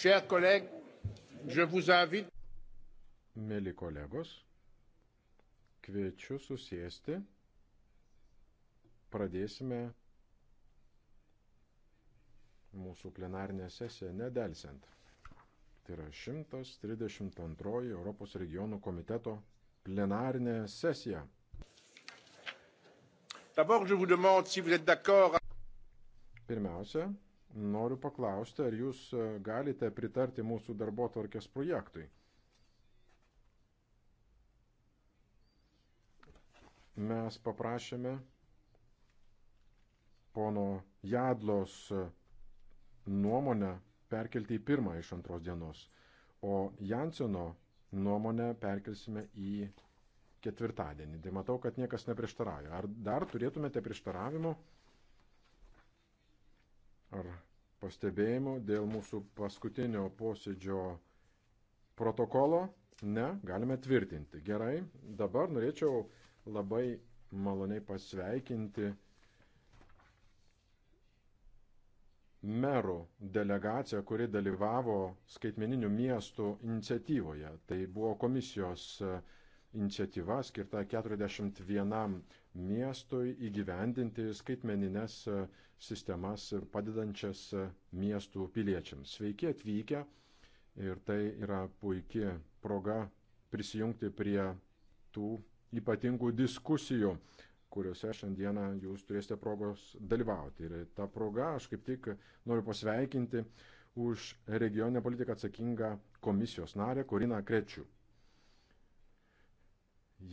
Chers collègues, je vous invite. Mėly kolegos, kviečiu susėsti. Pradėsime mūsų plenarinę sesiją nedelsiant. Tai yra 132 Europos regionų komiteto plenarinė sesija. Pirmiausia, Noriu paklausti, ar jūs e, galite pritarti mūsų darbo tvarkės projektui? Mes paprašėme pono Jadlos e, nuomonę perkelti į pirmą iš antros dienos, o Jansono nuomonę perkelsime į ketvirtadienį. Tai matau, kad niekas neprieštarauja. Ar dar turėtumėte prieštaravimo? ar pastebėjimų dėl mūsų paskutinio posėdžio protokolo? Ne, galime tvirtinti. Gerai, dabar norėčiau labai maloniai pasveikinti merų delegaciją, kuri dalyvavo skaitmeninių miestų iniciatyvoje. Tai buvo komisijos iniciatyva skirta 41 miestui įgyvendinti skaitmeninės e, sistemas ir padedančias e, miestų piliečiams. Sveiki atvykę ir tai yra puikia proga prisijungti prie tų ypatingų diskusijų, kuriuose šiandieną jūs turėsite progos dalyvauti. Ir tą progą aš kaip tik noriu pasveikinti už regioninę politiką atsakingą komisijos narę Koriną Krečių.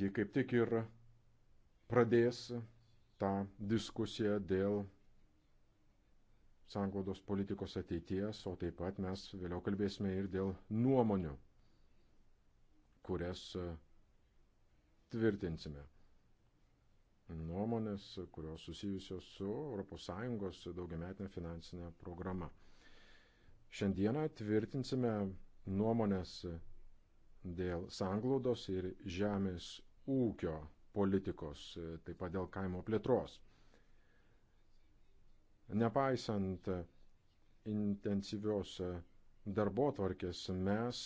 Ji kaip tik ir pradės tą diskusiją dėl sanglaudos politikos ateities, o taip pat mes vėliau kalbėsime ir dėl nuomonių, kurias e, tvirtinsime. Nuomonės, kurios susijusios su ES daugiametinė finansinė programa. Šiandieną tvirtinsime nuomonės dėl sanglaudos ir žemės ūkio politikos, taip pat dėl kaimo plėtros. Nepaisant intensyvios darbo tvarkės, mes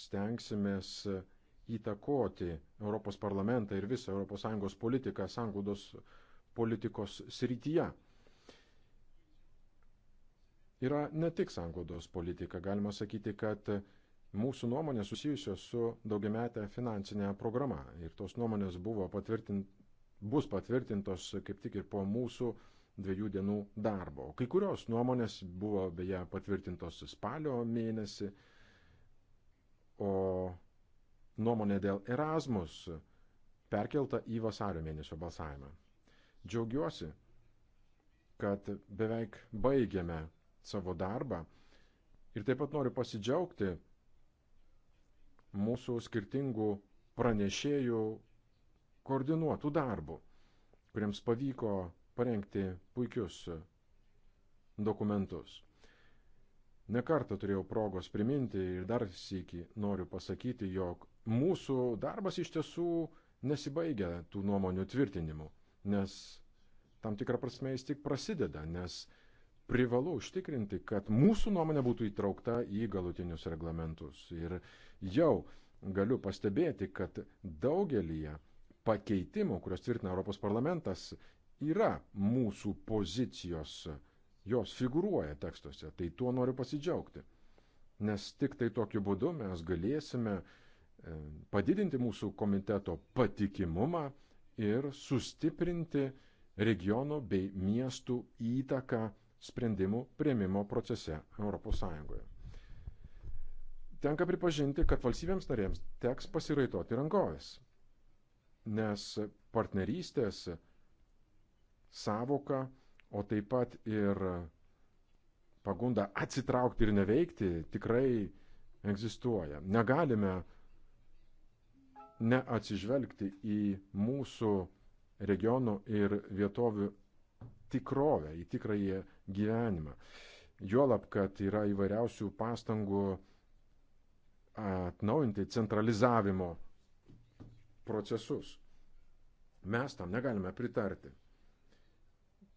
stengsimės įtakoti Europos parlamentą ir visą ES politiką sanglaudos politikos srityje. Yra ne tik sanglaudos politika, galima sakyti, kad mūsų nuomonės susijusios su daugiametė finansinė programa. Ir tos nuomonės buvo patvirtint, bus patvirtintos kaip tik ir po mūsų dviejų dienų darbo. Kai kurios nuomonės buvo beje patvirtintos spalio mėnesį, o nuomonė dėl Erasmus perkelta į vasario mėnesio balsavimą. Džiaugiuosi, kad beveik baigėme savo darbą ir taip pat noriu pasidžiaugti, mūsų skirtingų pranešėjų koordinuotų darbų, kuriems pavyko parengti puikius dokumentus. Nekartą turėjau progos priminti ir dar sėki noriu pasakyti, jog mūsų darbas iš tiesų nesibaigia tų nuomonių tvirtinimu, nes tam tikrą prasme jis tik prasideda, nes privalu užtikrinti, kad mūsų nuomonė būtų įtraukta į galutinius reglamentus. Ir jau galiu pastebėti, kad daugelį pakeitimų, kurios tvirtina Europos parlamentas, yra mūsų pozicijos, jos figūruoja tekstuose. Tai tuo noriu pasidžiaugti. Nes tik tai tokiu būdu mes galėsime e, padidinti mūsų komiteto patikimumą ir sustiprinti regionų bei miestų įtaką sprendimų prieimimo procese ES. Tenka pripažinti, kad valstybėms narėms teks pasiraitoti rankovės, nes partnerystės savoka, o taip pat ir pagunda atsitraukti ir neveikti tikrai egzistuoja. Negalime neatsižvelgti į mūsų regionų ir vietovių tikrovę, į tikrąją gyvenimą. Juolab, kad yra įvairiausių pastangų atnaujinti centralizavimo procesus. Mes tam negalime pritarti.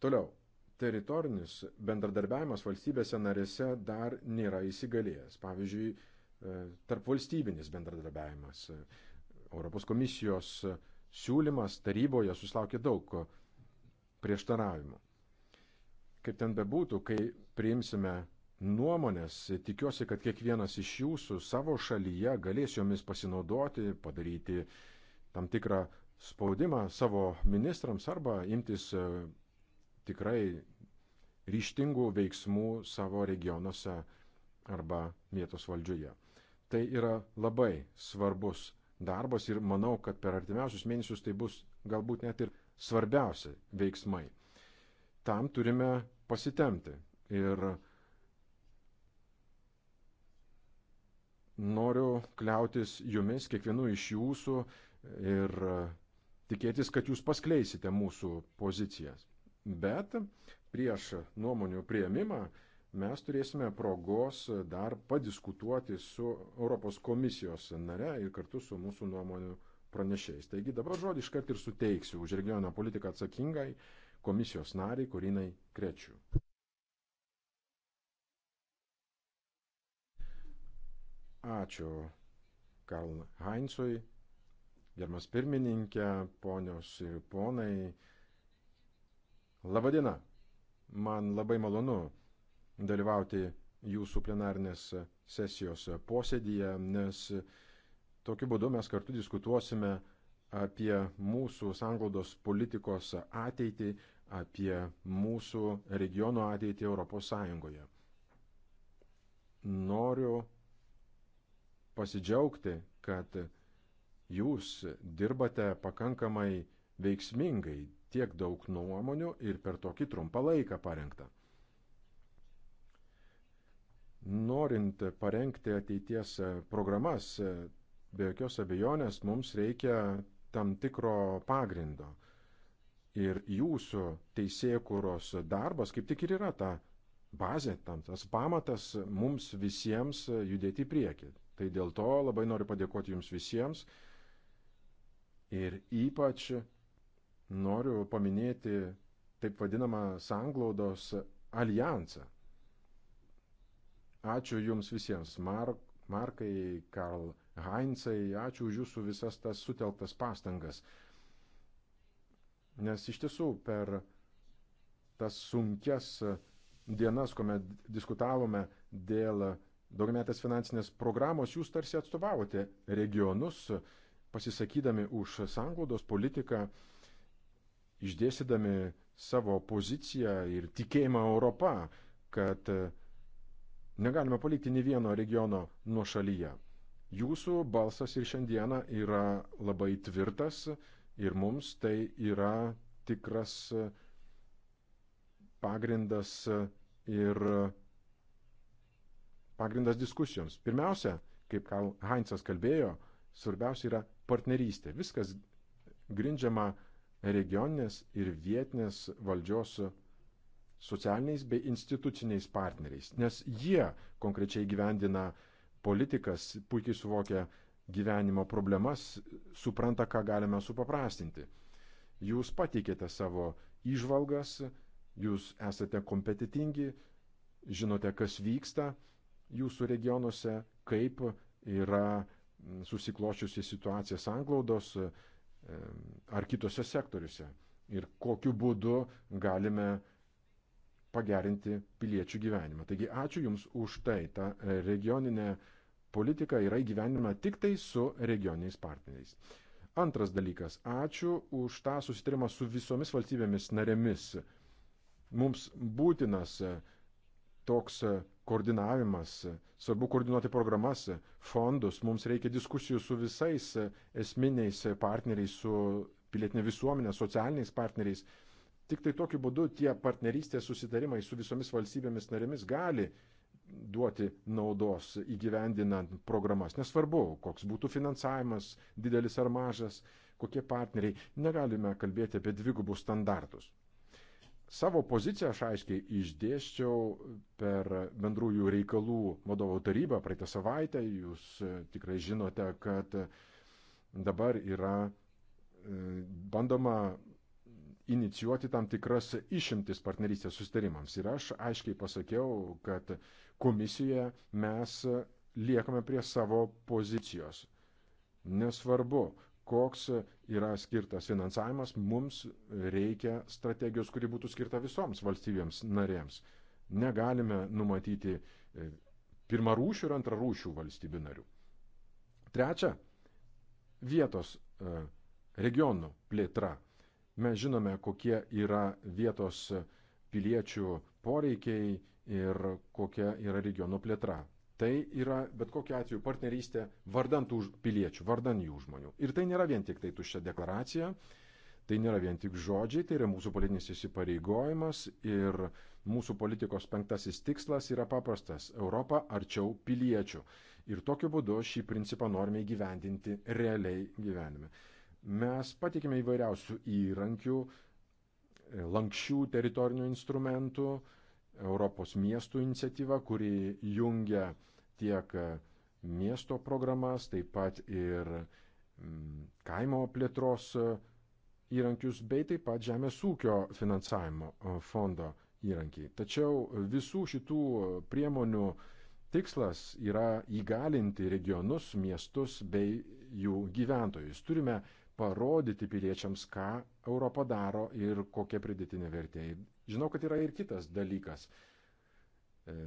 Toliau, teritorinis bendradarbiavimas valstybėse narėse dar nėra įsigalėjęs. Pavyzdžiui, e, tarp valstybinis bendradarbiavimas. E, Europos komisijos siūlymas taryboje susilaukė daug prieštaravimų. Kaip ten bebūtų, kai priimsime nuomonės, tikiuosi, kad kiekvienas iš jūsų savo šalyje galės jomis pasinaudoti, padaryti tam tikrą spaudimą savo ministrams arba imtis e, tikrai ryštingų veiksmų savo regionuose arba vietos valdžioje. Tai yra labai svarbus darbas ir manau, kad per artimiausius mėnesius tai bus galbūt net ir svarbiausi veiksmai. Tam turime pasitemti. Ir noriu kliautis jumis, kiekvienu iš jūsų ir tikėtis, kad jūs paskleisite mūsų pozicijas. Bet prieš nuomonių prieimimą mes turėsime progos dar padiskutuoti su Europos komisijos nare ir kartu su mūsų nuomonių pranešėjais. Taigi dabar žodį iškart ir suteiksiu už regiono politiką atsakingai komisijos nariai Korinai Krečių. Ačiū Karl Heinzui, gerbiamas pirmininkė, ponios ir ponai. Labadiena! Man labai malonu dalyvauti jūsų plenarnės sesijos posėdyje, nes tokiu būdu mes kartu diskutuosime apie mūsų sanglaudos politikos ateitį, apie mūsų regiono ateitį ES. Noriu pasidžiaugti, kad jūs dirbate pakankamai veiksmingai, tiek daug nuomonių ir per tokį trumpą laiką parengta. Norint parengti ateities programas, be jokios abejonės mums reikia tam tikro pagrindo. Ir jūsų teisėkuros darbas kaip tik ir yra ta bazė, tam, tas pamatas mums visiems judėti į priekį. Tai dėl to labai noriu padėkoti jums visiems ir ypač noriu paminėti taip vadinamą sanglaudos alijansą. Ačiū jums visiems, Mark, Markai, Karl Heinzai, ačiū už jūsų visas tas sutelktas pastangas. Nes iš tiesų per tas sunkes dienas, kuomet diskutavome dėl daugiametės finansinės programos, jūs tarsi atstovavote regionus, pasisakydami už sanglaudos politiką, išdėstydami savo poziciją ir tikėjimą Europą, kad negalime palikti nei vieno regiono nuo šalyje. Jūsų balsas ir šiandieną yra labai tvirtas, Ir mums tai yra tikras e, pagrindas e, ir e, pagrindas diskusijoms. Pirmiausia, kaip Karl Heinzas kalbėjo, svarbiausia yra partnerystė. Viskas grindžiama regioninės ir vietinės valdžios socialiniais bei instituciniais partneriais, nes jie konkrečiai gyvendina politikas, puikiai suvokia gyvenimo problemas, supranta, ką galime supaprastinti. Jūs pateikėte savo išvalgas, jūs esate kompetitingi, žinote, kas vyksta jūsų regionuose, kaip yra susiklošiusi situacija sanglaudos ar kitose sektoriuose ir kokiu būdu galime pagerinti piliečių gyvenimą. Taigi ačiū Jums už tai, tą e, regioninę politika yra įgyvenima tik tai su regioniais partneriais. Antras dalykas. Ačiū už tą susitarimą su visomis valstybėmis narėmis. Mums būtinas e, toks e, koordinavimas, e, svarbu koordinuoti programas, fondus, mums reikia diskusijų su visais esminiais partneriais, su pilietinė visuomenė, socialiniais partneriais. Tik tai tokiu būdu tie partnerystės susitarimai su visomis valstybėmis narėmis gali uh, duoti naudos įgyvendinant programas. Nesvarbu, koks būtų finansavimas, didelis ar mažas, kokie partneriai, negalime kalbėti apie dvigubus standartus. Savo poziciją aš aiškiai išdėščiau per bendrųjų reikalų vadovo tarybą praeitą savaitę. Jūs e, tikrai žinote, kad dabar yra e, bandoma inicijuoti tam tikras išimtis partnerystės sustarimams. Ir aš aiškiai pasakiau, kad komisijoje mes liekame prie savo pozicijos. Nesvarbu, koks yra skirtas finansavimas, mums reikia strategijos, kuri būtų skirta visoms valstybėms narėms. Negalime numatyti e, pirmarūšių ir antrarūšių valstybių narių. Trečia, vietos e, regionų plėtra Mes žinome, kokie yra vietos piliečių poreikiai ir kokia yra regiono plėtra. Tai yra bet kokia atveju partnerystė vardant už piliečių, vardant jų žmonių. Ir tai nėra vien tik tai tuščia deklaracija, tai nėra vien tik žodžiai, tai yra mūsų politinis įsipareigojimas ir mūsų politikos penktasis tikslas yra paprastas - Europa arčiau piliečių. Ir tokiu būdu šį principą norime įgyvendinti realiai gyvenime. Mes patikime įvairiausių įrankių, lankščių teritorinių instrumentų, Europos miestų iniciatyva, kuri jungia tiek miesto programas, taip pat ir mm, kaimo plėtros įrankius, bei taip pat žemės ūkio finansavimo e, fondo įrankiai. Tačiau visų šitų priemonių tikslas yra įgalinti regionus, miestus bei jų gyventojus. Turime parodyti piliečiams, ką Europa daro ir kokia pridėtinė vertė. Žinau, kad yra ir kitas dalykas. E,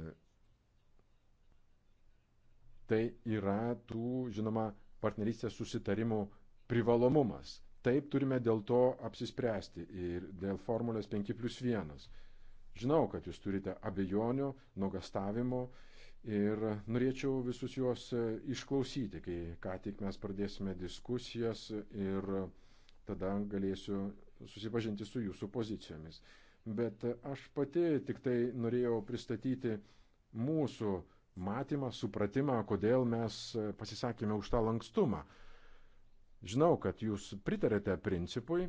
tai yra tų, žinoma, partnerystės susitarimų privalomumas. Taip turime dėl to apsispręsti ir dėl formulės 5 plus 1. Žinau, kad jūs turite abejonių, nuogastavimų, Ir norėčiau visus juos e, išklausyti, kai ką tik mes pradėsime diskusijas ir tada galėsiu susipažinti su jūsų pozicijomis. Bet aš pati tik tai norėjau pristatyti mūsų matymą, supratimą, kodėl mes pasisakėme už tą lankstumą. Žinau, kad jūs pritarėte principui,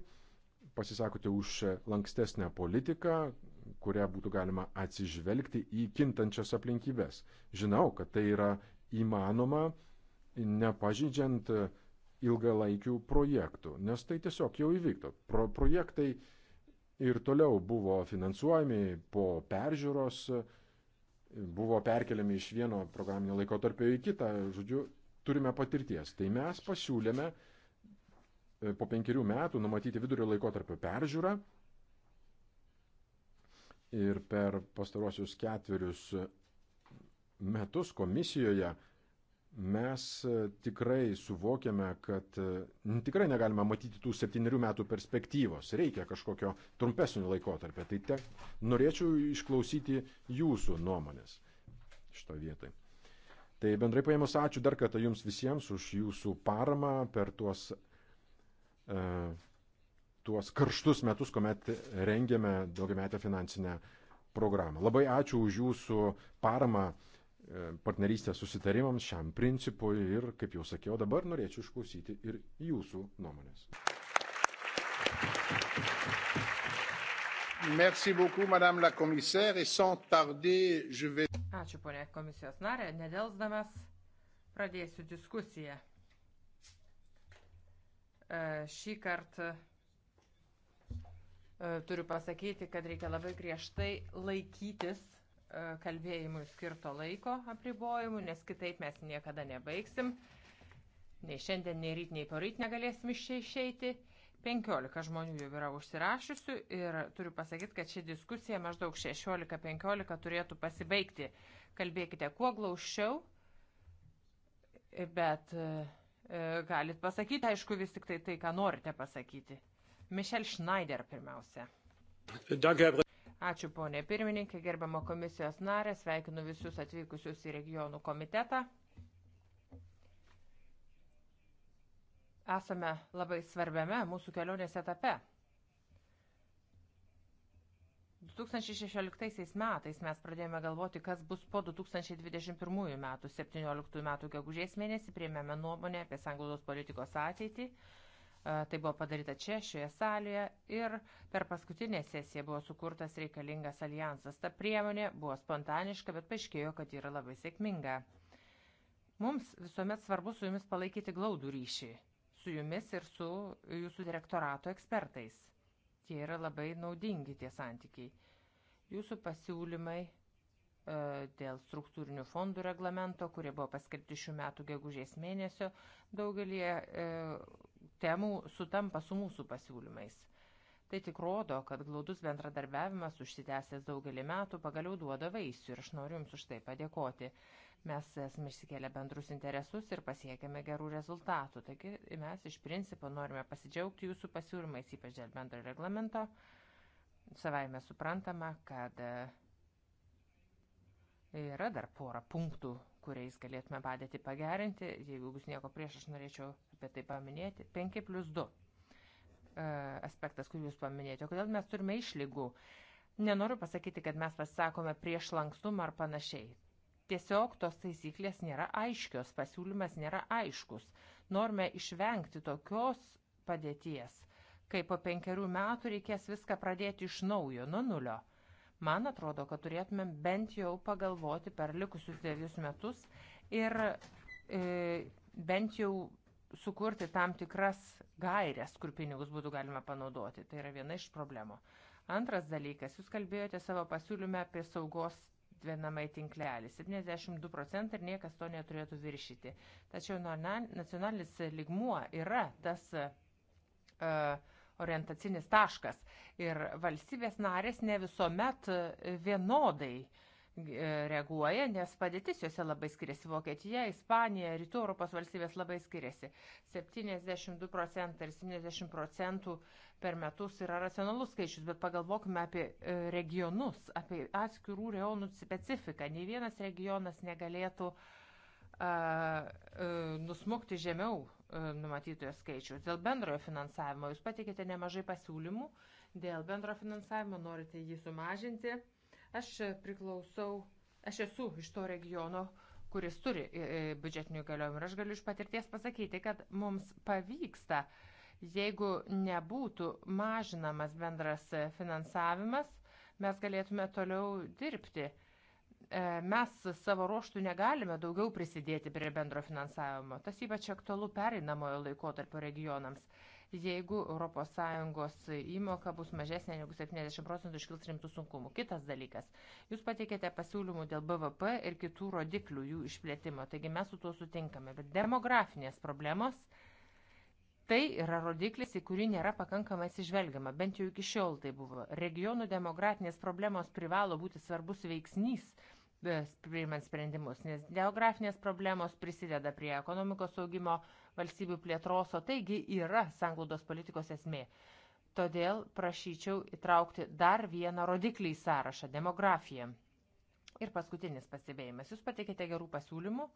pasisakote už lankstesnę politiką, kurią būtų galima atsižvelgti į kintančias aplinkybės. Žinau, kad tai yra įmanoma, nepažydžiant ilgalaikių projektų, nes tai tiesiog jau įvykto. Pro projektai ir toliau buvo finansuojami po peržiūros, buvo perkeliami iš vieno programinio laiko tarp į kitą, žodžiu, turime patirties. Tai mes pasiūlėme e, po penkerių metų numatyti vidurio laiko tarp peržiūrą Ir per pastarosius ketverius metus komisijoje mes tikrai suvokiame, kad tikrai negalime matyti tų septyniarių metų perspektyvos. Reikia kažkokio trumpesnio laikotarpio. Tai te, norėčiau išklausyti jūsų nuomonės šitoje vietoje. Tai bendrai paėmus ačiū dar kartą jums visiems už jūsų paramą per tuos uh, tuos karštus metus, kuomet rengėme daugiametę finansinę programą. Labai ačiū už jūsų paramą e, partnerystės susitarimams, šiam principui ir, kaip jau sakiau, dabar norėčiau išklausyti ir jūsų nuomonės. Merci beaucoup, madame la commissaire, et sans tarder, je vais. Ačiū, ponė komisijos narė, nedelsdamas pradėsiu diskusiją. E, šį kartą E, turiu pasakyti, kad reikia labai griežtai laikytis e, kalbėjimui skirto laiko apribojimų, nes kitaip mes niekada nebaigsim. Nei šiandien, nei ryt, nei poryt negalėsim iš čia išeiti. 15 žmonių jau yra užsirašysiu ir turiu pasakyti, kad ši diskusija maždaug 16-15 turėtų pasibaigti. Kalbėkite kuo glaušiau, bet e, galit pasakyti, aišku, vis tik tai tai, ką norite pasakyti. Mišel Schneider pirmiausia. Ačiū ponė pirmininkė, gerbiamo komisijos narė, sveikinu visus atvykusius į regionų komitetą. Esame labai svarbiame mūsų kelionės etape. 2016 metais mes pradėjome galvoti, kas bus po 2021 metų. 17 metų gegužės mėnesį priėmėme nuomonę apie sanglaudos politikos ateitį. E, tai buvo padaryta čia, šioje salėje ir per paskutinę sesiją buvo sukurtas reikalingas alijansas. Ta priemonė buvo spontaniška, bet paaiškėjo, kad yra labai sėkminga. Mums visuomet svarbu su jumis palaikyti glaudų ryšį, su jumis ir su jūsų direktorato ekspertais. Tie yra labai naudingi tie santykiai. Jūsų pasiūlymai e, dėl struktūrinių fondų reglamento, kurie buvo paskelbti šių metų gegužės mėnesio, daugelį e, temų sutampa su mūsų pasiūlymais. Tai tik rodo, kad glaudus bendradarbiavimas užsitęsęs daugelį metų pagaliau duoda vaisių ir aš noriu Jums už tai padėkoti. Mes esame išsikėlę bendrus interesus ir pasiekėme gerų rezultatų, taigi mes iš principo norime pasidžiaugti Jūsų pasiūlymais, ypač dėl bendro reglamento. Savaime suprantama, kad e, yra dar pora punktų, kuriais galėtume padėti pagerinti. Jeigu Jūs nieko prieš, aš norėčiau apie tai paminėti. 5 plus 2 e, aspektas, kurį jūs paminėjote. Kodėl mes turime išlygų? Nenoriu pasakyti, kad mes pasisakome prieš lankstumą ar panašiai. Tiesiog tos taisyklės nėra aiškios, pasiūlymas nėra aiškus. Norime išvengti tokios padėties, kai po penkerių metų reikės viską pradėti iš naujo, nuo nulio. Man atrodo, kad turėtumėm bent jau pagalvoti per likusius devius metus ir e, bent jau sukurti tam tikras gairias, kur pinigus būtų galima panaudoti. Tai yra viena iš problemų. Antras dalykas, jūs kalbėjote savo pasiūlyme apie saugos vienamai tinklelį. 72 procentai ir niekas to neturėtų viršyti. Tačiau nacionalinis ligmuo yra tas uh, orientacinis taškas. Ir valstybės narės ne visuomet e, vienodai uh, E, reaguoja, nes padėtis juose labai skiriasi. Vokietija, Ispanija, Rytų Europos valstybės labai skiriasi. 72 procentai ir 70 procentų per metus yra racionalus skaičius, bet pagalvokime apie e, regionus, apie atskirų regionų specifiką. Nei vienas regionas negalėtų a, e, a, nusmukti žemiau numatytojo skaičiaus. Dėl bendrojo finansavimo jūs pateikėte nemažai pasiūlymų, dėl bendro finansavimo norite jį sumažinti. Aš priklausau, aš esu iš to regiono, kuris turi e, e, biudžetinių įgaliojimų ir aš galiu iš patirties pasakyti, kad mums pavyksta, jeigu nebūtų mažinamas bendras e, finansavimas, mes galėtume toliau dirbti. Mes savo ruoštų negalime daugiau prisidėti prie bendro finansavimo. Tas ypač aktualu pereinamojo laikotarpio regionams jeigu ES įmoka bus mažesnė negu 70 procentų iškils rimtų sunkumų. Kitas dalykas. Jūs pateikėte pasiūlymų dėl BVP ir kitų rodiklių jų išplėtimo, taigi mes su tuo sutinkame. Bet demografinės problemos. Tai yra rodiklis, į kurį nėra pakankamai atsižvelgiama, bent jau iki šiol tai buvo. Regionų demografinės problemos privalo būti svarbus veiksnys e, priimant sprendimus, nes geografinės problemos prisideda prie ekonomikos augimo, valstybių plėtros, o taigi yra sanglaudos politikos esmė. Todėl prašyčiau įtraukti dar vieną rodiklį į sąrašą - demografiją. Ir paskutinis pastebėjimas. Jūs pateikėte gerų pasiūlymų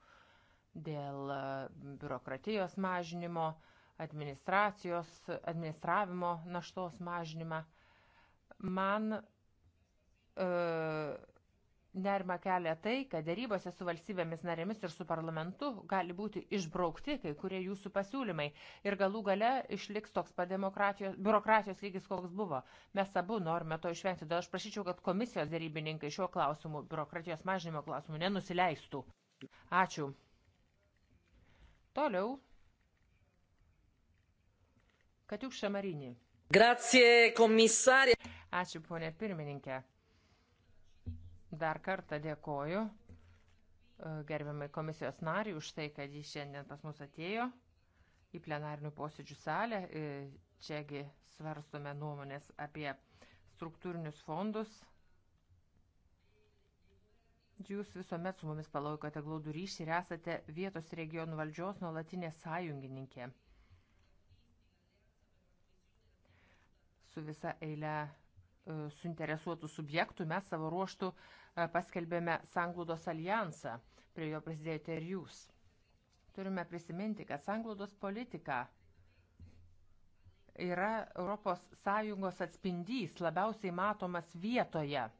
dėl e, biurokratijos mažinimo, administracijos, administravimo naštos mažinimą. Man e, Nerima kelia tai, kad dėrybose su valstybėmis narėmis ir su parlamentu gali būti išbraukti kai kurie jūsų pasiūlymai ir galų gale išliks toks pat biurokratijos lygis, koks buvo. Mes abu norime to išvengti, todėl aš prašyčiau, kad komisijos dėrybininkai šiuo klausimu, biurokratijos mažinimo klausimu, nenusileistų. Ačiū. Toliau. Katiuk Šamarinį. Grazie, komisarė. Ačiū, ponė pirmininkė. Dar kartą dėkoju e, gerbiamai komisijos nariui už tai, kad jis šiandien pas mus atėjo į plenarinių posėdžių salę. E, čiagi svarstome nuomonės apie struktūrinius fondus. Jūs visuomet su mumis palaikote glaudų ryšį ir esate vietos regionų valdžios nuolatinė sąjungininkė. Su visa eile e, suinteresuotų subjektų mes savo ruoštų uh, E, paskelbėme Sanglaudos alijansą, prie jo prisidėjote ir jūs. Turime prisiminti, kad Sanglaudos politika yra ES atspindys, labiausiai matomas vietoje. E,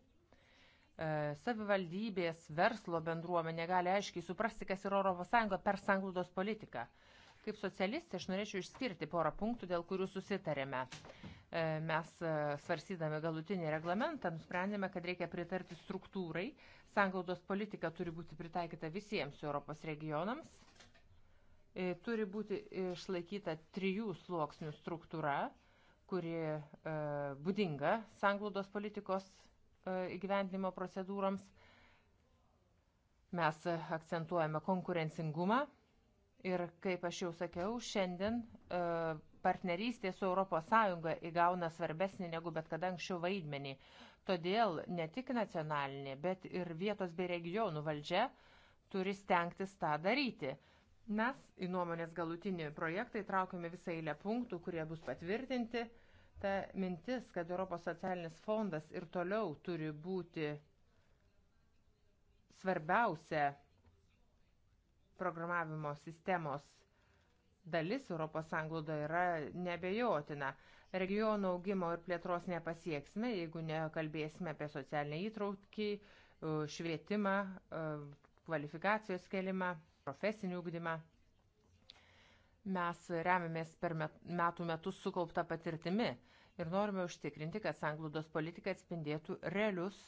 savivaldybės, verslo bendruomenė gali aiškiai suprasti, kas yra ES per sanglaudos politiką. Kaip socialistė aš norėčiau išskirti porą punktų, dėl kurių susitarėme. E, mes e, svarsydami galutinį reglamentą nusprendėme, kad reikia pritarti struktūrai. Sangaudos politika turi būti pritaikyta visiems Europos regionams. E, turi būti išlaikyta trijų sluoksnių struktūra, kuri būdinga sanglaudos politikos įgyvendinimo procedūroms. Mes akcentuojame konkurencingumą ir, kaip aš jau sakiau, šiandien partnerystė su ES įgauna svarbesnį negu bet kada anksčiau vaidmenį. Todėl ne tik nacionalinė, bet ir vietos bei regionų valdžia turi stengtis tą daryti. Mes į nuomonės galutinį projektą įtraukėme visą eilę punktų, kurie bus patvirtinti. Ta mintis, kad Europos socialinis fondas ir toliau turi būti svarbiausia programavimo sistemos dalis Europos sanglaudo yra nebejotina. Regionų augimo ir plėtros nepasieksime, jeigu nekalbėsime apie socialinę įtraukį, e, švietimą, e, kvalifikacijos kelimą, profesinį ūkdymą. Mes remiamės per metų metus sukauptą patirtimi ir norime užtikrinti, kad sanglaudos politika atspindėtų realius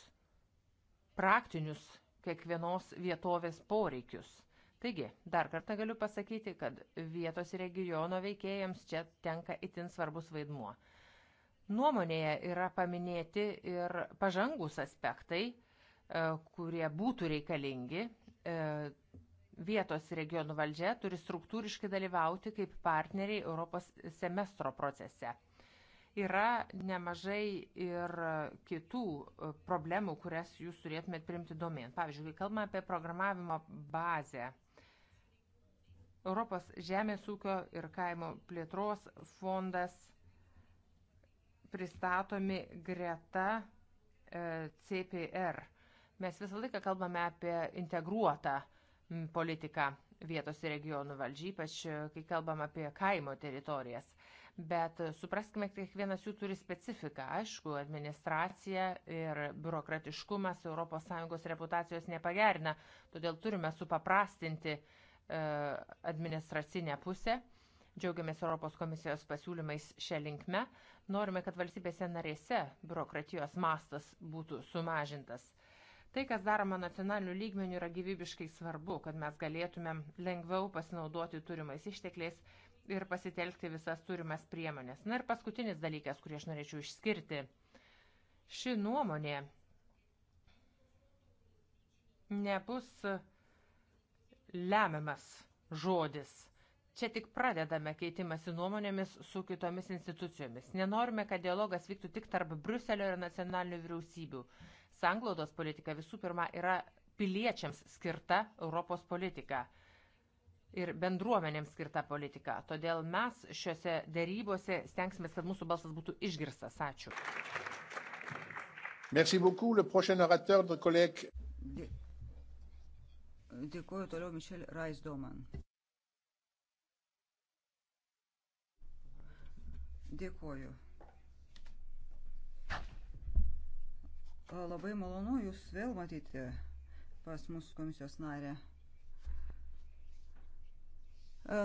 praktinius kiekvienos vietovės poreikius. Taigi, dar kartą galiu pasakyti, kad vietos regiono veikėjams čia tenka itin svarbus vaidmuo. Nuomonėje yra paminėti ir pažangus aspektai, e, kurie būtų reikalingi. E, vietos regionų valdžia turi struktūriškai dalyvauti kaip partneriai Europos semestro procese. Yra nemažai ir kitų e, problemų, kurias jūs turėtumėt primti domėn. Pavyzdžiui, kai kalbame apie programavimo bazę Europos žemės ūkio ir kaimo plėtros fondas pristatomi greta e, CPR. Mes visą laiką kalbame apie integruotą politiką vietos ir regionų valdžiai, ypač e, kai kalbam apie kaimo teritorijas. Bet e, supraskime, kad kiekvienas jų turi specifiką. Aišku, administracija ir biurokratiškumas ES reputacijos nepagerina, todėl turime supaprastinti uh, E, administracinę pusę. Džiaugiamės Europos komisijos pasiūlymais šią linkme. Norime, kad valstybėse narėse biurokratijos mastas būtų sumažintas. Tai, kas daroma nacionaliniu lygmeniu, yra gyvybiškai svarbu, kad mes galėtumėm lengviau pasinaudoti turimais ištekliais ir pasitelkti visas turimas priemonės. Na ir paskutinis dalykas, kurį aš norėčiau išskirti. Ši nuomonė nebus uh, lemiamas žodis. Čia tik pradedame keitimąsi nuomonėmis su kitomis institucijomis. Nenorime, kad dialogas vyktų tik tarp Bruselio ir nacionalinių vyriausybių. Sanglaudos politika visų pirma yra piliečiams skirta Europos politika ir bendruomenėms skirta politika. Todėl mes šiuose dėrybose stengsime, kad mūsų balsas būtų išgirstas. Ačiū. Merci beaucoup. Le prochain orateur, notre collègue. Dėkuoju toliau Mišel Raisdoman. Dėkuoju. Labai malonu Jūs vėl matyti pas mūsų komisijos narę.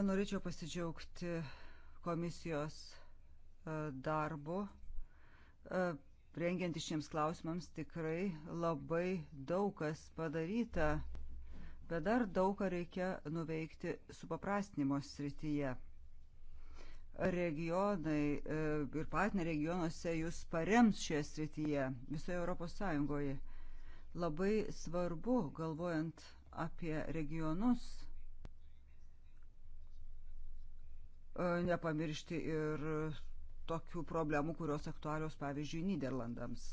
Norėčiau pasidžiaugti komisijos darbu. Rengiant šiems klausimams tikrai labai daug kas padaryta Bet dar daug ką reikia nuveikti supaprastinimo srityje. Regionai e, ir partneriai regionuose jūs parems šioje srityje visoje Europos Sąjungoje. Labai svarbu, galvojant apie regionus, e, nepamiršti ir tokių problemų, kurios aktualios, pavyzdžiui, Niderlandams.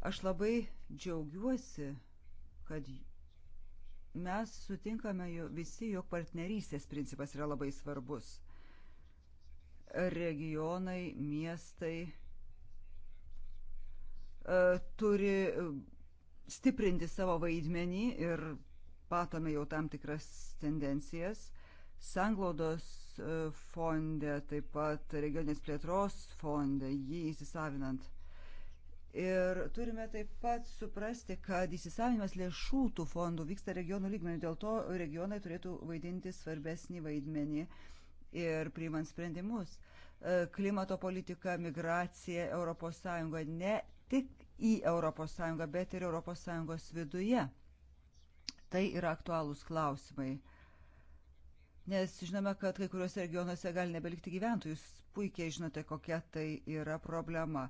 Aš labai džiaugiuosi, kad mes sutinkame visi, jog partnerystės principas yra labai svarbus. Regionai, miestai e, turi stiprinti savo vaidmenį ir patome jau tam tikras tendencijas. Sanglaudos e, fonde, taip pat regioninės plėtros fonde, jį įsisavinant Ir turime taip pat suprasti, kad įsisavinimas lėšų tų fondų vyksta regionų lygmenių, dėl to regionai turėtų vaidinti svarbesnį vaidmenį ir priimant sprendimus. E, klimato politika, migracija ES ne tik į ES, bet ir ES viduje. Tai yra aktualūs klausimai. Nes žinome, kad kai kuriuose regionuose gali nebelikti gyventojų. Jūs puikiai žinote, kokia tai yra problema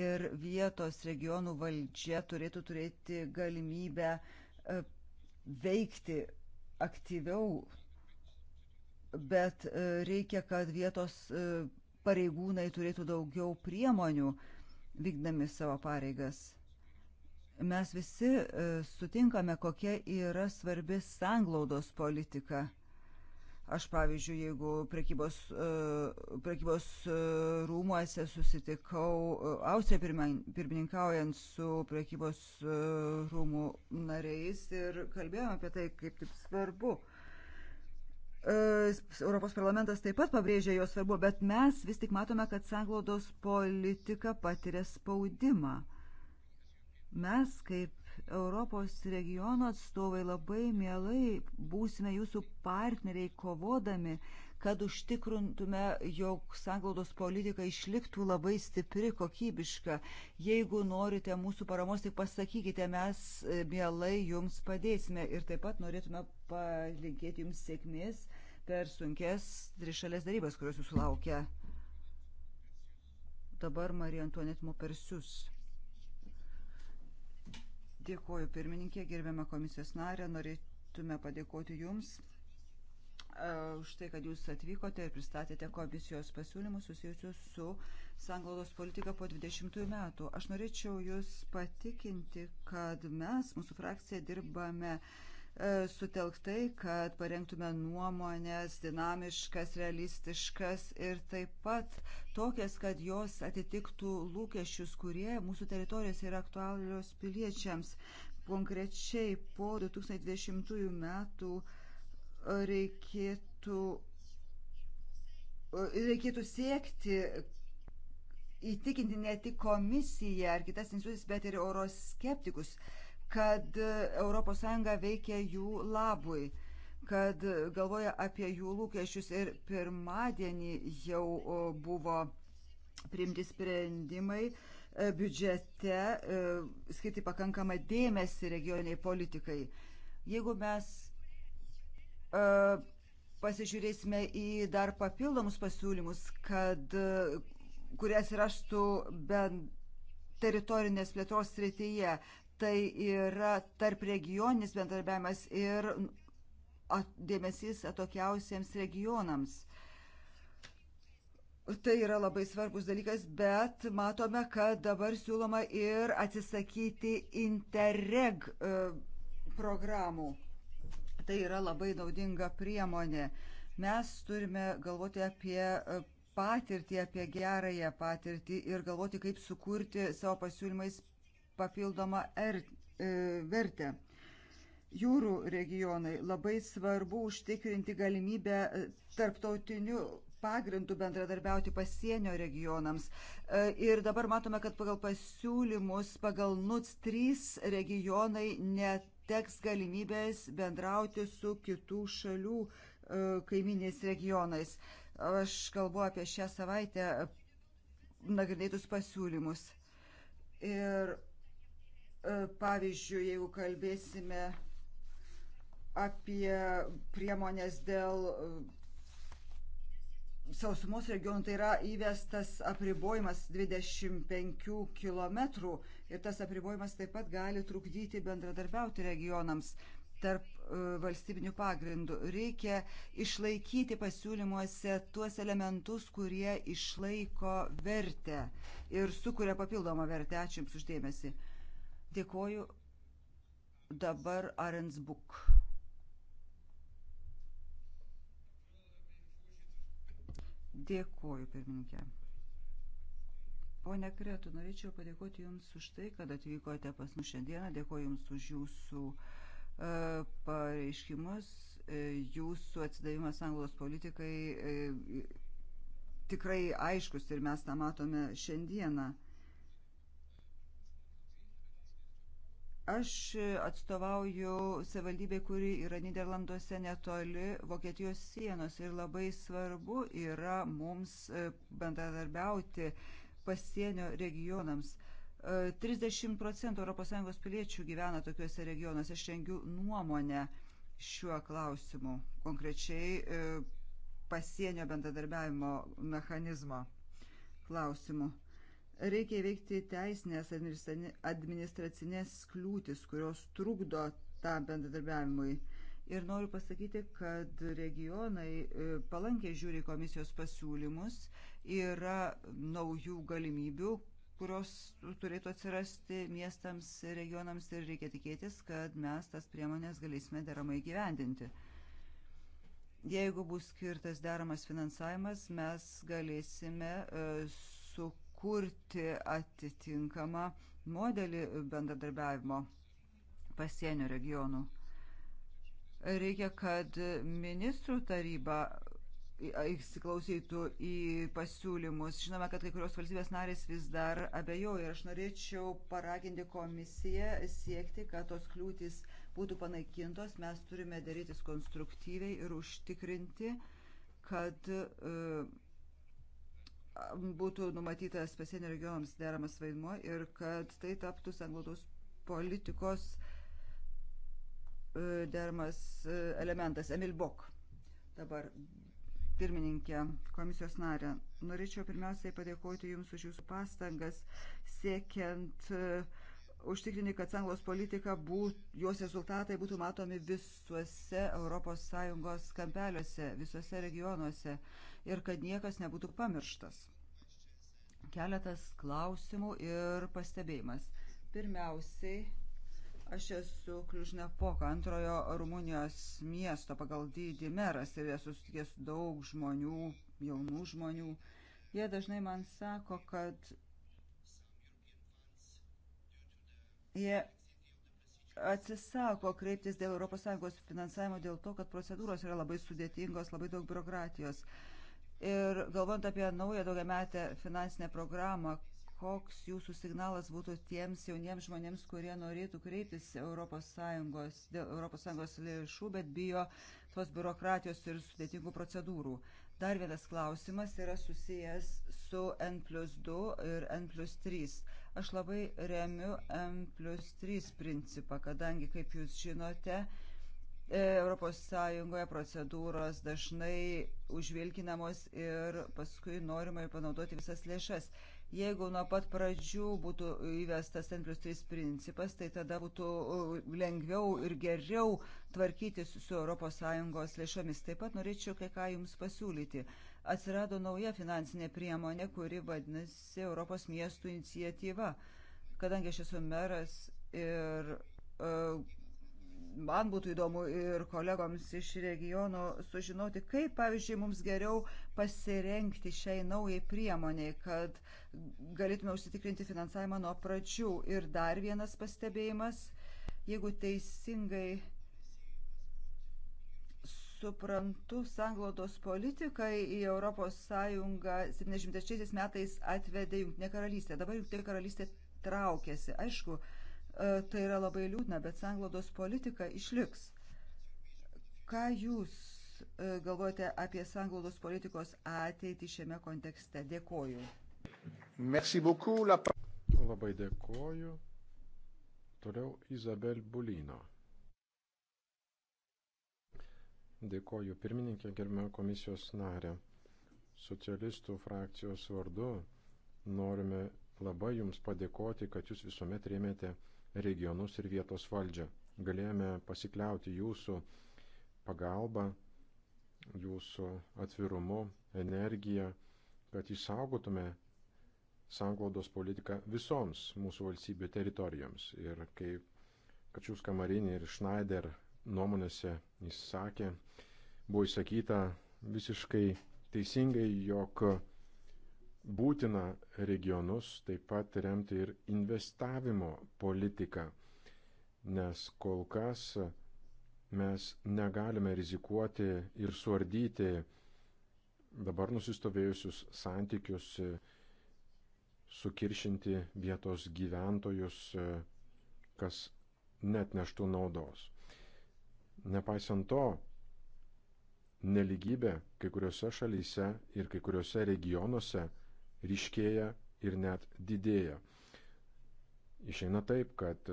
ir vietos regionų valdžia turėtų turėti galimybę e, veikti aktyviau, bet e, reikia, kad vietos e, pareigūnai turėtų daugiau priemonių vykdami savo pareigas. Mes visi sutinkame, kokia yra svarbi sanglaudos politika Aš pavyzdžiui, jeigu prekybos, e, prekybos e, rūmuose susitikau, e, Austrija pirmininkaujant su prekybos rūmų nariais ir kalbėjome apie tai, kaip taip svarbu. Europos parlamentas taip pat pabrėžė jo svarbu, bet mes vis tik matome, kad sanglaudos politika patiria spaudimą. Mes kaip Europos regiono atstovai labai mielai būsime jūsų partneriai kovodami, kad užtikrintume, jog sanglaudos politika išliktų labai stipri, kokybiška. Jeigu norite mūsų paramos, tik pasakykite, mes e, mielai jums padėsime ir taip pat norėtume palinkėti jums sėkmės per sunkes trišalės darybas, kurios jūsų laukia. Dabar Marija Antuanetmo Persius. Dėkuoju pirmininkė, gerbiamą komisijos narę, norėtume padėkoti Jums e, už tai, kad Jūs atvykote ir pristatėte komisijos pasiūlymus susijusius su sanglaudos politika po 20 metų. Aš norėčiau Jūs patikinti, kad mes, mūsų frakcija, dirbame uh, E, sutelktai, kad parengtume nuomonės dinamiškas, realistiškas ir taip pat tokias, kad jos atitiktų lūkesčius, kurie mūsų teritorijos yra aktualios piliečiams. Konkrečiai po 2020 metų e, reikėtų, e, reikėtų siekti, įtikinti ne tik komisiją ar kitas institucijas, bet ir euroskeptikus. skeptikus kad ES veikia jų labui, kad galvoja apie jų lūkesčius ir pirmadienį jau e, buvo priimti sprendimai e, biudžete e, skirti pakankamą dėmesį regioniai politikai. Jeigu mes pasižiūrėsime į dar papildomus pasiūlymus, kad, kurie atsirastų bent teritorinės plėtros srityje. Tai yra tarp regioninis bendradarbiavimas ir dėmesys atokiausiems regionams. Tai yra labai svarbus dalykas, bet matome, kad dabar siūloma ir atsisakyti interreg e, programų. Tai yra labai naudinga priemonė. Mes turime galvoti apie e, patirtį, apie gerąją patirtį ir galvoti, kaip sukurti savo pasiūlymais papildomą er, e, vertę. Jūrų regionai labai svarbu užtikrinti galimybę e, tarptautiniu pagrindu bendradarbiauti pasienio regionams. E, ir dabar matome, kad pagal pasiūlymus, pagal NUTS 3 regionai neteks galimybės bendrauti su kitų šalių e, kaiminiais regionais. Aš kalbu apie šią savaitę nagrinėtus pasiūlymus. Ir E, pavyzdžiui, jeigu kalbėsime apie priemonės dėl e, sausumos regionų, tai yra įvestas apribojimas 25 km ir tas apribojimas taip pat gali trukdyti bendradarbiauti regionams tarp e, valstybinių pagrindų. Reikia išlaikyti pasiūlymuose tuos elementus, kurie išlaiko vertę ir sukuria papildomą vertę. Ačiū Jums uždėmesi. Dėkoju dabar Arensbuk. Dėkoju, pirmininkė. Pone Kretu, norėčiau padėkoti Jums už tai, kad atvykote pas mus šiandieną. Dėkoju Jums už Jūsų uh, pareiškimus, e, Jūsų atsidavimas anglos politikai uh, tikrai aiškus ir mes tą matome šiandieną. Aš atstovauju savivaldybė, kuri yra Niderlanduose netoli Vokietijos sienos ir labai svarbu yra mums e, bendradarbiauti pasienio regionams. 30 e, procentų ES piliečių gyvena tokiuose regionuose. Aš rengiu nuomonę šiuo klausimu, konkrečiai e, pasienio bendradarbiavimo mechanizmo klausimu. Reikia įveikti teisinės administracinės kliūtis, kurios trukdo tam bendradarbiavimui. Ir noriu pasakyti, kad regionai e, palankiai žiūri komisijos pasiūlymus, yra naujų galimybių, kurios turėtų atsirasti miestams, regionams ir reikia tikėtis, kad mes tas priemonės galėsime deramai gyvendinti. Jeigu bus skirtas deramas finansavimas, mes galėsime e, kurti atitinkamą modelį bendradarbiavimo pasienio regionų. Reikia, kad ministrų taryba įsiklausytų į pasiūlymus. Žinome, kad kai kurios valstybės narės vis dar abejoja ir aš norėčiau paraginti komisiją siekti, kad tos kliūtis būtų panaikintos. Mes turime darytis konstruktyviai ir užtikrinti, kad uh, būtų numatytas pasienio regionams deramas vaidmuo ir kad tai taptų sanglaudos politikos e, deramas e, elementas. Emil Bok, dabar pirmininkė, komisijos narė. Norėčiau pirmiausiai padėkoti Jums už Jūsų pastangas siekiant uh, užtikrinti, kad sąjungos politika, būt, jos rezultatai būtų matomi visuose ES kampeliuose, visuose regionuose ir kad niekas nebūtų pamirštas. Keletas klausimų ir pastebėjimas. Pirmiausiai, aš esu Kliužnepoka, antrojo Rumunijos miesto pagal dydį meras ir esu sutikęs daug žmonių, jaunų žmonių. Jie dažnai man sako, kad Jie atsisako kreiptis dėl ES finansavimo dėl to, kad procedūros yra labai sudėtingos, labai daug biurokratijos. Ir galvant apie naują daugiametę finansinę programą, koks jūsų signalas būtų tiems jauniems žmonėms, kurie norėtų kreiptis ES, dėl ES lėšų, bet bijo tos biurokratijos ir sudėtingų procedūrų. Dar vienas klausimas yra susijęs su N plus 2 ir N plus 3 Aš labai remiu M plus 3 principą, kadangi, kaip jūs žinote, ES procedūros dažnai užvilkinamos ir paskui norima ir panaudoti visas lėšas. Jeigu nuo pat pradžių būtų įvestas N plus 3 principas, tai tada būtų lengviau ir geriau tvarkytis su ES lėšomis. Taip pat norėčiau kai ką Jums pasiūlyti atsirado nauja finansinė priemonė, kuri vadinasi Europos miestų inicijatyva. Kadangi aš esu meras ir uh, man būtų įdomu ir kolegoms iš regiono sužinoti, kaip, pavyzdžiui, mums geriau pasirenkti šiai naujai priemoniai, kad galėtume užsitikrinti finansavimą nuo pradžių. Ir dar vienas pastebėjimas, jeigu teisingai suprantu, sanglodos politikai į ES 73 metais atvedė Junktinė karalystė. Dabar Junktinė karalystė traukėsi. Aišku, e, tai yra labai liūdna, bet sanglodos politika išliks. Ką jūs e, galvojate apie sanglaudos politikos ateitį šiame kontekste? Dėkoju. Merci beaucoup. La... Labai dėkoju. Toliau Izabel Bulino. Dėkoju pirmininkė, gerbimo komisijos narė. Socialistų frakcijos vardu norime labai Jums padėkoti, kad Jūs visuomet rėmėte regionus ir vietos valdžią. Galėjome pasikliauti Jūsų pagalba, Jūsų atvirumu, energija, kad išsaugotume sanglaudos politiką visoms mūsų valstybių teritorijoms. Ir kaip Kačius Kamarinė ir Schneider nuomonėse įsakė, buvo įsakyta visiškai teisingai, jog būtina regionus taip pat remti ir investavimo politiką, nes kol kas mes negalime rizikuoti ir suardyti dabar nusistovėjusius santykius, sukiršinti vietos gyventojus, kas net neštų naudos. Nepaisant to, neligybė kai kuriuose šalyse ir kai kuriuose regionuose ryškėja ir net didėja. Išeina taip, kad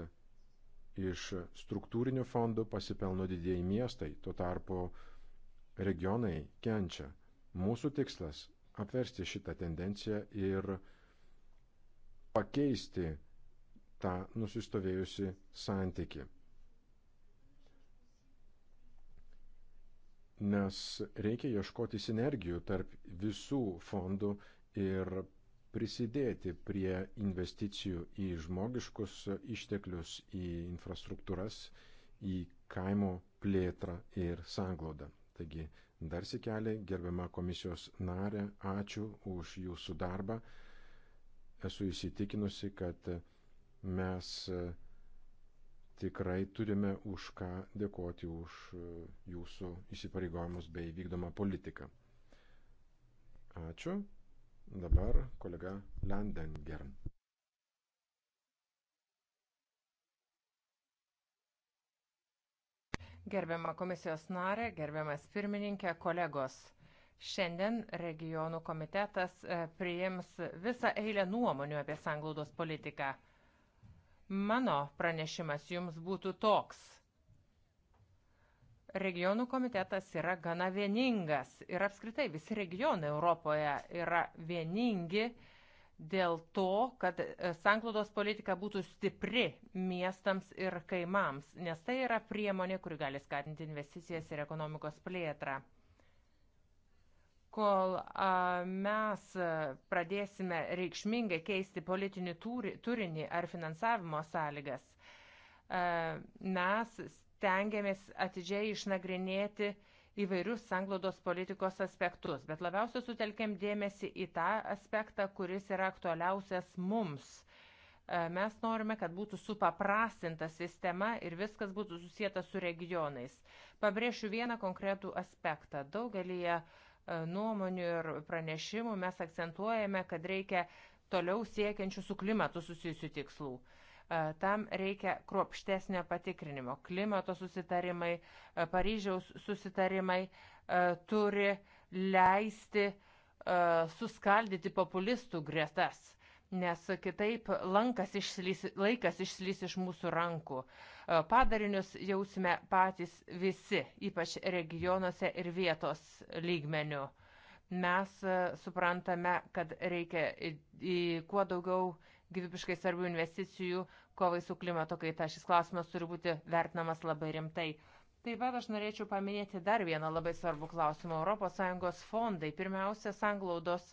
iš struktūrinių fondų pasipelno didėjai miestai, tuo tarpu regionai kenčia. Mūsų tikslas - apversti šitą tendenciją ir pakeisti tą nusistovėjusi santyki. nes reikia ieškoti sinergijų tarp visų fondų ir prisidėti prie investicijų į žmogiškus išteklius, į infrastruktūras, į kaimo plėtrą ir sanglaudą. Taigi dar sikelį, gerbiama komisijos narė, ačiū už jūsų darbą. Esu įsitikinusi, kad mes tikrai turime už ką dėkoti už e, jūsų įsipareigojimus bei vykdomą politiką. Ačiū. Dabar kolega Landengern. Gerbiama komisijos narė, gerbiamas pirmininkė, kolegos. Šiandien regionų komitetas e, priims visą eilę nuomonių apie sanglaudos politiką. Mano pranešimas jums būtų toks. Regionų komitetas yra gana vieningas ir apskritai visi regionai Europoje yra vieningi dėl to, kad e, sanklaudos politika būtų stipri miestams ir kaimams, nes tai yra priemonė, kuri gali skatinti investicijas ir ekonomikos plėtrą kol a, mes pradėsime reikšmingai keisti politinį turi, turinį ar finansavimo sąlygas, a, mes stengiamės atidžiai išnagrinėti įvairius sanglaudos politikos aspektus, bet labiausiai sutelkiam dėmesį į tą aspektą, kuris yra aktualiausias mums. A, mes norime, kad būtų supaprastinta sistema ir viskas būtų susijęta su regionais. Pabrėšiu vieną konkretų aspektą. Daugelįje uh, E, nuomonių ir pranešimų mes akcentuojame, kad reikia toliau siekiančių su klimatu susijusių tikslų. E, tam reikia kruopštesnio patikrinimo. Klimato susitarimai, e, Paryžiaus susitarimai turi leisti suskaldyti populistų gretas nes kitaip išslys, laikas išslys iš mūsų rankų. E, padarinius jausime patys visi, ypač regionuose ir vietos lygmenių. Mes e, suprantame, kad reikia į, į kuo daugiau gyvybiškai svarbių investicijų kovai su klimato kaita. Šis klausimas turi būti vertinamas labai rimtai. Taip pat aš norėčiau paminėti dar vieną labai svarbų klausimą - ES fondai. Pirmiausia, sanglaudos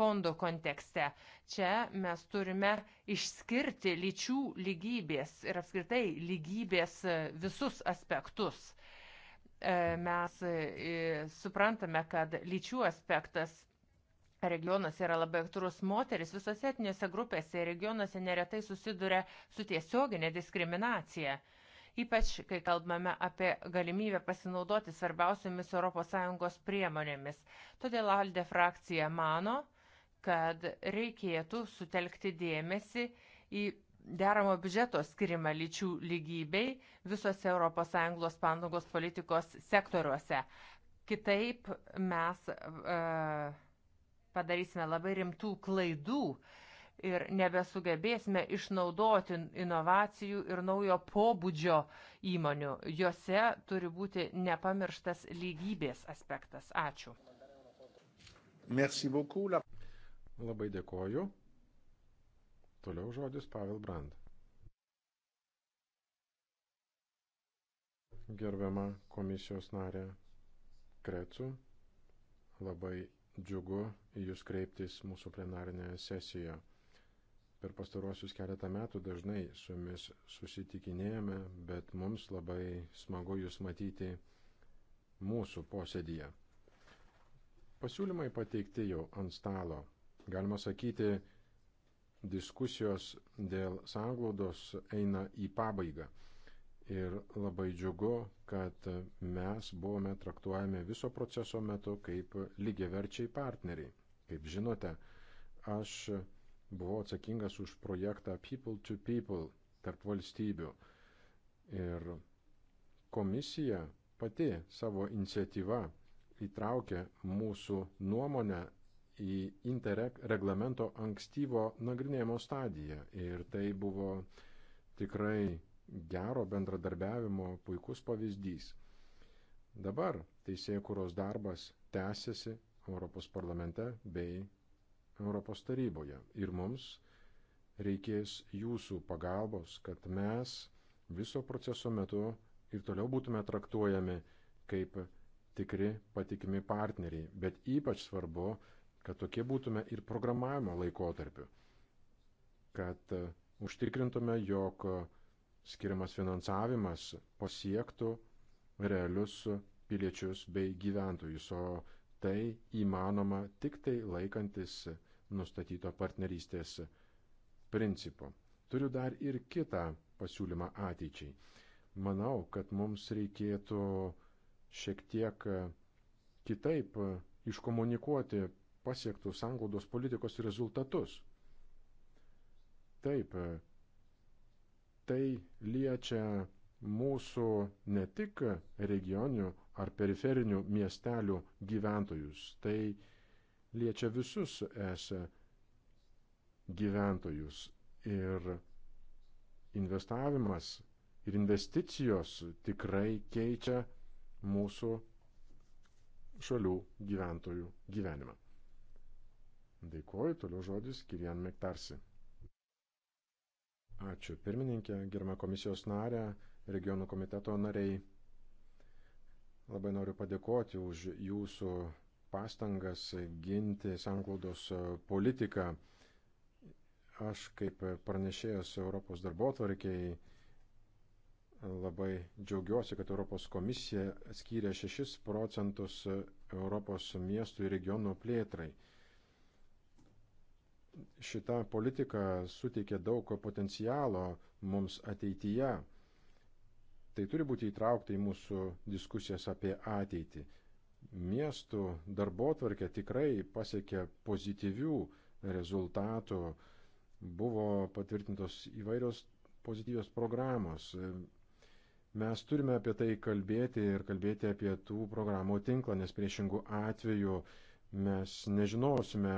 fondo kontekste. Čia mes turime išskirti lyčių lygybės ir apskritai lygybės e, visus aspektus. E, mes e, suprantame, kad lyčių aspektas regionuose yra labai aktuolus moteris, visose etinėse grupėse ir regionuose neretai susiduria su tiesioginė diskriminacija ypač kai kalbame apie galimybę pasinaudoti svarbiausiamis ES priemonėmis. Todėl Alde frakcija mano, kad reikėtų sutelkti dėmesį į deramo biudžeto skirimą lyčių lygybei visose ES pandangos politikos sektoriuose. Kitaip mes e, padarysime labai rimtų klaidų, e, ir nebesugebėsime išnaudoti inovacijų ir naujo pobūdžio įmonių. Jose turi būti nepamirštas lygybės aspektas. Ačiū. Labai dėkoju. Toliau žodis Pavel Brand. Gerbiama komisijos narė Krecu, labai džiugu į Jūs kreiptis mūsų plenarinėje sesijoje. Per pastarosius keletą metų dažnai su jumis susitikinėjame, bet mums labai smagu jūs matyti mūsų posėdyje. Pasiūlymai pateikti jau ant stalo. Galima sakyti, diskusijos dėl sanglaudos eina į pabaigą. Ir labai džiugu, kad mes buvome traktuojami viso proceso metu kaip lygiaverčiai partneriai. Kaip žinote, aš buvau atsakingas už projektą People to People tarp valstybių. Ir komisija pati savo iniciatyvą įtraukė mūsų nuomonę į Interreg reglamento ankstyvo nagrinėjimo stadiją. Ir tai buvo tikrai gero bendradarbiavimo puikus pavyzdys. Dabar teisėkuros darbas tęsiasi Europos parlamente bei Europos taryboje. Ir mums reikės jūsų pagalbos, kad mes viso proceso metu ir toliau būtume traktuojami kaip tikri patikimi partneriai. Bet ypač svarbu, kad tokie būtume ir programavimo laikotarpiu. Kad e, užtikrintume, jog skiriamas finansavimas pasiektų realius piliečius bei gyventojus, o tai įmanoma tik tai laikantis nustatyto partnerystės principo. Turiu dar ir kitą pasiūlymą ateičiai. Manau, kad mums reikėtų šiek tiek kitaip iškomunikuoti pasiektus anglodos politikos rezultatus. Taip, tai liečia mūsų ne tik regionių ar periferinių miestelių gyventojus, tai liečia visus esę gyventojus. Ir investavimas ir investicijos tikrai keičia mūsų šalių gyventojų gyvenimą. Dėkuoju, toliau žodis Kirian Mektarsi. Ačiū pirmininkė, germa komisijos narė, regionų komiteto nariai. Labai noriu padėkoti už jūsų pastangas ginti sanklaudos politiką. Aš kaip pranešėjas Europos darbo tvarkiai labai džiaugiuosi, kad Europos komisija skyrė 6 procentus Europos miestų ir regionų plėtrai. Šita politika suteikė daug potencialo mums ateityje. Tai turi būti įtraukta į mūsų diskusijas apie ateitį miestų darbotvarkė tikrai pasiekė pozityvių rezultatų, buvo patvirtintos įvairios pozityvios programos. Mes turime apie tai kalbėti ir kalbėti apie tų programų tinklą, nes priešingų atveju mes nežinosime,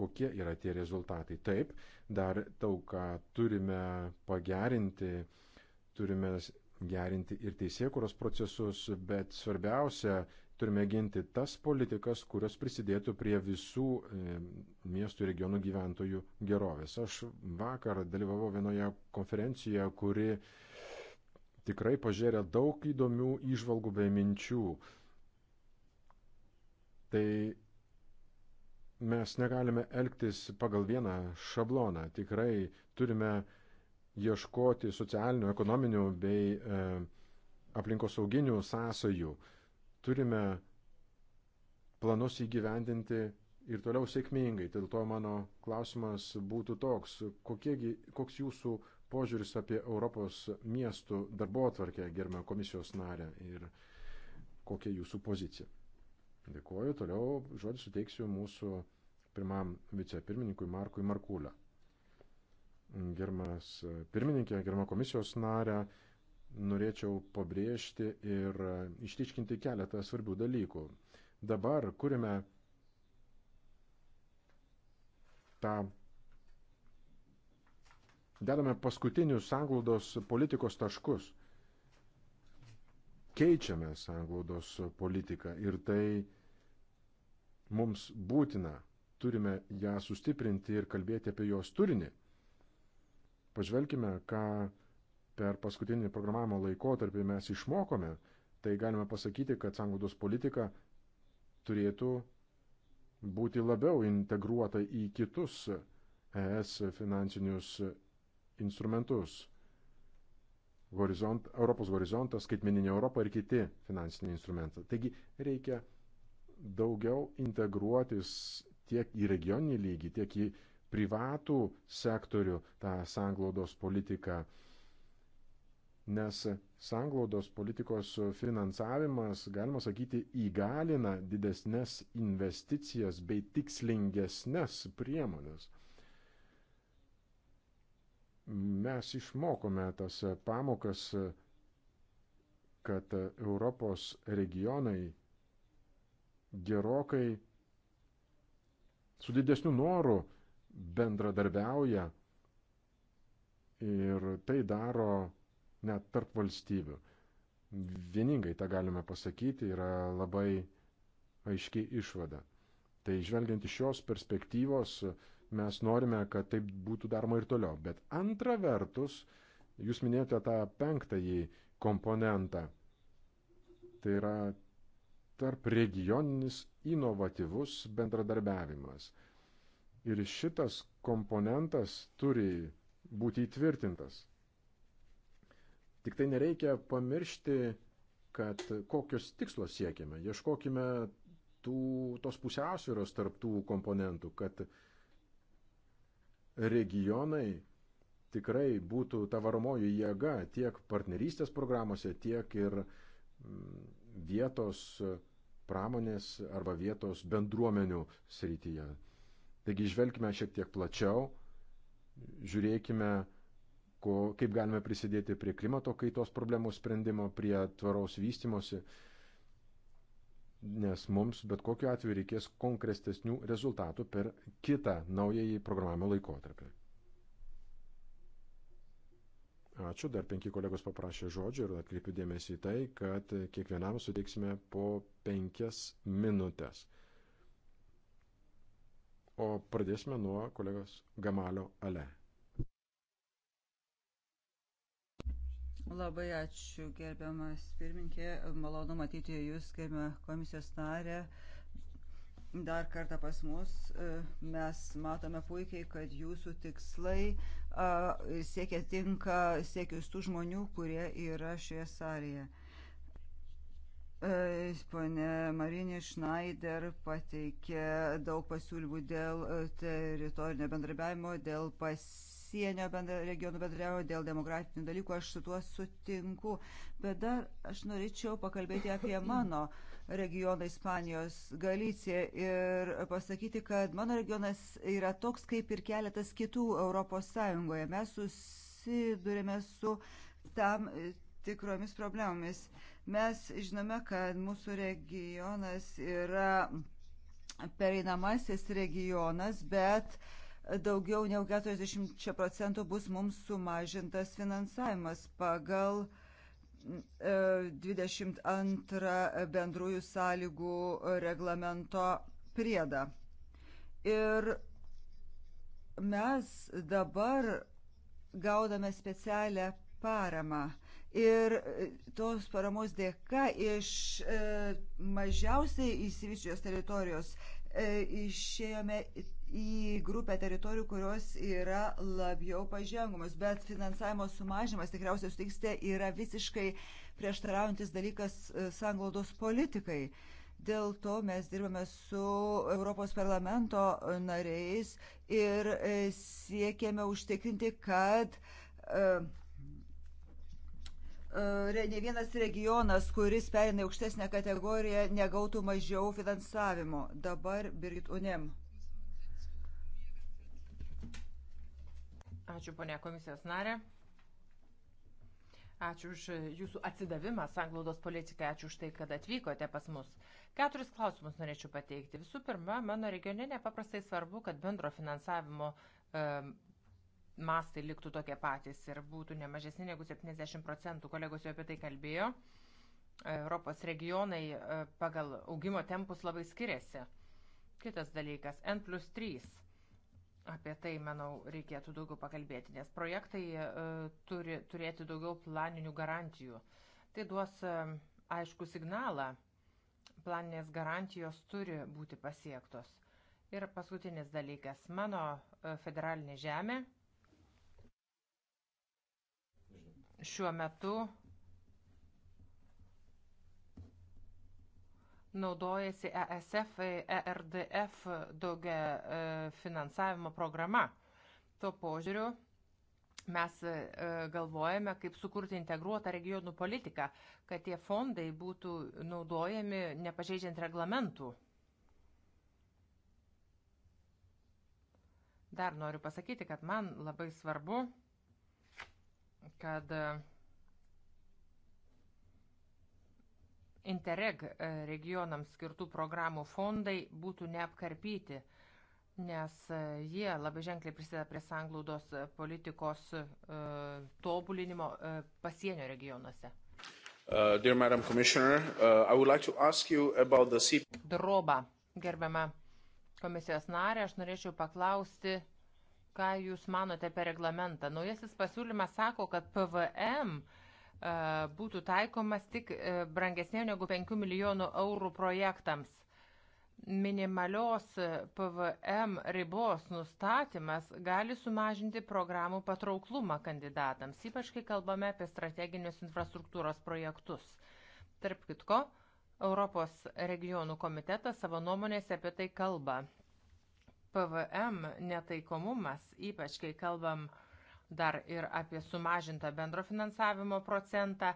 kokie yra tie rezultatai. Taip, dar daug ką turime pagerinti, turime gerinti ir teisėkuros procesus, bet svarbiausia Turime ginti tas politikas, kurios prisidėtų prie visų e, miestų ir regionų gyventojų gerovės. Aš vakar dalyvavau vienoje konferencijoje, kuri tikrai pažėrė daug įdomių išvalgų bei minčių. Tai mes negalime elgtis pagal vieną šabloną. Tikrai turime ieškoti socialinių, ekonominių bei e, aplinkosauginių sąsajų. E, turime planus įgyvendinti ir toliau sėkmingai. Dėl to mano klausimas būtų toks, kokiegi, koks jūsų požiūris apie Europos miestų darbo atvarkę, gerbama komisijos narė, ir kokia jūsų pozicija. Dėkuoju, toliau žodį suteiksiu mūsų pirmam vicepirmininkui Markui Markulę. Germas pirmininkė, germa komisijos narė, norėčiau pabrėžti ir ištiškinti keletą svarbių dalykų. Dabar kuriame tą dedame paskutinius sanglaudos politikos taškus. Keičiame sanglaudos politiką ir tai mums būtina. Turime ją sustiprinti ir kalbėti apie jos turinį. Pažvelkime, ką per paskutinį programavimo laikotarpį mes išmokome, tai galime pasakyti, kad sanglaudos politika turėtų būti labiau integruota į kitus ES finansinius instrumentus. Horizont, Europos horizontas, skaitmeninė Europa ir kiti finansiniai instrumentai. Taigi reikia daugiau integruotis tiek į regioninį lygį, tiek į privatų sektorių tą sanglaudos politiką nes sanglaudos politikos finansavimas, galima sakyti, įgalina didesnės investicijas bei tikslingesnės priemonės. Mes išmokome tas pamokas, kad Europos regionai gerokai su didesniu noru bendradarbiauja ir tai daro net tarp valstybių. Vieningai tą galime pasakyti, yra labai aiški išvada. Tai žvelgiant iš šios perspektyvos, mes norime, kad taip būtų daroma ir toliau. Bet antra vertus, jūs minėjote tą penktąjį komponentą. Tai yra tarp regioninis inovatyvus bendradarbiavimas. Ir šitas komponentas turi būti įtvirtintas. Tik tai nereikia pamiršti, kad kokius tikslus siekime. Ieškokime tų, tos pusiausvėros tarp tų komponentų, kad regionai tikrai būtų ta varomoji jėga tiek partnerystės programuose, tiek ir mm, vietos pramonės arba vietos bendruomenių srityje. Taigi žvelgime šiek tiek plačiau, žiūrėkime ko, kaip galime prisidėti prie klimato kaitos problemų sprendimo, prie tvaraus vystimosi, nes mums bet kokiu atveju reikės konkrestesnių rezultatų per kitą naująjį programavimo laikotarpį. Ačiū, dar penki kolegos paprašė žodžio ir atkreipiu dėmesį į tai, kad kiekvienam suteiksime po penkias minutės. O pradėsime nuo kolegos Gamalio Ale. Labai ačiū, gerbiamas pirminkė. Malonu matyti Jūs, gerbiamą komisijos narę. Dar kartą pas mus e, mes matome puikiai, kad jūsų tikslai siekia tinka siekius tų žmonių, kurie yra šioje sąlyje. E, Pane Marinė Schneider pateikė daug pasiūlymų dėl e, teritorinio bendrabiavimo, dėl pasiekimų pasienio bendra, regionų bendravimo, dėl demografinių dalykų, aš su tuo sutinku. Bet dar aš norėčiau pakalbėti apie mano regioną Ispanijos, Galiciją ir pasakyti, kad mano regionas yra toks kaip ir keletas kitų Europos Sąjungoje. Mes susidurėme su tam tikromis problemomis. Mes žinome, kad mūsų regionas yra pereinamasis regionas, bet uh, daugiau negu 40 procentų bus mums sumažintas finansavimas pagal 22 e, bendrųjų sąlygų reglamento priedą. Ir mes dabar gaudame specialią paramą. Ir tos paramos dėka iš e, mažiausiai įsivyščios teritorijos e, išėjome į grupę teritorijų, kurios yra labiau pažengumas. Bet finansavimo sumažimas tikriausiai sutiksite yra visiškai prieštaraujantis dalykas e, sanglaudos politikai. Dėl to mes dirbame su Europos parlamento nariais ir e, siekėme užtikrinti, kad uh, ne vienas regionas, kuris perina aukštesnę kategoriją, negautų mažiau finansavimo. Dabar Birgit Unem. Ačiū, ponė komisijos narė. Ačiū už jūsų atsidavimą sanglaudos politikai, ačiū už tai, kad atvykote pas mus. Keturis klausimus norėčiau pateikti. Visų pirma, mano regione nepaprastai svarbu, kad bendro finansavimo e, mastai liktų tokie patys ir būtų nemažesni negu 70 procentų. Kolegos jau apie tai kalbėjo. Europos regionai e, pagal augimo tempus labai skiriasi. Kitas dalykas - N plus 3 Apie tai, manau, reikėtų daugiau pakalbėti, nes projektai e, turi turėti daugiau planinių garantijų. Tai duos e, aišku signalą, planinės garantijos turi būti pasiektos. Ir paskutinis dalykas - mano e, federalinė žemė šiuo metu naudojasi ESF, ERDF daugia e, finansavimo programa. Tuo požiūriu mes e, galvojame, kaip sukurti integruotą regionų politiką, kad tie fondai būtų naudojami nepažeidžiant reglamentų. Dar noriu pasakyti, kad man labai svarbu, kad Interreg e, regionams skirtų programų fondai būtų neapkarpyti, nes e, jie labai ženkliai prisideda prie sanglaudos politikos e, tobulinimo pasienio regionuose. Uh, dear Madam Commissioner, uh, I would like to ask you about the CP. Droba, gerbiama komisijos narė, aš norėčiau paklausti, ką Jūs manote apie reglamentą. Naujasis pasiūlymas sako, kad PVM uh, E, būtų taikomas tik e, brangesnė negu 5 milijonų eurų projektams. Minimalios e, PVM ribos nustatymas gali sumažinti programų patrauklumą kandidatams, ypač kai kalbame apie strateginius infrastruktūros projektus. Tarp kitko, Europos regionų komitetas savo nuomonėse apie tai kalba. PVM netaikomumas, ypač kai kalbam uh, dar ir apie sumažintą bendro finansavimo procentą,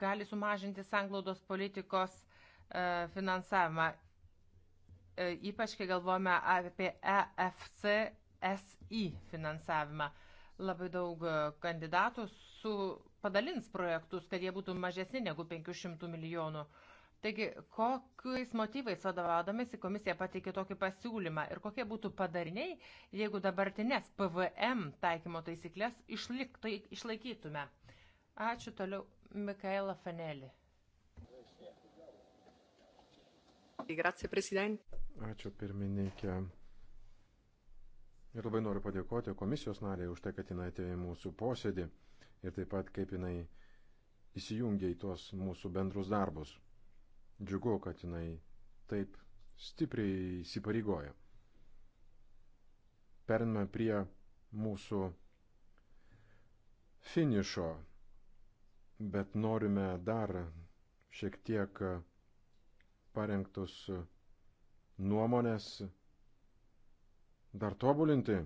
gali sumažinti sanglaudos politikos e, finansavimą. E, ypač, kai galvojame apie EFCSI finansavimą. Labai daug e, kandidatų su padalins projektus, kad jie būtų mažesni negu 500 milijonų eurų Taigi, kokiais motyvais vadovaudomėsi komisija pateikė tokį pasiūlymą ir kokie būtų padariniai, jeigu dabartinės PVM taikymo taisyklės išlik, tai, išlaikytume? Ačiū toliau, Mikaela Fanelį. Grazie, prezidentė. Ačiū, pirmininkė. Ir labai noriu padėkoti komisijos nariai už tai, kad jinai atėjo į mūsų posėdį ir taip pat kaip jinai įsijungia į tuos mūsų bendrus darbus. Džiugu, kad jinai taip stipriai įsipareigojo. Periname prie mūsų finišo, bet norime dar šiek tiek parengtus nuomonės dar tobulinti.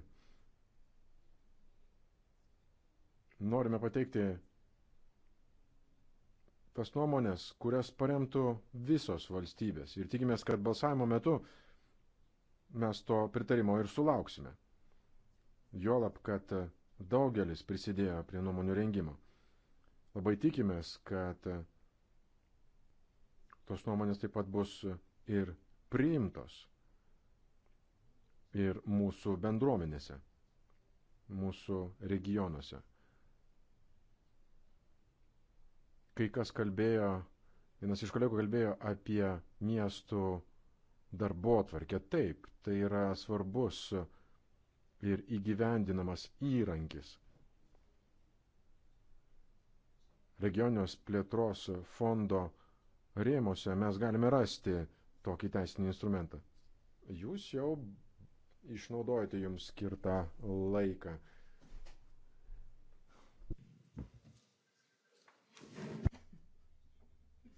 Norime pateikti tas nuomonės, kurias paremtų visos valstybės. Ir tikimės, kad balsavimo metu mes to pritarimo ir sulauksime. Juolab, kad daugelis prisidėjo prie nuomonių rengimo. Labai tikimės, kad tos nuomonės taip pat bus ir priimtos ir mūsų bendruomenėse, mūsų regionuose. kai kas kalbėjo, vienas iš kolegų kalbėjo apie miestų darbo atvarkę. Taip, tai yra svarbus ir įgyvendinamas įrankis. Regionios plėtros fondo rėmose mes galime rasti tokį teisinį instrumentą. Jūs jau išnaudojate jums skirtą laiką.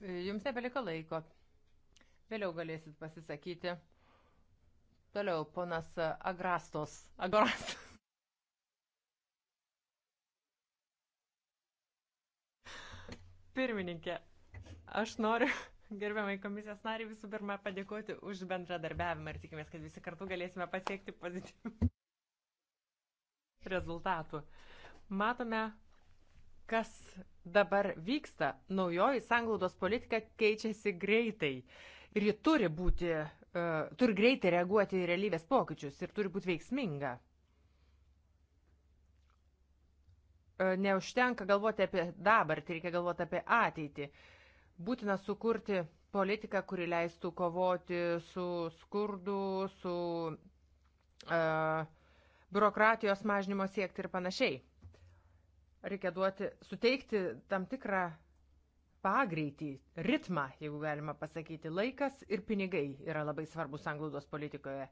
Jums nebeliko laiko. Vėliau galėsit pasisakyti. Toliau ponas Agrastos. Agrastos. Pirmininkė, aš noriu gerbiamai komisijos nariai visų pirma padėkoti už bendradarbiavimą ir tikimės, kad visi kartu galėsime pasiekti pozityvių rezultatų. Matome, kas dabar vyksta, naujoji sanglaudos politika keičiasi greitai ir ji turi būti, uh, turi greitai reaguoti į realybės pokyčius ir turi būti veiksminga. Uh, neužtenka galvoti apie dabartį, reikia galvoti apie ateitį. Būtina sukurti politiką, kuri leistų kovoti su skurdu, su uh, biurokratijos mažnymo siekti ir panašiai. Reikia duoti, suteikti tam tikrą pagreitį, ritmą, jeigu galima pasakyti, laikas ir pinigai yra labai svarbus anglaudos politikoje.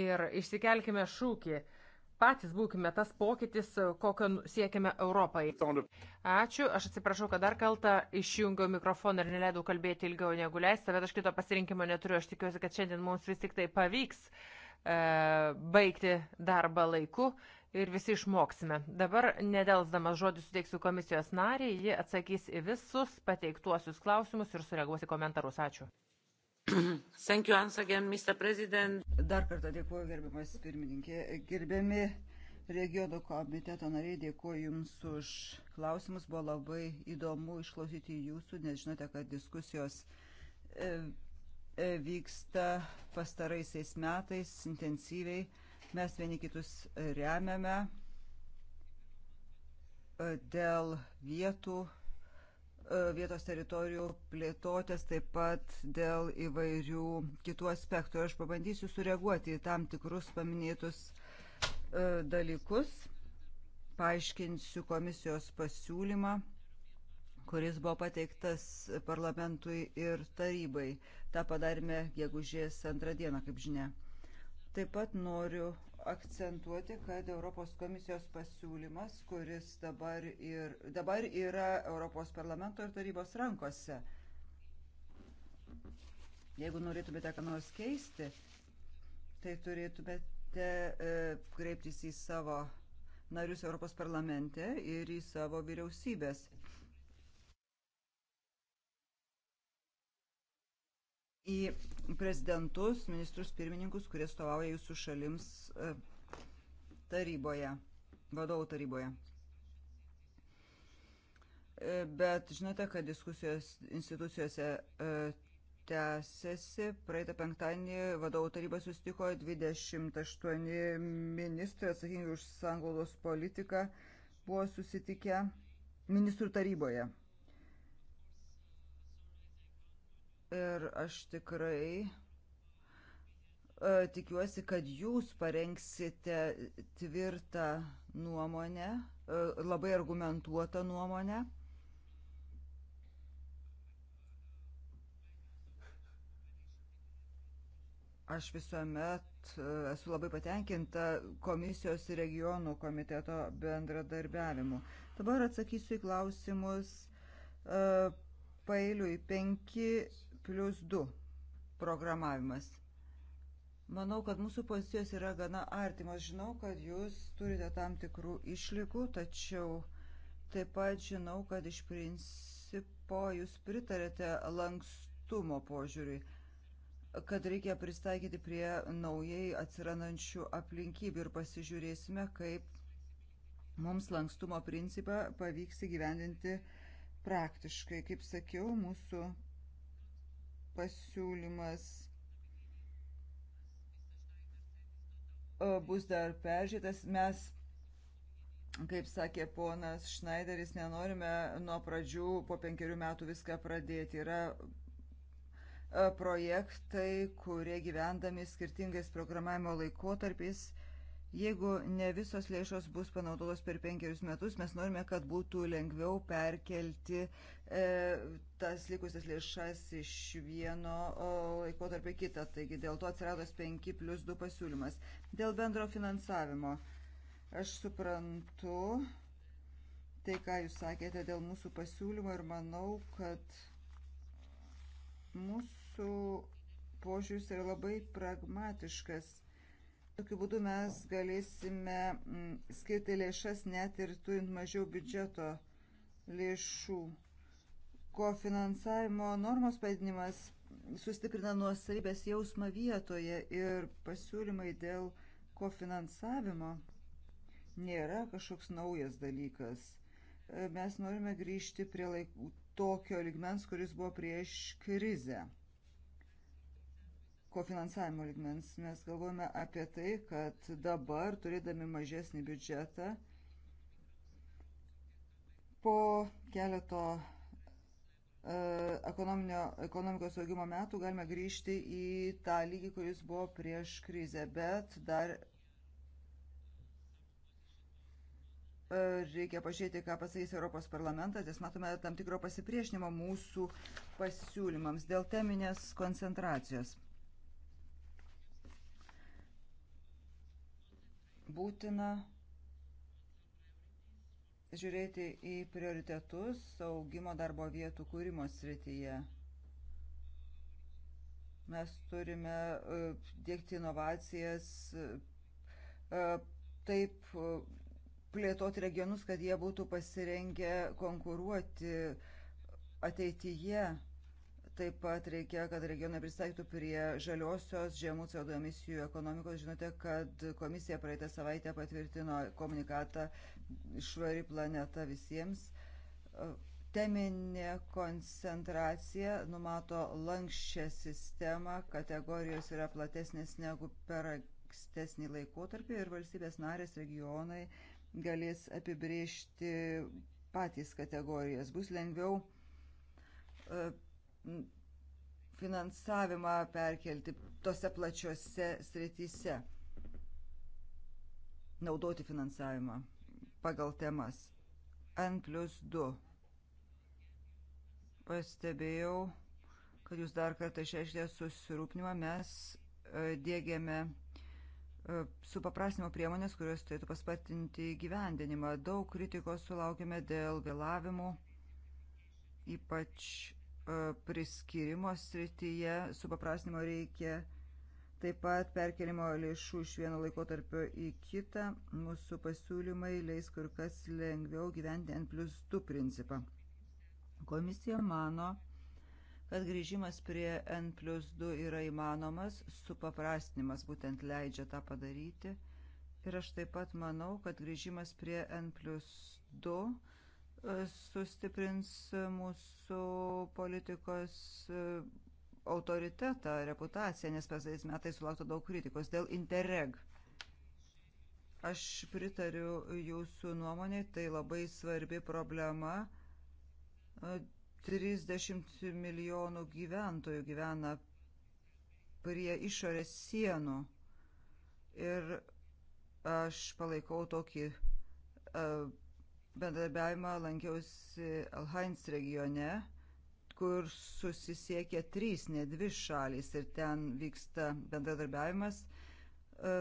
Ir išsikelkime šūkį. Patys būkime tas pokytis, kokio nu- siekiame Europai. Ačiū, aš atsiprašau, kad dar kaltą išjungiau mikrofoną ir neleidau kalbėti ilgiau negu leista, bet aš kito pasirinkimo neturiu. Aš tikiuosi, kad šiandien mums vis tik tai pavyks e, baigti darbą laiku ir visi išmoksime. Dabar nedelsdamas žodį suteiksiu komisijos nariai, ji atsakys į visus pateiktuosius klausimus ir sureaguos į komentarus. Ačiū. Again, Dar kartą dėkuoju, gerbiamas pirmininkė. Gerbiami regiono komiteto nariai, dėkuoju Jums už klausimus. Buvo labai įdomu išklausyti Jūsų, nes žinote, kad diskusijos e, e, vyksta pastaraisiais metais intensyviai. Mes vieni kitus remiame e, dėl vietų, e, vietos teritorijų plėtotės, taip pat dėl įvairių kitų aspektų. Aš pabandysiu sureaguoti į tam tikrus paminėtus e, dalykus, paaiškinsiu komisijos pasiūlymą kuris buvo pateiktas parlamentui ir tarybai. Ta padarėme gegužės antrą dieną, kaip žinia. Taip pat noriu akcentuoti, kad Europos komisijos pasiūlymas, kuris dabar, ir, dabar yra Europos parlamento ir tarybos rankose. Jeigu norėtumėte ką nors keisti, tai turėtumėte e, kreiptis į savo narius Europos parlamente ir į savo vyriausybės. į prezidentus, ministrus pirmininkus, kurie stovauja jūsų šalims e, taryboje, vadovų taryboje. E, bet žinote, kad diskusijos institucijose e, tęsiasi. Praeitą penktadienį vadovų taryba sustiko 28 ministrai atsakingi už sanglaudos politiką buvo susitikę ministrų taryboje. Ir aš tikrai e, tikiuosi, kad jūs parengsite tvirtą nuomonę, e, labai argumentuotą nuomonę. Aš visuomet e, esu labai patenkinta komisijos ir regionų komiteto bendradarbiavimu. Dabar atsakysiu į klausimus pailiui penki plus 2 programavimas. Manau, kad mūsų pozicijos yra gana artimos. Žinau, kad jūs turite tam tikrų išlygų, tačiau taip pat žinau, kad iš principo jūs pritarėte lankstumo požiūriui, kad reikia pristaikyti prie naujai atsirandančių aplinkybių ir pasižiūrėsime, kaip mums lankstumo principą pavyks įgyvendinti praktiškai. Kaip sakiau, mūsų pasiūlymas e, bus dar peržiūrėtas. Mes, kaip sakė ponas Schneideris, nenorime nuo pradžių po penkerių metų viską pradėti. Yra e, projektai, kurie gyvendami skirtingais programavimo laikotarpiais Jeigu ne visos lėšos bus panaudotos per penkerius metus, mes norime, kad būtų lengviau perkelti e, tas likusias lėšas iš vieno laiko tarp į kitą. Taigi dėl to atsirado 5 plus 2 pasiūlymas. Dėl bendro finansavimo. Aš suprantu tai, ką jūs sakėte dėl mūsų pasiūlymo ir manau, kad mūsų požiūris yra labai pragmatiškas Tokiu būdu mes galėsime mm, skirti lėšas net ir turint mažiau biudžeto lėšų. Kofinansavimo normos padidinimas sustiprina nuosavybės jausmą vietoje ir pasiūlymai dėl kofinansavimo nėra kažkoks naujas dalykas. E, mes norime grįžti prie laikų tokio ligmens, kuris buvo prieš krizę kofinansavimo ligmens. Mes galvojame apie tai, kad dabar, turėdami mažesnį biudžetą, po keleto e, ekonomikos augimo metų galime grįžti į tą lygį, kuris buvo prieš krizę, bet dar e, reikia pažiūrėti, ką pasakys Europos parlamentas, nes matome tam tikro pasipriešinimo mūsų pasiūlymams dėl teminės koncentracijos. būtina žiūrėti į prioritetus saugimo darbo vietų kūrimo srityje. Mes turime e, dėkti inovacijas, e, e, taip plėtoti regionus, kad jie būtų pasirengę konkuruoti ateityje Taip pat reikia, kad regionai pristaikytų prie žaliosios žemų CO2 emisijų ekonomikos. Žinote, kad komisija praeitą savaitę patvirtino komunikatą Švari planeta visiems. Teminė koncentracija numato lankščią sistemą, kategorijos yra platesnės negu per ankstesnį laikotarpį ir valstybės narės regionai galės apibriežti patys kategorijas. Bus lengviau e, finansavimą perkelti tose plačiose srityse, naudoti finansavimą pagal temas. N plus 2. Pastebėjau, kad jūs dar kartą išreiškėte susirūpinimą, mes e, dėgiame e, supaprastinimo priemonės, kurios turėtų paspartinti gyvendinimą. Daug kritikos sulaukime dėl vėlavimų, ypač E, priskirimo srityje supaprastinimo reikia taip pat perkelimo lėšų iš vieno laikotarpio į kitą. Mūsų pasiūlymai leis kur kas lengviau gyventi N plus 2 principą. Komisija mano, kad grįžimas prie N plus 2 yra įmanomas, supaprastinimas būtent leidžia tą padaryti. Ir aš taip pat manau, kad grįžimas prie N plus 2 sustiprins mūsų politikos e, autoritetą, reputaciją, nes pasais metais sulaukta daug kritikos dėl Interreg. Aš pritariu jūsų nuomonė, tai labai svarbi problema. 30 e, milijonų gyventojų gyvena prie išorės sienų. Ir aš palaikau tokį uh, bendradarbiavimą lankiausi Alhains regione, kur susisiekia trys, ne dvi šalys ir ten vyksta bendradarbiavimas. E,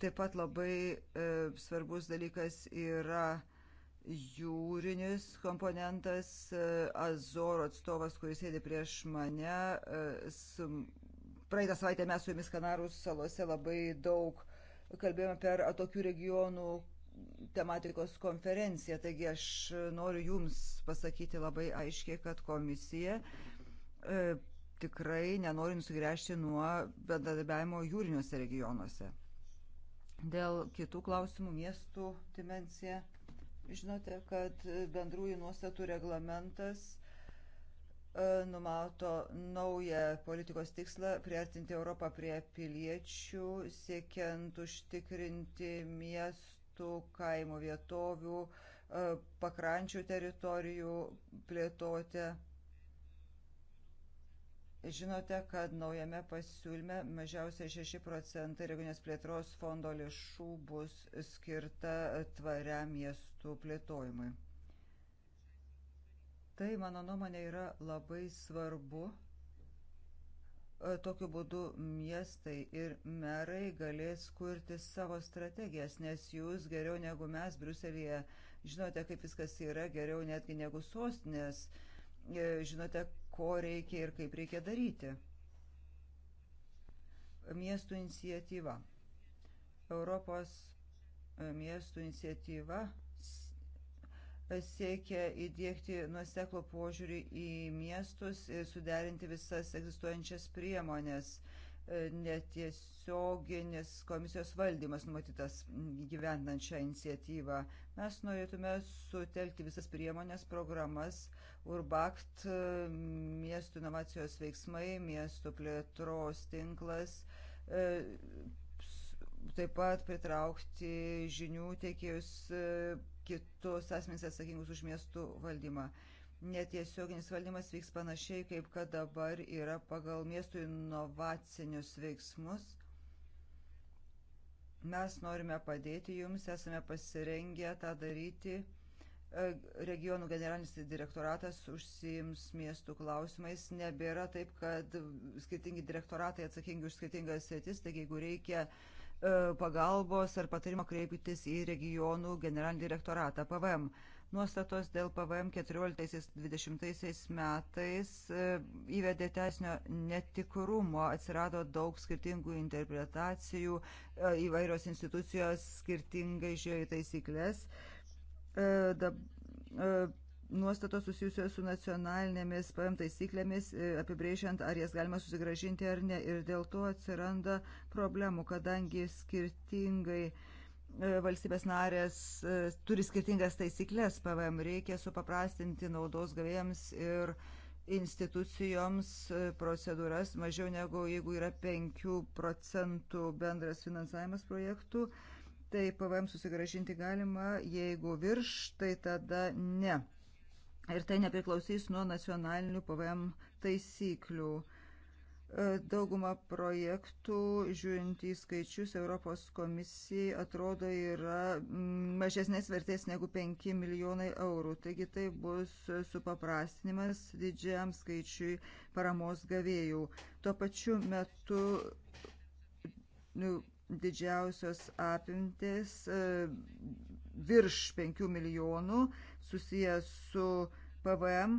taip pat labai e, svarbus dalykas yra jūrinis komponentas, e, Azoro atstovas, kuris sėdi prieš mane. Praeitą savaitę mes su jumis Kanarų salose labai daug kalbėjome per atokių regionų tematikos konferenciją. Taigi aš noriu Jums pasakyti labai aiškiai, kad komisija e, tikrai nenori nusigręžti nuo bendradarbiavimo jūriniuose regionuose. Dėl kitų klausimų miestų dimencija. Žinote, kad bendrųjų nuostatų reglamentas e, numato naują politikos tikslą priartinti Europą prie piliečių, siekiant užtikrinti miestų vietų, kaimo vietovių, e, pakrančių teritorijų plėtotę. Žinote, kad naujame pasiūlyme mažiausiai 6 procentai regionės plėtros fondo lėšų bus skirta tvariam miestų plėtojimui. Tai, mano nuomonė, yra labai svarbu E, tokiu būdu miestai ir merai galės kurti savo strategijas, nes jūs geriau negu mes Bruselėje žinote, kaip viskas yra, geriau netgi negu sostinės, e, žinote, ko reikia ir kaip reikia daryti. Miestų iniciatyva. Europos e, miestų iniciatyva siekia įdėkti nuoseklų požiūrį į miestus ir suderinti visas egzistuojančias priemonės. E, netiesioginis komisijos valdymas numatytas gyvendant šią iniciatyvą. Mes norėtume sutelkti visas priemonės, programas, Urbakt, e, miestų inovacijos veiksmai, miestų plėtros tinklas, e, taip pat pritraukti žinių tiekėjus kitus asmenys atsakingus už miestų valdymą. Netiesioginis valdymas vyks panašiai, kaip kad dabar yra pagal miestų inovacinius veiksmus. Mes norime padėti jums, esame pasirengę tą daryti. E, regionų generalinis direktoratas užsiims miestų klausimais. Nebėra taip, kad skirtingi direktoratai atsakingi už skirtingas sėtis, taigi jeigu reikia uh, E, pagalbos ar patarimo kreiptis į regionų generalinį direktoratą PVM. Nuostatos dėl PVM 14-20 metais e, įvedė teisinio netikrumo, atsirado daug skirtingų interpretacijų, e, įvairios institucijos skirtingai žiūrėjo į taisyklės nuostatos susijusios su nacionalinėmis PM taisyklėmis, e, apibrėžiant, ar jas galima susigražinti ar ne. Ir dėl to atsiranda problemų, kadangi skirtingai e, valstybės narės e, turi skirtingas taisyklės PVM, reikia supaprastinti naudos gavėjams ir institucijoms procedūras mažiau negu jeigu yra 5 procentų bendras finansavimas projektų, tai PVM susigražinti galima, jeigu virš, tai tada ne ir tai nepriklausys nuo nacionalinių PVM taisyklių. E, dauguma projektų, žiūrint į skaičius, Europos komisijai atrodo yra mm, mažesnės vertės negu 5 milijonai eurų. Taigi tai bus supaprastinimas didžiam skaičiui paramos gavėjų. Tuo pačiu metu nu, didžiausios apimtis e, virš 5 milijonų susijęs su PVM,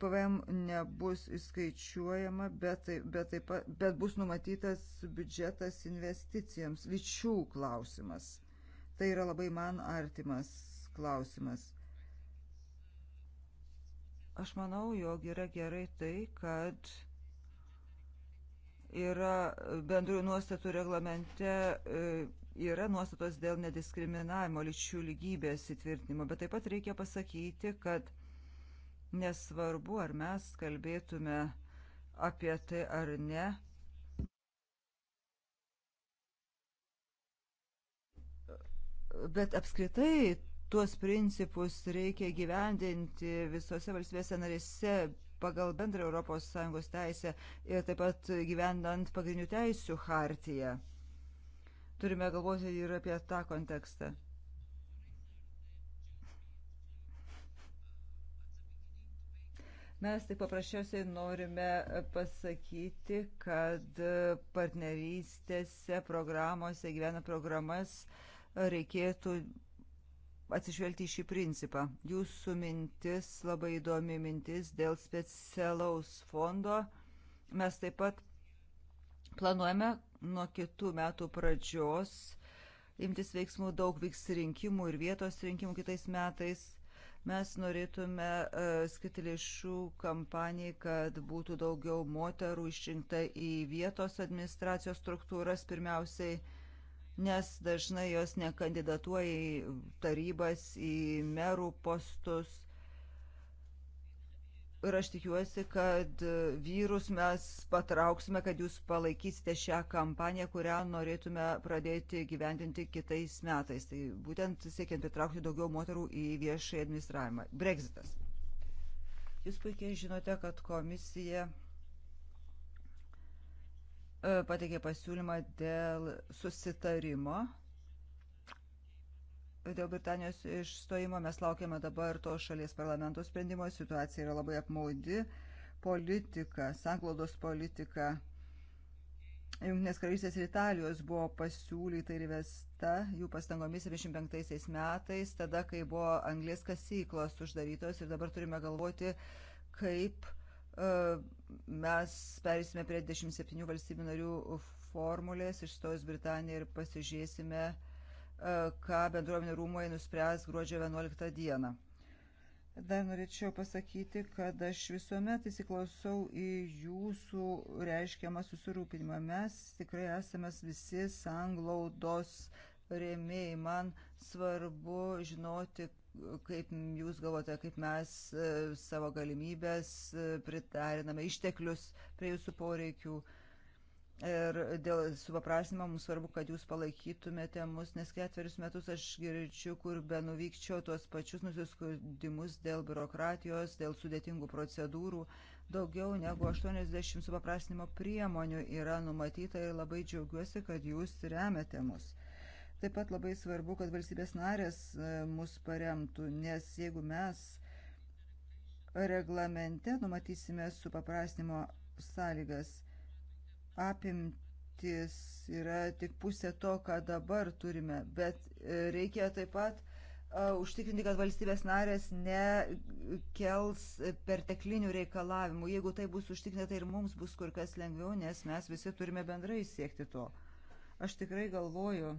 PVM nebus įskaičiuojama, bet, tai, bet, taip, bet bus numatytas biudžetas investicijams. Lyčių klausimas. Tai yra labai man artimas klausimas. Aš manau, jog yra gerai tai, kad yra bendrųjų nuostatų reglamente e, yra nuostatos dėl nediskriminavimo lyčių lygybės įtvirtinimo, bet taip pat reikia pasakyti, kad nesvarbu, ar mes kalbėtume apie tai ar ne. Bet apskritai tuos principus reikia gyvendinti visose valstybėse narėse pagal bendrą ES teisę ir taip pat gyvendant pagrindinių teisių hartiją. Turime galvoti ir apie tą kontekstą. Mes tik paprasčiausiai norime pasakyti, kad partnerystėse, programuose, gyvena programas reikėtų atsižvelgti į šį principą. Jūsų mintis, labai įdomi mintis dėl specialaus fondo. Mes taip pat planuojame nuo kitų metų pradžios imtis veiksmų, daug vyks rinkimų ir vietos rinkimų kitais metais. Mes norėtume uh, skirti lėšų kampanijai, kad būtų daugiau moterų išrinkta į vietos administracijos struktūras pirmiausiai, nes dažnai jos nekandidatuoja į tarybas, į merų postus ir aš tikiuosi, kad e, vyrus mes patrauksime, kad jūs palaikysite šią kampaniją, kurią norėtume pradėti gyvendinti kitais metais. Tai būtent siekiant pritraukti daugiau moterų į viešąjį administravimą. Brexitas. Jūs puikiai žinote, kad komisija e, pateikė pasiūlymą dėl susitarimo Dėl Britanijos išstojimo mes laukiame dabar to šalies parlamento sprendimo. Situacija yra labai apmaudi. Politika, sanglaudos politika Junktinės karalystės ir Italijos buvo pasiūlyta ir įvesta jų pastangomis 75 metais, tada, kai buvo anglės kasyklos uždarytos ir dabar turime galvoti, kaip uh, mes perėsime prie 27 valstybių narių formulės, išstojus Britaniją ir pasižiūrėsime uh, E, ką bendruomenių rūmai nuspręs gruodžio 11 dieną. Dar norėčiau pasakyti, kad aš visuomet įsiklausau į jūsų reiškiamą susirūpinimą. Mes tikrai esame visi sanglaudos rėmėjai. Man svarbu žinoti, kaip jūs galvote, kaip mes e, savo galimybės e, pritariname išteklius prie jūsų poreikių. Ir dėl supaprasnimo mums svarbu, kad jūs palaikytumėte mus, nes ketverius metus aš girdžiu, kur be nuvykčiau tuos pačius nusiskundimus dėl biurokratijos, dėl sudėtingų procedūrų. Daugiau negu 80 supaprasnimo priemonių yra numatyta ir labai džiaugiuosi, kad jūs remiate mus. Taip pat labai svarbu, kad valstybės narės e, mus paremtų, nes jeigu mes reglamente numatysime supaprasnimo sąlygas, apimtis yra tik pusė to, ką dabar turime, bet e, reikia taip pat e, užtikrinti, kad valstybės narės nekels perteklinių reikalavimų. Jeigu tai bus užtikrinta, tai ir mums bus kur kas lengviau, nes mes visi turime bendrai siekti to. Aš tikrai galvoju,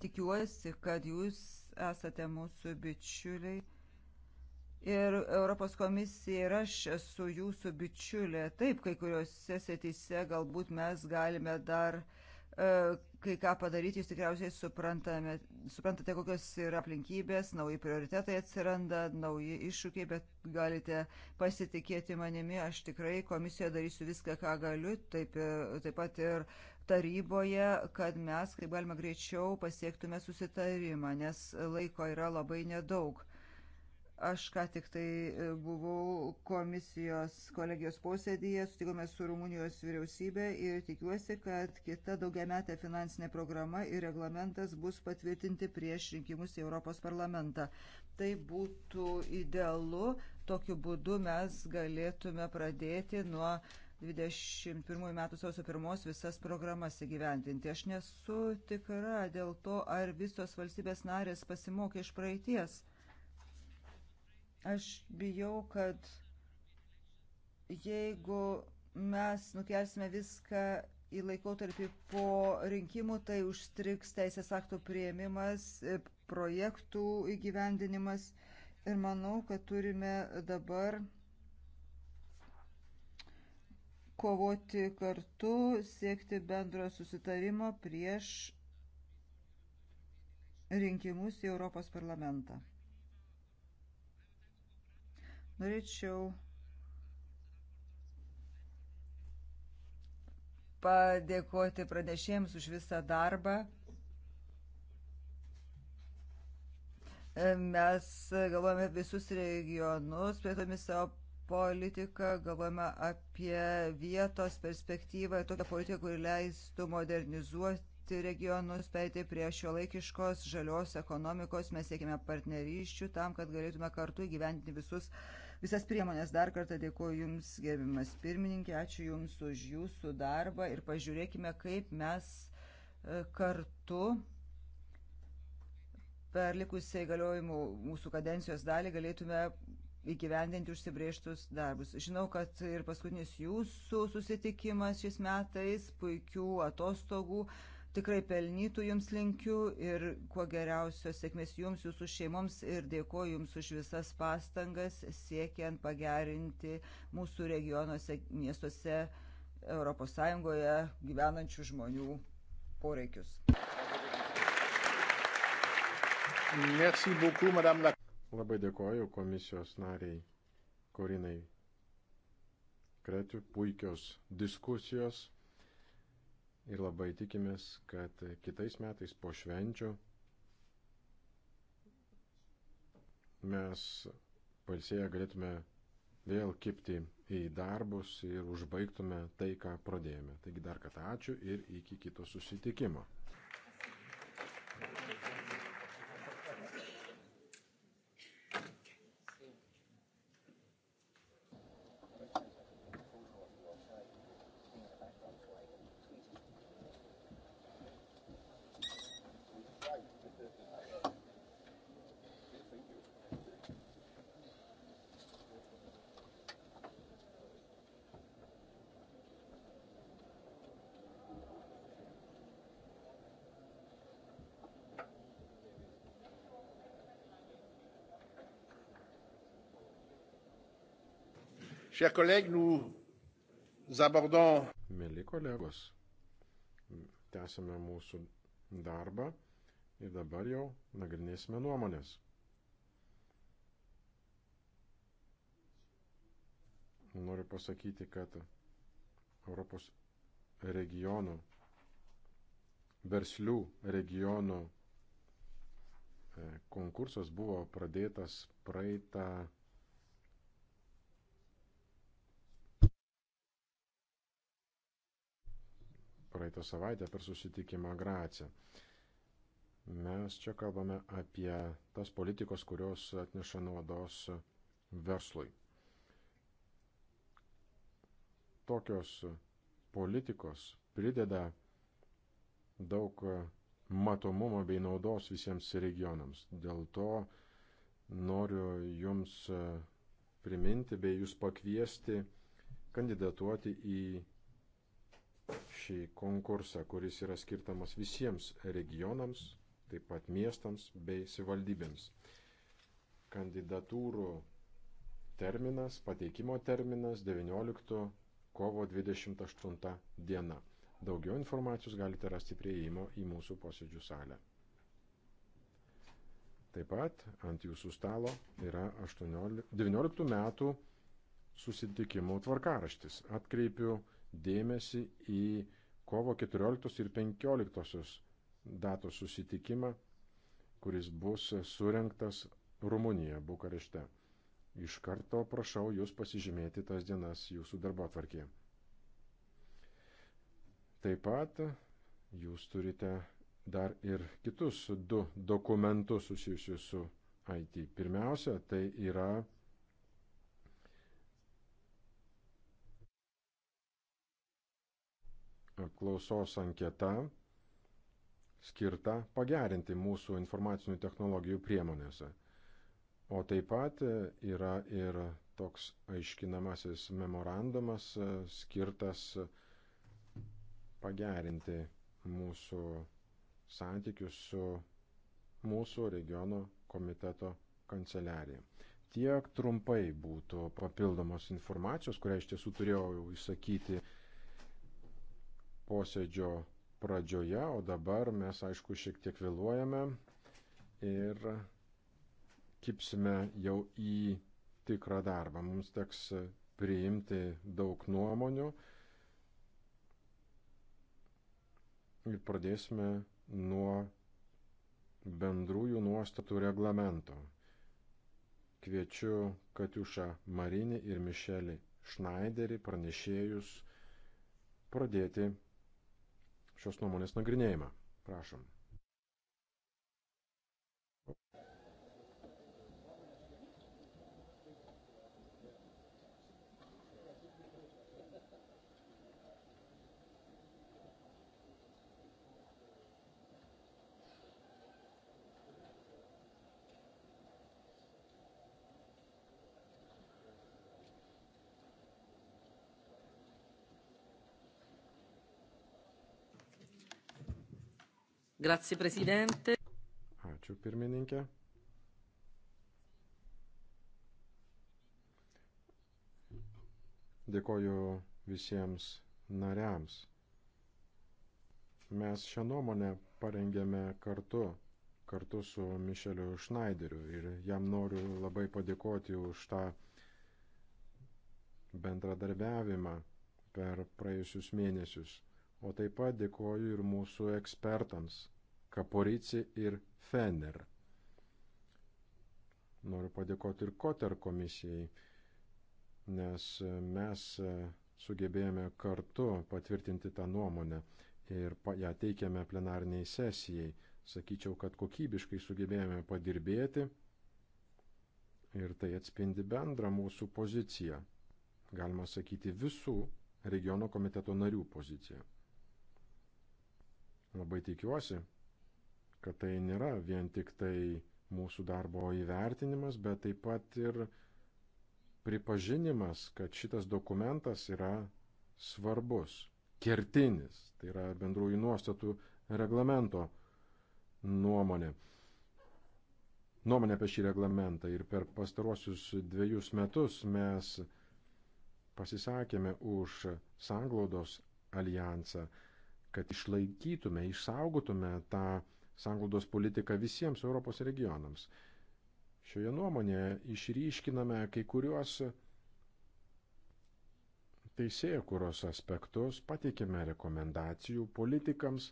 tikiuosi, kad jūs esate mūsų bičiuliai Ir Europos komisija ir aš esu jūsų bičiulė. Taip, kai kuriuose sėtyse galbūt mes galime dar e, kai ką padaryti, jūs tikriausiai suprantate, kokios yra aplinkybės, nauji prioritetai atsiranda, nauji iššūkiai, bet galite pasitikėti manimi, aš tikrai komisijoje darysiu viską, ką galiu, taip, e, taip pat ir taryboje, kad mes, kaip galima greičiau, pasiektume susitarimą, nes laiko yra labai nedaug Aš ką tik tai e, buvau komisijos kolegijos posėdėje, sutikome su Rumunijos vyriausybė ir tikiuosi, kad kita daugiametė finansinė programa ir reglamentas bus patvirtinti prieš rinkimus į Europos parlamentą. Tai būtų idealu, tokiu būdu mes galėtume pradėti nuo 21 metų sausio pirmos visas programas įgyvendinti. Aš nesu tikra dėl to, ar visos valstybės narės pasimokė iš praeities. Aš bijau, kad jeigu mes nukelsime viską į laikotarpį po rinkimų, tai užstriks teisės aktų prieimimas, e, projektų įgyvendinimas. Ir manau, kad turime dabar kovoti kartu, siekti bendro susitarimo prieš rinkimus į Europos parlamentą. Norėčiau padėkoti pranešėjams už visą darbą. Mes galvojame visus regionus, plėtome savo politiką, galvojame apie vietos perspektyvą, tokią politiką, kuri leistų modernizuoti regionus, pereiti prie šio laikiškos žalios ekonomikos. Mes siekime partnerysčių tam, kad galėtume kartu įgyventinti visus uh, visas priemonės. Dar kartą dėkuoju Jums, gerbimas pirmininkė, ačiū Jums už Jūsų darbą ir pažiūrėkime, kaip mes e, kartu per likusią įgaliojimų mūsų kadencijos dalį galėtume įgyvendinti užsibrieštus darbus. Žinau, kad ir paskutinis jūsų susitikimas šiais metais, puikių atostogų, uh, Tikrai pelnytų jums linkiu ir kuo geriausios sėkmės jums, jūsų šeimoms ir dėkoju jums už visas pastangas siekiant pagerinti mūsų regionuose, miestuose, ES gyvenančių žmonių poreikius. Merci beaucoup, madame la. Labai dėkoju komisijos nariai Korinai Kretiu, puikios diskusijos ir labai tikimės, kad kitais metais po švenčių mes palsėję galėtume vėl kipti į darbus ir užbaigtume tai, ką pradėjome. Taigi dar kartą ačiū ir iki kito susitikimo. Chers collègues, nous abordons. Mėly kolegos, tęsime mūsų darbą ir dabar jau nagrinėsime nuomonės. Noriu pasakyti, kad Europos regionų, verslių regionų e, konkursas buvo pradėtas praeitą praeitą savaitę per susitikimą Grace. Mes čia kalbame apie tas politikos, kurios atneša naudos verslui. Tokios politikos prideda daug matomumo bei naudos visiems regionams. Dėl to noriu Jums priminti bei Jūs pakviesti kandidatuoti į šį konkursą, kuris yra skirtamas visiems regionams, taip pat miestams bei savivaldybėms. Kandidatūrų terminas, pateikimo terminas 19 kovo 28 diena. Daugiau informacijos galite rasti prieimo į mūsų posėdžių salę. Taip pat ant jūsų stalo yra 18, 19 metų susitikimų tvarkaraštis. Atkreipiu dėmesį į kovo 14 ir 15 datų susitikimą, kuris bus surinktas Rumunija, Bukarešte. Iš karto prašau Jūs pasižymėti tas dienas Jūsų darbo atvarkėje. Taip pat Jūs turite dar ir kitus du dokumentus susijusius su IT. Pirmiausia, tai yra klausos anketa skirta pagerinti mūsų informacinių technologijų priemonėse. O taip pat e, yra ir toks aiškinamasis memorandumas e, skirtas pagerinti mūsų santykius su mūsų regiono komiteto kanceliarija. Tiek trumpai būtų papildomos informacijos, kurią iš tiesų turėjau įsakyti posėdžio pradžioje, o dabar mes, aišku, šiek tiek vėluojame ir kipsime jau į tikrą darbą. Mums teks priimti daug nuomonių ir pradėsime nuo bendrųjų nuostatų reglamento. Kviečiu Katiušą Marinį ir Mišelį Šnaiderį pranešėjus pradėti šios nuomonės nagrinėjimą. Prašom. Grazie, prezidente. Ačiū, pirmininkė. Dėkoju visiems nariams. Mes šią nuomonę parengėme kartu, kartu su Mišeliu Šnaideriu ir jam noriu labai padėkoti už tą bendradarbiavimą per praėjusius mėnesius. O taip pat dėkoju ir mūsų ekspertams Kaporici ir Fener. Noriu padėkoti ir Koter komisijai, nes mes sugebėjome kartu patvirtinti tą nuomonę ir ją teikėme plenarniai sesijai. Sakyčiau, kad kokybiškai sugebėjome padirbėti ir tai atspindi bendrą mūsų poziciją. Galima sakyti visų regiono komiteto narių poziciją. Labai tikiuosi, kad tai nėra vien tik tai mūsų darbo įvertinimas, bet taip pat ir pripažinimas, kad šitas dokumentas yra svarbus, kertinis, tai yra bendrųjų nuostatų reglamento nuomonė. Nuomonė apie šį reglamentą ir per pastaruosius dviejus metus mes pasisakėme už sanglaudos alijansą kad išlaikytume, išsaugotume tą sanglaudos politiką visiems Europos regionams. Šioje nuomonėje išryškiname kai kuriuos teisėkuros aspektus, pateikėme rekomendacijų politikams,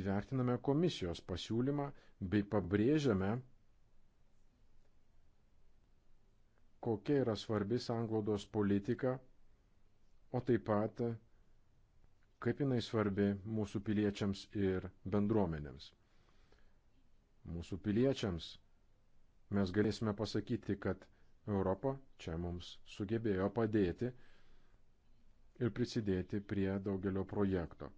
įvertiname komisijos pasiūlymą bei pabrėžiame, kokia yra svarbi sanglaudos politika, o taip pat kaip jinai svarbi mūsų piliečiams ir bendruomenėms. Mūsų piliečiams mes galėsime pasakyti, kad Europa čia mums sugebėjo padėti ir prisidėti prie daugelio projekto.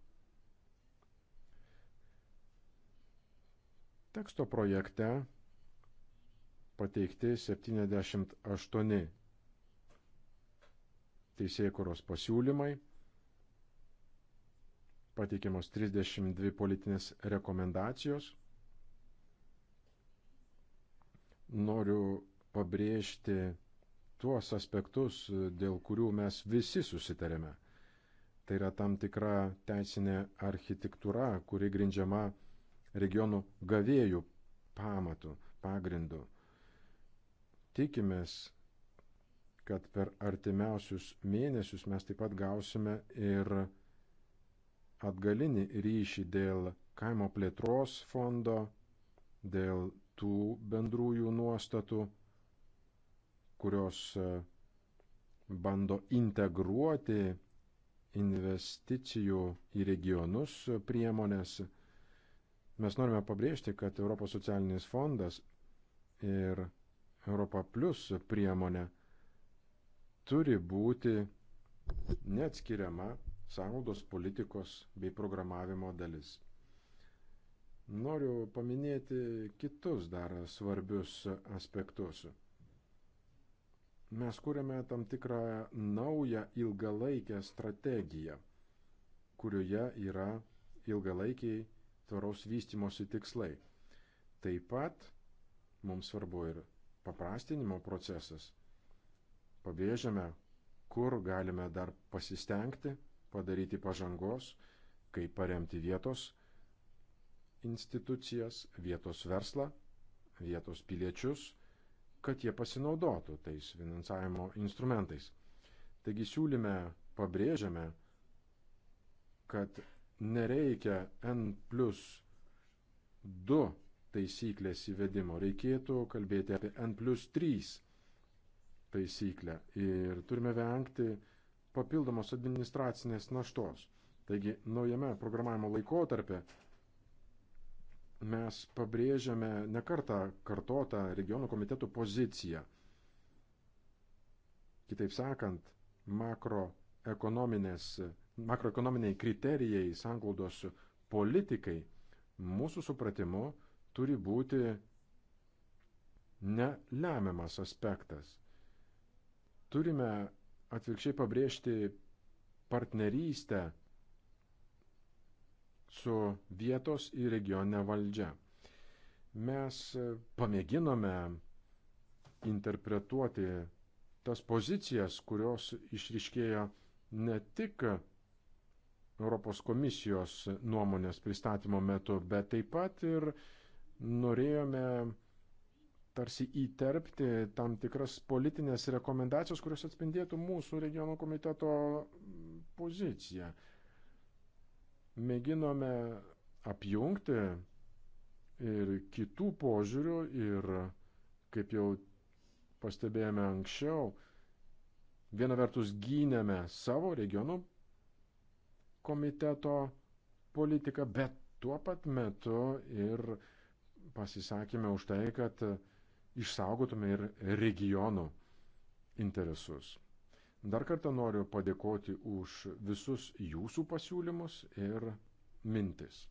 Teksto projekte pateikti 78 teisėkuros pasiūlymai pateikiamos 32 politinės rekomendacijos. Noriu pabrėžti tuos aspektus, dėl kurių mes visi susitarėme. Tai yra tam tikra teisinė architektūra, kuri grindžiama regionų gavėjų pamatų, pagrindų. Tikimės, kad per artimiausius mėnesius mes taip pat gausime ir atgalinį ryšį dėl kaimo plėtros fondo, dėl tų bendrųjų nuostatų, kurios e, bando integruoti investicijų į regionus priemonės. Mes norime pabrėžti, kad Europos socialinis fondas ir Europa Plus priemonė turi būti neatskiriama sąnaudos politikos bei programavimo dalis. Noriu paminėti kitus dar svarbius aspektus. Mes kūrėme tam tikrą naują ilgalaikę strategiją, kurioje yra ilgalaikiai tvaraus vystimosi tikslai. Taip pat mums svarbu ir paprastinimo procesas. Pabrėžiame, kur galime dar pasistengti, padaryti pažangos, kaip paremti vietos institucijas, vietos verslą, vietos piliečius, kad jie pasinaudotų tais finansavimo instrumentais. Taigi siūlyme pabrėžiame, kad nereikia N plus 2 taisyklės įvedimo, reikėtų kalbėti apie N plus 3 taisyklę ir turime vengti papildomos administracinės naštos. Taigi naujame programavimo laikotarpė mes pabrėžiame nekartą kartotą regionų komitetų poziciją. Kitaip sakant, makroekonominės, makroekonominiai kriterijai sanglaudos politikai mūsų supratimu turi būti nelemiamas aspektas. Turime atvirkščiai pabrėžti partnerystę su vietos ir regione valdžia. Mes pamėginome interpretuoti tas pozicijas, kurios išriškėjo ne tik Europos komisijos nuomonės pristatymo metu, bet taip pat ir norėjome tarsi įterpti tam tikras politinės rekomendacijos, kurios atspindėtų mūsų regiono komiteto poziciją. Mėginome apjungti ir kitų požiūrių ir, kaip jau pastebėjome anksčiau, viena vertus gynėme savo regionų komiteto politiką, bet tuo pat metu ir pasisakėme už tai, kad išsaugotume ir regionų interesus. Dar kartą noriu padėkoti už visus jūsų pasiūlymus ir mintis.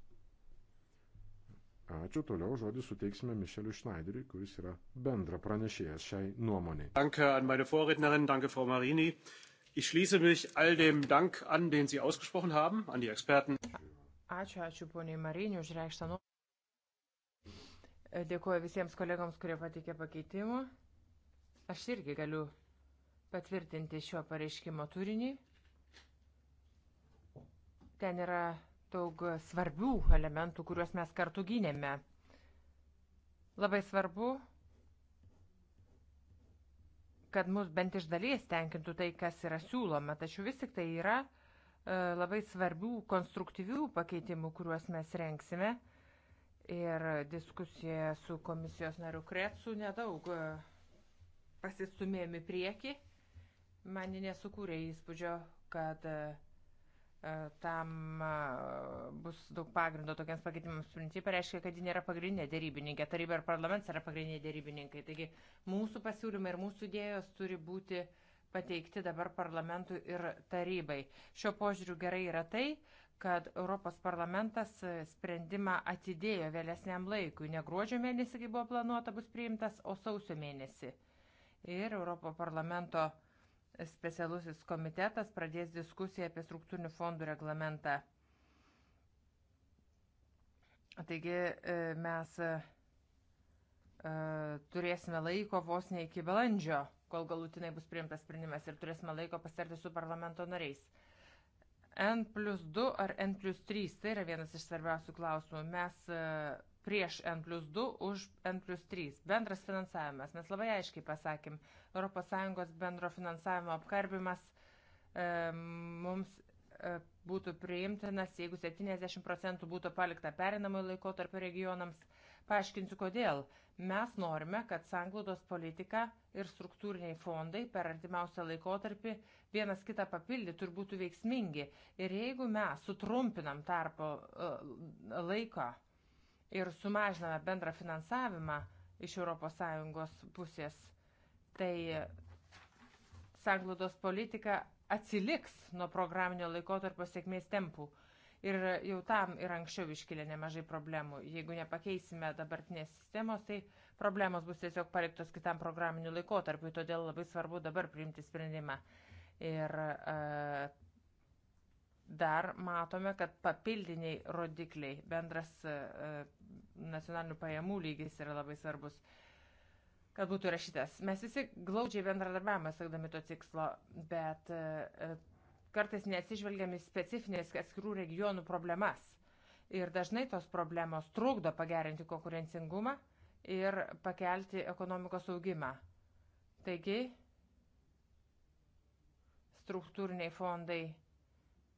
Ačiū, toliau žodį suteiksime Mišeliu Šnaideriui, kuris yra bendra pranešėjas šiai nuomonė. Danke an meine Vorrednerin, danke Frau Marini. Ich schließe mich all dem Dank an, den Sie ausgesprochen haben, an die Experten. Ačiū, ačiū poniai Marini už reikštą nuomonę. Dėkuoju visiems kolegoms, kurie patikė pakeitimų. Aš irgi galiu patvirtinti šio pareiškimo turinį. Ten yra daug svarbių elementų, kuriuos mes kartu gynėme. Labai svarbu, kad mus bent iš dalies tenkintų tai, kas yra siūloma, tačiau vis tik tai yra e, labai svarbių konstruktyvių pakeitimų, kuriuos mes renksime. Ir diskusija su komisijos nariu Kretsu nedaug e, pasistumėjami prieki. Man nesukūrė įspūdžio, kad e, e, tam bus daug pagrindo tokiems pakeitimams principai, reiškia, kad ji nėra pagrindinė dėrybininkė, taryba ir parlamentas yra pagrindiniai dėrybininkai. Taigi mūsų pasiūlymai ir mūsų idėjos turi būti pateikti dabar parlamentui ir tarybai. Šio požiūriu gerai yra tai, kad Europos parlamentas e, sprendimą atidėjo vėlesniam laikui. Ne gruodžio mėnesį, kai buvo planuota, bus priimtas, o sausio mėnesį. Ir Europos parlamento specialusis komitetas pradės diskusiją apie struktūrinių fondų reglamentą. Taigi e, mes e, turėsime laiko vos ne iki balandžio, kol galutinai bus priimtas sprendimas ir turėsime laiko pasitarti su parlamento nariais. N plus 2 ar N plus 3, tai yra vienas iš svarbiausių klausimų. Mes e, prieš N plus 2, už N plus 3. Bendras finansavimas. Mes labai aiškiai pasakėm, ES bendro finansavimo apkarbimas e, mums e, būtų priimtinas, jeigu 70 procentų būtų palikta perinamui laikotarpio regionams Paaiškinsiu, kodėl. Mes norime, kad sanglaudos politika ir struktūriniai fondai per artimiausią laikotarpį vienas kitą papildytų ir būtų veiksmingi. Ir jeigu mes sutrumpinam tarpo e, laiką ir sumažiname bendrą finansavimą iš ES pusės, tai sanglaudos politika atsiliks nuo programinio laikotarpio sėkmės tempų. Ir jau tam ir anksčiau iškilė nemažai problemų. Jeigu nepakeisime dabartinės sistemos, tai problemos bus tiesiog paliktos kitam programiniu laikotarpiu, todėl labai svarbu dabar priimti sprendimą. Ir e, dar matome, kad papildiniai rodikliai, bendras e, nacionalinių pajamų lygis yra labai svarbus kad būtų rašytas. Mes visi glaudžiai bendradarbiavame, sakdami to tikslo, bet e, kartais nesižvelgiam į specifinės atskirų regionų problemas. Ir dažnai tos problemos trukdo pagerinti konkurencingumą ir pakelti ekonomikos augimą. Taigi, struktūriniai fondai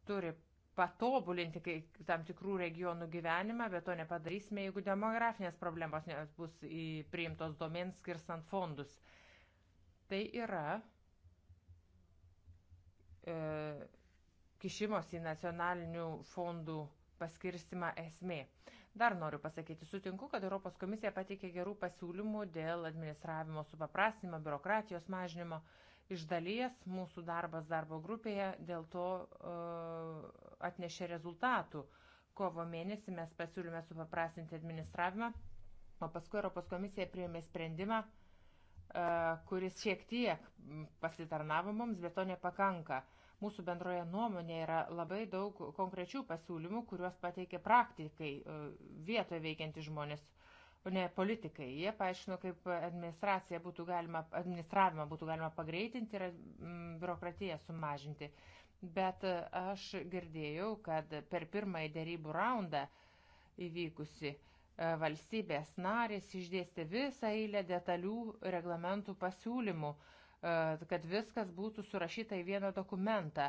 turi patobulinti kai, tam tikrų regionų gyvenimą, bet to nepadarysime, jeigu demografinės problemos bus priimtos domens skirstant fondus. Tai yra E, kišimos į nacionalinių fondų paskirstimą esmė. Dar noriu pasakyti, sutinku, kad Europos komisija pateikė gerų pasiūlymų dėl administravimo supaprastinimo, biurokratijos mažinimo. Iš dalies mūsų darbas darbo grupėje dėl to uh, atnešė rezultatų. Kovo mėnesį mes pasiūlėme supaprastinti administravimą, o paskui Europos komisija priėmė sprendimą, uh, kuris šiek tiek pasitarnavo mums, bet to nepakanka. Uh, Mūsų bendroje nuomonė yra labai daug konkrečių pasiūlymų, kuriuos pateikė praktikai, e, vietoje veikiantys žmonės, o ne politikai. Jie paaiškino, kaip administraciją būtų galima, administravimą būtų galima pagreitinti ir mm, biurokratiją sumažinti. Bet e, aš girdėjau, kad per pirmąjį dėrybų raundą įvykusi e, valstybės narės išdėstė visą eilę detalių reglamentų pasiūlymų, E, kad viskas būtų surašyta į vieną dokumentą.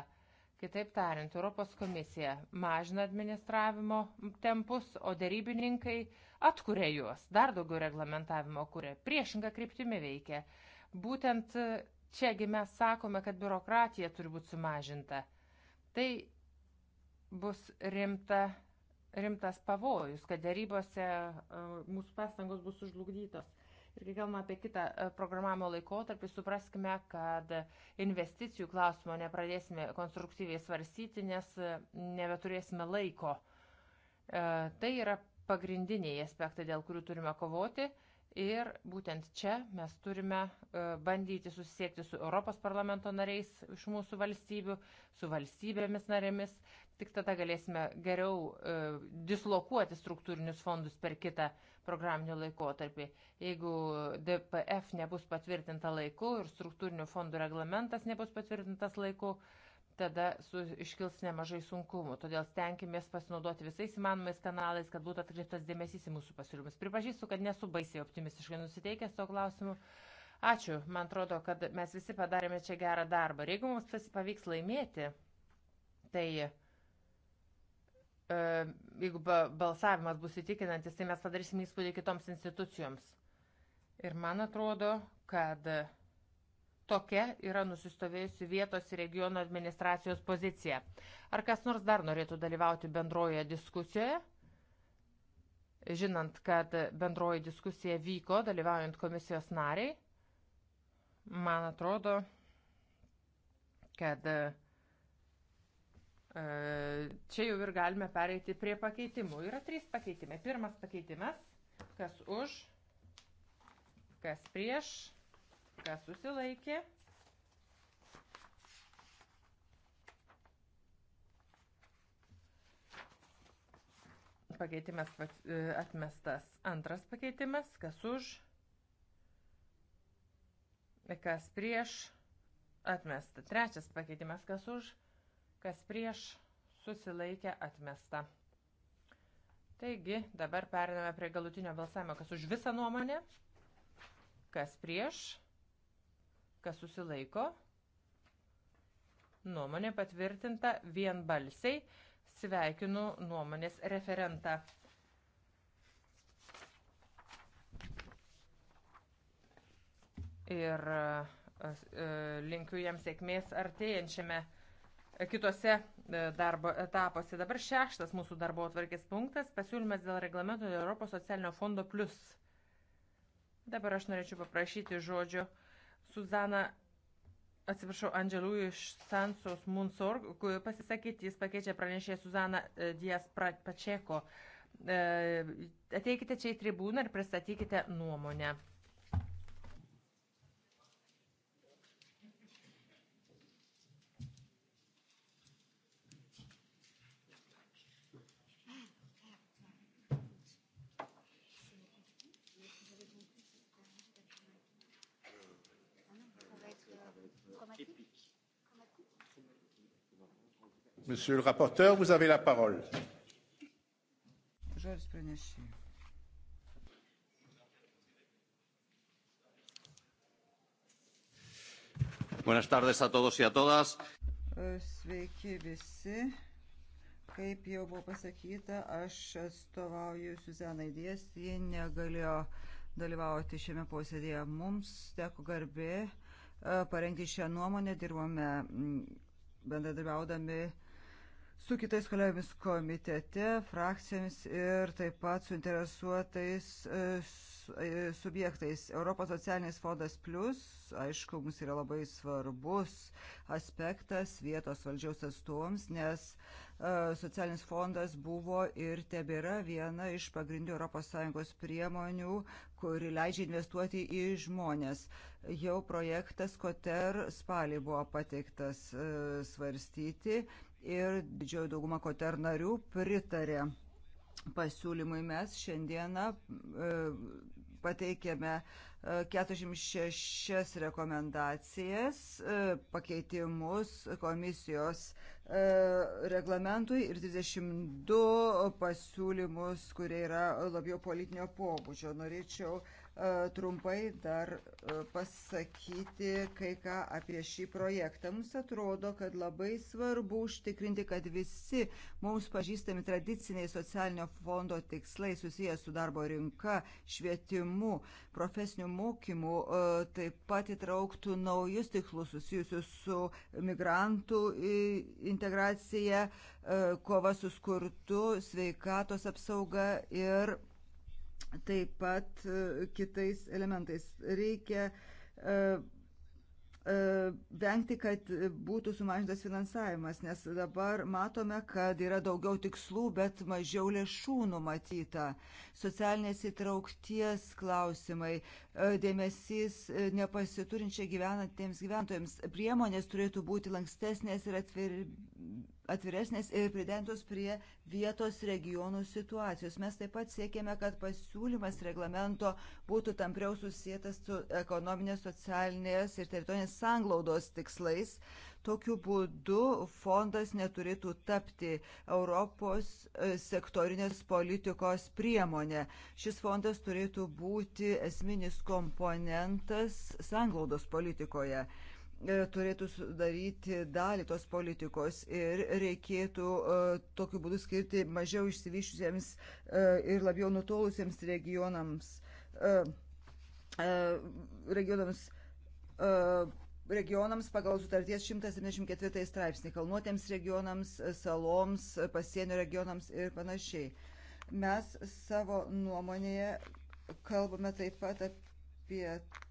Kitaip tariant, Europos komisija mažina administravimo tempus, o darybininkai atkuria juos, dar daugiau reglamentavimo kuria, priešinga kryptimi veikia. Būtent e, čiagi mes sakome, kad biurokratija turi būti sumažinta. Tai bus rimta, rimtas pavojus, kad darybose e, mūsų pastangos bus užlugdytos. Ir kai kalbame apie kitą e, programavimo laikotarpį, supraskime, kad investicijų klausimo nepradėsime konstruktyviai svarstyti, nes e, nebeturėsime laiko. E, tai yra pagrindiniai aspektai, dėl kurių turime kovoti. Ir būtent čia mes turime bandyti susisiekti su Europos parlamento nariais iš mūsų valstybių, su valstybėmis narėmis. Tik tada galėsime geriau dislokuoti struktūrinius fondus per kitą programinį laikotarpį. Jeigu DPF nebus patvirtinta laiku ir struktūrinių fondų reglamentas nebus patvirtintas laiku, tada su, iškils nemažai sunkumų. Todėl stenkimės pasinaudoti visais įmanomais kanalais, kad būtų atkreiptas dėmesys į mūsų pasiūlymus. Pripažįstu, kad nesu baisiai optimistiškai nusiteikęs to klausimu. Ačiū, man atrodo, kad mes visi padarėme čia gerą darbą. Ir jeigu mums pavyks laimėti, tai uh, E, jeigu balsavimas bus įtikinantis, tai mes padarysim įspūdį kitoms institucijoms. Ir man atrodo, kad tokia yra nusistovėjusi vietos regiono administracijos pozicija. Ar kas nors dar norėtų dalyvauti bendroje diskusijoje? Žinant, kad bendroji diskusija vyko dalyvaujant komisijos nariai, man atrodo, kad uh, E, čia jau ir galime pereiti prie pakeitimų. Yra trys pakeitimai. Pirmas pakeitimas, kas už, kas prieš, kas susilaikė. Pakeitimas e, atmestas. Antras pakeitimas, kas už, kas prieš, atmesta. Trečias pakeitimas, kas už, kas prieš kas prieš susilaikė atmesta. Taigi, dabar periname prie galutinio balsavimo, kas už visą nuomonę, kas prieš, kas susilaiko. Nuomonė patvirtinta vienbalsiai. Sveikinu nuomonės referentą. Ir e, linkiu jam sėkmės artėjančiame kitose e, darbo etapuose. Dabar šeštas mūsų darbo atvarkės punktas - pasiūlymas dėl reglamento dėl Europos socialinio fondo plus. Dabar aš norėčiau paprašyti žodžio Suzana, atsiprašau, Andželų iš Sansos Munsorg, pasisakyti, jis pakeičia pranešėją Suzana e, Dijas Pačeko. E, ateikite čia į tribūną ir pristatykite nuomonę. Monsieur le rapporteur, vous avez la parole. Žodis pranešėjai. Buenas tardes a todos y a todas. E, sveiki visi. Kaip jau buvo pasakyta, aš atstovauju Suzanai Dės, ji negalėjo dalyvauti šiame posėdėje. Mums teko garbė e, parengti šią nuomonę, dirbome bendradarbiaudami su kitais kolegomis komitete, frakcijomis ir taip pat suinteresuotais e, e, subjektais. Europos socialinis fondas plus, aišku, mums yra labai svarbus aspektas vietos valdžiaus atstovams, nes e, socialinis fondas buvo ir tebėra viena iš pagrindų ES priemonių, kuri leidžia investuoti į žmonės jau projektas Koter spalį buvo pateiktas e, svarstyti ir didžioji dauguma Koter narių pritarė pasiūlymui. Mes šiandieną e, pateikėme 46 e, rekomendacijas, pakeitimus komisijos reglamentui ir 32 pasiūlymus, kurie yra labiau politinio pobūdžio. Norėčiau uh, E, trumpai dar e, pasakyti kai ką apie šį projektą. Mums atrodo, kad labai svarbu užtikrinti, kad visi mums pažįstami tradiciniai socialinio fondo tikslai susijęs su darbo rinka, švietimu, profesiniu mokymu e, taip pat įtrauktų naujus tikslus susijusius su migrantų integracija, kova su skurtu, sveikatos apsauga ir taip pat e, kitais elementais. Reikia e, e, vengti, kad būtų sumažintas finansavimas, nes dabar matome, kad yra daugiau tikslų, bet mažiau lėšų numatyta. Socialinės įtraukties klausimai, dėmesys nepasiturinčiai gyvenantiems gyventojams, priemonės turėtų būti lankstesnės ir atvir atviresnės ir pridentos prie vietos regionų situacijos. Mes taip pat siekėme, kad pasiūlymas reglamento būtų tampriau susijęs su ekonominės, socialinės ir teritorinės sanglaudos tikslais. Tokiu būdu fondas neturėtų tapti Europos e, sektorinės politikos priemonė. Šis fondas turėtų būti esminis komponentas sanglaudos politikoje. E, turėtų sudaryti dalį tos politikos ir reikėtų e, tokiu būdu skirti mažiau išsivyščiusiems e, ir labiau nutolusiems regionams, regionams, regionams pagal sutarties 174 straipsnį, kalnuotėms regionams, saloms, pasienio regionams ir panašiai. Mes savo nuomonėje kalbame taip pat apie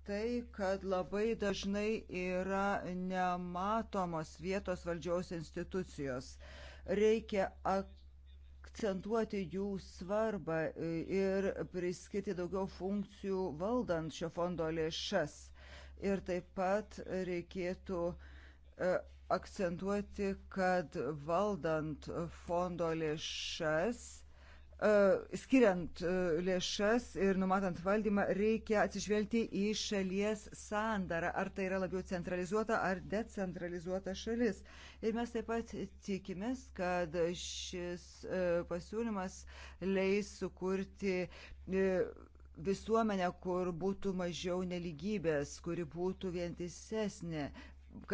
tai, kad labai dažnai yra nematomos vietos valdžios institucijos. Reikia akcentuoti jų svarbą ir priskirti daugiau funkcijų valdant šio fondo lėšas. Ir taip pat reikėtų e, akcentuoti, kad valdant fondo lėšas E, skiriant e, lėšas ir numatant valdymą, reikia atsižvelgti į šalies sandarą, ar tai yra labiau centralizuota ar decentralizuota šalis. Ir mes taip pat tikimės, kad šis e, pasiūlymas leis sukurti visuomenę, kur būtų mažiau neligybės, kuri būtų vientisesnė,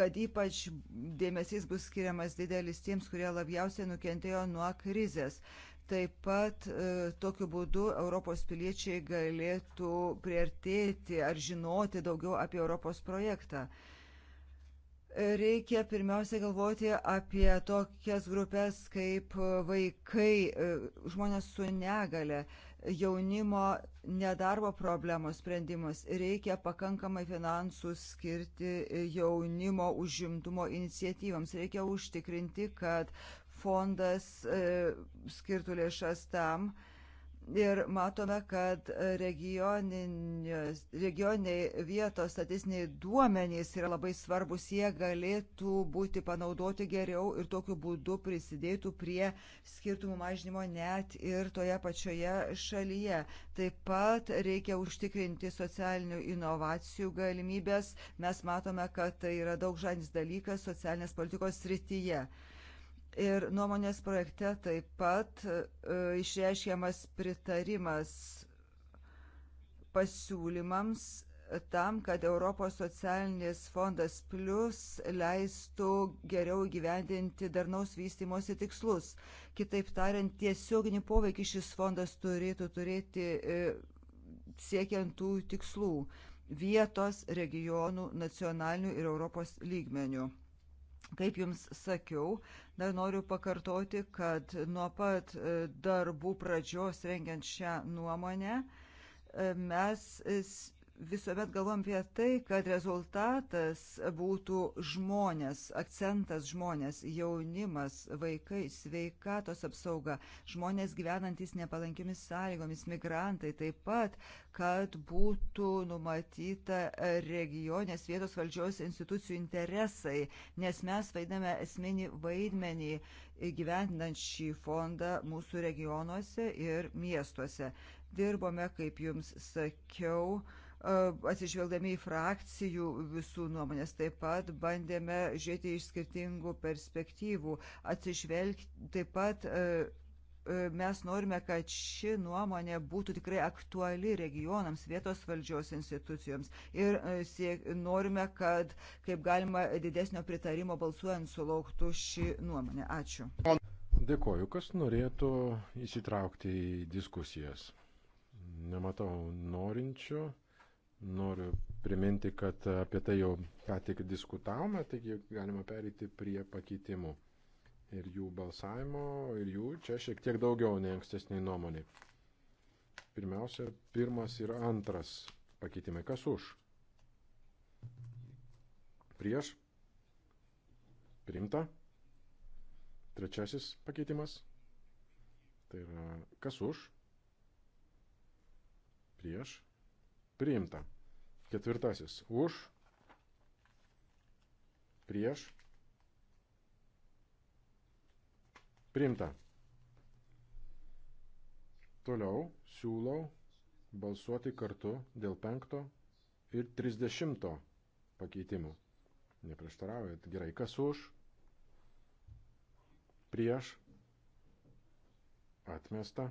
kad ypač dėmesys bus skiriamas didelis tiems, kurie labiausiai nukentėjo nuo krizės. Taip pat e, tokiu būdu Europos piliečiai galėtų priartėti ar žinoti daugiau apie Europos projektą. Reikia pirmiausia galvoti apie tokias grupės kaip vaikai, e, žmonės su negale, jaunimo nedarbo problemos sprendimus. Reikia pakankamai finansų skirti jaunimo užimtumo iniciatyvams. Reikia užtikrinti, kad fondas e, skirtų lėšas tam. Ir matome, kad regioniniai vietos statistiniai duomenys yra labai svarbus, jie galėtų būti panaudoti geriau ir tokiu būdu prisidėtų prie skirtumų mažnymo net ir toje pačioje šalyje. Taip pat reikia užtikrinti socialinių inovacijų galimybės. Mes matome, kad tai yra daug žanis dalykas socialinės politikos srityje. Ir nuomonės projekte taip pat e, išreiškiamas pritarimas pasiūlymams tam, kad Europos socialinis fondas plus leistų geriau gyvendinti darnaus vystimosi tikslus. Kitaip tariant, tiesioginį poveikį šis fondas turėtų turėti e, siekiant tų tikslų vietos, regionų, nacionalinių ir Europos lygmenių. Kaip jums sakiau, dar noriu pakartoti, kad nuo pat e, darbų pradžios rengiant šią nuomonę e, mes visuomet galvom apie tai, kad rezultatas būtų žmonės, akcentas žmonės, jaunimas, vaikai, sveikatos apsauga, žmonės gyvenantis nepalankiomis sąlygomis, migrantai taip pat, kad būtų numatyta regionės vietos valdžios institucijų interesai, nes mes vaidiname esminį vaidmenį gyvendant šį fondą mūsų regionuose ir miestuose. Dirbome, kaip jums sakiau, uh, atsižvelgdami į frakcijų visų nuomonės. Taip pat bandėme žiūrėti iš skirtingų perspektyvų. Atsižvelgti taip pat mes norime, kad ši nuomonė būtų tikrai aktuali regionams, vietos valdžios institucijoms. Ir siek, norime, kad kaip galima didesnio pritarimo balsuojant sulauktų ši nuomonė. Ačiū. Dėkoju, kas norėtų įsitraukti į diskusijas. Nematau norinčių. Noriu priminti, kad apie tai jau ką tik diskutavome, taigi galima pereiti prie pakeitimų ir jų balsavimo, ir jų čia šiek tiek daugiau nei ankstesniai nuomoniai. Pirmiausia, pirmas ir antras pakeitimai. Kas už? Prieš? Primta? Trečiasis pakeitimas. Tai yra kas už? Prieš? Priimta. Ketvirtasis. Už. Prieš. Priimta. Toliau siūlau balsuoti kartu dėl penkto ir trisdešimto pakeitimų. Neprieštaraujat. Gerai, kas už? Prieš. Atmesta.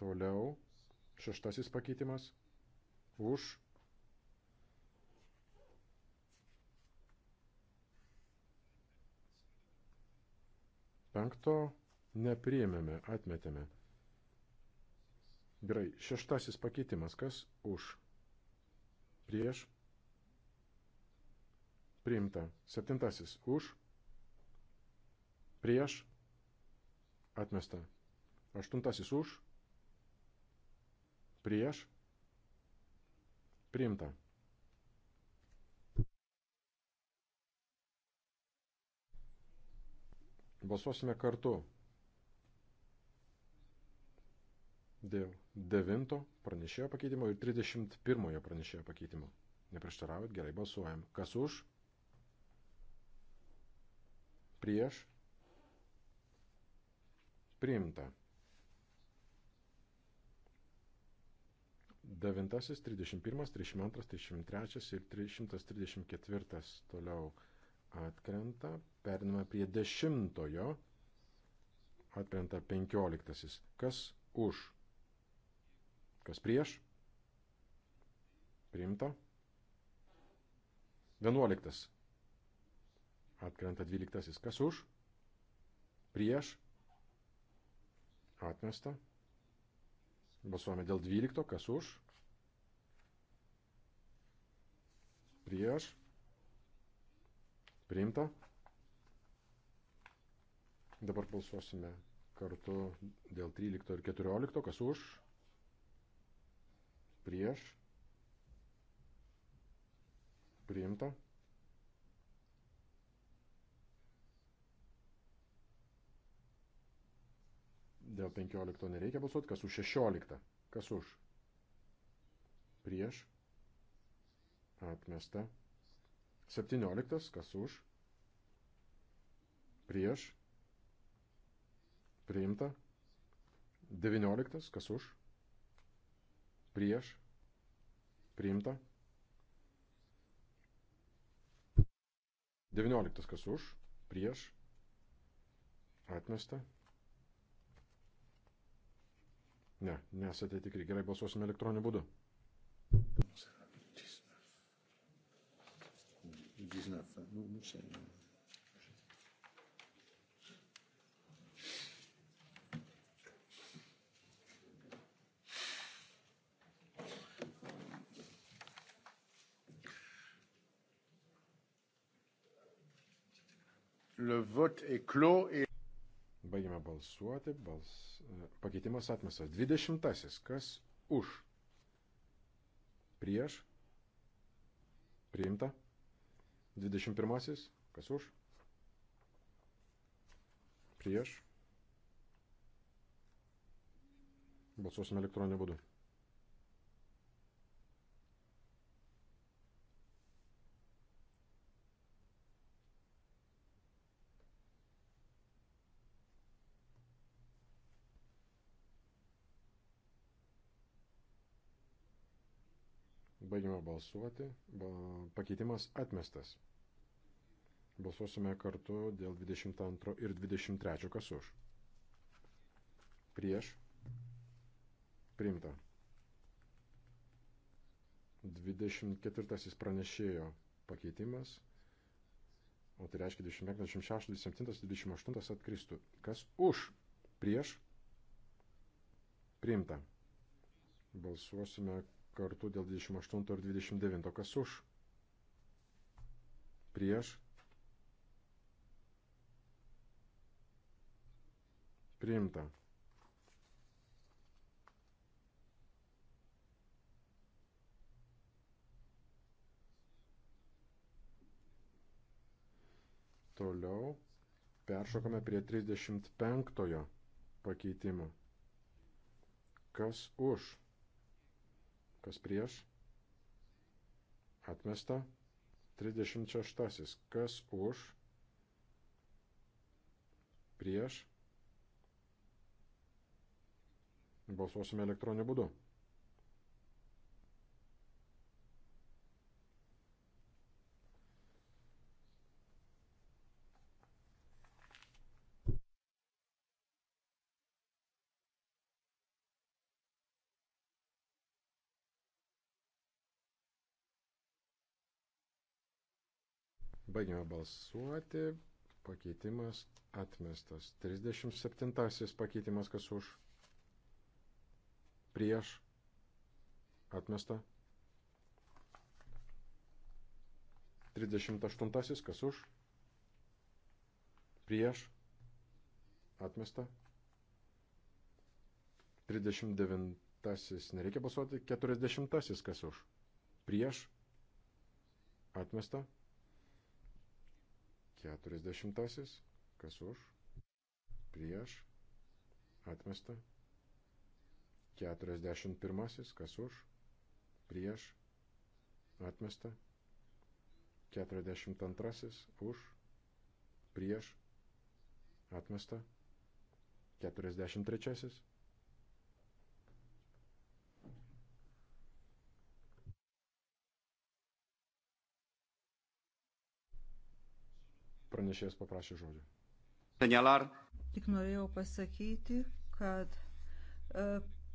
Toliau Šeštasis pakeitimas. Už. Penkto nepriėmėme, atmetėme. Gerai, šeštasis pakeitimas. Kas už? Prieš. Priimta. Septintasis. Už. Prieš. Atmesta. Aštuntasis už prieš, priimta. Balsuosime kartu dėl 9 pranešėjo pakeitimo ir 31 pranešėjo pakeitimo. Neprieštaraujat, gerai balsuojam. Kas už? Prieš? Priimta. 9, 31, 32, 33 ir 334 toliau atkrenta. Periname prie 10. Atkrenta 15. Kas už? Kas prieš? Priimta. 11. Atkrenta 12. Kas už? Prieš? Atmesta. Balsuojame dėl 12, kas už. Prieš. Priimta. Dabar balsuosime kartu dėl 13 ir 14, kas už. Prieš. Priimta. Dėl 15 nereikia balsuoti. Kas už 16? Kas už? Prieš. Atmesta. 17. Kas už? Prieš. Priimta. 19. Kas už? Prieš. Priimta. 19. Kas už? Prieš. Atmesta. Ne, nesate tikri. Gerai, balsuosime elektroniniu būdu. 19. Nu, musieli. Le vote est clos et Baigiame balsuoti. Bals... E, pakeitimas atmestas. Dvidešimtasis. Kas už? Prieš? Priimta. Dvidešimt pirmasis. Kas už? Prieš? Balsuosime elektroniniu būdu. Baigiame balsuoti. Pakeitimas atmestas. Balsuosime kartu dėl 22 ir 23. Kas už? Prieš. Priimta. 24 pranešėjo pakeitimas. O tai reiškia 25, 26, 27, 28 atkristų. Kas už? Prieš? Priimta. Balsuosime kartu dėl 28 ir 29. Kas už? Prieš. Priimta. Toliau peršokame prie 35 pakeitimo. Kas už? Kas prieš? Atmesta. 36. Kas už? Prieš? Balsuosime elektroniniu būdu. Baigiame balsuoti. Pakeitimas atmestas. 37 pakeitimas kas už. Prieš. Atmesta. 38 kas už. Prieš. Atmesta. 39 nereikia balsuoti. 40 kas už. Prieš. Atmesta. 40. Kas už? Prieš. Atmesta. 41. Kas už? Prieš. Atmesta. 42. Už. Prieš. Atmesta. 43. pranešėjas paprašė žodžio. Senelar. Tik norėjau pasakyti, kad e,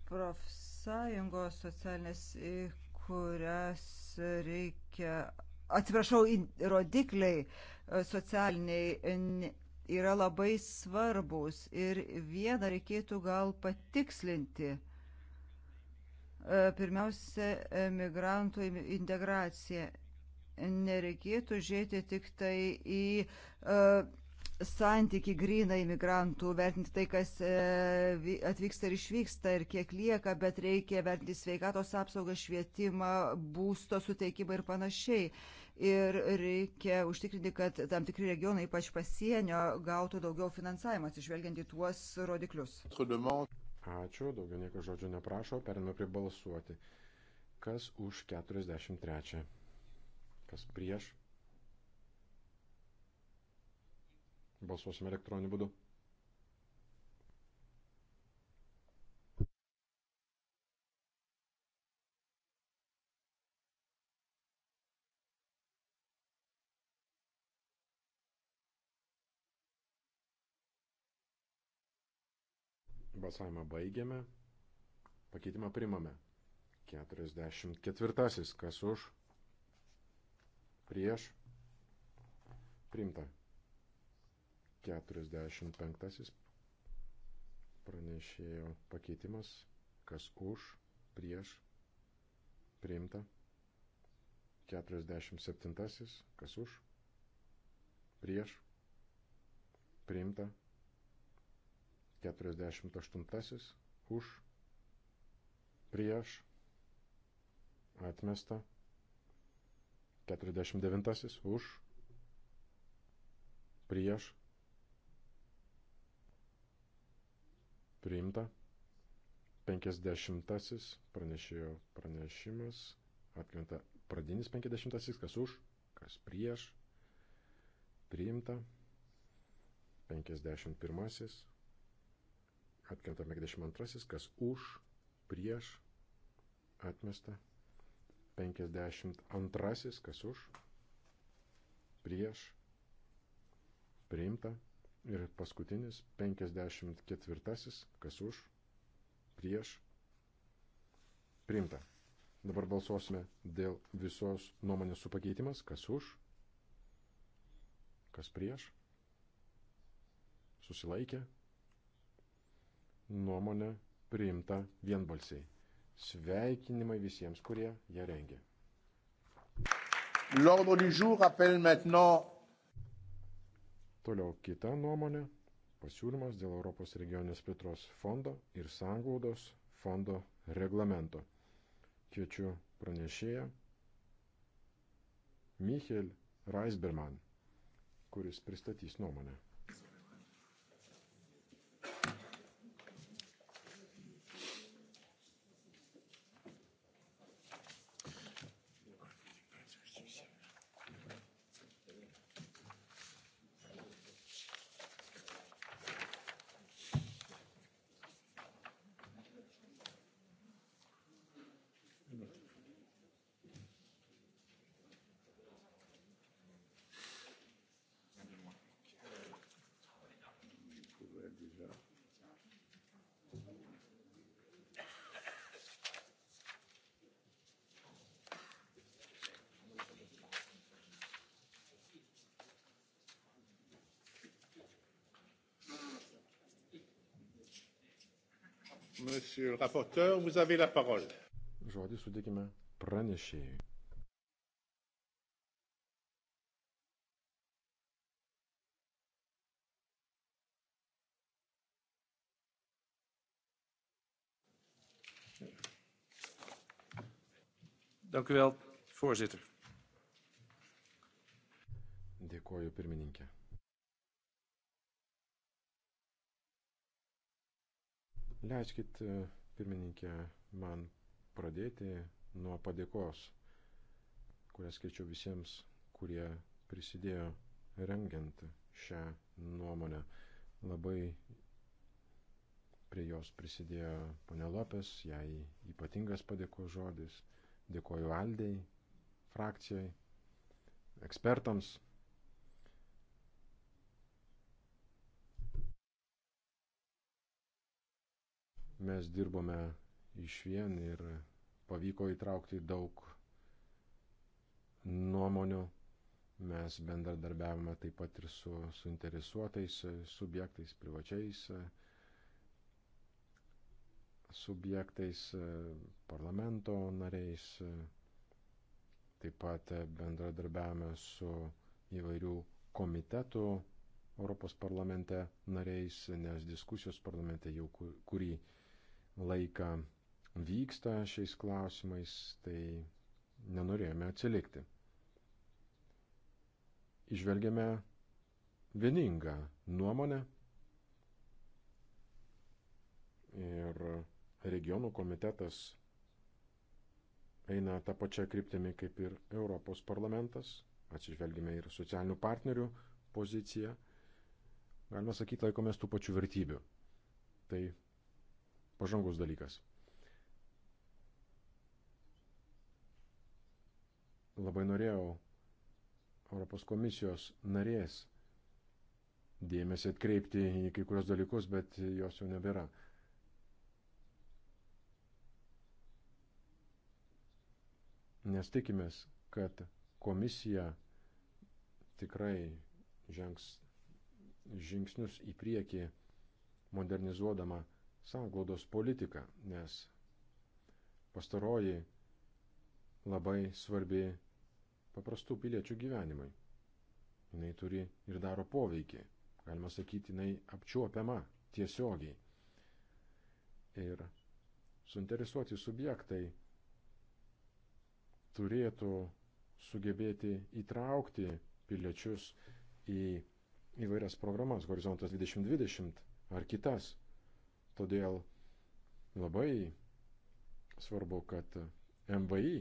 profsąjungos socialinės, į kurias reikia, atsiprašau, rodikliai e, socialiniai yra labai svarbus ir vieną reikėtų gal patikslinti. E, pirmiausia, migrantų integracija nereikėtų žiūrėti tik tai į uh, e, santyki grinai imigrantų, vertinti tai, kas e, atvyksta ir išvyksta ir kiek lieka, bet reikia vertinti sveikatos apsaugą, švietimą, būsto suteikimą ir panašiai. Ir reikia užtikrinti, kad tam tikri regionai, ypač pasienio, gautų daugiau finansavimo, atsižvelgiant į tuos rodiklius. Ačiū, daugiau nieko žodžio neprašo, perinu prie balsuoti. Kas už 43? kas prieš. Balsuosime elektroniniu būdu. Balsavimą baigiame. Pakeitimą primame. 44. Kas už? prieš primta. 45 pranešėjo pakeitimas, kas už, prieš primta. 47 kas už, prieš primta. 48 už, prieš atmesta. 49 už, prieš, priimta. 50 pranešėjo pranešimas, atkrenta pradinis 50, kas už, kas prieš, priimta. 51, atkrenta 52, kas už, prieš, atmesta. 52, kas už, prieš, priimta. Ir paskutinis 54, kas už, prieš, priimta. Dabar balsuosime dėl visos nuomonės su pakeitimas, kas už, kas prieš, susilaikė, nuomonė priimta vienbalsiai. Sveikinimai visiems, kurie ją rengė. L'ordre du jour appelle maintenant. Toliau kita nuomonė - pasiūlymas dėl Europos regionės plėtros fondo ir sanglaudos fondo reglamento. Kviečiu pranešėją Michel Reisberman, kuris pristatys nuomonę. Monsieur le rapporteur, vous avez la parole. Žodį sudėkime pranešėjui. Dank u wel, voorzitter. Dėkuoju pirmininkė. Leiskit, e, pirmininkė, man pradėti nuo padėkos, kurią skaičiu visiems, kurie prisidėjo rengiant šią nuomonę. Labai prie jos prisidėjo ponė Lopes, jai ypatingas padėko žodis. Dėkoju Aldei, frakcijai, ekspertams, mes dirbome iš vien ir pavyko įtraukti daug nuomonių. Mes bendradarbiavome taip pat ir su suinteresuotais subjektais, privačiais subjektais, parlamento nariais. Taip pat bendradarbiavome su įvairių komitetų Europos parlamente nariais, nes diskusijos parlamente jau kurį kur laiką vyksta šiais klausimais, tai nenorėjome atsilikti. Išvelgėme vieningą nuomonę ir regionų komitetas eina tą pačią kryptimį kaip ir Europos parlamentas, atsižvelgime ir socialinių partnerių poziciją, galima sakyti, laikomės tų pačių vertybių. Tai pažangus dalykas. Labai norėjau Europos komisijos narės dėmesį atkreipti į kai kurios dalykus, bet jos jau nebėra. Nes tikimės, kad komisija tikrai žengs žingsnius į priekį, modernizuodama sanglaudos politiką, nes pastaroji labai svarbi paprastų piliečių gyvenimai. Jis turi ir daro poveikį, galima sakyti, jinai apčiuopiama tiesiogiai. Ir suinteresuoti subjektai turėtų sugebėti įtraukti piliečius į įvairias programas, Horizontas 2020 ar kitas Todėl labai svarbu, kad MVI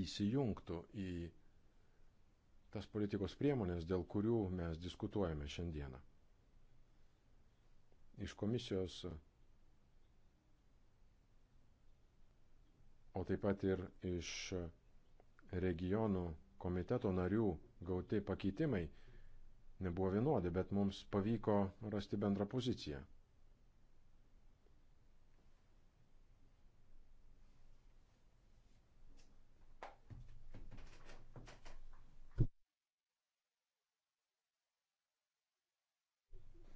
įsijungtų į tas politikos priemonės, dėl kurių mes diskutuojame šiandieną. Iš komisijos, o taip pat ir iš regionų komiteto narių gauti pakeitimai nebuvo vienodi, bet mums pavyko rasti bendrą poziciją.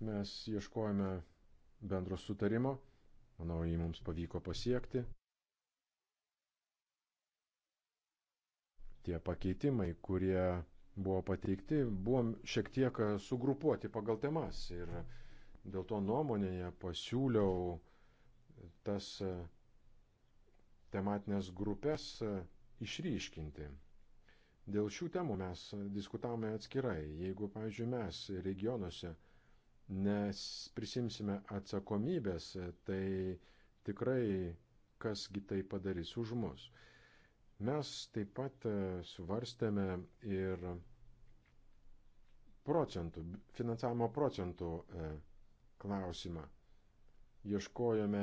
Mes ieškojame bendro sutarimo, manau, jį mums pavyko pasiekti. Tie pakeitimai, kurie buvo pateikti, buvom šiek tiek e, sugrupuoti pagal temas ir dėl to nuomonėje pasiūliau e, tas e, tematinės grupės išryškinti. Dėl šių temų mes diskutavome atskirai. Jeigu, pavyzdžiui, mes regionuose neprisimsime atsakomybės, tai tikrai kasgi tai padarys už mus. Mes taip pat e, svarstėme ir procentų, finansavimo procentų e, klausimą. Ieškojome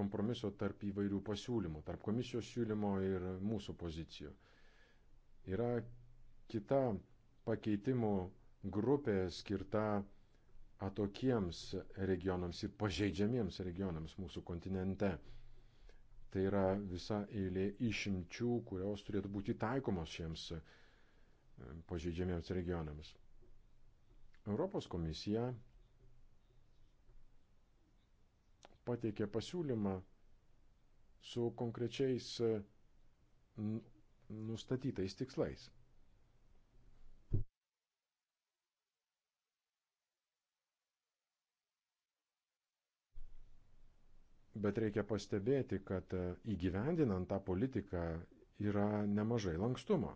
kompromiso tarp įvairių pasiūlymų, tarp komisijos siūlymo ir mūsų pozicijų. Yra kita pakeitimų grupė skirta atokiems regionams ir pažeidžiamiems regionams mūsų kontinente. Tai yra visa eilė išimčių, kurios turėtų būti taikomos šiems e, pažeidžiamiems regionams. Europos komisija pateikė pasiūlymą su konkrečiais e, nustatytais tikslais. Bet reikia pastebėti, kad e, įgyvendinant tą politiką yra nemažai lankstumo.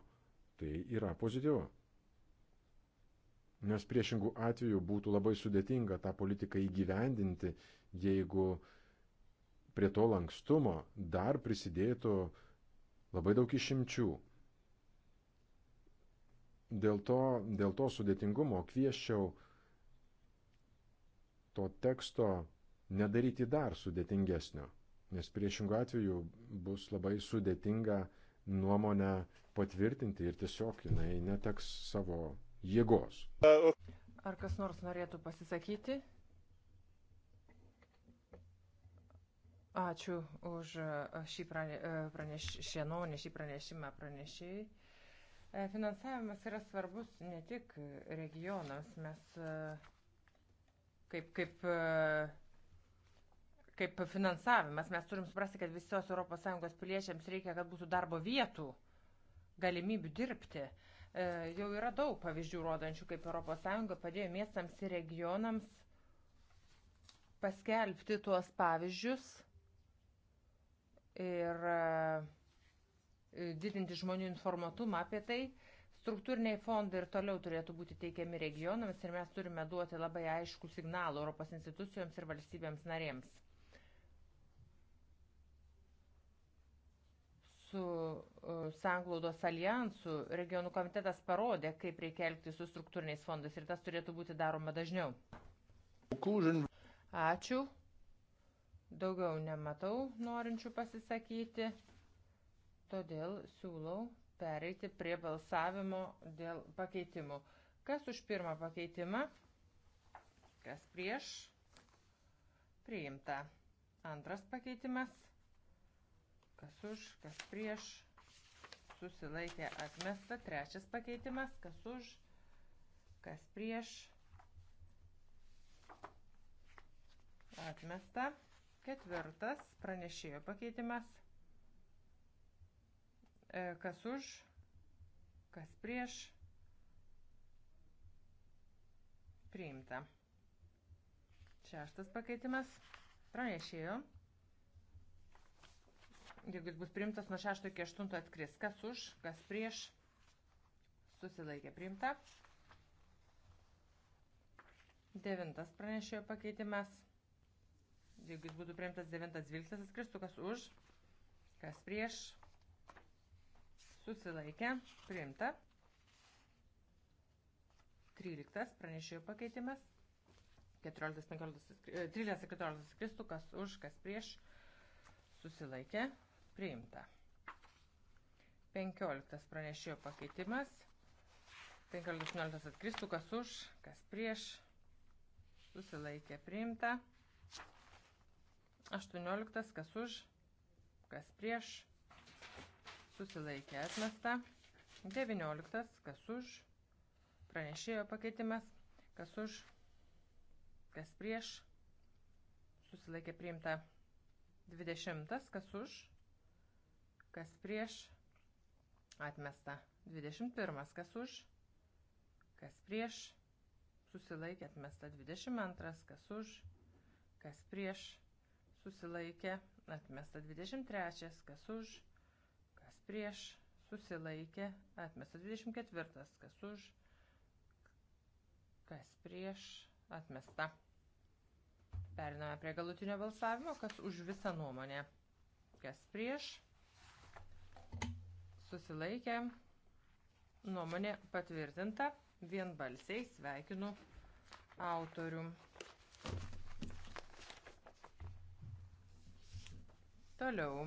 Tai yra pozityvu. Nes priešingų atvejų būtų labai sudėtinga tą politiką įgyvendinti, jeigu prie to lankstumo dar prisidėtų labai daug išimčių. Dėl to, dėl to sudėtingumo kvieščiau to teksto nedaryti dar sudėtingesnio, nes priešingų atveju bus labai sudėtinga nuomonę patvirtinti ir tiesiog jinai neteks savo jėgos. Ar kas nors norėtų pasisakyti? Ačiū už e, šį e, praneš, šią nuomonę, šį pranešimą pranešėjai. E, finansavimas yra svarbus ne tik regionams, mes kaip, kaip kaip finansavimas. Mes turim suprasti, kad visos ES piliečiams reikia, kad būtų darbo vietų, galimybių dirbti. E, jau yra daug pavyzdžių rodančių, kaip ES padėjo miestams ir regionams paskelbti tuos pavyzdžius ir e, didinti žmonių informatumą apie tai. Struktūriniai fondai ir toliau turėtų būti teikiami regionams ir mes turime duoti labai aišku signalą Europos institucijoms ir valstybėms narėms. su e, Sanglaudos alijansu regionų komitetas parodė, kaip reikia elgti su struktūriniais fondais ir tas turėtų būti daroma dažniau. Ačiū. Daugiau nematau norinčių pasisakyti, todėl siūlau pereiti prie balsavimo dėl pakeitimų. Kas už pirmą pakeitimą? Kas prieš? Priimta. Antras pakeitimas kas už, kas prieš, susilaikė atmesta, trečias pakeitimas, kas už, kas prieš, atmesta, ketvirtas pranešėjo pakeitimas, e, kas už, kas prieš, priimta. Šeštas pakeitimas, pranešėjo, atmesta jeigu jis bus priimtas nuo 6 iki 8 atkris. Kas už, kas prieš, susilaikė priimta. Devintas pranešėjo pakeitimas. Jeigu jis būtų priimtas devintas dvilktas atskristų, kas už, kas prieš, susilaikė, priimta. Tryliktas pranešėjo pakeitimas. 14, 15, 13, 14 skristų, kas už, kas prieš, susilaikė, Priimta. 15 pranešėjo pakeitimas. 15.18 atkristų, kas už, kas prieš. Susilaikė priimta. 18. Kas už, kas prieš. Susilaikė atmesta. 19. Kas už. Pranešėjo pakeitimas. Kas už, kas prieš. Susilaikė priimta. 20. Kas už, kas prieš, atmesta. 21. Kas už, kas prieš, susilaikė, atmesta. 22. Kas už, kas prieš, susilaikė, atmesta. 23. Kas už, kas prieš, susilaikė, atmesta. 24. Kas už, kas prieš, atmesta. Periname prie galutinio balsavimo, kas už visą nuomonę, kas prieš, susilaikė, nuomonė patvirtinta, vienbalsiai sveikinu autorių. Toliau.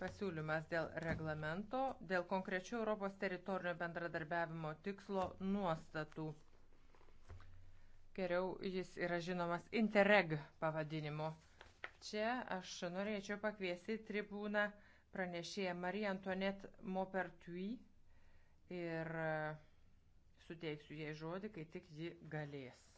Pasiūlymas dėl reglamento, dėl konkrečių Europos teritorinio bendradarbiavimo tikslo nuostatų. Geriau jis yra žinomas Interreg pavadinimu. Čia aš norėčiau pakviesti tribūną pranešėja Marija Antoinette Mopertui ir e, suteiksiu jai žodį, kai tik ji galės.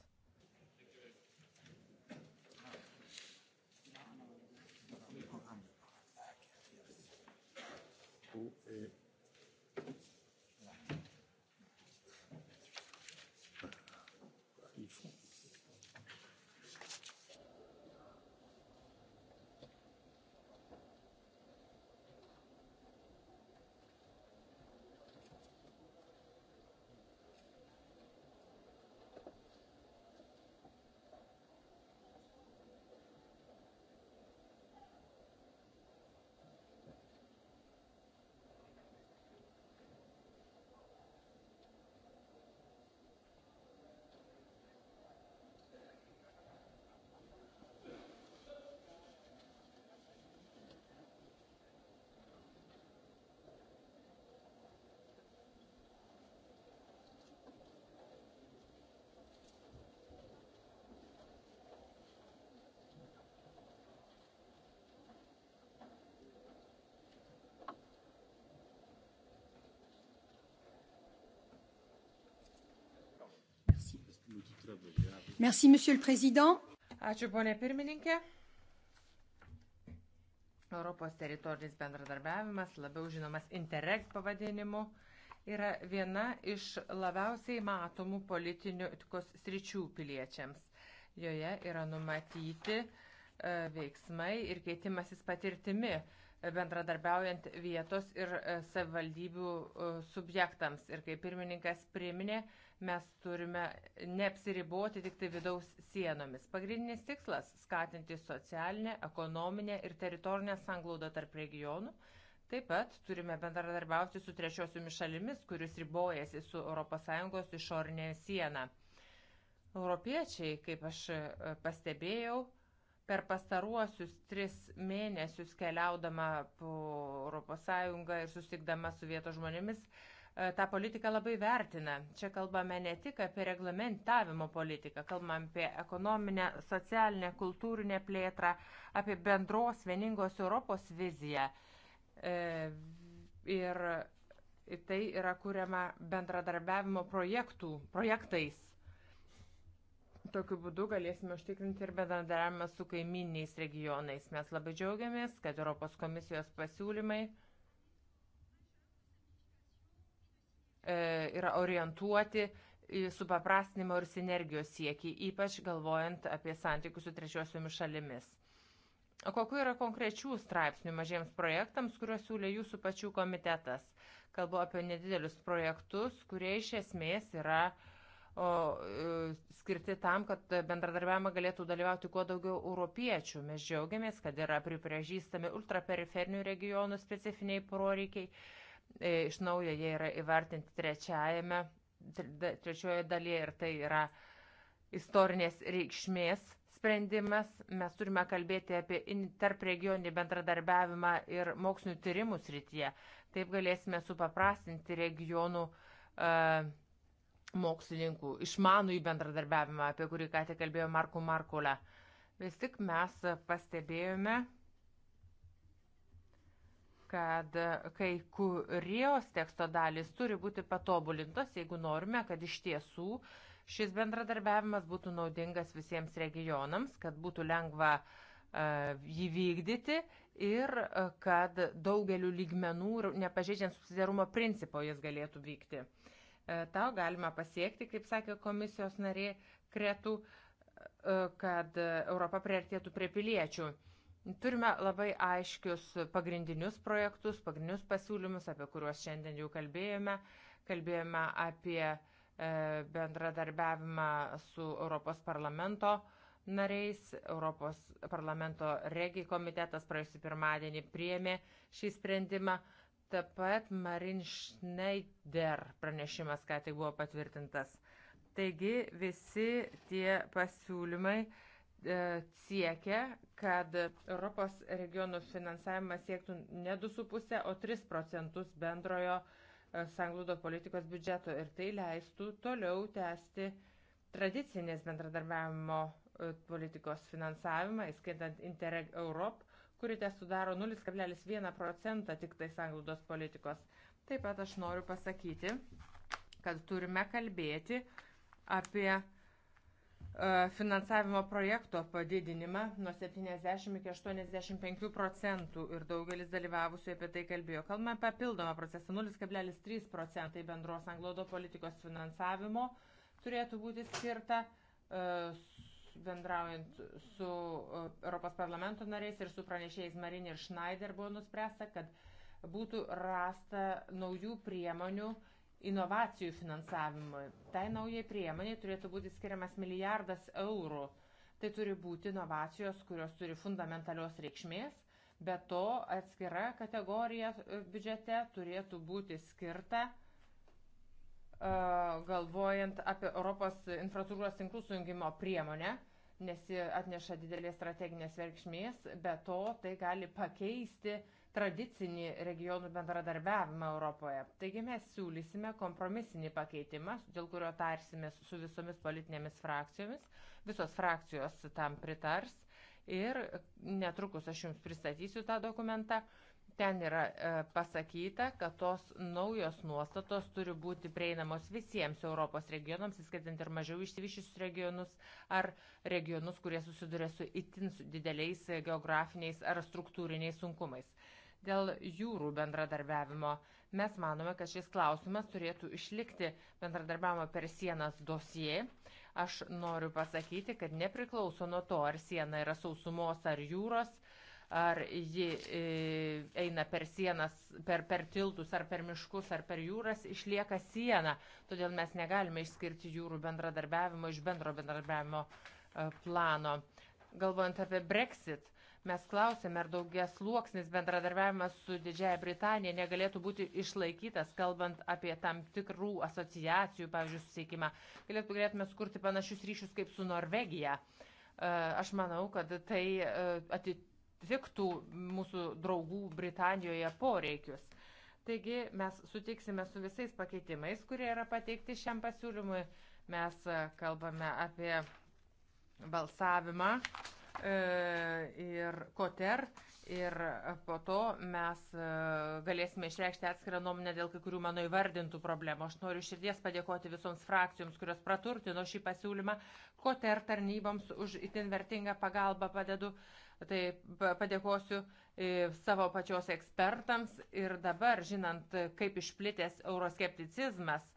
Merci, monsieur le président. Ačiū, ponė pirmininkė. Europos teritorinis bendradarbiavimas, labiau žinomas Interreg pavadinimu, yra viena iš labiausiai matomų politikos sričių piliečiams. Joje yra numatyti e, veiksmai ir keitimasis patirtimi bendradarbiaujant vietos ir e, savivaldybių e, subjektams. Ir kaip pirmininkas priminė, mes turime neapsiriboti tik tai vidaus sienomis. Pagrindinis tikslas - skatinti socialinę, ekonominę ir teritorinę sanglaudą tarp regionų. Taip pat turime bendradarbiauti su trečiosiomis šalimis, kuris ribojasi su ES išorinė siena. Europiečiai, kaip aš e, pastebėjau, Per pastaruosius tris mėnesius keliaudama po ES ir susitikdama su vietos žmonėmis, e, tą politiką labai vertina. Čia kalbame ne tik apie reglamentavimo politiką, kalbame apie ekonominę, socialinę, kultūrinę plėtrą, apie bendros vieningos Europos viziją. E, ir tai yra kuriama bendradarbiavimo projektų, projektais Tokiu būdu galėsime užtikrinti ir bendradarbiavimą su kaiminiais regionais. Mes labai džiaugiamės, kad Europos komisijos pasiūlymai e, yra orientuoti į supaprastinimo ir sinergijos siekį, ypač galvojant apie santykius su trečiosiomis šalimis. Kokiu yra konkrečių straipsnių mažiems projektams, kuriuos siūlė jūsų pačių komitetas? Kalbu apie nedidelius projektus, kurie iš esmės yra uh, o e, skirti tam, kad bendradarbiavimą galėtų dalyvauti kuo daugiau europiečių. Mes džiaugiamės, kad yra pripažįstami ultraperiferinių regionų specifiniai poreikiai. E, iš naujo jie yra įvertinti trečiajame, trečiojo dalyje ir tai yra istorinės reikšmės sprendimas. Mes turime kalbėti apie tarpregioninį bendradarbiavimą ir mokslinių tyrimų srityje. Taip galėsime supaprastinti regionų uh, mokslininkų, išmanų į bendradarbiavimą, apie kurį ką tik kalbėjo Marku Markulė. Vis tik mes pastebėjome, kad kai kurios teksto dalys turi būti patobulintos, jeigu norime, kad iš tiesų šis bendradarbiavimas būtų naudingas visiems regionams, kad būtų lengva e, jį vykdyti ir e, kad daugeliu lygmenų, nepažeidžiant subsidiarumo principo, jis galėtų vykti. Uh, E, tau galima pasiekti, kaip sakė komisijos narė Kretų, e, kad Europa priartėtų prie piliečių. Turime labai aiškius pagrindinius projektus, pagrindinius pasiūlymus, apie kuriuos šiandien jau kalbėjome. Kalbėjome apie e, bendradarbiavimą su Europos parlamento nariais. Europos parlamento regi komitetas praėjusį pirmadienį priėmė šį sprendimą. Taip pat Marin Schneider pranešimas, ką tik buvo patvirtintas. Taigi visi tie pasiūlymai e, siekia, kad Europos regionų finansavimas siektų ne 2,5, o 3 procentus bendrojo e, sanglūdo politikos biudžeto ir tai leistų toliau tęsti tradicinės bendradarbiavimo politikos finansavimą, įskaitant Interreg Europe kuri te sudaro 0,1 procentą tik tai sanglaudos politikos. Taip pat aš noriu pasakyti, kad turime kalbėti apie e, finansavimo projekto padidinimą nuo 70 iki 85 procentų ir daugelis dalyvavusių apie tai kalbėjo. Kalbame apie papildomą procesą 0,3 procentai bendros anglodo politikos finansavimo turėtų būti skirta uh, bendraujant su e, Europos parlamento nariais ir su pranešėjais Marinė ir Schneider buvo nuspręsta, kad būtų rasta naujų priemonių inovacijų finansavimui. Tai naujai priemoniai turėtų būti skiriamas milijardas eurų. Tai turi būti inovacijos, kurios turi fundamentalios reikšmės. Be to atskira kategorija e, biudžete turėtų būti skirta galvojant apie Europos infrastruktūros tinklų sujungimo priemonę, nes ji atneša didelės strateginės verkšmės, be to tai gali pakeisti tradicinį regionų bendradarbiavimą Europoje. Taigi mes siūlysime kompromisinį pakeitimą, dėl kurio tarsimės su visomis politinėmis frakcijomis, visos frakcijos tam pritars ir netrukus aš jums pristatysiu tą dokumentą. Ten yra e, pasakyta, kad tos naujos nuostatos turi būti prieinamos visiems Europos regionams, įskaitant ir mažiau išsivyščiusius regionus ar regionus, kurie susiduria su itin dideliais geografiniais ar struktūriniais sunkumais. Dėl jūrų bendradarbiavimo mes manome, kad šis klausimas turėtų išlikti bendradarbiavimo per sienas dosie. Aš noriu pasakyti, kad nepriklauso nuo to, ar siena yra sausumos ar jūros ar ji e, eina per sienas, per, per tiltus, ar per miškus, ar per jūras, išlieka siena. Todėl mes negalime išskirti jūrų bendradarbiavimo iš bendro bendradarbiavimo e, plano. Galvojant apie Brexit, mes klausėme, ar daugias luoksnis bendradarbiavimas su Didžiaja Britanija negalėtų būti išlaikytas, kalbant apie tam tikrų asociacijų, pavyzdžiui, susiekimą. Galėtų, galėtume sukurti panašius ryšius kaip su Norvegija. E, aš manau, kad tai atitinka atitiktų mūsų draugų Britanijoje poreikius. Taigi mes sutiksime su visais pakeitimais, kurie yra pateikti šiam pasiūlymui. Mes e, kalbame apie balsavimą e, ir koter. Ir po to mes e, galėsime išreikšti atskirą nuomonę dėl kai kurių mano įvardintų problemų. Aš noriu širdies padėkoti visoms frakcijoms, kurios praturtino šį pasiūlymą. Koter tarnyboms už itin vertingą pagalbą padedu, Tai padėkosiu e, savo pačios ekspertams ir dabar, žinant, kaip išplitęs euroskepticizmas,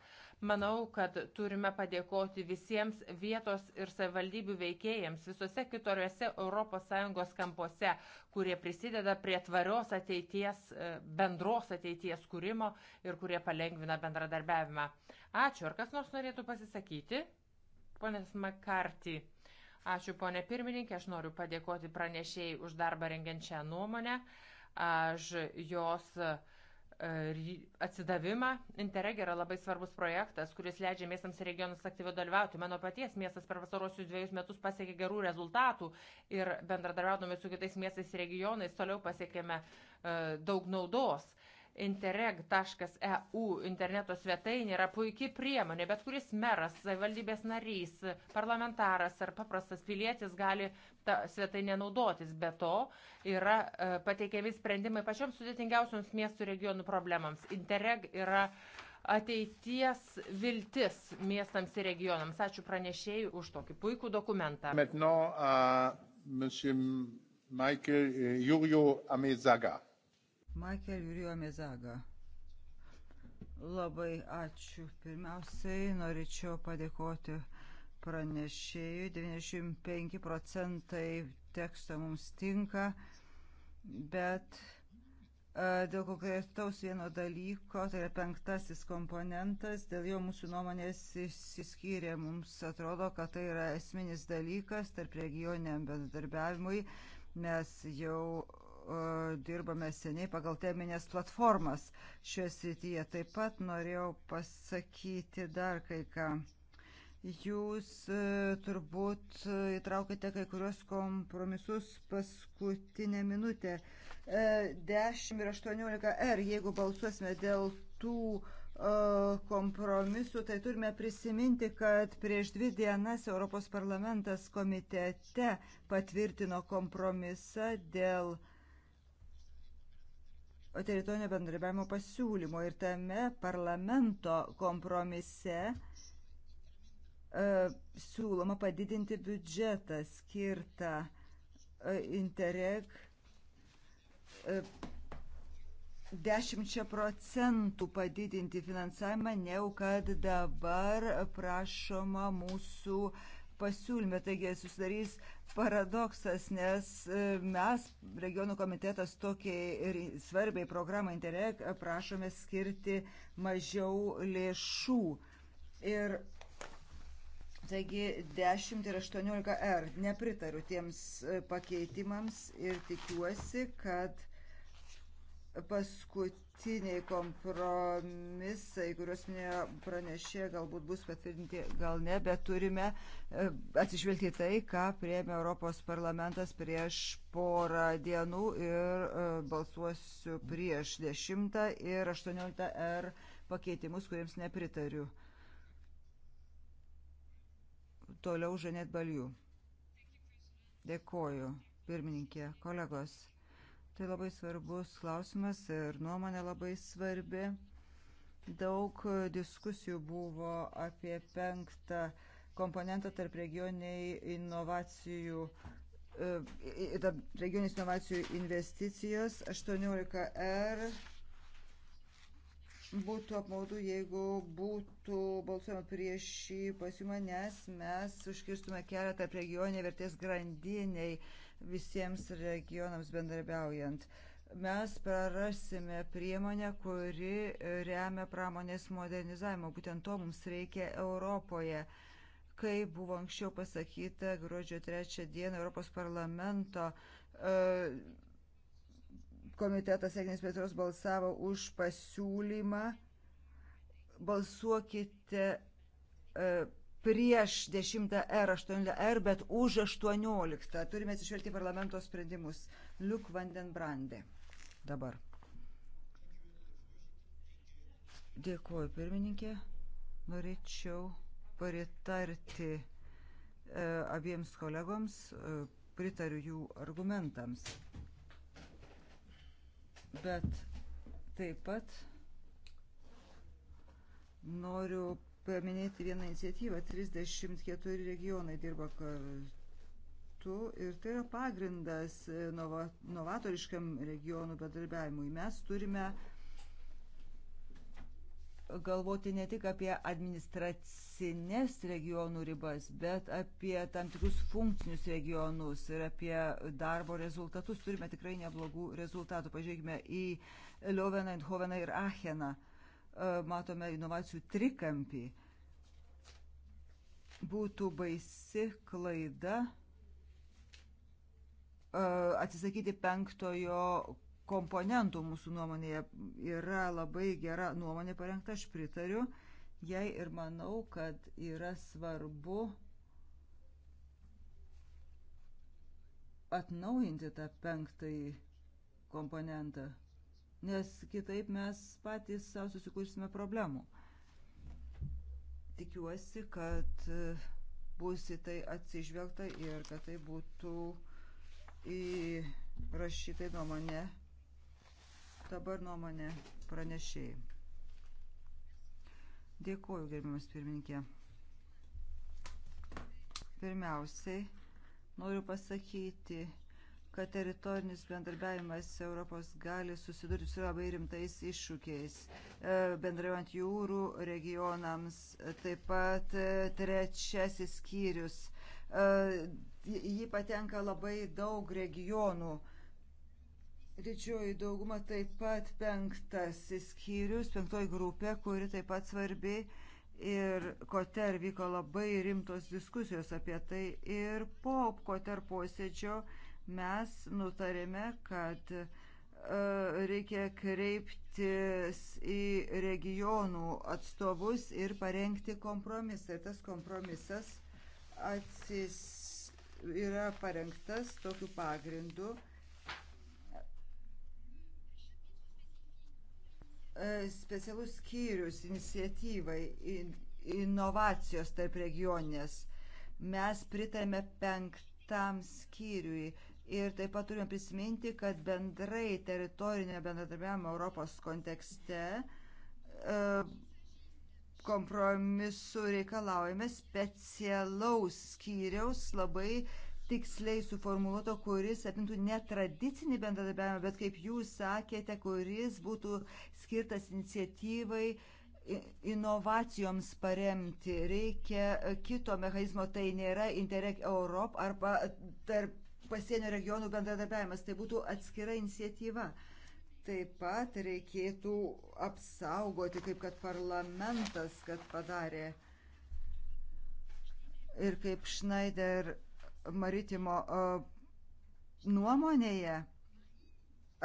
manau, kad turime padėkoti visiems vietos ir savivaldybių veikėjams visose kitose ES kampuose, kurie prisideda prie tvarios ateities, e, bendros ateities kūrimo ir kurie palengvina bendradarbiavimą. Ačiū. Ar kas nors norėtų pasisakyti? Ponas Makarti. Ačiū, ponė pirmininkė, aš noriu padėkoti pranešėjai už darbą rengiant šią nuomonę, aš jos e, atsidavimą. Interreg yra labai svarbus projektas, kuris leidžia miestams ir regionams aktyviau dalyvauti. Mano paties miestas per vasarosius dviejus metus pasiekė gerų rezultatų ir bendradarbiaudami su kitais miestais ir regionais toliau pasiekėme e, daug naudos interreg.eu interneto svetainė yra puikiai priemonė. Bet kuris meras, valdybės narys, parlamentaras ar paprastas pilietis gali tą svetainę naudotis. Be to yra e, pateikiami sprendimai pačioms sudėtingiausioms miestų regionų problemams. Interreg yra ateities viltis miestams ir regionams. Ačiū pranešėjai už tokį puikų dokumentą. Maintenant, uh, Michael Jurio euh, Amezaga. Michael Jurijo Mezaga. Labai ačiū. Pirmiausiai norėčiau padėkoti pranešėjui. 95 procentai teksto mums tinka, bet e, dėl konkretaus vieno dalyko, tai yra penktasis komponentas, dėl jo mūsų nuomonės išsiskyrė. Mums atrodo, kad tai yra esminis dalykas tarp regioniam bendradarbiavimui. Mes jau dirbame seniai pagal teminės platformas šioje srityje. Taip pat norėjau pasakyti dar kai ką. Jūs e, turbūt e, įtraukite kai kurios kompromisus paskutinę minutę. 10 e, ir 18 R, jeigu balsuosime dėl tų kompromisų, tai turime prisiminti, kad prieš dvi dienas Europos parlamentas komitete patvirtino kompromisą dėl uh, teritorinio bendradarbiavimo pasiūlymo ir tame parlamento kompromise e, siūloma padidinti biudžetą skirtą e, Interreg 10 e, procentų padidinti finansavimą, neu kad dabar prašoma mūsų uh, pasiūlyme. Taigi susidarys paradoksas, nes e, mes, regionų komitetas, tokiai svarbiai programai Interreg prašome skirti mažiau lėšų. Ir Taigi 10 ir 18R. Nepritariu tiems e, pakeitimams ir tikiuosi, kad paskutiniai kompromisai, kuriuos minėjo pranešė, galbūt bus patvirtinti, gal ne, bet turime e, atsižvelgti tai, ką prieėmė Europos parlamentas prieš porą dienų ir e, balsuosiu prieš 10 ir 18 R pakeitimus, kuriems nepritariu. Toliau Žanet Balių. Dėkoju, pirmininkė, kolegos. Tai labai svarbus klausimas ir nuomonė labai svarbi. Daug diskusijų buvo apie penktą komponentą tarp regioniai inovacijų e, regioninės inovacijų investicijos 18R būtų apmaudu, jeigu būtų balsuojama prieš šį pasiūlymą, nes mes užkirstume kelią tarp regioninė vertės grandiniai visiems regionams bendarbiaujant. Mes prarasime priemonę, kuri remia pramonės modernizavimą. Būtent to mums reikia Europoje. Kai buvo anksčiau pasakyta, gruodžio trečią dieną Europos parlamento e, komitetas Egnis Petros balsavo už pasiūlymą. Balsuokite e, prieš 10R, 8R, bet už 18. Turime atsižvelgti parlamento sprendimus. Liuk Vandenbrandė. Dabar. Dėkuoju, pirmininkė. Norėčiau pritarti e, abiems kolegoms, e, pritariu jų argumentams. Bet taip pat noriu paminėti vieną iniciatyvą. 34 regionai dirba kartu ir tai yra pagrindas e, nova, novatoriškam regionų bendarbiavimui. Mes turime galvoti ne tik apie administracinės regionų ribas, bet apie tam tikrus funkcinius regionus ir apie darbo rezultatus. Turime tikrai neblogų rezultatų. Pažiūrėkime į Lioveną, Eindhoveną ir Acheną. Uh, E, matome inovacijų trikampį. Būtų baisi klaida e, atsisakyti penktojo komponentų mūsų nuomonėje. Yra labai gera nuomonė parengta, aš pritariu jai ir manau, kad yra svarbu atnaujinti tą penktąjį komponentą nes kitaip mes patys savo susikursime problemų. Tikiuosi, kad e, bus į tai atsižvelgta ir kad tai būtų įrašytai nuomonė, dabar nuomonė pranešėjai. Dėkuoju, gerbiamas pirmininkė. Pirmiausiai noriu pasakyti, kad teritorinis bendarbiavimas Europos gali susidurti su labai rimtais iššūkiais, e, bendraujant jūrų regionams, taip pat e, trečiasis skyrius. E, Jį patenka labai daug regionų. Didžioji dauguma taip pat penktasis skyrius, penktoji grupė, kuri taip pat svarbi. Ir Koter vyko labai rimtos diskusijos apie tai ir po Koter posėdžio uh, mes nutarėme, kad e, reikia kreiptis į regionų atstovus ir parengti kompromisą. Ir tas kompromisas atsis yra parengtas tokiu pagrindu. E, specialus skyrius iniciatyvai inovacijos tarp regionės. Mes pritarėme penktam skyriui Ir taip pat turime prisiminti, kad bendrai teritorinio bendradarbiavimo Europos kontekste e, kompromisu reikalaujame specialaus skyriaus labai tiksliai suformuoluoto, kuris apimtų ne tradicinį bendradarbiavimą, bet kaip jūs sakėte, kuris būtų skirtas iniciatyvai inovacijoms paremti. Reikia kito mechanizmo, tai nėra Interreg Europe arba tarp pasienio regionų bendradarbiavimas. Tai būtų atskira iniciatyva. Taip pat reikėtų apsaugoti, kaip kad parlamentas, kad padarė ir kaip Schneider Maritimo nuomonėje,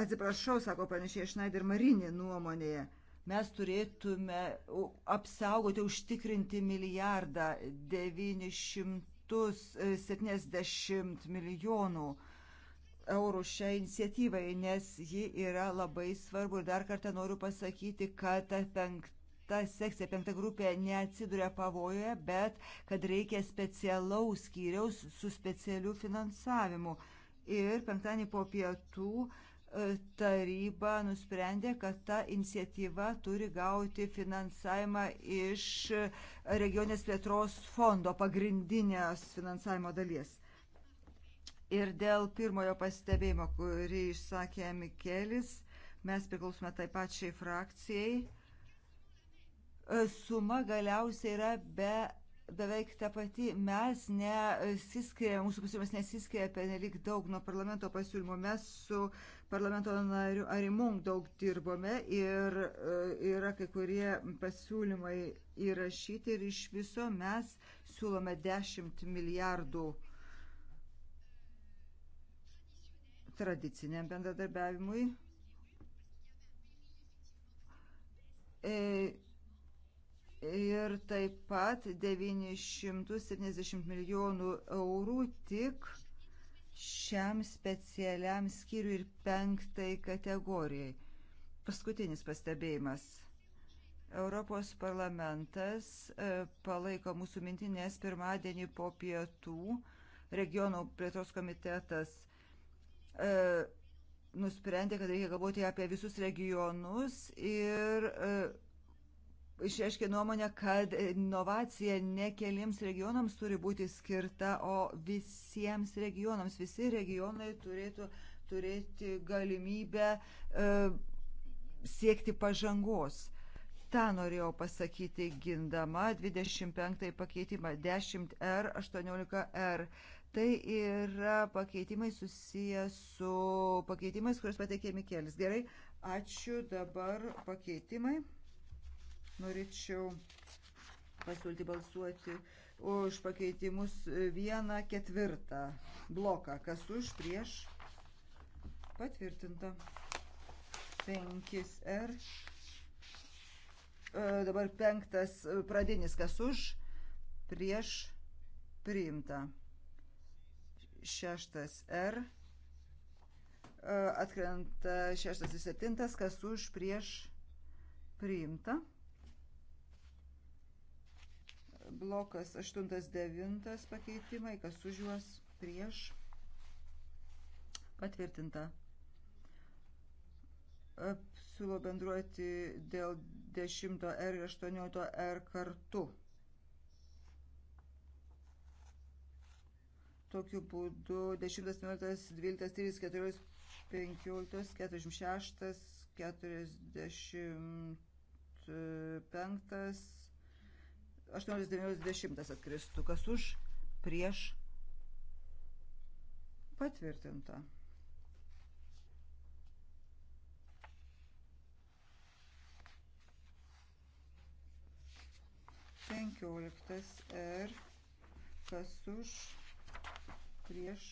atsiprašau, sako pranešėja Schneider Marinė nuomonėje, mes turėtume apsaugoti, užtikrinti milijardą 900 170 e, milijonų eurų šiai iniciatyvai, nes ji yra labai svarbu. Ir dar kartą noriu pasakyti, kad ta penkta sekcija, penkta grupė neatsiduria pavojoje, bet kad reikia specialaus skyriaus su specialiu finansavimu. Ir penktadienį po pietų uh, E, taryba nusprendė, kad ta iniciatyva turi gauti finansavimą iš regionės plėtros fondo pagrindinės finansavimo dalies. Ir dėl pirmojo pastebėjimo, kurį išsakė Mikelis, mes priklausome taip pačiai frakcijai. E, suma galiausiai yra be beveik ta pati. Mes nesiskiria, mūsų pasiūlymas nesiskiria apie nelik daug nuo parlamento pasiūlymo. Mes su uh, parlamento nariu Arimung daug dirbome ir e, yra kai kurie pasiūlymai įrašyti ir iš viso mes siūlome 10 milijardų tradiciniam bendradarbiavimui. E, ir taip pat 970 milijonų eurų tik šiam specialiam skyriui ir penktai kategorijai. Paskutinis pastebėjimas. Europos parlamentas e, palaiko mūsų mintinės pirmadienį po pietų regionų plėtros komitetas e, nusprendė, kad reikia galvoti apie visus regionus ir e, išreiškė nuomonę, kad inovacija ne keliems regionams turi būti skirta, o visiems regionams. Visi regionai turėtų turėti galimybę e, siekti pažangos. Ta norėjau pasakyti gindama 25 pakeitimą 10R er, 18R. Er. Tai yra pakeitimai susiję su pakeitimais, kuriuos pateikė Mikelis. Gerai, ačiū dabar pakeitimai. Norėčiau pasiūlyti balsuoti už pakeitimus vieną ketvirtą bloką. Kas už prieš patvirtinta. 5R. Er. E, dabar penktas pradinis kas už prieš priimta. Šeštas R. Er. E, atkrenta šeštas ir septintas kas už prieš priimta blokas 8-9 pakeitimai, kas už juos prieš patvirtinta. Siūlo bendruoti dėl 10R ir 18R kartu. Tokiu būdu 10, 11, 12, 13, 14, 15, 46, 45, 1890 atkristų. Kas už prieš patvirtinta. Penkioliktas R. Kas už prieš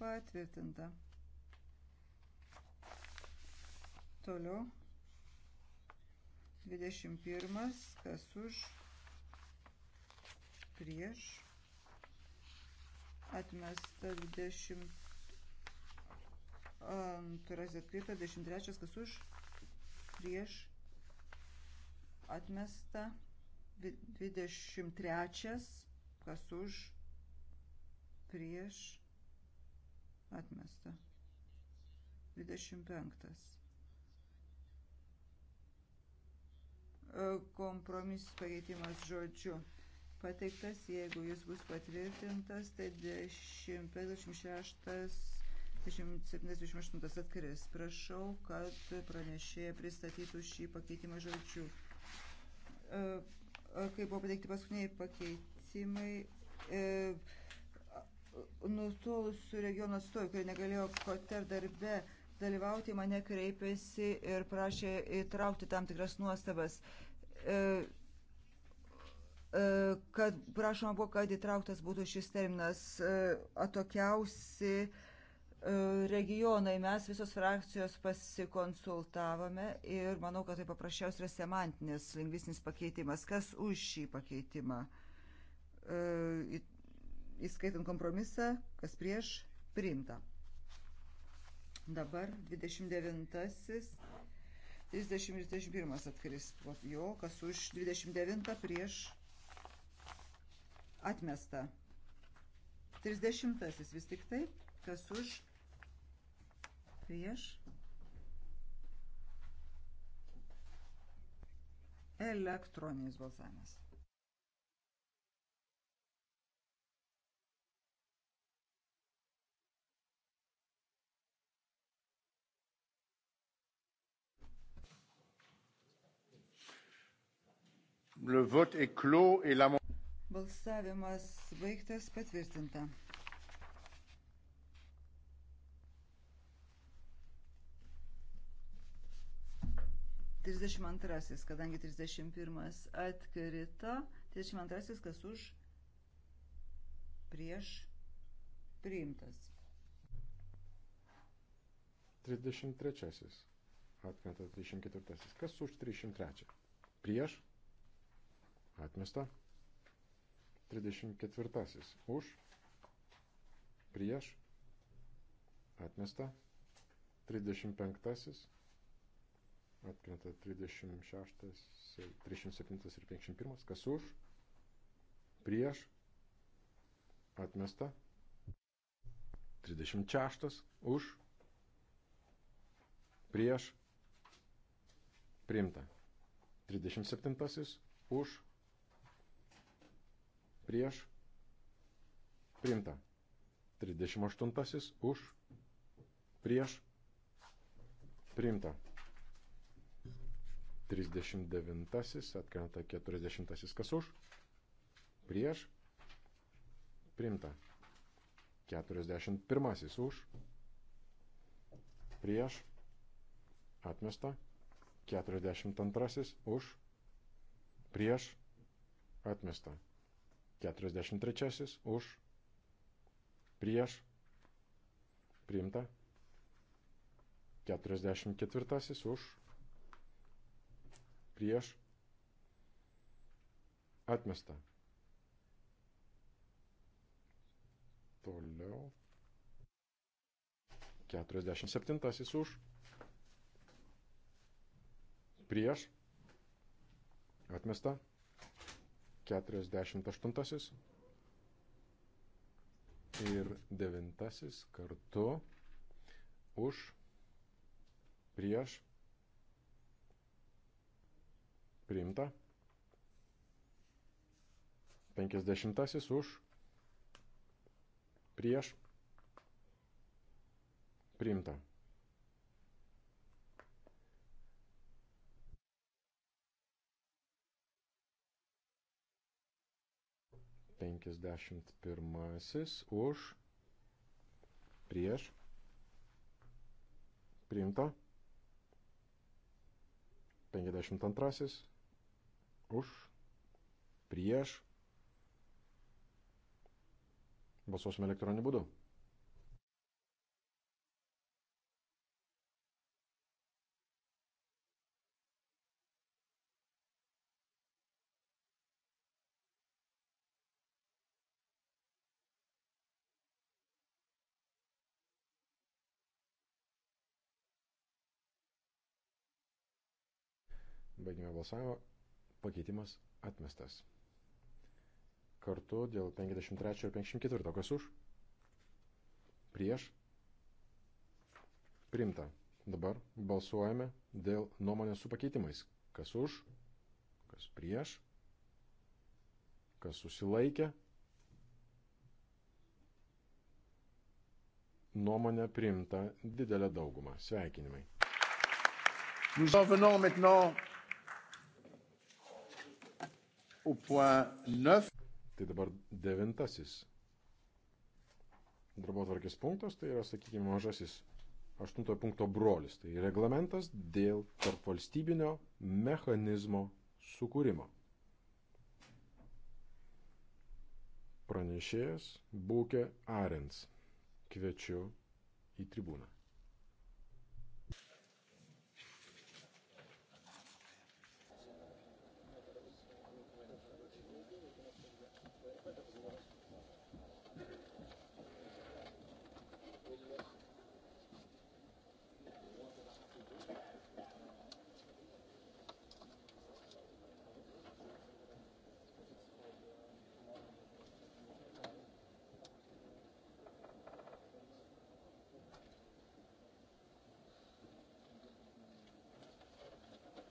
patvirtinta. Toliau. 21. Kas už? Prieš. Atmesta 22. Atkrita 23. Kas už? Prieš. Atmesta 23. Kas už? Prieš. Atmesta. 25. kompromis pakeitimas žodžiu pateiktas, jeigu jis bus patvirtintas, tai 25-26-27-28 atkris. Prašau, kad pranešėja pristatytų šį pakeitimą žodžiu. E, e, kai buvo pateikti paskutiniai pakeitimai, e, nutolusių regionų atstovų, kurie negalėjo koter darbe dalyvauti, mane kreipėsi ir prašė įtraukti tam tikras nuostabas. E, e, kad prašoma buvo, kad įtrauktas būtų šis terminas e, atokiausi regionai. Mes visos frakcijos pasikonsultavome ir manau, kad tai paprasčiausias yra semantinis lingvistinis pakeitimas. Kas už šį pakeitimą? Įskaitant kompromisą, kas prieš, priimta. Dabar 29-asis, 30 ir 31 atkris po jo, kas už 29 prieš atmestą. 30-asis vis tik taip, kas už prieš elektroninis balsavimas. Le vote est clos et l'amendement. Balsavimas baigtas patvirtinta. Trisdešimt antrasis, kadangi trisdešimt pirmas atkrito, trisdešimt antrasis kas už prieš priimtas. Trisdešimt trečiasis, atkrenta trisdešimt ketvirtasis, kas už trisdešimt trečią prieš priimtas. Atmesta. 34. Už. Prieš. Atmesta. 35. Atkrenta 36, 37 ir 51. Kas už? Prieš. Atmesta. 36. Už. Prieš. Priimta. 37. Už prieš primta. 38 už prieš primta. 39 atkrenta 40 kas už prieš primta. 41 už prieš atmesta. 42 už prieš atmesta. 43 už, prieš, priimta. 44 už, prieš, atmesta. Toliau. 47 už, prieš, atmesta. 48 ir 9 kartu už prieš priimta. 50 už prieš priimta. 51 už prieš priimta. 52 už prieš balsuosime elektroniniu būdu. Baigime balsavimą. Pakeitimas atmestas. Kartu dėl 53 ir 54. Kas už? Prieš? Primta. Dabar balsuojame dėl nuomonės su pakeitimais. Kas už? Kas prieš? Kas susilaikė? Nuomonė primta didelę daugumą. Sveikinimai. Nous en venons maintenant Tai dabar devintasis darbo tvarkės punktas, tai yra, sakykime, mažasis aštuntojo punkto brolis. Tai reglamentas dėl tarpvalstybinio mechanizmo sukūrimo. Pranešėjas Būkė Arens. Kviečiu į tribūną.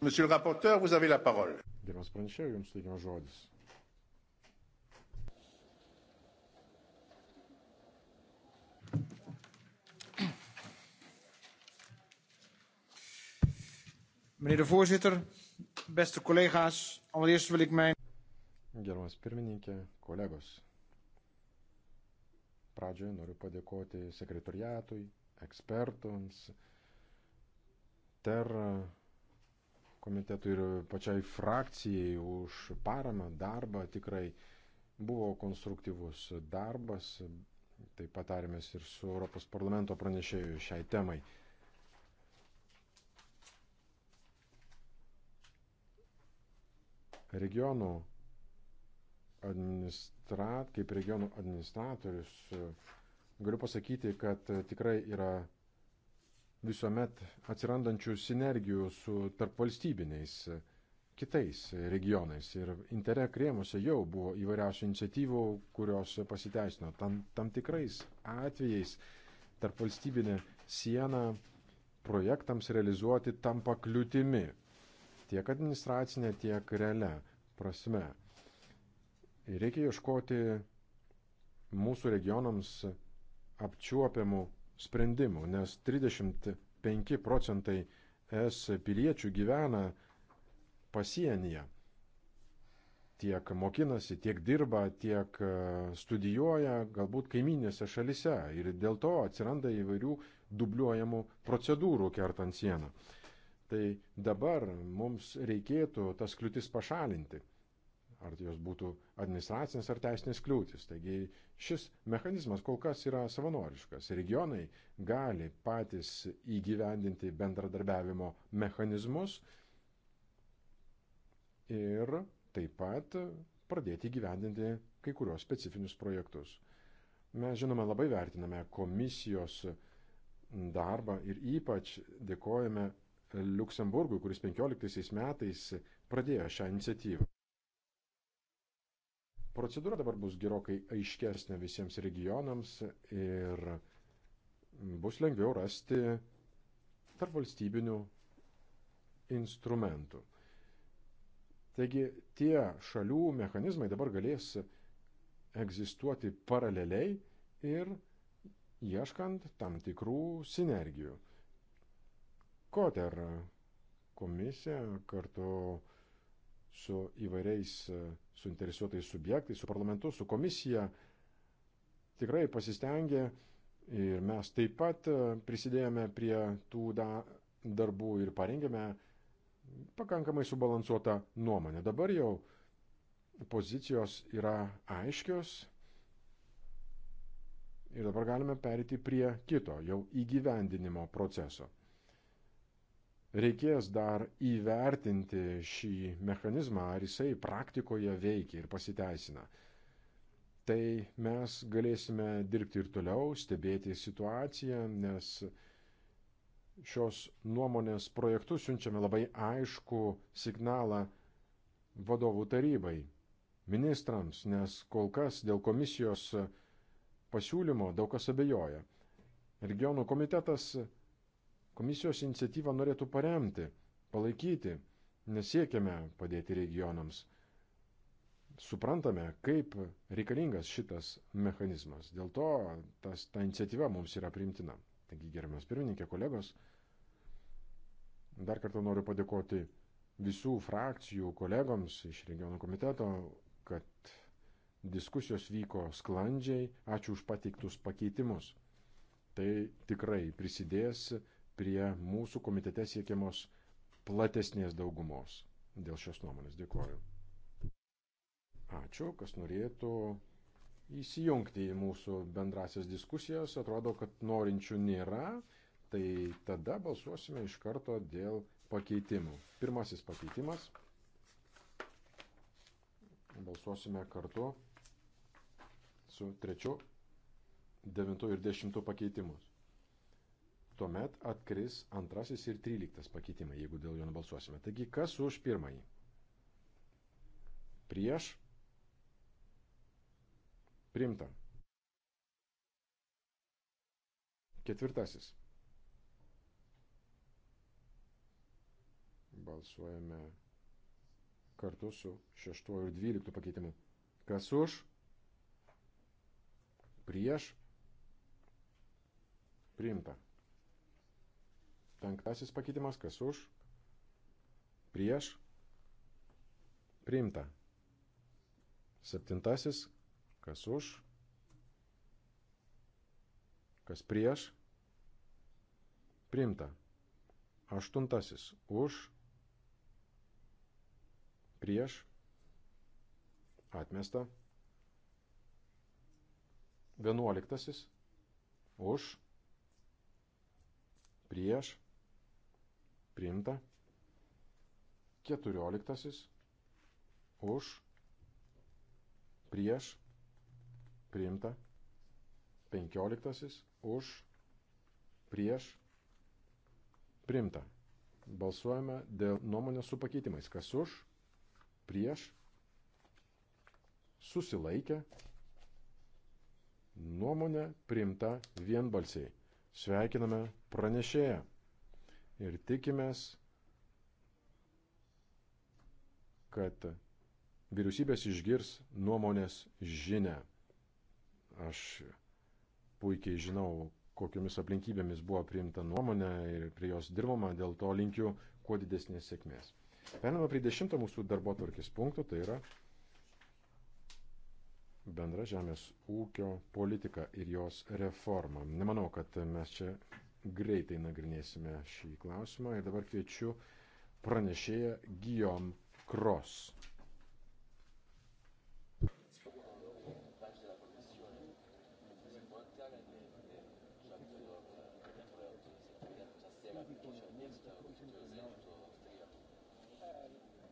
Monsieur le rapporteur, vous avez la parole. Gerbiamas pranešėjau, jums teikiamas žodis. Meneer de voorzitter, beste collega's, allereerst wil ik mijn. Gerbiamas pirmininkė, kolegos. Pradžioje noriu padėkoti sekretoriatui, ekspertams, ter komitetui ir pačiai frakcijai už paramą, darbą. Tikrai buvo konstruktyvus darbas. Taip pat tarėmės ir su Europos parlamento pranešėju šiai temai. Regionų administrat, kaip regionų administratorius, galiu pasakyti, kad tikrai yra visuomet atsirandančių sinergijų su tarpvalstybiniais kitais regionais. Ir Interreg rėmose jau buvo įvairiausių iniciatyvų, kurios pasiteisino. Tam, tam tikrais atvejais tarpvalstybinė siena projektams realizuoti tampa kliūtimi tiek administracinė, tiek realia prasme. Ir reikia ieškoti mūsų regionams apčiuopiamų sprendimų, nes 35 procentai es piliečių gyvena pasienyje. Tiek mokinasi, tiek dirba, tiek e, studijuoja, galbūt kaiminėse šalise. Ir dėl to atsiranda įvairių dubliuojamų procedūrų kertant sieną. Tai dabar mums reikėtų tas kliūtis pašalinti ar jos būtų administracinės ar teisinės kliūtis. Taigi šis mechanizmas kol kas yra savanoriškas. Regionai gali patys įgyvendinti bendradarbiavimo mechanizmus ir taip pat pradėti įgyvendinti kai kurios specifinius projektus. Mes žinoma labai vertiname komisijos darbą ir ypač dėkojame Luksemburgui, kuris 15 metais pradėjo šią iniciatyvą. Procedūra dabar bus gerokai aiškesnė visiems regionams ir bus lengviau rasti tarp valstybinių instrumentų. Taigi tie šalių mechanizmai dabar galės egzistuoti paraleliai ir ieškant tam tikrų sinergijų. Koter komisija kartu su įvairiais suinteresuotais subjektais, su parlamentu, su komisija tikrai pasistengė ir mes taip pat e, prisidėjome prie tų da, darbų ir parengėme pakankamai subalansuotą nuomonę. Dabar jau pozicijos yra aiškios ir dabar galime perėti prie kito jau įgyvendinimo proceso reikės dar įvertinti šį mechanizmą, ar jisai praktikoje veikia ir pasiteisina. Tai mes galėsime dirbti ir toliau, stebėti situaciją, nes šios nuomonės projektus siunčiame labai aišku signalą vadovų tarybai, ministrams, nes kol kas dėl komisijos pasiūlymo daug kas abejoja. Regionų komitetas Komisijos iniciatyvą norėtų paremti, palaikyti, nes siekiame padėti regionams. Suprantame, kaip reikalingas šitas mechanizmas. Dėl to tas, ta iniciatyva mums yra primtina. Taigi, gerbiamas pirmininkė, kolegos, dar kartą noriu padėkoti visų frakcijų kolegoms iš regionų komiteto, kad diskusijos vyko sklandžiai. Ačiū už pateiktus pakeitimus. Tai tikrai prisidės prie mūsų komitete siekiamos platesnės daugumos. Dėl šios nuomonės dėkoju. Ačiū, kas norėtų įsijungti į mūsų bendrasias diskusijas. Atrodo, kad norinčių nėra. Tai tada balsuosime iš karto dėl pakeitimų. Pirmasis pakeitimas. Balsuosime kartu su trečiu, devintu ir dešimtu pakeitimus tuomet atkris antrasis ir tryliktas pakeitimai, jeigu dėl jo nubalsuosime. Taigi, kas už pirmąjį? Prieš? Primta. Ketvirtasis. Balsuojame kartu su šeštuoju ir dvyliktu pakeitimu. Kas už? Prieš? Primta. Penktasis pakeitimas, kas už, prieš, priimta. Septintasis, kas už, kas prieš, priimta. Aštuntasis, už, prieš, atmesta. Vienuoliktasis, už, prieš, priimta. 14 už, prieš, priimta. 15 už, prieš, priimta. Balsuojame dėl nuomonės su pakeitimais. Kas už, prieš, susilaikė, nuomonė priimta vienbalsiai. Sveikiname pranešėją ir tikimės, kad vyriausybės išgirs nuomonės žinę. Aš puikiai žinau, kokiamis aplinkybėmis buvo priimta nuomonė ir prie jos dirbama, dėl to linkiu kuo didesnės sėkmės. Penama prie dešimto mūsų darbo tvarkės punkto, tai yra bendra žemės ūkio politika ir jos reforma. Nemanau, kad mes čia greitai nagrinėsime šį klausimą. Ir dabar kviečiu pranešėją Gijom Kros.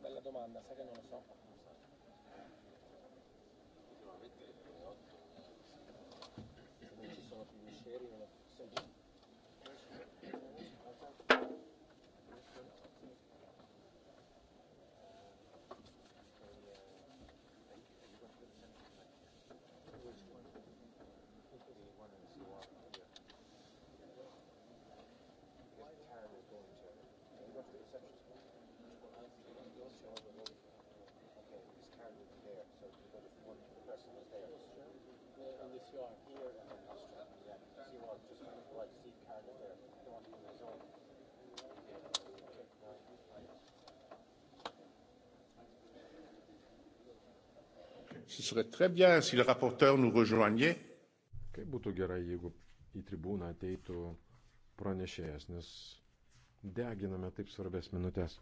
Bella domanda, sai che non lo so. Ce serait très bien si le rapporteur nous rejoignait. Kaip būtų gerai, jeigu į tribūną ateitų pranešėjas, nes deginame taip svarbės minutės.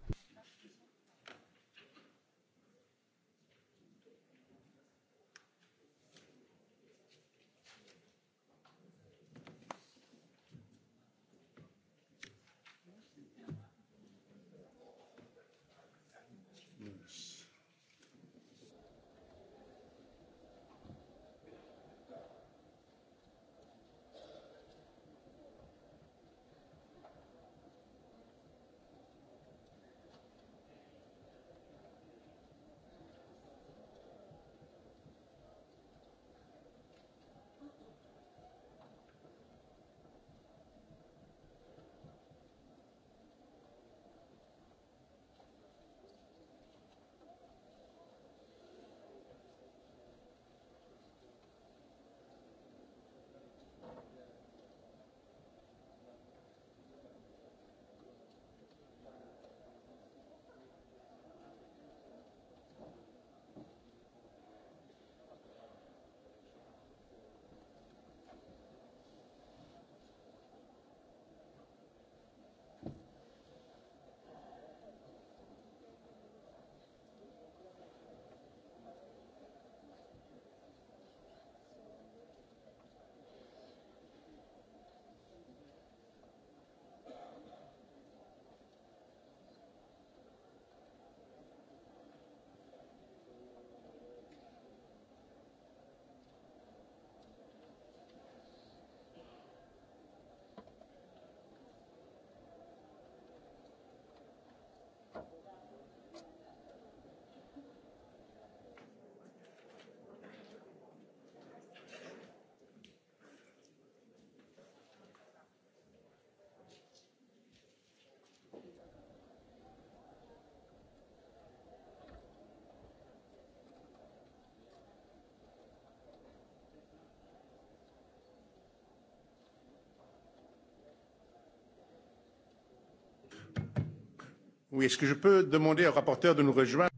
Oui, est-ce que je peux demander au rapporteur de nous rejoindre?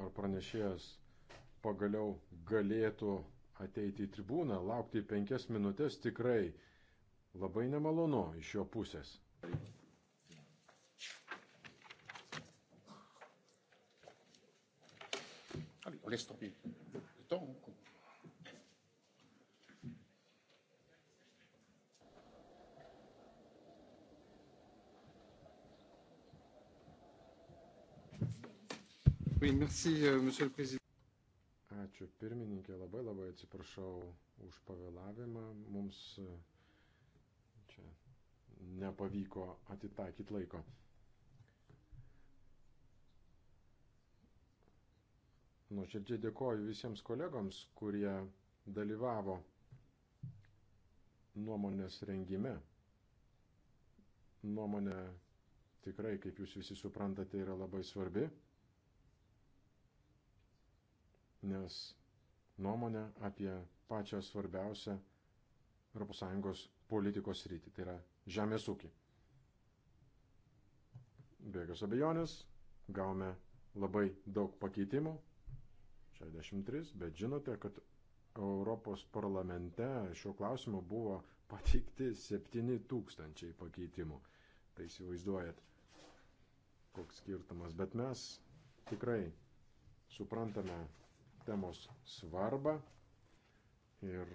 Ar pranešėjas pagaliau galėtų ateiti į tribūną, laukti penkias minutės tikrai labai nemalonu iš jo pusės. Allez, on laisse tomber. Oui, merci, euh, monsieur le président. Ačiū pirmininkė, labai labai atsiprašau už pavėlavimą. Mums e, čia nepavyko atitaikyti laiko. Nuoširdžiai dėkoju visiems kolegoms, kurie dalyvavo nuomonės rengime. Nuomonė tikrai, kaip jūs visi suprantate, yra labai svarbi nes nuomonę apie pačią svarbiausią ES politikos rytį, tai yra žemės ūkį. Be jokios abejonės, gavome labai daug pakeitimų, 63, bet žinote, kad Europos parlamente šiuo klausimu buvo pateikti 7000 pakeitimų. Tai įsivaizduojat, koks skirtumas. Bet mes tikrai suprantame temos svarbą ir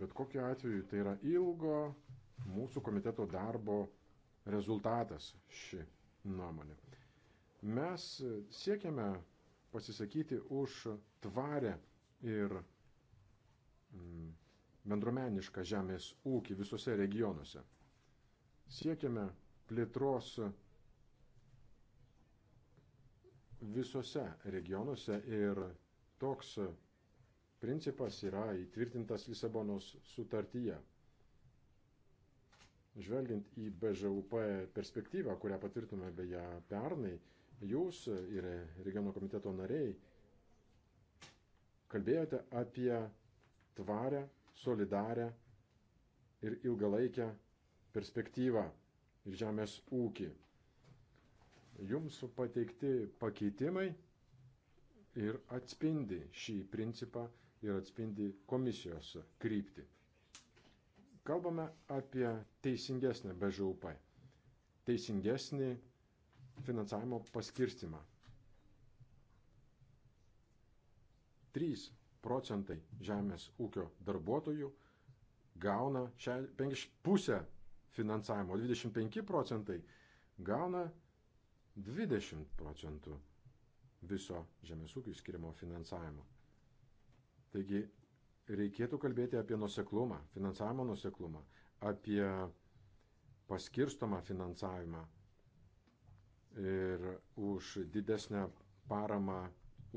bet kokiu atveju tai yra ilgo mūsų komiteto darbo rezultatas ši nuomonė. Mes siekiame pasisakyti už tvarę ir mm, bendromenišką žemės ūkį visose regionuose. Siekiame plėtros visose regionuose ir toks principas yra įtvirtintas Lisabonos sutartyje. Žvelgiant į BŽUP perspektyvą, kurią patvirtume beje pernai, jūs ir regiono komiteto nariai kalbėjote apie tvarę, solidarę ir ilgalaikę perspektyvą ir žemės ūkį. Jums pateikti pakeitimai ir atspindi šį principą ir atspindi komisijos kryptį. Kalbame apie teisingesnę BŽUP, teisingesnį finansavimo paskirstimą. 3 procentai žemės ūkio darbuotojų gauna pusę finansavimo, 25 procentai gauna 20 procentų viso žemės ūkių skiriamo finansavimo. Taigi reikėtų kalbėti apie nuseklumą, finansavimo nuseklumą, apie paskirstomą finansavimą ir už didesnę paramą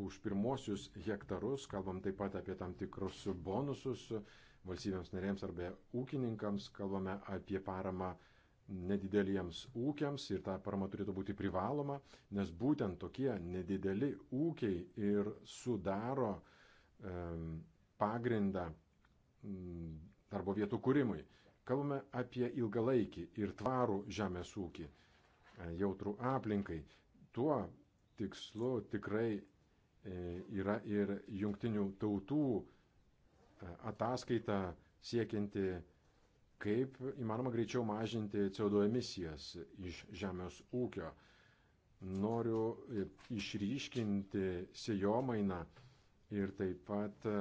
už pirmosius hektarus, kalbam taip pat apie tam tikrus bonusus valstybėms narėms arba ūkininkams, kalbame apie paramą nedideliems ūkiams ir ta parama turėtų būti privaloma, nes būtent tokie nedideli ūkiai ir sudaro pagrindą darbo vietų kūrimui. Kalbame apie ilgalaikį ir tvarų žemės ūkį, e, jautrų aplinkai. Tuo tikslu tikrai e, yra ir jungtinių tautų e, ataskaita siekianti kaip įmanoma greičiau mažinti CO2 emisijas iš žemės ūkio. Noriu išryškinti sėjomainą ir taip pat e,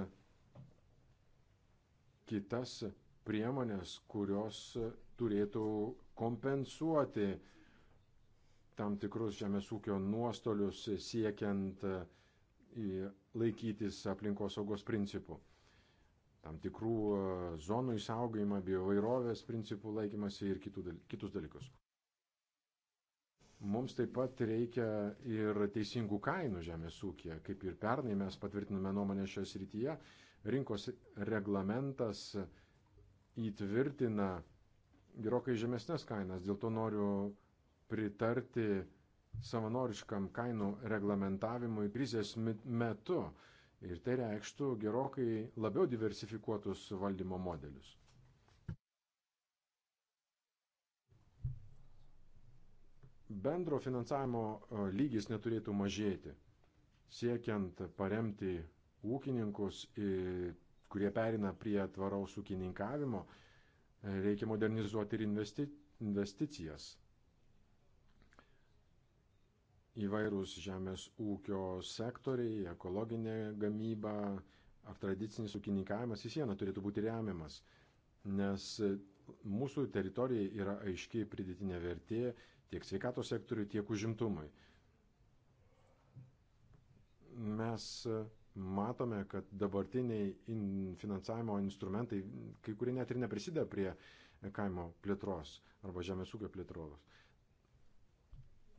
kitas priemonės, kurios turėtų kompensuoti tam tikrus žemės ūkio nuostolius siekiant e, laikytis aplinkosaugos principų tam tikrų e, zonų išsaugojimą, biovairovės principų laikymasi ir dal kitus dalykus. Mums taip pat reikia ir teisingų kainų žemės ūkija. Kaip ir pernai mes patvirtinome nuomonę šioje srityje, rinkos reglamentas įtvirtina gerokai žemesnės kainas. Dėl to noriu pritarti savanoriškam kainų reglamentavimui krizės metu. Ir tai reikštų gerokai labiau diversifikuotus valdymo modelius. Bendro finansavimo e, lygis neturėtų mažėti, siekiant paremti ūkininkus, e, kurie perina prie tvaraus ūkininkavimo, e, reikia modernizuoti ir investicijas įvairūs žemės ūkio sektoriai, ekologinė gamyba ar tradicinis ūkininkavimas į sieną turėtų būti remiamas, nes mūsų teritorijai yra aiški pridėtinė vertė tiek sveikato sektoriui, tiek užimtumui. Mes matome, kad dabartiniai in finansavimo instrumentai, kai kurie net ir neprisideda prie kaimo plėtros arba žemės ūkio plėtros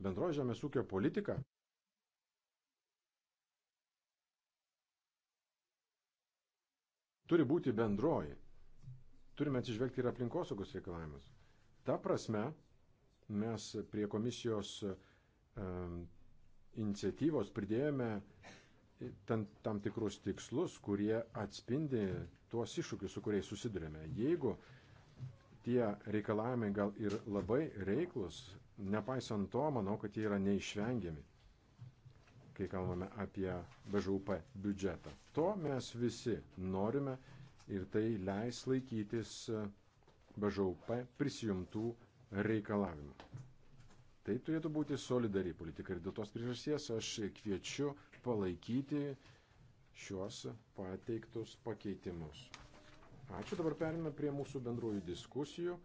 bendroji žemės ūkio politika turi būti bendroji. Turime atsižvelgti ir aplinkosaugos reikalavimus. Ta prasme, mes prie komisijos um, iniciatyvos pridėjome tam, tam tikrus tikslus, kurie atspindi tuos iššūkius, su kuriais susidurėme. Jeigu tie reikalavimai gal ir labai reiklus, Nepaisant to, manau, kad jie yra neišvengiami, kai kalbame apie BŽUP biudžetą. To mes visi norime ir tai leis laikytis BŽUP prisijimtų reikalavimų. Tai turėtų būti solidari politika ir dėl tos priežasties aš kviečiu palaikyti šios pateiktus pakeitimus. Ačiū, dabar perėmė prie mūsų bendrųjų diskusijų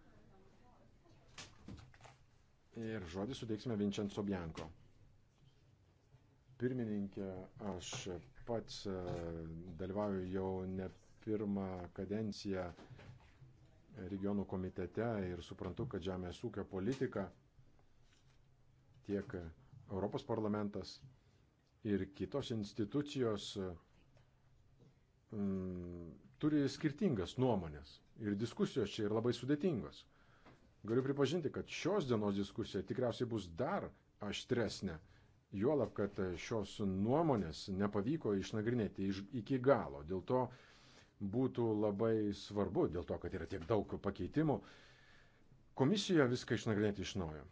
ir žodį suteiksime Vincenzo Bianko. Pirmininkė, aš pats e, dalyvauju jau ne pirmą kadenciją regionų komitete ir suprantu, kad žemės ūkio politika tiek Europos parlamentas ir kitos institucijos mm, turi skirtingas nuomonės ir diskusijos čia yra labai sudėtingos. Galiu pripažinti, kad šios dienos diskusija tikriausiai bus dar aštresnė. Juolab, kad šios nuomonės nepavyko išnagrinėti iš, iki galo. Dėl to būtų labai svarbu, dėl to, kad yra tiek daug pakeitimų, komisijoje viską išnagrinėti iš naujo.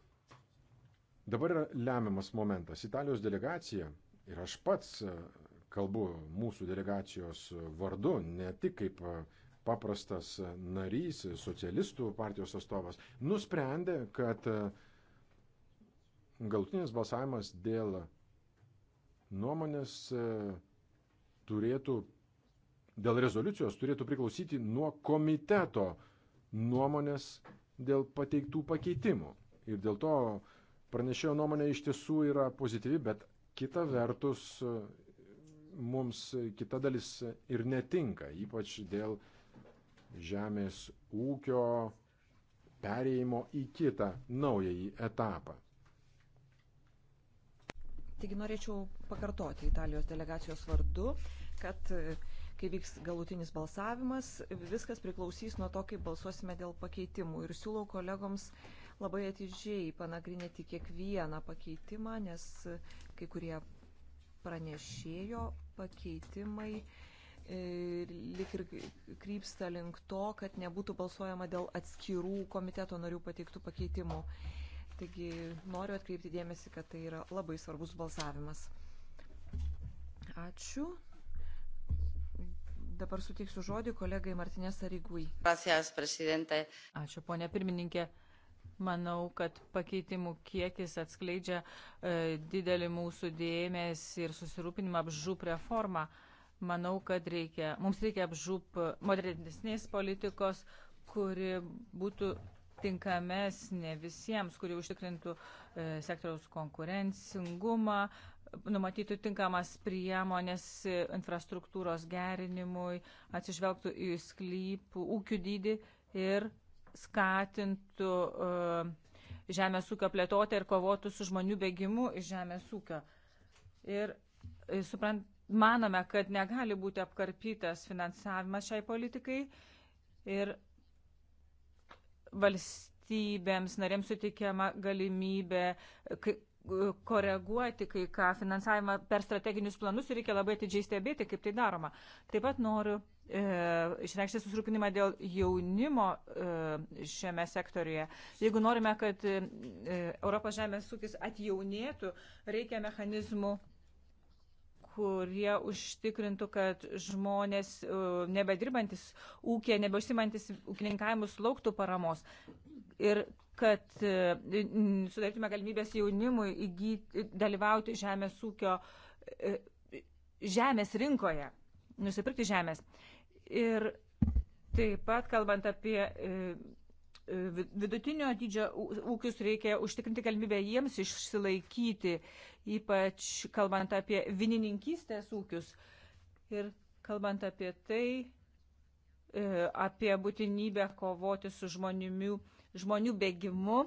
Dabar yra lemiamas momentas. Italijos delegacija ir aš pats kalbu mūsų delegacijos vardu, ne tik kaip paprastas narys, socialistų partijos atstovas, nusprendė, kad e, galutinis balsavimas dėl nuomonės e, turėtų, dėl rezoliucijos turėtų priklausyti nuo komiteto nuomonės dėl pateiktų pakeitimų. Ir dėl to pranešėjo nuomonė iš tiesų yra pozityvi, bet kita vertus e, mums kita dalis ir netinka, ypač dėl uh, žemės ūkio perėjimo į kitą naująjį etapą. Taigi norėčiau pakartoti Italijos delegacijos vardu, kad e, kai vyks galutinis balsavimas, viskas priklausys nuo to, kaip balsuosime dėl pakeitimų. Ir siūlau kolegoms labai atidžiai panagrinėti kiekvieną pakeitimą, nes kai kurie pranešėjo pakeitimai E, lik ir krypsta link to, kad nebūtų balsuojama dėl atskirų komiteto narių pateiktų pakeitimų. Taigi noriu atkreipti dėmesį, kad tai yra labai svarbus balsavimas. Ačiū. Dabar suteiksiu žodį kolegai Martinės Arigui. Ačiū, ponė pirmininkė. Manau, kad pakeitimų kiekis atskleidžia e, didelį mūsų dėmesį ir susirūpinimą apžūp reformą. E, Manau, kad reikia, mums reikia apžūp modernesnės politikos, kuri būtų tinkamesnė visiems, kuri užtikrintų e, sektoriaus konkurencingumą, numatytų tinkamas priemonės e, infrastruktūros gerinimui, atsižvelgtų į sklypų, ūkių dydį ir skatintų e, žemės ūkio plėtotę ir kovotų su žmonių bėgimu iš žemės ūkio. Ir e, suprant, manome, kad negali būti apkarpytas finansavimas šiai politikai ir valstybėms narėms sutikiama galimybė koreguoti kai ką finansavimą per strateginius planus ir reikia labai atidžiai stebėti, kaip tai daroma. Taip pat noriu e, išreikšti susirūpinimą dėl jaunimo e, šiame sektoriuje. Jeigu norime, kad e, Europos žemės ūkis atjaunėtų, reikia mechanizmų kurie užtikrintų, kad žmonės e, nebedirbantis ūkė, nebeužsimantis ūkininkavimus lauktų paramos. Ir kad e, sudarytume galimybės jaunimui įgyti, dalyvauti žemės ūkio, e, žemės rinkoje, nusipirkti žemės. Ir taip pat, kalbant apie vidutinio dydžio ūkius reikia užtikrinti galimybę jiems išsilaikyti, ypač kalbant apie vinininkystės ūkius. Ir kalbant apie tai, e, apie būtinybę kovoti su žmonių, žmonių bėgimu,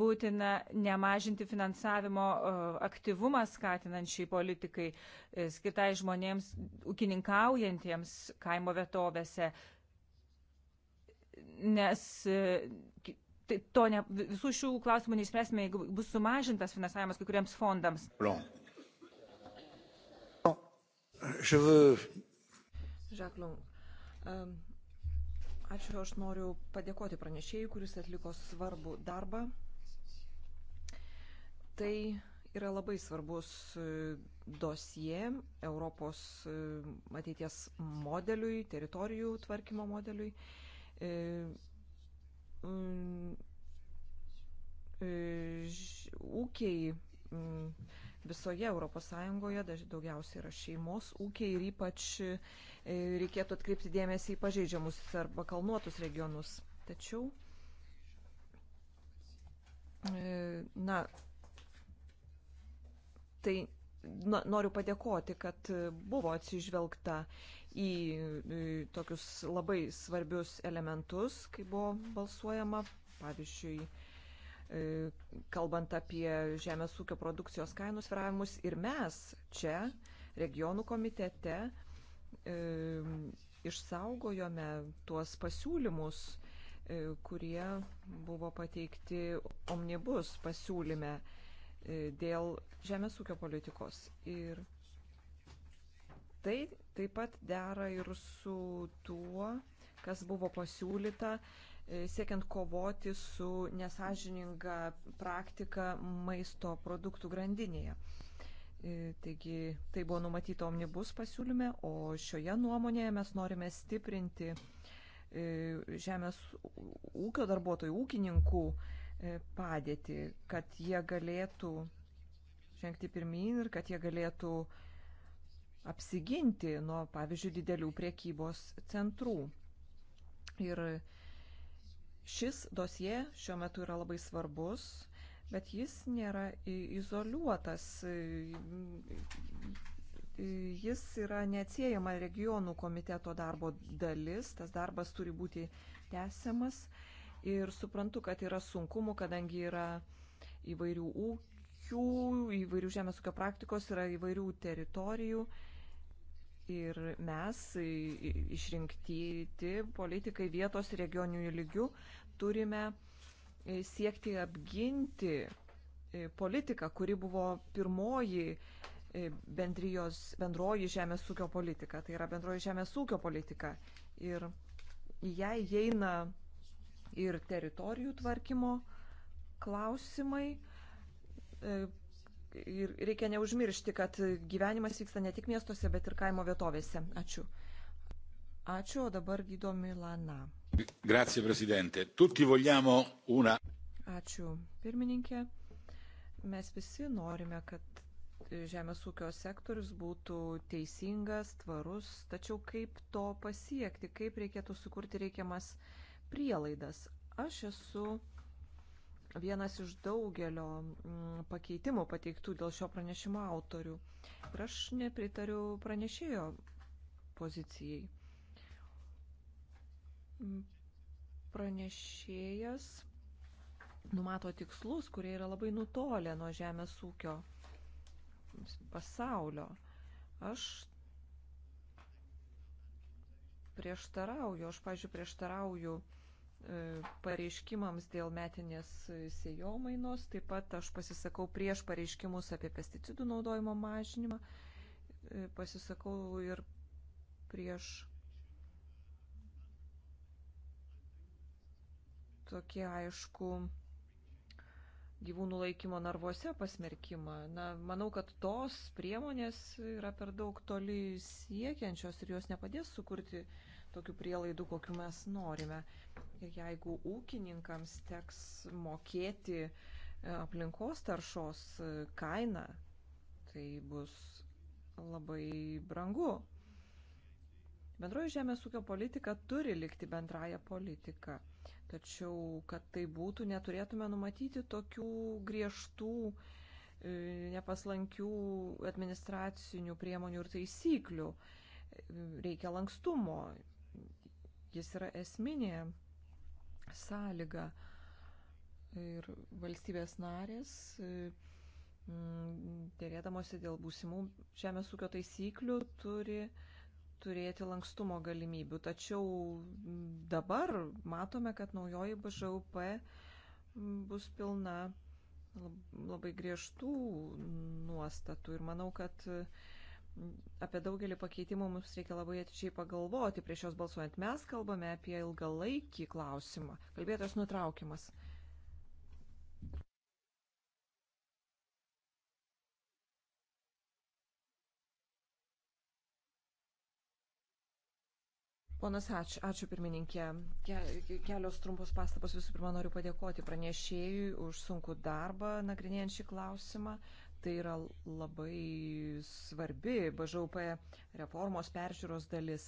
būtina nemažinti finansavimo e, aktyvumą skatinančiai politikai, e, skirtai žmonėms, ūkininkaujantiems kaimo vietovėse nes e, tai to ne, visų šių klausimų neišspręsime, jeigu bus sumažintas finansavimas kai kuriems fondams. Blanc. Žaklung, ačiū, aš noriu padėkoti pranešėjui, kuris atliko svarbų darbą. Tai yra labai svarbus e, dosie Europos e, ateities modeliui, teritorijų tvarkymo modeliui. E, mm, e, ūkiai mm, visoje ES, daugiausiai yra šeimos ūkiai ir ypač e, reikėtų atkreipti dėmesį į pažeidžiamus arba kalnuotus regionus. Tačiau, na, tai noriu padėkoti, kad buvo atsižvelgta į tokius labai svarbius elementus, kai buvo balsuojama, pavyzdžiui, e, kalbant apie žemės ūkio produkcijos kainų sviravimus ir mes čia, regionų komitete, e, išsaugojome tuos pasiūlymus, e, kurie buvo pateikti omnibus pasiūlyme dėl žemės ūkio politikos. Ir tai taip pat dera ir su tuo, kas buvo pasiūlyta, e, siekiant kovoti su nesažininga praktika maisto produktų grandinėje. E, taigi tai buvo numatyta omnibus pasiūlyme, o šioje nuomonėje mes norime stiprinti e, žemės ūkio darbuotojų, ūkininkų padėtį, kad jie galėtų žengti pirmin ir kad jie galėtų uh, apsiginti nuo, pavyzdžiui, didelių priekybos centrų. Ir šis dosie šiuo metu yra labai svarbus, bet jis nėra izoliuotas. Jis yra neatsiejama regionų komiteto darbo dalis, tas darbas turi būti tęsiamas ir suprantu, kad yra sunkumų, kadangi yra įvairių ūkių, įvairių žemės ūkio praktikos, yra įvairių teritorijų Ir mes, išrinktyti politikai vietos regioninių lygių, turime siekti apginti politiką, kuri buvo pirmoji bendrijos, bendroji žemės ūkio politika, tai yra bendroji žemės ūkio politika. Ir į ją įeina ir teritorijų tvarkymo klausimai, Ir reikia neužmiršti, kad gyvenimas vyksta ne tik miestuose, bet ir kaimo vietovėse. Ačiū. Ačiū, o dabar gydo Milana. Grazie, prezidente. Tutti vogliamo una. Ačiū, pirmininkė. Mes visi norime, kad žemės ūkio sektorius būtų teisingas, tvarus, tačiau kaip to pasiekti, kaip reikėtų sukurti reikiamas prielaidas. Aš esu vienas iš daugelio mm, pakeitimų pateiktų dėl šio pranešimo autorių. Ir aš nepritariu pranešėjo pozicijai. Mm, pranešėjas numato tikslus, kurie yra labai nutolę nuo žemės ūkio pasaulio. Aš prieštarauju, aš, pažiūrėjau, prieštarauju pareiškimams dėl metinės sėjomainos. Taip pat aš pasisakau prieš pareiškimus apie pesticidų naudojimo mažinimą. E, pasisakau ir prieš tokį aišku gyvūnų laikymo narvuose pasmerkimą. Na, manau, kad tos priemonės yra per daug toli siekiančios ir jos nepadės sukurti uh, tokių prielaidų, kokiu mes norime. Ir jeigu ūkininkams teks mokėti e, aplinkos taršos e, kainą, tai bus labai brangu. Bendroji žemės ūkio politika turi likti bendraja politika. Tačiau, kad tai būtų, neturėtume numatyti tokių griežtų, e, nepaslankių administracinių priemonių ir taisyklių. Reikia lankstumo, Jis yra esminė sąlyga ir valstybės narės, mm, dėrėdamosi dėl būsimų žemės ūkio taisyklių, turi turėti lankstumo galimybių. Tačiau dabar matome, kad naujoji BŽUP mm, bus pilna labai griežtų nuostatų ir manau, kad apie daugelį pakeitimų mums reikia labai atidžiai pagalvoti prieš jos balsuojant. Mes kalbame apie ilgalaikį klausimą. Kalbėtas nutraukimas. Ponas Hač, ačiū pirmininkė. Kelios trumpos pastabos. Visų pirma, noriu padėkoti pranešėjui už sunkų darbą nagrinėjant šį klausimą. Tai yra labai svarbi BŽUP reformos peržiūros dalis.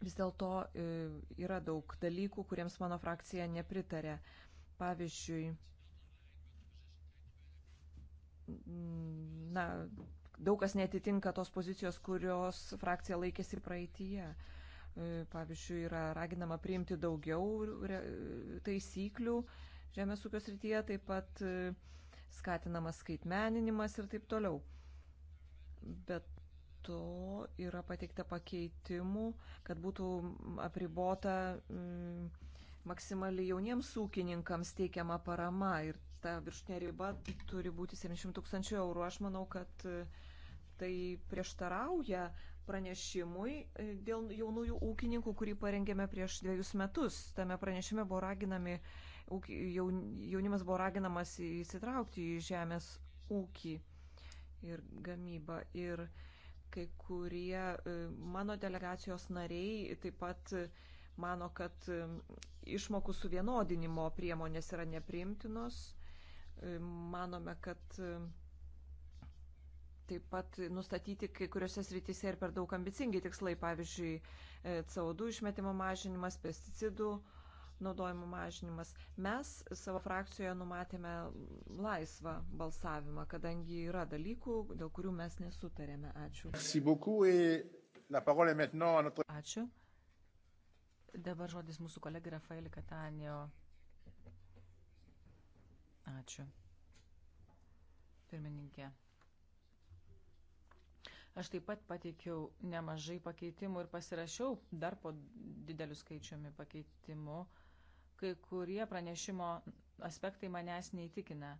Vis dėlto e, yra daug dalykų, kuriems mano frakcija nepritarė. Pavyzdžiui, na, daug kas netitinka tos pozicijos, kurios frakcija laikėsi praeitįje. E, pavyzdžiui, yra raginama priimti daugiau taisyklių žemės ūkio srityje, taip pat e, skatinamas skaitmeninimas ir taip toliau. Bet to yra pateikta pakeitimų, kad būtų apribota mm, maksimaliai jauniems ūkininkams teikiama parama ir ta viršutinė riba turi būti 700 tūkstančių eurų. Aš manau, kad e, tai prieštarauja pranešimui e, dėl jaunųjų ūkininkų, kurį parengėme prieš dviejus metus. Tame pranešime buvo raginami uh, jaunimas buvo raginamas įsitraukti į žemės ūkį ir gamybą. Ir kai kurie e, mano delegacijos nariai taip pat mano, kad e, išmokų suvienodinimo priemonės yra neprimtinos. E, manome, kad taip pat nustatyti kai kuriuose srityse ir per daug ambicingi tikslai, pavyzdžiui, CO2 išmetimo mažinimas, pesticidų naudojimo mažinimas. Mes savo frakcijoje numatėme laisvą balsavimą, kadangi yra dalykų, dėl kurių mes nesutarėme. Ačiū. Ačiū. Dabar žodis mūsų kolegai Rafaelį Katanio. Ačiū. Pirmininkė. Aš taip pat pateikiau nemažai pakeitimų ir pasirašiau dar po dideliu skaičiumi pakeitimų kai kurie pranešimo aspektai manęs neįtikina.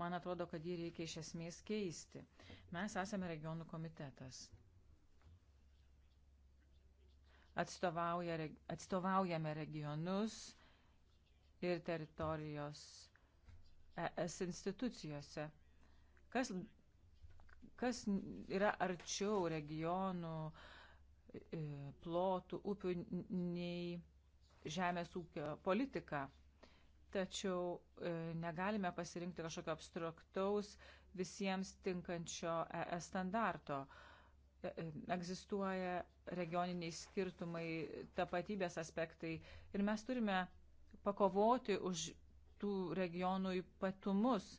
Man atrodo, kad jį reikia iš esmės keisti. Mes esame regionų komitetas. Atstovauja, atstovaujame regionus ir teritorijos ES institucijose. Kas, kas yra arčiau regionų, e, plotų, upių nei žemės ūkio politiką. Tačiau e, negalime pasirinkti kažkokio abstraktaus visiems tinkančio ES standarto. E, e, egzistuoja regioniniai skirtumai, tapatybės aspektai ir mes turime pakovoti už tų regionų ypatumus.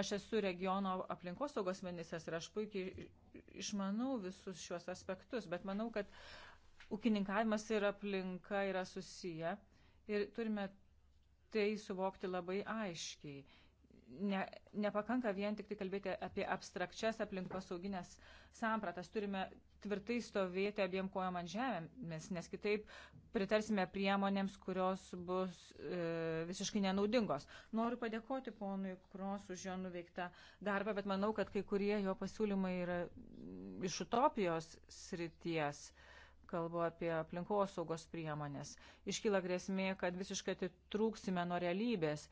Aš esu regiono aplinkosaugos ministras ir aš puikiai išmanau visus šiuos aspektus, bet manau, kad ūkininkavimas ir aplinka yra susiję ir turime tai suvokti labai aiškiai. Ne, nepakanka vien tik tai kalbėti apie abstrakčias aplinkosauginės sampratas, turime tvirtai stovėti abiem kojom ant žemės, nes kitaip pritarsime priemonėms, kurios bus e, visiškai nenaudingos. Noriu padėkoti ponui Kros už jo nuveiktą darbą, bet manau, kad kai kurie jo pasiūlymai yra iš utopijos srities. E, kalbu apie aplinkosaugos priemonės. Iškyla grėsmė, kad visiškai atitrūksime nuo realybės.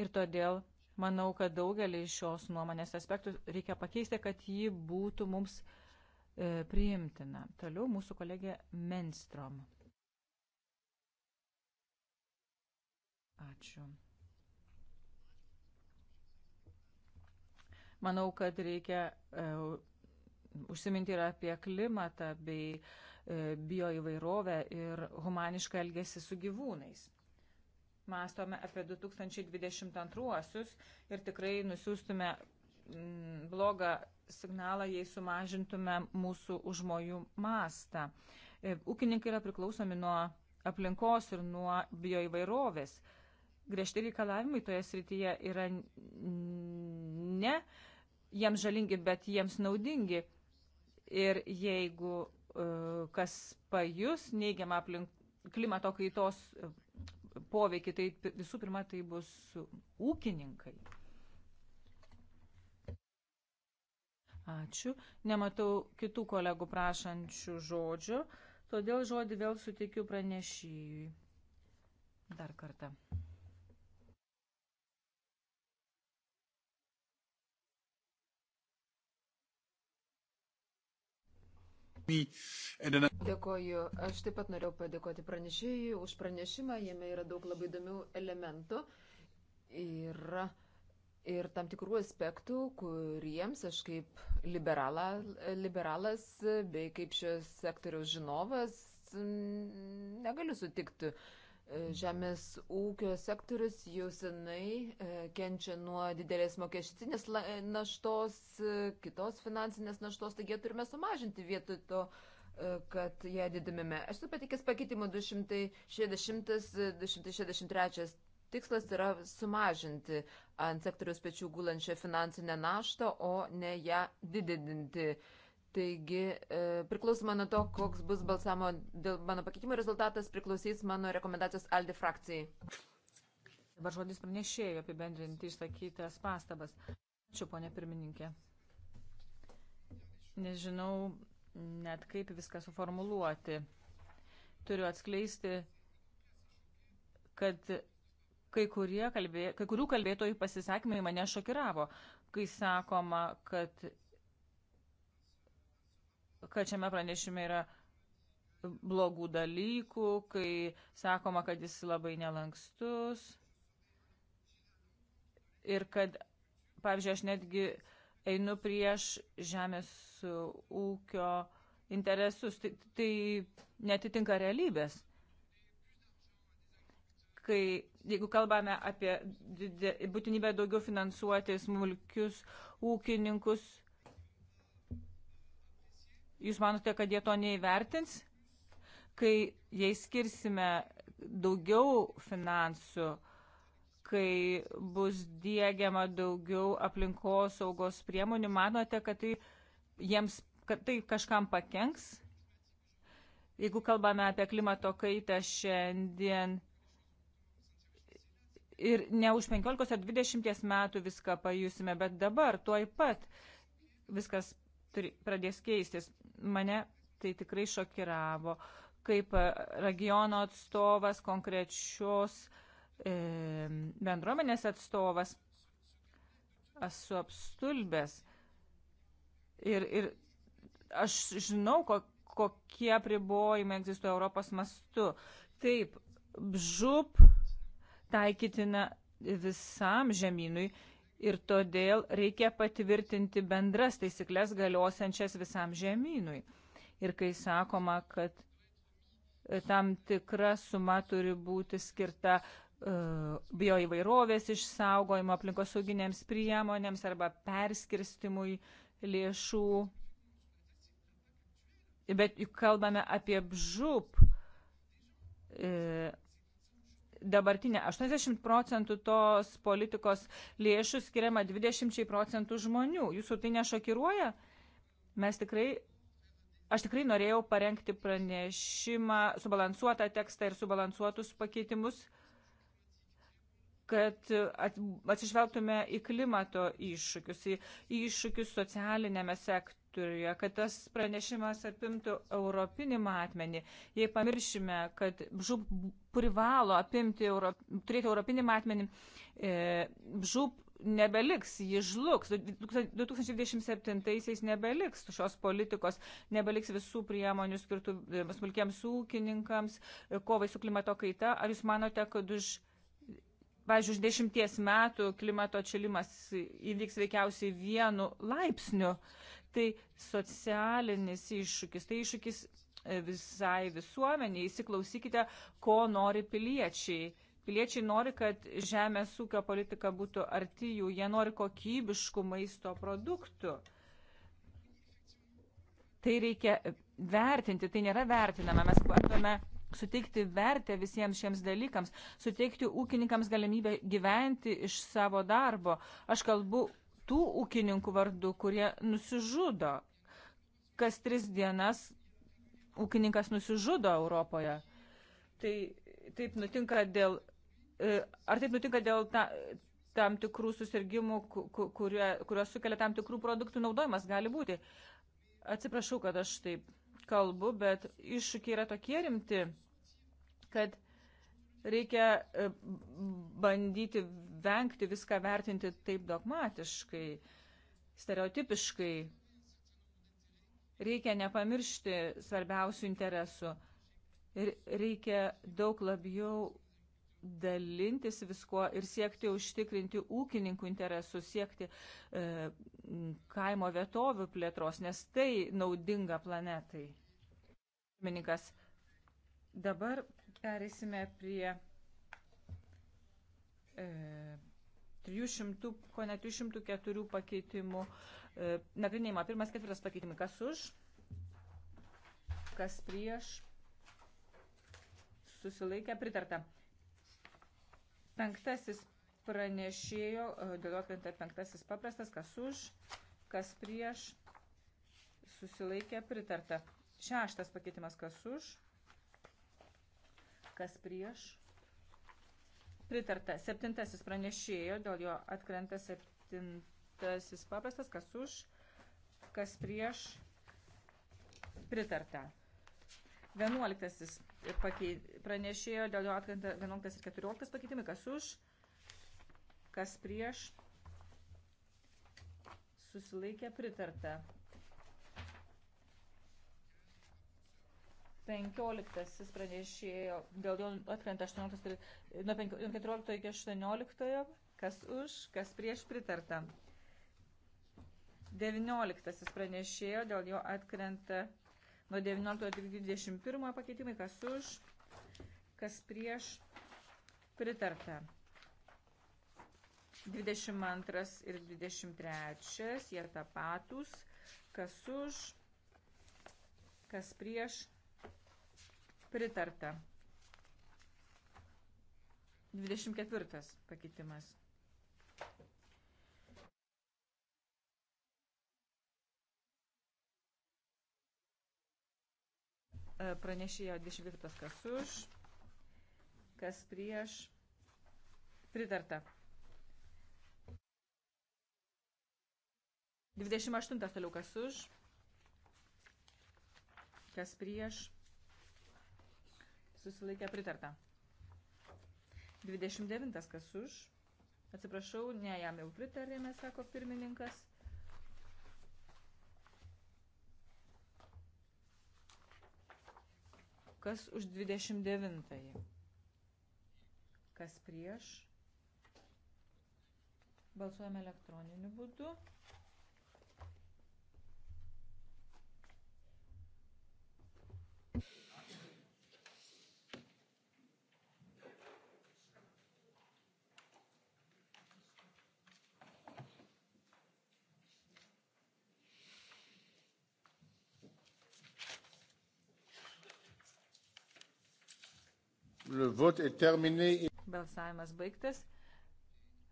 Ir todėl manau, kad daugelį šios nuomonės aspektų reikia pakeisti, kad ji būtų mums e, priimtina. Toliau mūsų kolegė Menstrom. Ačiū. Manau, kad reikia e, užsiminti ir apie klimatą bei e, E, bioįvairovę ir humanišką elgesį su gyvūnais. Mastome apie 2022-uosius ir tikrai nusiųstume mm, blogą signalą, jei sumažintume mūsų užmojų mastą. E, ūkininkai yra priklausomi nuo aplinkos ir nuo bioįvairovės. Griežti reikalavimai toje srityje yra ne jiems žalingi, bet jiems naudingi. Ir jeigu E, kas pajus neigiamą aplink klimato kaitos e, poveikį, tai visų pirma tai bus ūkininkai. Ačiū. Nematau kitų kolegų prašančių žodžio, todėl žodį vėl suteikiu pranešėjui. Dar kartą. Dėkoju. Aš taip pat norėjau padėkoti pranešėjui už pranešimą. Jame yra daug labai įdomių elementų. Yra ir tam tikrų aspektų, kuriems aš kaip liberala, liberalas bei kaip šios sektoriaus žinovas mm, negaliu sutikti. E, žemės ūkio sektorius jau senai e, kenčia nuo didelės mokestinės e, naštos, kitos finansinės naštos, taigi turime sumažinti vietoj to, kad ją didiname. Aš esu patikęs pakeitimų 260-263. Tikslas yra sumažinti ant sektoriaus pečių gulančią finansinę naštą, o ne ją didinti. Uh, Taigi, e, priklausomai nuo to, koks bus balsamo dėl mano pakeitimo rezultatas, priklausys mano rekomendacijos Aldi frakcijai. Dabar žodis pranešėjo apibendrinti išsakytas pastabas. Ačiū, ponė pirmininkė. Nežinau net kaip viską suformuluoti. Turiu atskleisti, kad kai, kalbė, kai kurių kalbėtojų pasisakymai mane šokiravo, kai sakoma, kad kad šiame pranešime yra blogų dalykų, kai sakoma, kad jis labai nelankstus ir kad, pavyzdžiui, aš netgi einu prieš žemės ūkio interesus, tai, tai netitinka realybės. Kai, jeigu kalbame apie būtinybę daugiau finansuoti smulkius ūkininkus, Jūs manote, kad jie to neįvertins, kai jai skirsime daugiau finansų, kai bus dėgiama daugiau aplinkos saugos priemonių, manote, kad tai jiems kad tai kažkam pakenks? Jeigu kalbame apie klimato kaitą šiandien ir ne už 15 ar 20 metų viską pajusime, bet dabar, tuoj pat, viskas turi, pradės keistis mane tai tikrai šokiravo, kaip regiono atstovas, konkrečios e, bendruomenės atstovas, esu apstulbęs. Ir, ir aš žinau, ko, kokie pribojimai egzistuoja Europos mastu. Taip, žup taikytina visam žemynui ir todėl reikia patvirtinti bendras taisyklės galiosiančias visam žemynui. Ir kai sakoma, kad e, tam tikra suma turi būti skirta uh, bioįvairovės išsaugojimo aplinkosauginėms priemonėms arba perskirstimui lėšų. Bet juk kalbame apie žūp. Uh, e, dabartinė 80 procentų tos politikos lėšų skiriama 20 procentų žmonių. Jūsų tai nešokiruoja? Mes tikrai, aš tikrai norėjau parengti pranešimą, subalansuotą tekstą ir subalansuotus pakeitimus kad atsižvelgtume į klimato iššūkius, į iššūkius socialinėme sektoriuje sektoriuje, kad tas pranešimas apimtų europinį matmenį. Jei pamiršime, kad žūb privalo apimti, Euro, turėti europinį matmenį, e, žūb nebeliks, ji žlugs. 2027-aisiais nebeliks šios politikos, nebeliks visų priemonių skirtų e, smulkiems ūkininkams, e, kovai su klimato kaita. Ar jūs manote, kad už, pavyzdžiui, už dešimties metų klimato atšilimas įvyks veikiausiai vienu laipsniu? tai socialinis iššūkis, tai iššūkis e, visai visuomeniai. Įsiklausykite, ko nori piliečiai. Piliečiai nori, kad žemės ūkio politika būtų arti jų, jie nori kokybiškų maisto produktų. Tai reikia vertinti, tai nėra vertinama. Mes bandome suteikti vertę visiems šiems dalykams, suteikti ūkininkams galimybę gyventi iš savo darbo. Aš kalbu tų ūkininkų vardu, kurie nusižudo. Kas tris dienas ūkininkas nusižudo Europoje. Tai taip nutinka dėl. E, ar taip nutinka dėl ta, tam tikrų susirgymų, kuriuos sukelia tam tikrų produktų naudojimas? Gali būti. Atsiprašau, kad aš taip kalbu, bet iššūkiai yra tokie rimti, kad reikia e, bandyti vengti viską vertinti taip dogmatiškai, stereotipiškai. Reikia nepamiršti svarbiausių interesų ir reikia daug labiau dalintis viskuo ir siekti užtikrinti ūkininkų interesus, siekti e, kaimo vietovių plėtros, nes tai naudinga planetai. Mininkas, dabar perėsime prie 300, ko net 304 pakeitimų. E, nagrinėjimą, pirmas ketvirtas pakeitimai. Kas už? Kas prieš? Susilaikę pritarta. Penktasis pranešėjo, e, dėl to krenta penktasis paprastas. Kas už? Kas prieš? Susilaikę pritarta. Šeštas pakeitimas. Kas už? Kas prieš? Pritarta. Septintasis pranešėjo, dėl jo atkrenta septintasis paprastas, kas už, kas prieš. Pritarta. Vienuoliktasis pranešėjo, dėl jo atkrenta vienuoliktas ir keturioliktas pakeitimai, kas už, kas prieš. Susilaikė pritarta. 15 pranešėjo, dėl jo atkrenta 18, nuo 14 iki 18, kas už, kas prieš pritarta. 19 pranešėjo, dėl jo atkrenta nuo 19 iki 21 pakeitimai, kas už, kas prieš pritarta. 22 ir 23, jie tapatus, kas už, kas prieš pritarta Pritarta. 24 pakeitimas. E, pranešėjo 24 kas už, kas prieš. Pritarta. 28 toliau kas už, kas prieš susilaikė pritarta. 29 kas už. Atsiprašau, ne jam jau pritarėme, sako pirmininkas. Kas už 29? Kas prieš? Balsuojame elektroniniu būdu. Balsavimas baigtas.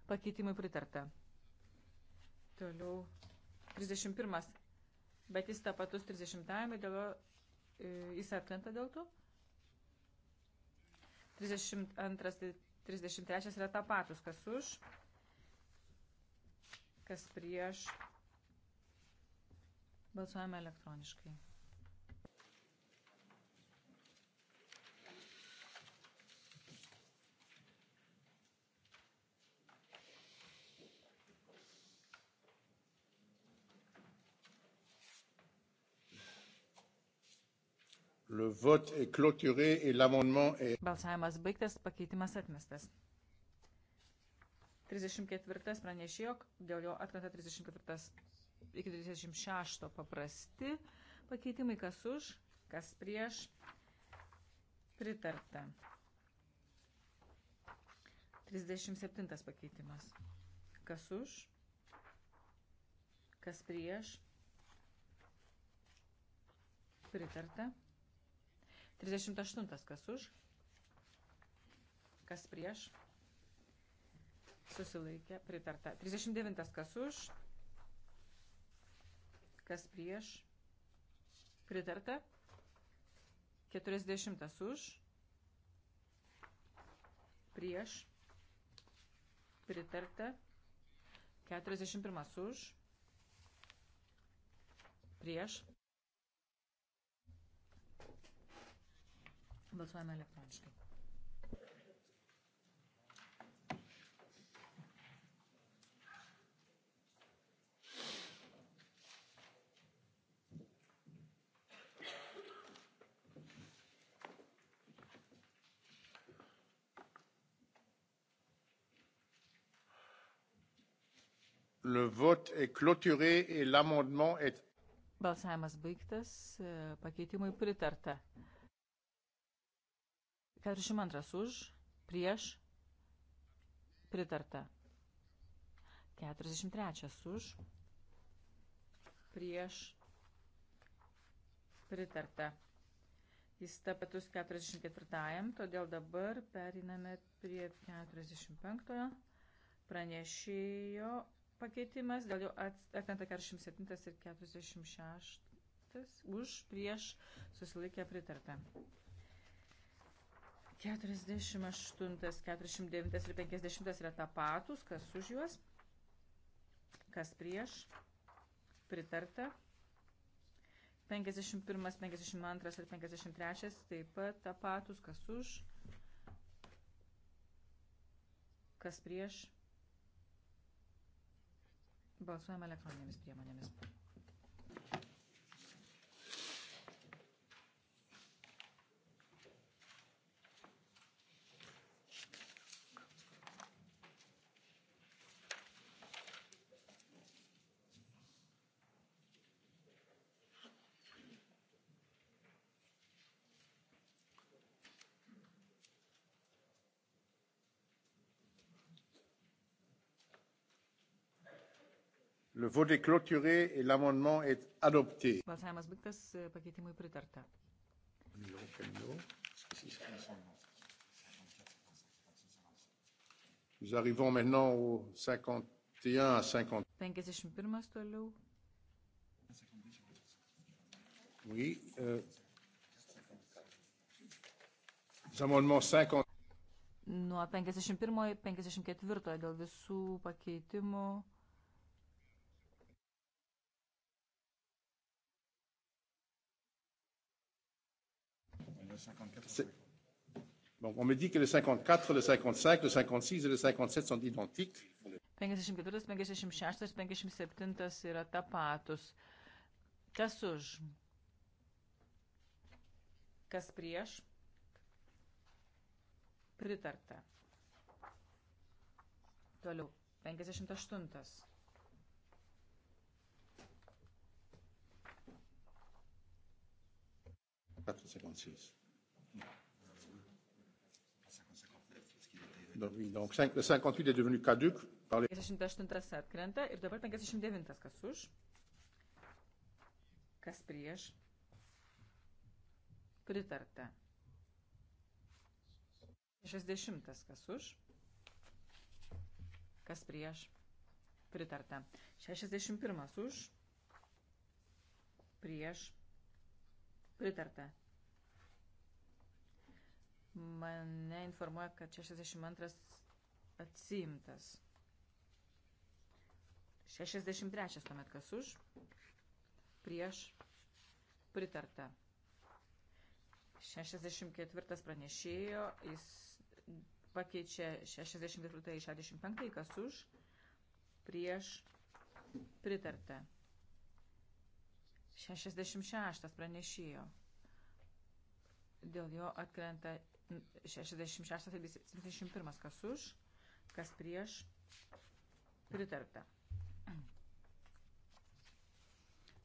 Pakeitimui pritarta. Toliau 31. Bet jis tapatus 30-ame, dėl e, jis atkrenta dėl to. 32, 33 yra tapatus, kas už, kas prieš. Balsuojame elektroniškai. vote est clôturé et l'amendement est. Balsavimas baigtas, pakeitimas atmestas. 34 pranešėjo, dėl jo atkrenta 34 iki 36 paprasti pakeitimai, kas už, kas prieš, pritarta. 37 pakeitimas. Kas už, kas prieš, pritarta. 38. Kas už? Kas prieš? Susilaikė. Pritarta. 39. Kas už? Kas prieš? Pritarta. 40. Už? Prieš? Pritarta. 41. Už? Prieš? Balsuojame elektroniškai. Le vote est clôturé et l'amendement est. Balsavimas baigtas, e, pakeitimui pritarta. 42 už, prieš, pritarta. 43 už, prieš, pritarta. Jis tapatus 44, todėl dabar periname prie 45 pranešėjo pakeitimas, dėl jo atkrenta 47 ir 46 už, prieš, susilaikę pritarta. 48, 49 ir 50 yra tapatus, kas už juos, kas prieš, pritarta. 51, 52 ir 53 taip pat tapatus, kas už, kas prieš. Balsuojame elektroninėmis priemonėmis. Le vote est clôturé et l'amendement est adopté. Balsavimas baigtas, pakeitimui pritarta. Nous arrivons maintenant au 51 à 50. 51 toliau. Oui. Euh, amendements 50. Nuo 51 54 dėl visų pakeitimų Donc, on me dit que le 54, le 55, le 56 ir le 57 sont identiques. 54, 56 ir 57 yra tapatus. Kas už? Kas prieš? Pritarta. Toliau. 58. Patrocínio Donc, oui, donc 5, le 58 est devenu caduc. Par les... 58 atkrenta ir dabar 59 kas už, kas prieš. Pritarta. 60 kas už, kas prieš. Pritarta. 61 už, prieš. Pritarta. Mane informuoja, kad 62 atsiimtas. 63 tuomet kas už, prieš pritarta. 64 pranešėjo, jis pakeičia 64 į 65, kas už, prieš pritarta. 66 pranešėjo. Dėl jo atkrenta 66-71, tai kas už, kas prieš, pritarta.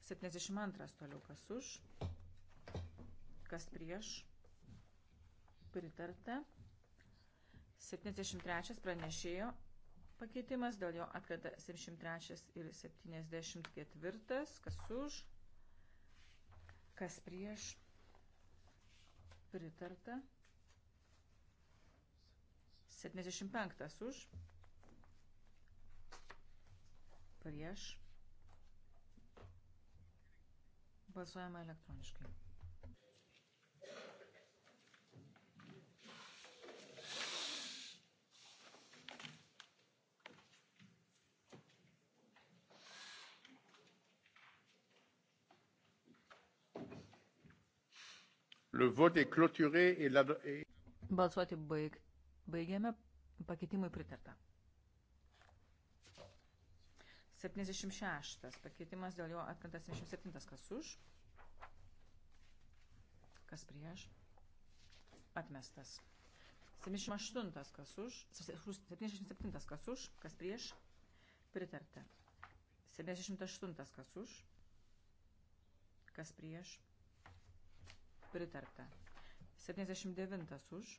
72 toliau, kas už, kas prieš, pritarta. 73 pranešėjo pakeitimas, dėl jo atkrenta 73 ir 74, kas už, kas prieš, pritarta. 75 už, prieš, balsuojama elektroniškai. Le vote est clôturé et la... Balsuoti baigti. Baigiame. Pakeitimui pritarta. 76. Pakeitimas dėl jo atkrenta 77. Kas už? Kas prieš? Atmestas. 78. Kas už? 77. Kas už? Kas prieš? Pritarta. 78. Kas už? Kas prieš? Pritarta. 79. Už?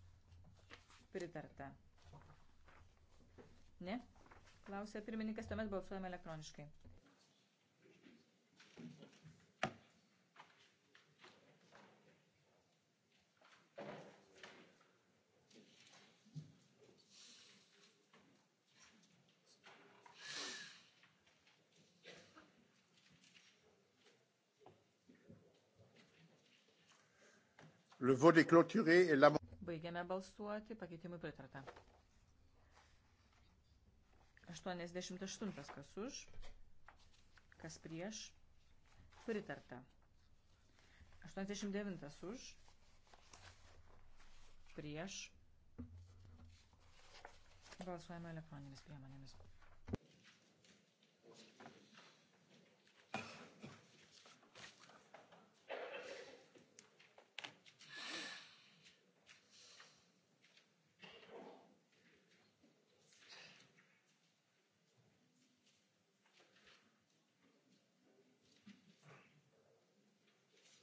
pritarta. Ne? Klausė pirmininkas, tuomet balsuojame elektroniškai. Le vote est clôturé et l'amendement. Baigiame balsuoti. Pakeitimui pritarta. 88. Kas už? Kas prieš? Pritarta. 89. Už? Prieš? Balsuojame elektroninėmis priemonėmis.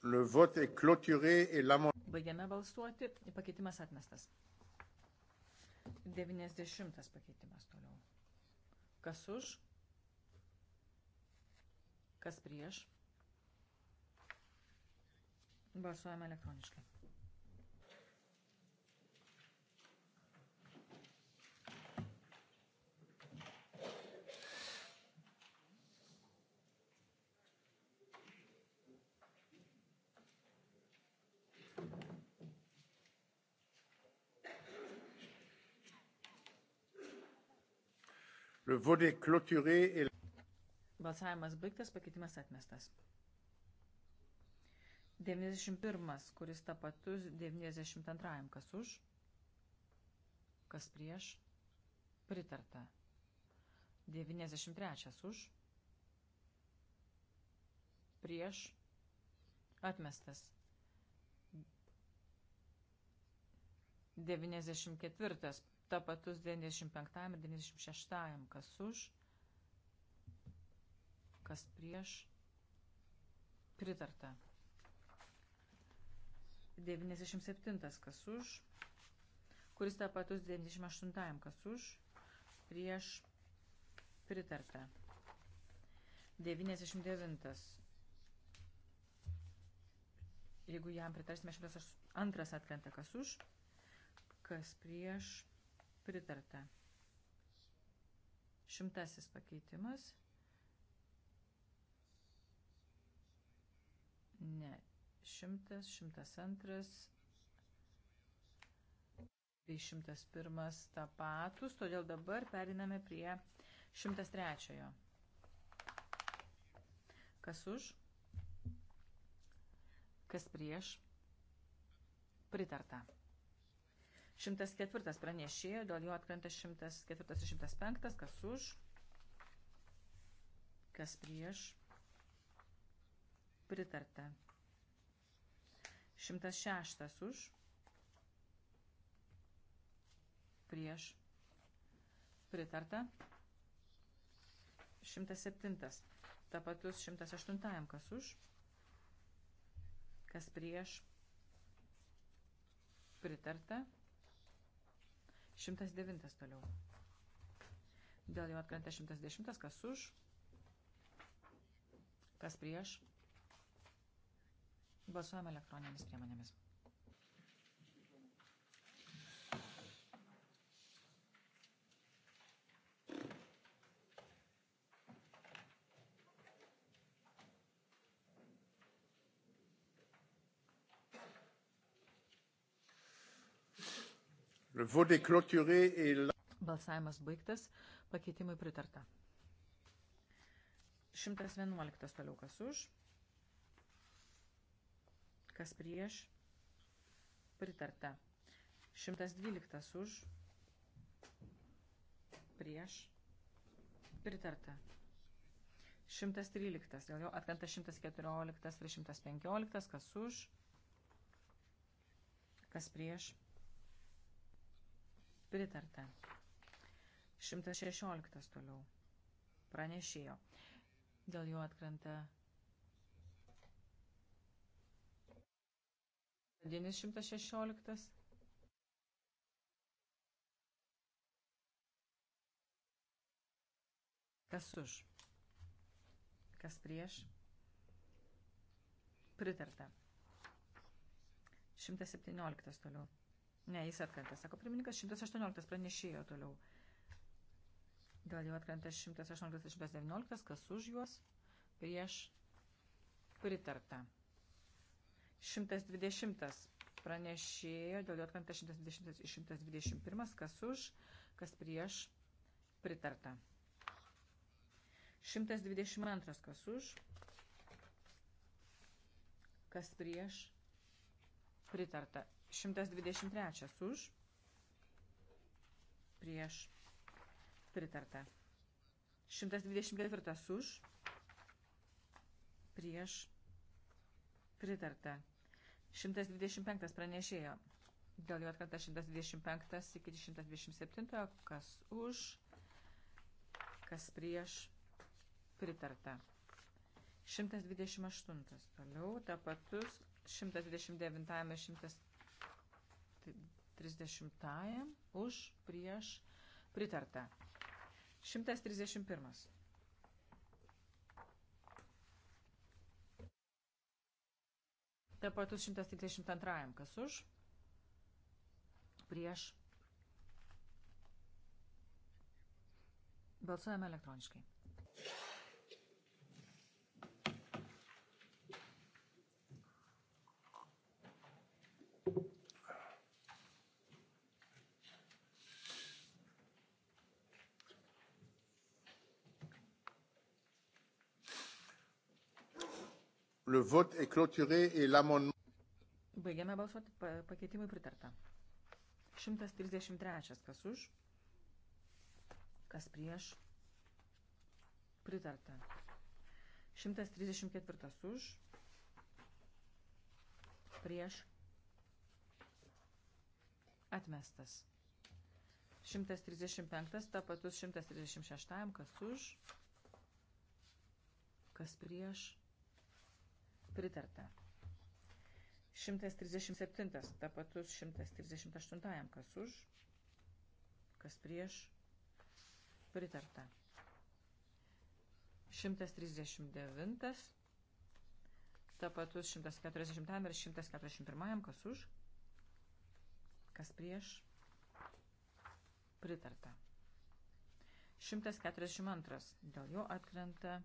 Le vote est clôturé et l'amendement. Baigiame balsuoti. Pakeitimas atmestas. 90 pakeitimas toliau. Kas už? Kas prieš? Balsuojame elektroniškai. volet clôturé et... Balsavimas baigtas, pakeitimas atmestas. 91, kuris tapatus 92, kas už, kas prieš, pritarta. 93 už, prieš, atmestas. 94 ta patus 95 ir 96, kas už, kas prieš, pritarta. 97, kas už, kuris ta patus 98, kas už, prieš, pritarta. 99. Jeigu jam pritarsime, šitas antras atkrenta kas už, kas prieš, pritarta. Šimtasis pakeitimas. Ne. Šimtas, šimtas antras bei šimtas pirmas tapatus, todėl dabar periname prie šimtas trečiojo. Kas už? Kas prieš? Pritarta. 104 pranešėjo, dėl jo atkrenta 104 ir 105, kas už, kas prieš, pritarta. 106 už, prieš, pritarta. 107, ta patus 108, kas už, kas prieš, pritarta. 109 toliau. Dėl jo atkrenta 110, kas už, kas prieš. Balsuojame elektroninėmis priemonėmis. Balsavimas baigtas, pakeitimui pritarta. 111 toliau kas už, kas prieš, pritarta. 112 už, prieš, pritarta. 113, dėl jo atkanta 114 ir 115, kas už, kas prieš, pritarta Pritarta. 116 toliau. Pranešėjo. Dėl jo atkrenta. Dienis 116. Kas už? Kas prieš? Pritarta. 117 toliau. Ne, jis atkrenta, sako pirmininkas, 118 pranešėjo toliau. Gal jau atkrenta 118 iš 19, kas už juos prieš pritarta. 120 pranešėjo, dėl jo atkrenta 120 iš 121, kas už, kas prieš pritarta. 122 kas už, kas prieš pritarta. 123 už, prieš pritarta. 124 už, prieš pritarta. 125 pranešėjo. Dėl jo atkrenta 125 iki 127, kas už, kas prieš pritarta. 128. Toliau tapatus 129 ir 130. 30. Už, prieš, pritarta. 131. Ta patus 132. Kas už? Prieš. Balsuojame elektroniškai. Le vote est clôturé et l'amendement. Baigiame balsuoti, pakeitimui pritarta. 133. Kas už? Kas prieš? Pritarta. 134. Už? Prieš? Atmestas. 135. Tapatus 136. Kas už? Kas prieš? pritarta. 137, tapatus 138, kas už, kas prieš, pritarta. 139, tapatus 140 ir 141, kas už, kas prieš, pritarta. 142, dėl jo atkrenta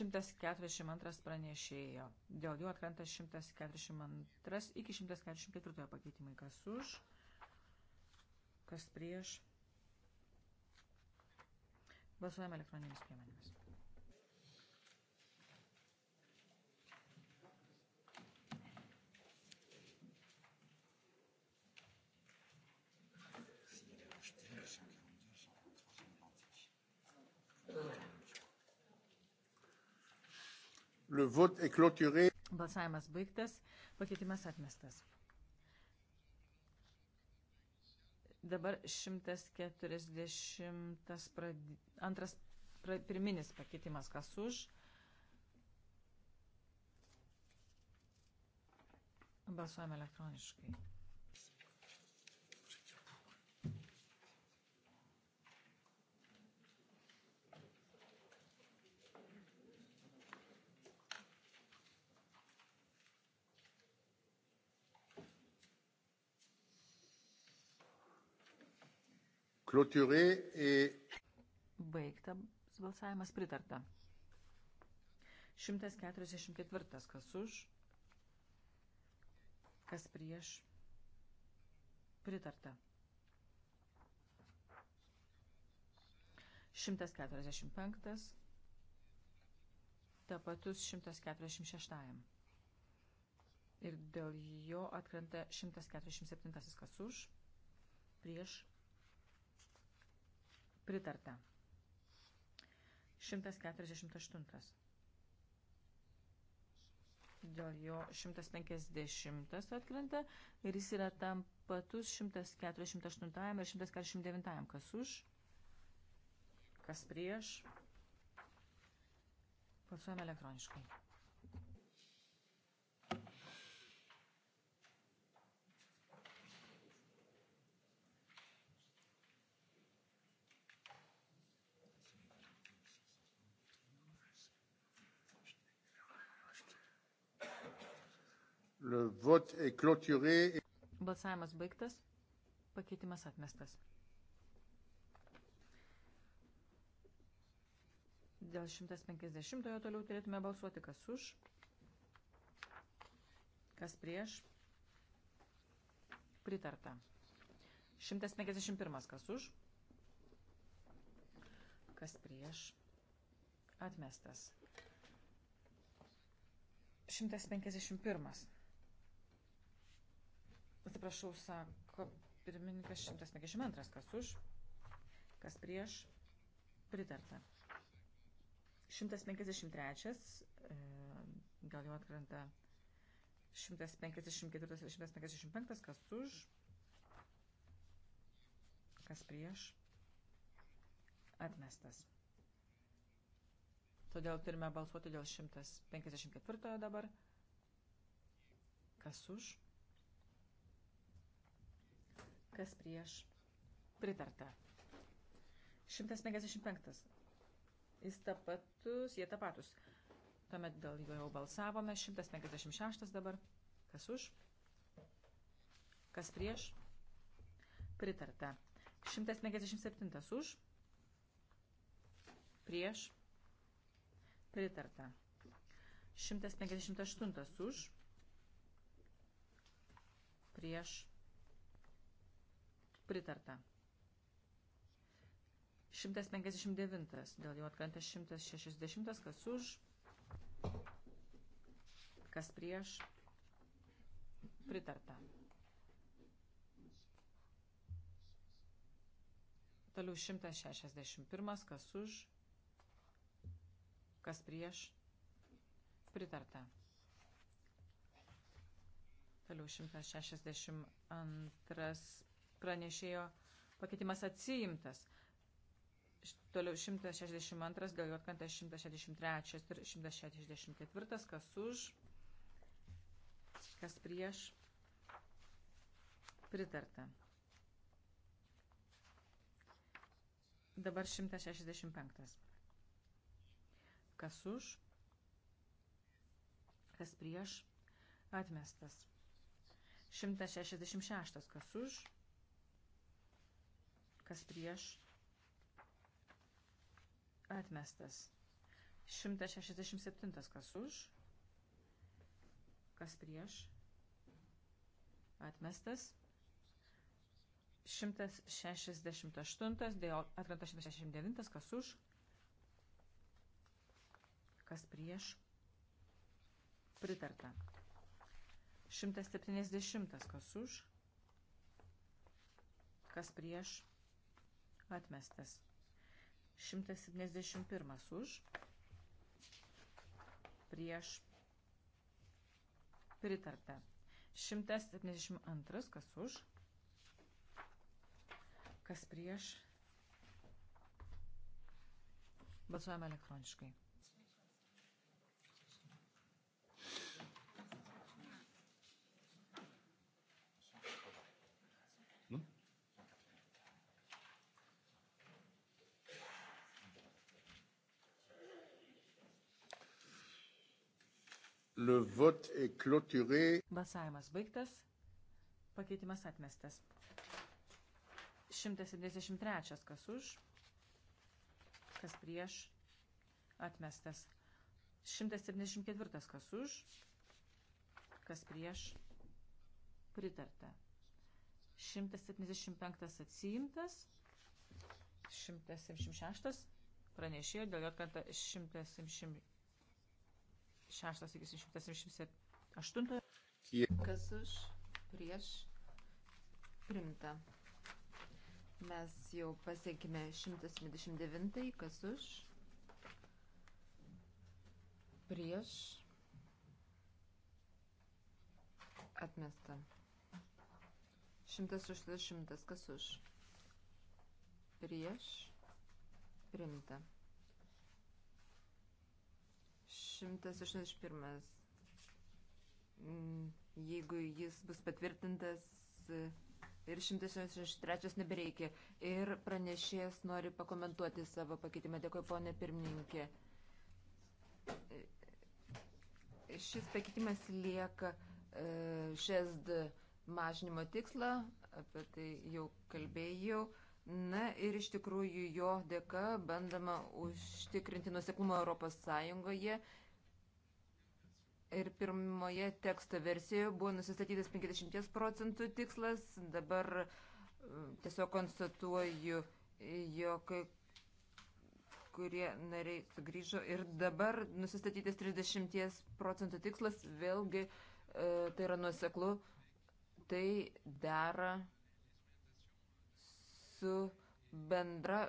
142 pranešėjo. Dėl jų atkrenta 142 iki 144 pakeitimai. Kas už, kas prieš. Balsuojame elektroninėmis priemonėmis. Le vote est clôturé. Balsavimas baigtas, pakeitimas atmestas. Dabar 142 pradi, antras pra, pirminis pakeitimas, kas už. Balsuojame elektroniškai. Baigta balsavimas pritarta. 144. Kas už? Kas prieš? Pritarta. 145. Tapatus 146. Ir dėl jo atkrenta 147. Kas už? Prieš? Pritarta. 148. Dėl jo 150 atkrenta ir jis yra tam patus 148 ir 149. Kas už? Kas prieš? Balsuojame elektroniškai. Vot est clôturé. Balsavimas baigtas. Pakeitimas atmestas. Dėl 150 toliau turėtume balsuoti, kas už, kas prieš. Pritarta. 151 kas už, kas prieš. Atmestas. 151. Atsiprašau, sako pirmininkas 152, kas už, kas prieš, pritarta. 153, e, gal jau atkrenta 154 ir 155, kas už, kas prieš, atmestas. Todėl turime balsuoti dėl 154 dabar. Kas už? kas prieš pritarta. 155. Jis tapatus, jie tapatus. Tuomet dėl jo jau balsavome. 156 dabar. Kas už? Kas prieš? Pritarta. 157 už. Prieš. Pritarta. 158 už. Prieš Pritarta. 159. Dėl jo atkrenta 160. Kas už? Kas prieš? Pritarta. Toliau 161. Kas už? Kas prieš? Pritarta. Toliau 162 pranešėjo pakeitimas atsiimtas. Toliau 162, galiotkantas 163 ir 164, kas už, kas prieš, pritarta. Dabar 165. Kas už, kas prieš, atmestas. 166, kas už, kas prieš atmestas. 167 kas už, kas prieš atmestas. 168, dėl atkrenta 169, kas už, kas prieš, pritarta. 170, kas už, kas prieš, Atmestas. 171 už. Prieš. Pritarta. 172 kas už. Kas prieš. Balsuojame elektroniškai. Balsavimas baigtas. Pakeitimas atmestas. 173 kas už, kas prieš, atmestas. 174 kas už, kas prieš, pritarta. 175 atsiimtas, 176 pranešėjo, dėl jo, kad 176 106 iki 168. Kas už prieš primta. Mes jau pasiekime 129. Kas už prieš atmesta. 160. Kas už prieš primta. 181. Mm, jeigu jis bus patvirtintas ir 163 nebereikia. Ir pranešėjas nori pakomentuoti savo pakeitimą. Dėkuoju, ponė pirmininkė. Šis pakeitimas lieka e, šesd mažinimo tikslą, apie tai jau kalbėjau. Na ir iš tikrųjų jo dėka bandama užtikrinti nuseklumą Europos Sąjungoje Ir pirmoje teksto versijoje buvo nusistatytas 50 procentų tikslas, dabar e, tiesiog konstatuoju, jog kurie nariai sugrįžo ir dabar nusistatytas 30 procentų tikslas, vėlgi e, tai yra nuoseklu, tai dera su bendra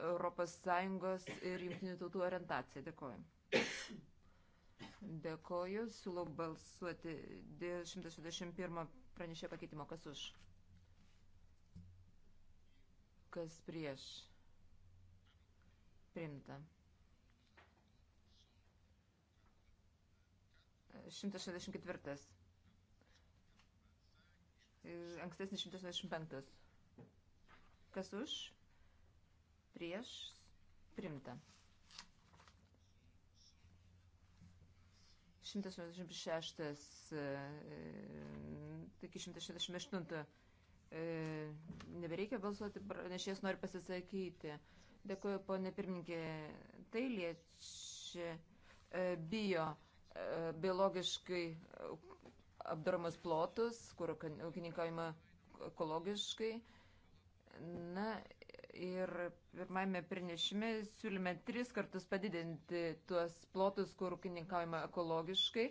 ES ir jungtinių tautų orientacija. Dėkuoju. Dėkoju. Siūlau balsuoti dėl 161 pranešė pakeitimo. Kas už? Kas prieš? Primta. 164. Ankstesnis 165. Kas už? Prieš? Primta. 186 e, e, iki 168. E, nebereikia balsuoti, pranešės nori pasisakyti. Dėkuoju, ponė pirmininkė. Tai liečia bio biologiškai apdaromas plotus, kur ūkininkaujama ekologiškai. Na ir pirmame pranešime siūlyme tris kartus padidinti tuos plotus, kur ūkininkaujama ekologiškai,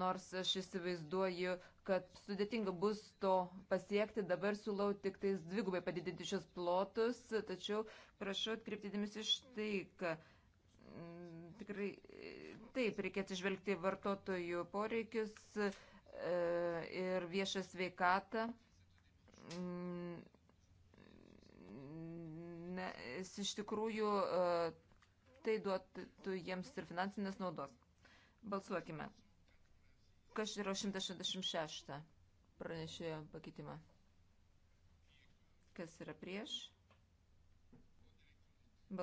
nors aš įsivaizduoju, kad sudėtinga bus to pasiekti, dabar siūlau tik tais dvigubai padidinti šios plotus, tačiau prašau atkreipti dėmesį iš tai, kad mm, tikrai taip reikia atsižvelgti vartotojų poreikius e, ir viešą sveikatą mm, Ne, jis iš tikrųjų e, tai duotų jiems ir finansinės naudos. Balsuokime. Kas yra 166 pranešėjo pakeitimą? Kas yra prieš?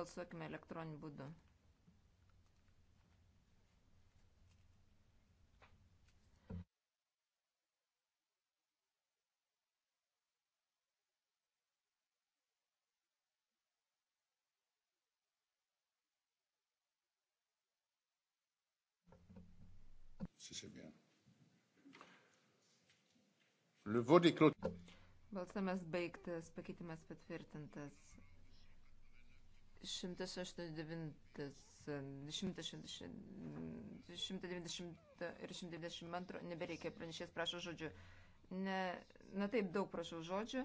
Balsuokime elektroniniu būdu. si c'est bien. Le vote est clos. Balsamas baigtas, pakeitimas patvirtintas. 189, 190, 190 ir 192 nebereikia pranešės, prašau žodžiu. Ne, na taip, daug prašau žodžių,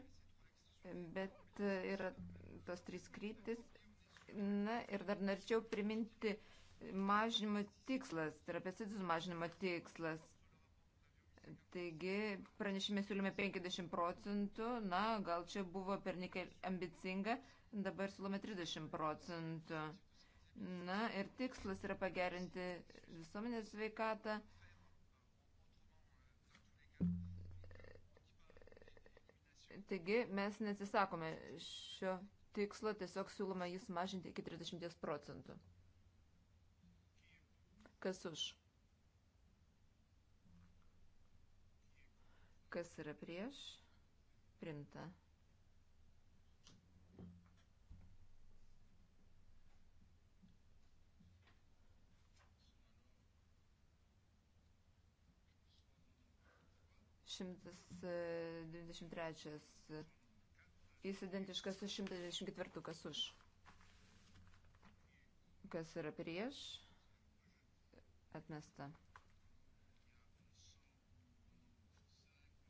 bet yra tos trys kryptis. Na ir dar norėčiau priminti mažinimo tikslas, tai yra pesticidų mažinimo tikslas. Taigi, pranešime siūlėme 50 procentų, na, gal čia buvo pernikai ambicinga, dabar siūlome 30 procentų. Na, ir tikslas yra pagerinti visuomenės sveikatą. Taigi, mes nesisakome šio tikslo, tiesiog siūlome jis mažinti iki 30 procentų. Kas už? Kas yra prieš? Primta. Šimtas e, dvidešimt trečias. Jis identiškas su 124, kas už. Kas yra prieš? atmesta.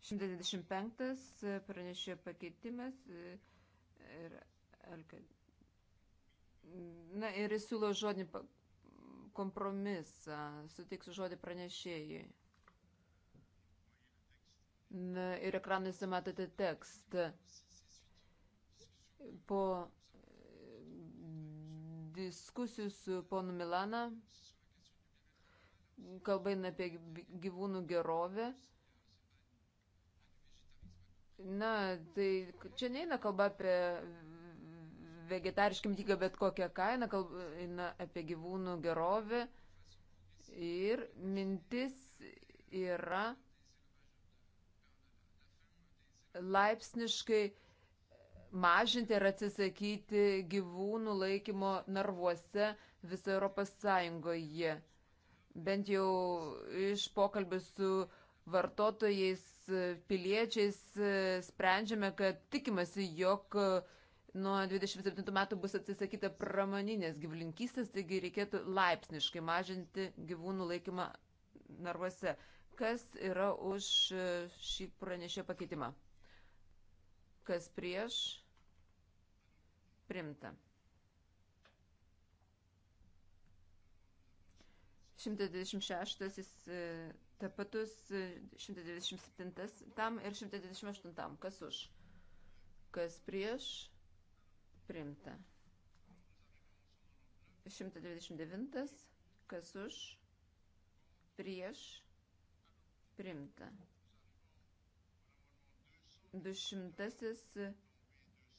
125 e, pranešė pakeitimas e, ir Alka. Na ir jis siūlo žodį kompromisą, sutiksiu žodį pranešėjai. Na ir ekranuose matote tekstą. Po e, diskusijų su ponu Milana kalba eina apie gyvūnų gerovę. Na, tai čia neina kalba apie vegetarišką mytybą, bet kokią kainą, kalba eina apie gyvūnų gerovę. Ir mintis yra laipsniškai mažinti ir atsisakyti gyvūnų laikymo narvuose visoje Europos Sąjungoje bent jau iš pokalbių su vartotojais, piliečiais e, sprendžiame, kad tikimasi, jog e, nuo 27 metų bus atsisakyta pramoninės gyvulinkystės, taigi reikėtų laipsniškai mažinti gyvūnų laikymą narvuose. Kas yra už e, šį pranešę pakeitimą? Kas prieš? Primta. 126 tapatus 127 tam ir 128. Kas už? Kas prieš? Primta. 129. Kas už? Prieš? Primta. 200.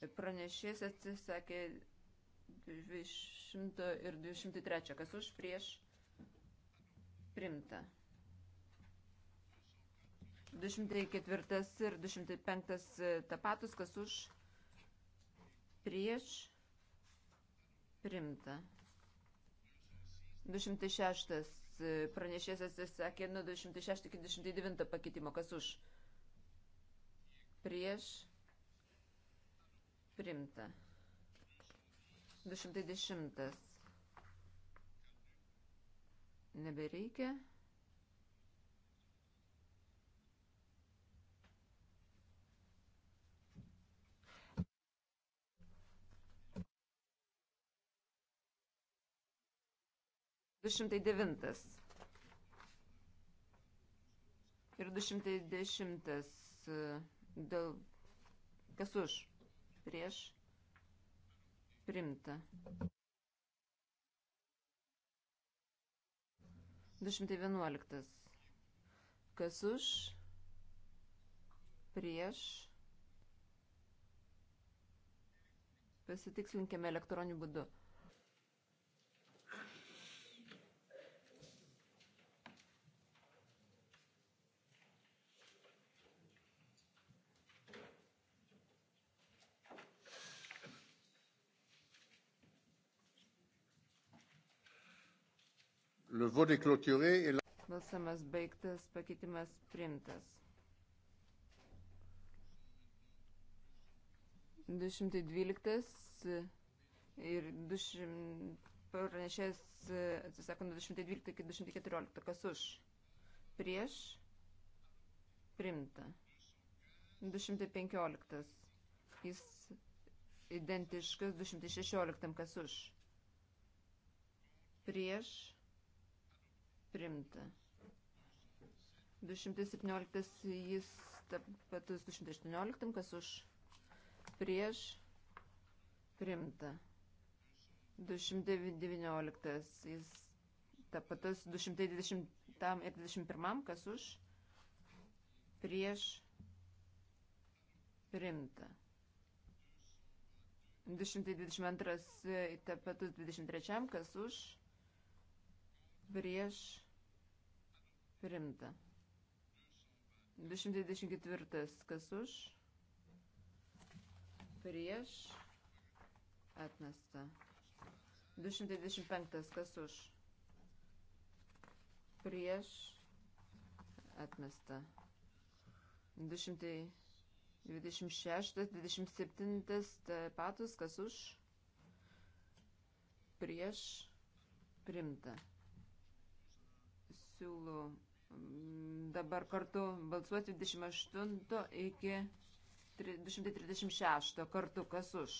E, Pranešės atsisakė 200 ir 203. Kas už? Prieš? Primta. 204 ir 205 e, tapatus, kas už, prieš, primta. 206 e, pranešės atsisakė nuo 206 iki 209 pakeitimo, kas už, prieš, primta. 210 nebereikia. Du šimtai devintas ir du šimtai dešimtas e, dėl kas už prieš primta. 211. Kas už? Prieš? Pasitikslinkime elektroniniu būdu. Le vote est clôturé. Et la... Balsamas baigtas, pakeitimas primtas. 212 ir 200 pranešės, atsisakant 212 iki 214. Kas už? Prieš? Primta. 215. Jis identiškas 216. Kas už? Prieš? Primta. 217 jis patus 218, kas už prieš primta. 219 jis tapatus 220 ir 21, kas už prieš primta. 222 tapatus 23, kas už prieš primta Primta. 224. Kas už? Prieš. Atmesta. 225. Kas už? Prieš. Atmesta. 226, 27 tai patus, kas už, prieš, primta. Siūlau Mm, dabar kartu balsuoti 28 iki 236 kartu kas už.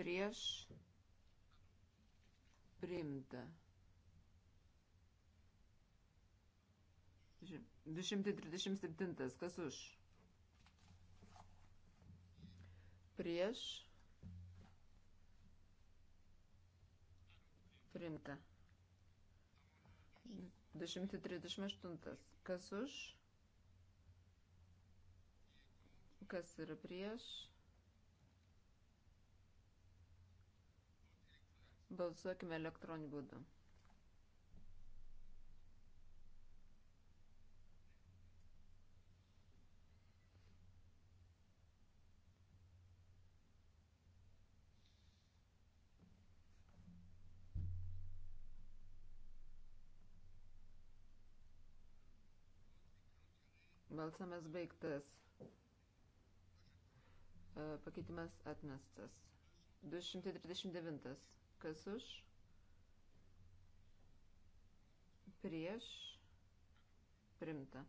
Prieš priimta. 237 kas už. Prieš priimta. 238. Kas už? Kas yra prieš? Balsuokime elektroniniu būdu. Balsamas baigtas. E, pakeitimas atmestas. 239. Kas už? Prieš. Primta.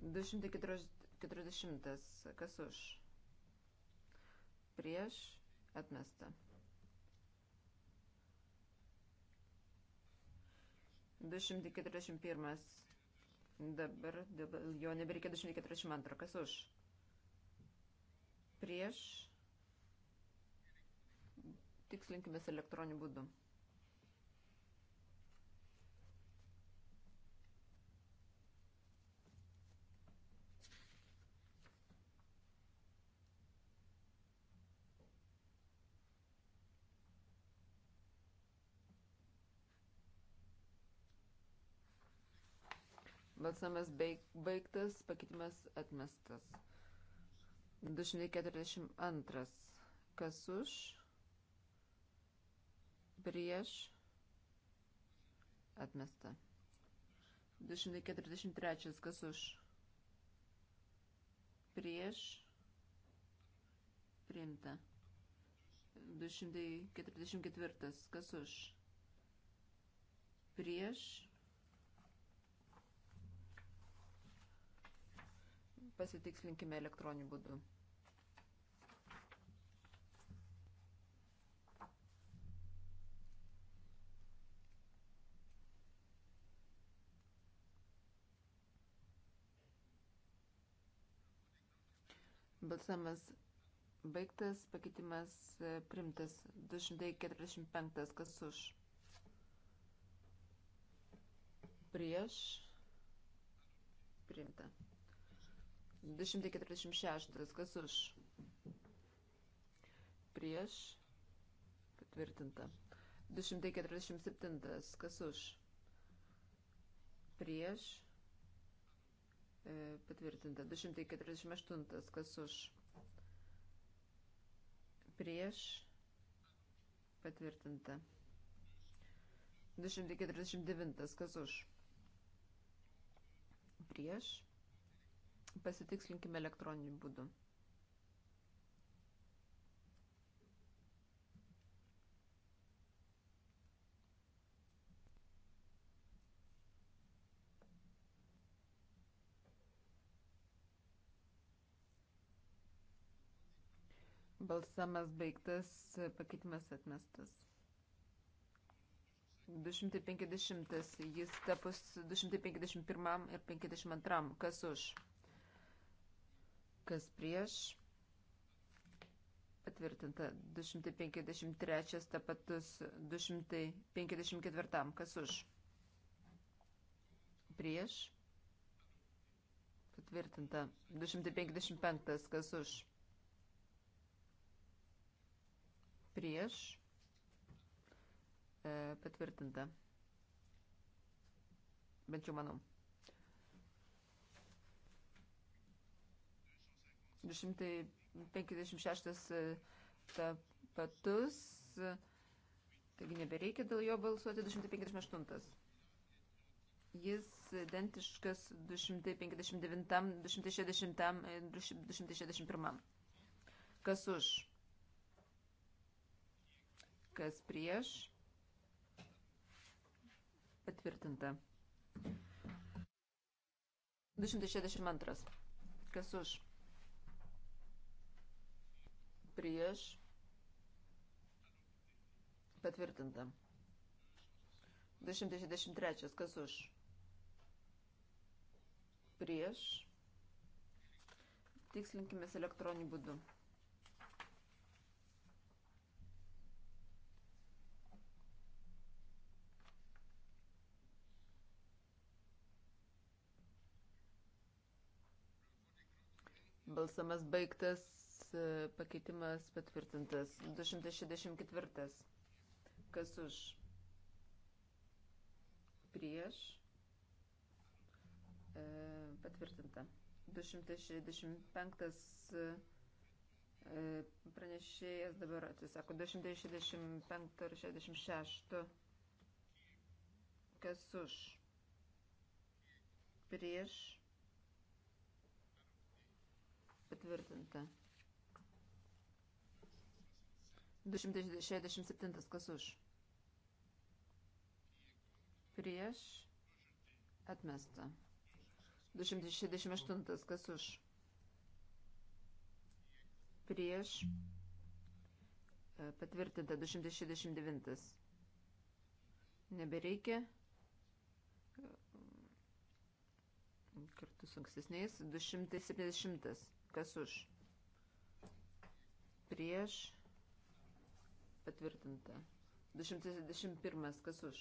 240. Kas už? Prieš. Atmesta. 241 Dabar dėl jo nebereikia 242. Kas už? Prieš. Tikslinkimės elektroniniu būdu. Balsamas beig, baigtas, pakeitimas atmestas. 242. Kas už? Prieš? Atmesta. 243. Kas už? Prieš? Priimta. 244. Kas už? Prieš? pasitikslinkime elektroniniu būdu. Balsamas baigtas, pakeitimas e, primtas 245, kas už. Prieš primta. 246. Kas už? Prieš. Patvirtinta. 247. E, Kas už? Prieš. Patvirtinta. 248. Kas už? Prieš. Patvirtinta. 249. Kas už? Prieš Pasitikslinkime elektroniniu būdu. Balsamas baigtas, pakeitimas atmestas. 250, jis tapus 251 ir 52, kas už? kas prieš. Patvirtinta 253, tapatus 254, kas už. Prieš. Patvirtinta 255, kas už. Prieš. E, patvirtinta. Bent jau manau. 256 e, tapatus, taigi nebereikia dėl jo balsuoti 258. Jis identiškas 259, 260, 261. Kas už? Kas prieš? Patvirtinta. 262. Kas už? prieš patvirtinta. 263. Kas už? Prieš. Tikslinkimės elektroniniu būdu. Balsamas baigtas E, pakeitimas patvirtintas. 264. Kas už? Prieš. E, patvirtinta. 265. E, pranešėjas dabar atsisako. 265 ir 66. Kas už? Prieš. Patvirtinta. 267 kas už. Prieš atmesta. 268 kas už. Prieš e, patvirtinta 269. Nebereikia. E, kartu su ankstesniais 270 kas už. Prieš patvirtinta. 271 kas už.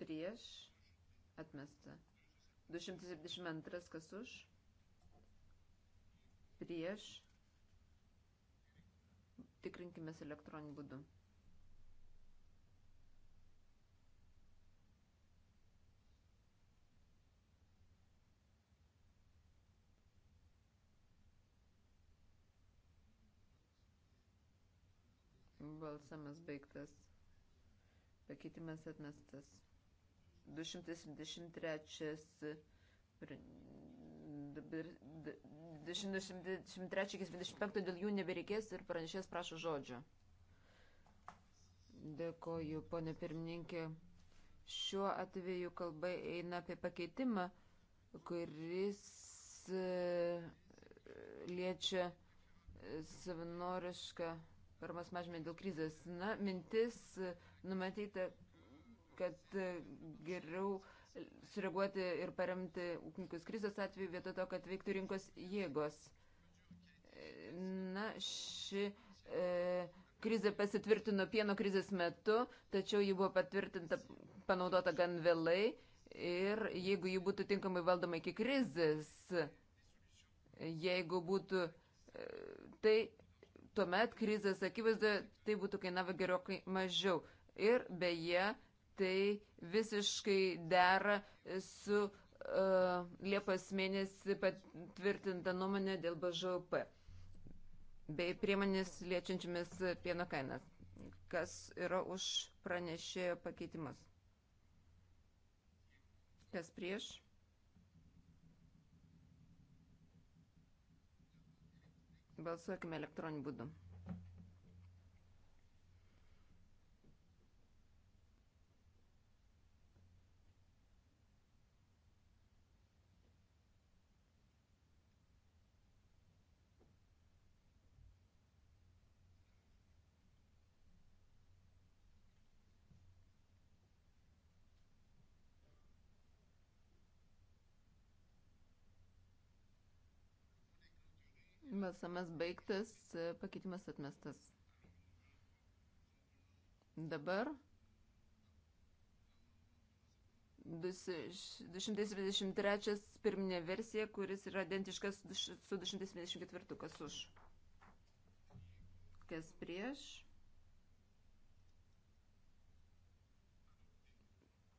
Prieš atmesta. 272 kas už. Prieš. Tikrinkime elektroninį būdų. Balsamas baigtas. Pakeitimas atmestas. 273. 273-25 dėl jų nebereikės ir pranešės prašo žodžio. Dėkoju, ponė pirmininkė. Šiuo atveju kalba eina apie pakeitimą, kuris e, liečia savanorišką paramos mažinimą dėl krizės. Na, mintis e, numatyta, kad e, geriau sureaguoti ir paremti ūkininkus krizės atveju vietoj to, kad veiktų rinkos jėgos. E, na, ši e, krizė pasitvirtino pieno krizės metu, tačiau ji buvo patvirtinta, panaudota gan vėlai ir jeigu ji būtų tinkamai valdoma iki krizės, jeigu būtų, e, tai tuomet krizės akivaizdoje tai būtų kainavę gerokai mažiau. Ir beje, tai visiškai dera su uh, Liepos mėnesį patvirtinta nuomonė dėl BŽP bei priemonės liečiančiamis pieno kainas. Kas yra už pranešėjo pakeitimus? Kas prieš? Balsuokime elektroniniu būdu. Balsamas baigtas, pakeitimas atmestas. Dabar 223 pirminė versija, kuris yra identiškas su 224, kas už. Kas prieš.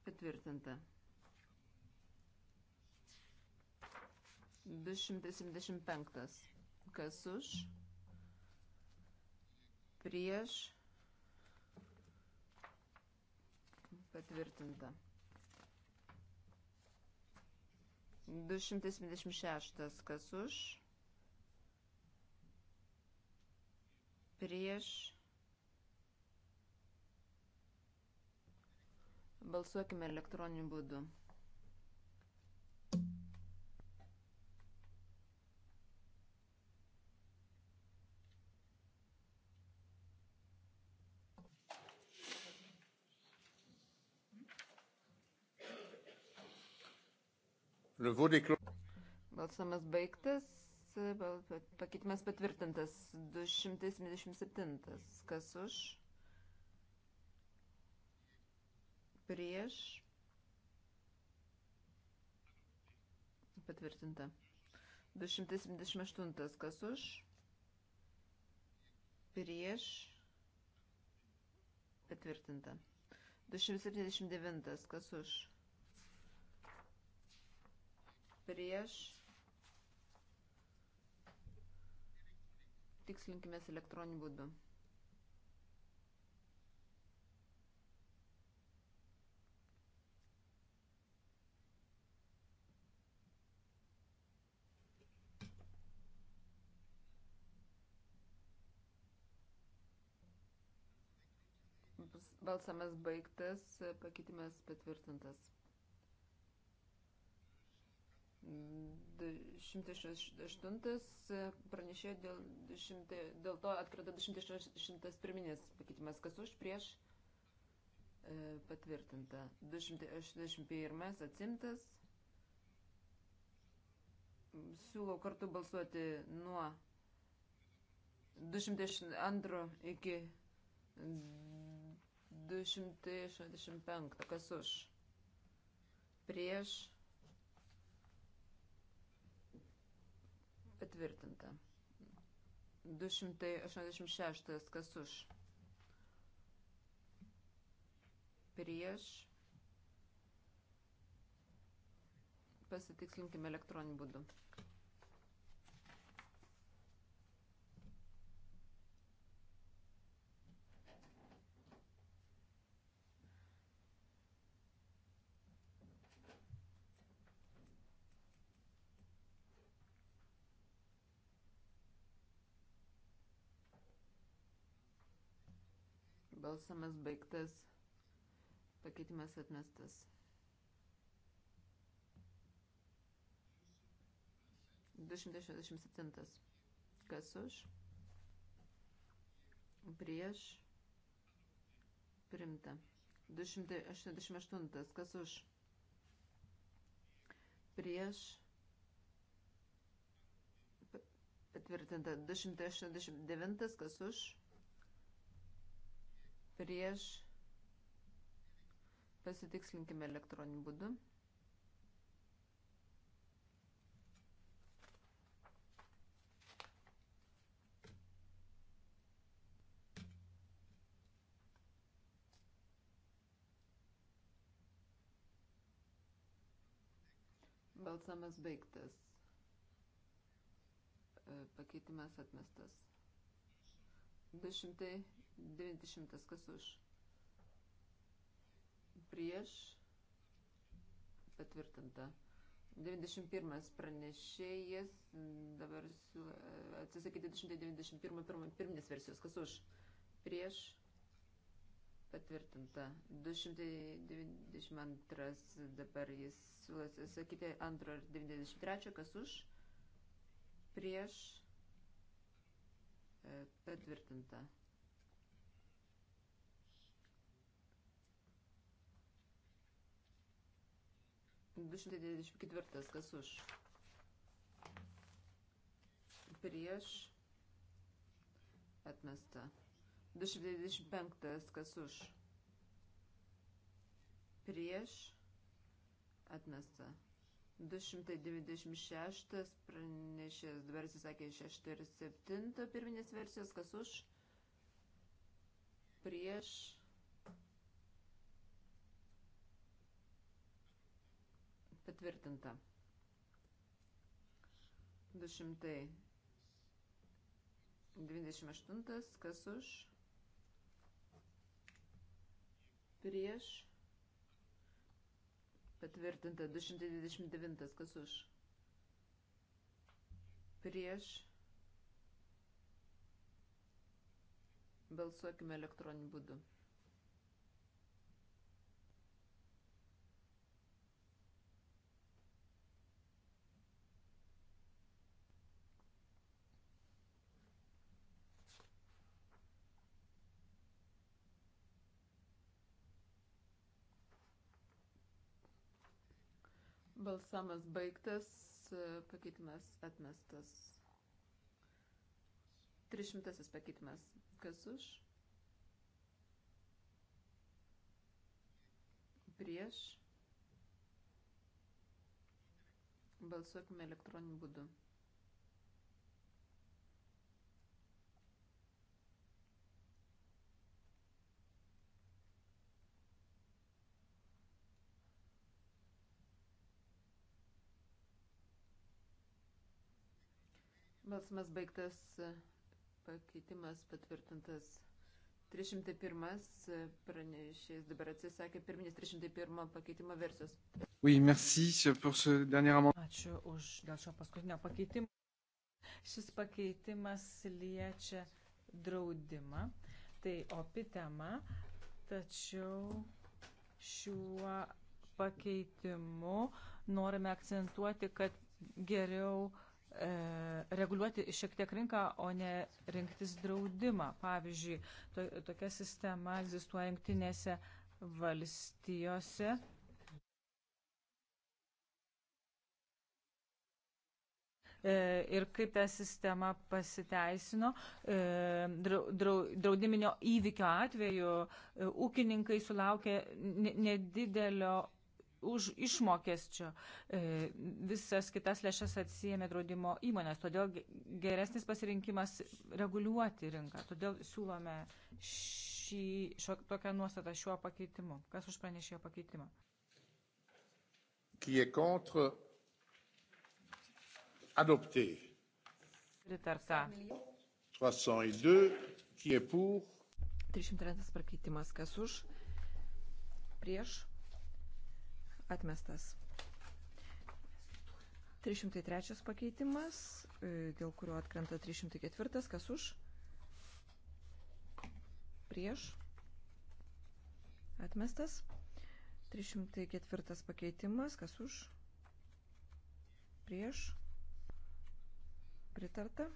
Patvirtinta. 275 kas už, prieš, patvirtinta. 226 kas už, prieš, balsuokime elektroniniu būdu. Balsamas baigtas, pakeitimas patvirtintas 227. Kas už? Prieš. Patvirtinta. 278. Kas už? Prieš. Patvirtinta. 279. Kas už? prieš. Tikslinkimės elektroniniu būdu. Balsamas baigtas, pakitimas patvirtintas. 168 e, pranešė dėl, 100, dėl to atkrata 260 pirminis pakeitimas, kas už prieš e, patvirtinta. 281 atsimtas. Siūlau kartu balsuoti nuo 262 iki 265. Kas už? Prieš Patvirtinta. 286. Kas už? Prieš. Pasitikslinkime elektroninį būdų. Balsamas baigtas. Pakeitimas atmestas. Du šimtai šešdešimt septintas. Kas už? Prieš. Primta. 288. Kas už? Prieš. Patvirtinta. 289. Kas už? prieš pasitikslinkime elektroniniu būdu. Balsamas baigtas. E, pakeitimas atmestas. 290 kas už. Prieš patvirtinta. 91 pranešėjas, dabar atsisakyti 291 pirminės versijos, kas už. Prieš patvirtinta. 292 dabar jis siūlosi sakyti antro ir 93, kas už. Prieš Patvirtinta. Du šimtai dvidešimt ketvirtas, kas už? Prieš. Atmesta. Du šimtai dvidešimt penktas, kas už? Prieš. Atmesta. 296 pranešės versijos sakė 6 ir 7 pirminės versijos, kas už, prieš, patvirtinta. 298, kas už, prieš, Patvirtinta 229. Kas už? Prieš. Balsuokime elektroniniu būdu. Balsamas baigtas, pakeitimas atmestas. 300 pakeitimas. Kas už? Prieš. Balsuokime elektroniniu būdu. Balsamas baigtas, pakeitimas patvirtintas. 301 pranešėjas dabar atsisakė pirminis 301 pakeitimo versijos. Oui, merci pour ce dernier amendement. Ačiū už dėl šio paskutinio pakeitimo. Šis pakeitimas liečia draudimą, tai opi tema, tačiau šiuo pakeitimu norime akcentuoti, kad geriau uh, E, reguliuoti šiek tiek rinką, o ne rinktis draudimą. Pavyzdžiui, to, tokia sistema egzistuoja jungtinėse valstijose. E, ir kaip ta sistema pasiteisino. E, draudiminio įvykio atveju ūkininkai sulaukė nedidelio už išmokesčio e, visas kitas lėšas atsijėmė draudimo įmonės, todėl geresnis pasirinkimas reguliuoti rinką. Todėl siūlome šį, šio, tokią nuostatą šiuo pakeitimu. Kas už pranešėjo pakeitimą? Qui est contre? Adopté. Pritarta. 302. Qui est pour? 303 pakeitimas. Kas už? Prieš? Atmestas. 303 pakeitimas, e, dėl kurio atkrenta 304, kas už, prieš, atmestas, 304 pakeitimas, kas už, prieš, pritarta.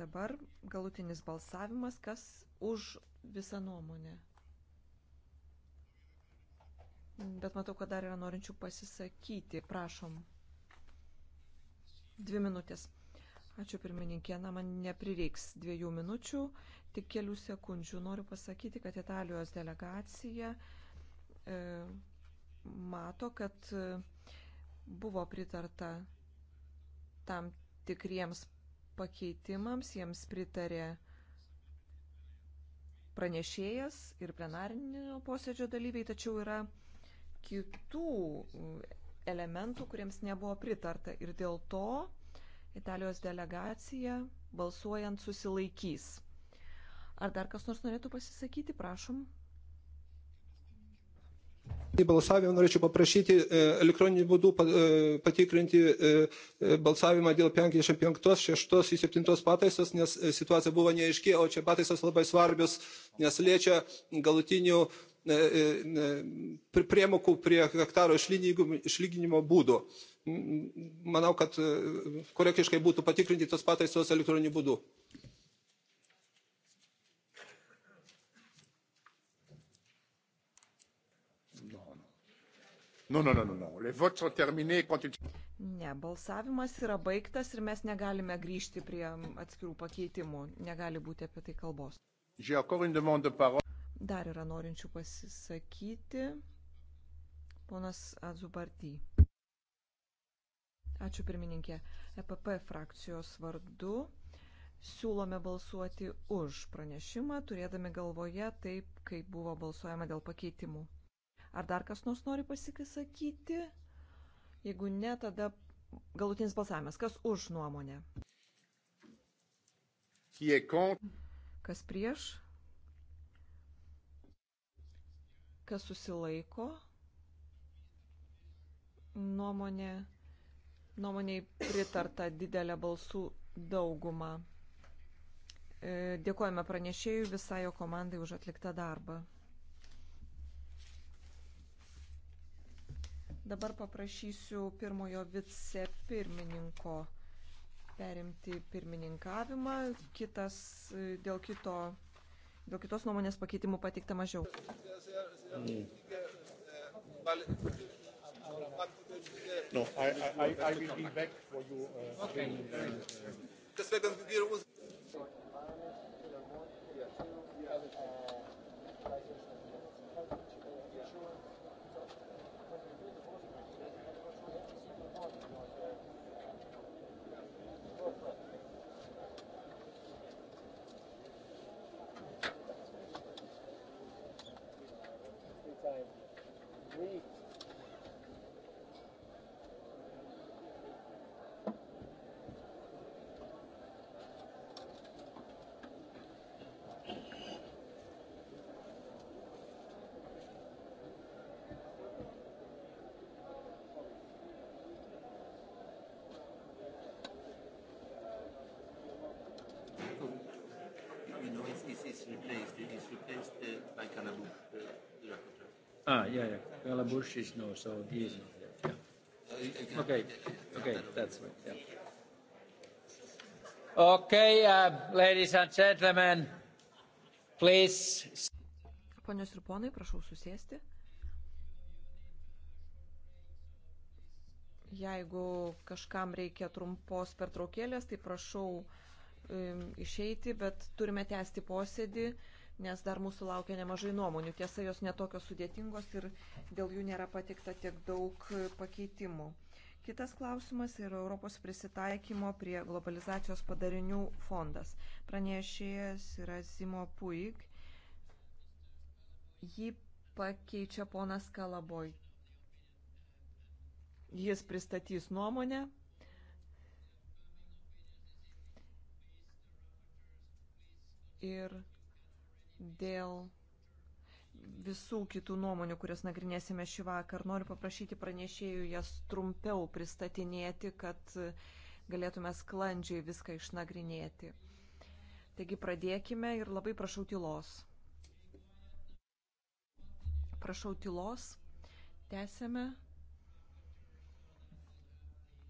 Dabar galutinis balsavimas, kas už visą nuomonę bet matau, kad dar yra norinčių pasisakyti. Prašom. Dvi minutės. Ačiū pirmininkė, na man neprireiks dviejų minučių, tik kelių sekundžių. Noriu pasakyti, kad Italijos delegacija e, mato, kad e, buvo pritarta tam tikriems pakeitimams, jiems pritarė pranešėjas ir plenarinio posėdžio dalyviai, tačiau yra kitų elementų, kuriems nebuvo pritarta. Ir dėl to Italijos delegacija balsuojant susilaikys. Ar dar kas nors norėtų pasisakyti, prašom. Į balsavimą norėčiau paprašyti e, elektroniniu būdu e, patikrinti e, balsavimą dėl 55, 6 ir 7 pataisos, nes situacija buvo neaiški, o čia pataisos labai svarbios, nes liečia galutinių E, e, e, priemokų prie hektaro išlyginimo būdų. Manau, kad korektiškai būtų patikrinti tos pataisos elektroniniu būdu. Non, non, non, non, non. Les votes sont terminés quand il... Ne, balsavimas yra baigtas ir mes negalime grįžti prie atskirų pakeitimų. Negali būti apie tai kalbos. Dar yra norinčių pasisakyti. Ponas Azubarty. Ačiū pirmininkė. EPP frakcijos vardu siūlome balsuoti už pranešimą, turėdami galvoje taip, kaip buvo balsuojama dėl pakeitimų. Ar dar kas nors nori pasisakyti? Jeigu ne, tada galutinis balsavimas. Kas už nuomonę? Kas prieš? kas susilaiko, nuomonė, nuomoniai pritarta didelė balsų dauguma. E, dėkojame pranešėjui visai jo komandai už atliktą darbą. Dabar paprašysiu pirmojo vicepirmininko perimti pirmininkavimą. Kitas e, dėl kito Dėl kitos nuomonės pakeitimų pateikta mažiau. Mm. No, I, I, I will be back for you. Uh, okay. Deswegen, wir Ah, yeah, yeah. Bella Bush is no, so he is not there. Yeah. Okay, okay, that's right. Yeah. Okay, uh, ladies and gentlemen, please. Ponios ir ponai, prašau susėsti. Jeigu kažkam reikia trumpos pertraukėlės, tai prašau um, išeiti, bet turime tęsti posėdį. Uh, nes dar mūsų laukia nemažai nuomonių. Tiesa, jos netokios sudėtingos ir dėl jų nėra patikta tiek daug pakeitimų. Kitas klausimas yra Europos prisitaikymo prie globalizacijos padarinių fondas. Pranešėjas yra Zimo Puig. Jį pakeičia ponas Kalaboj. Jis pristatys nuomonę. Ir dėl visų kitų nuomonių, kurias nagrinėsime šį vakar. Noriu paprašyti pranešėjų jas trumpiau pristatinėti, kad galėtume sklandžiai viską išnagrinėti. Taigi pradėkime ir labai prašau tylos. Prašau tylos. Tęsėme.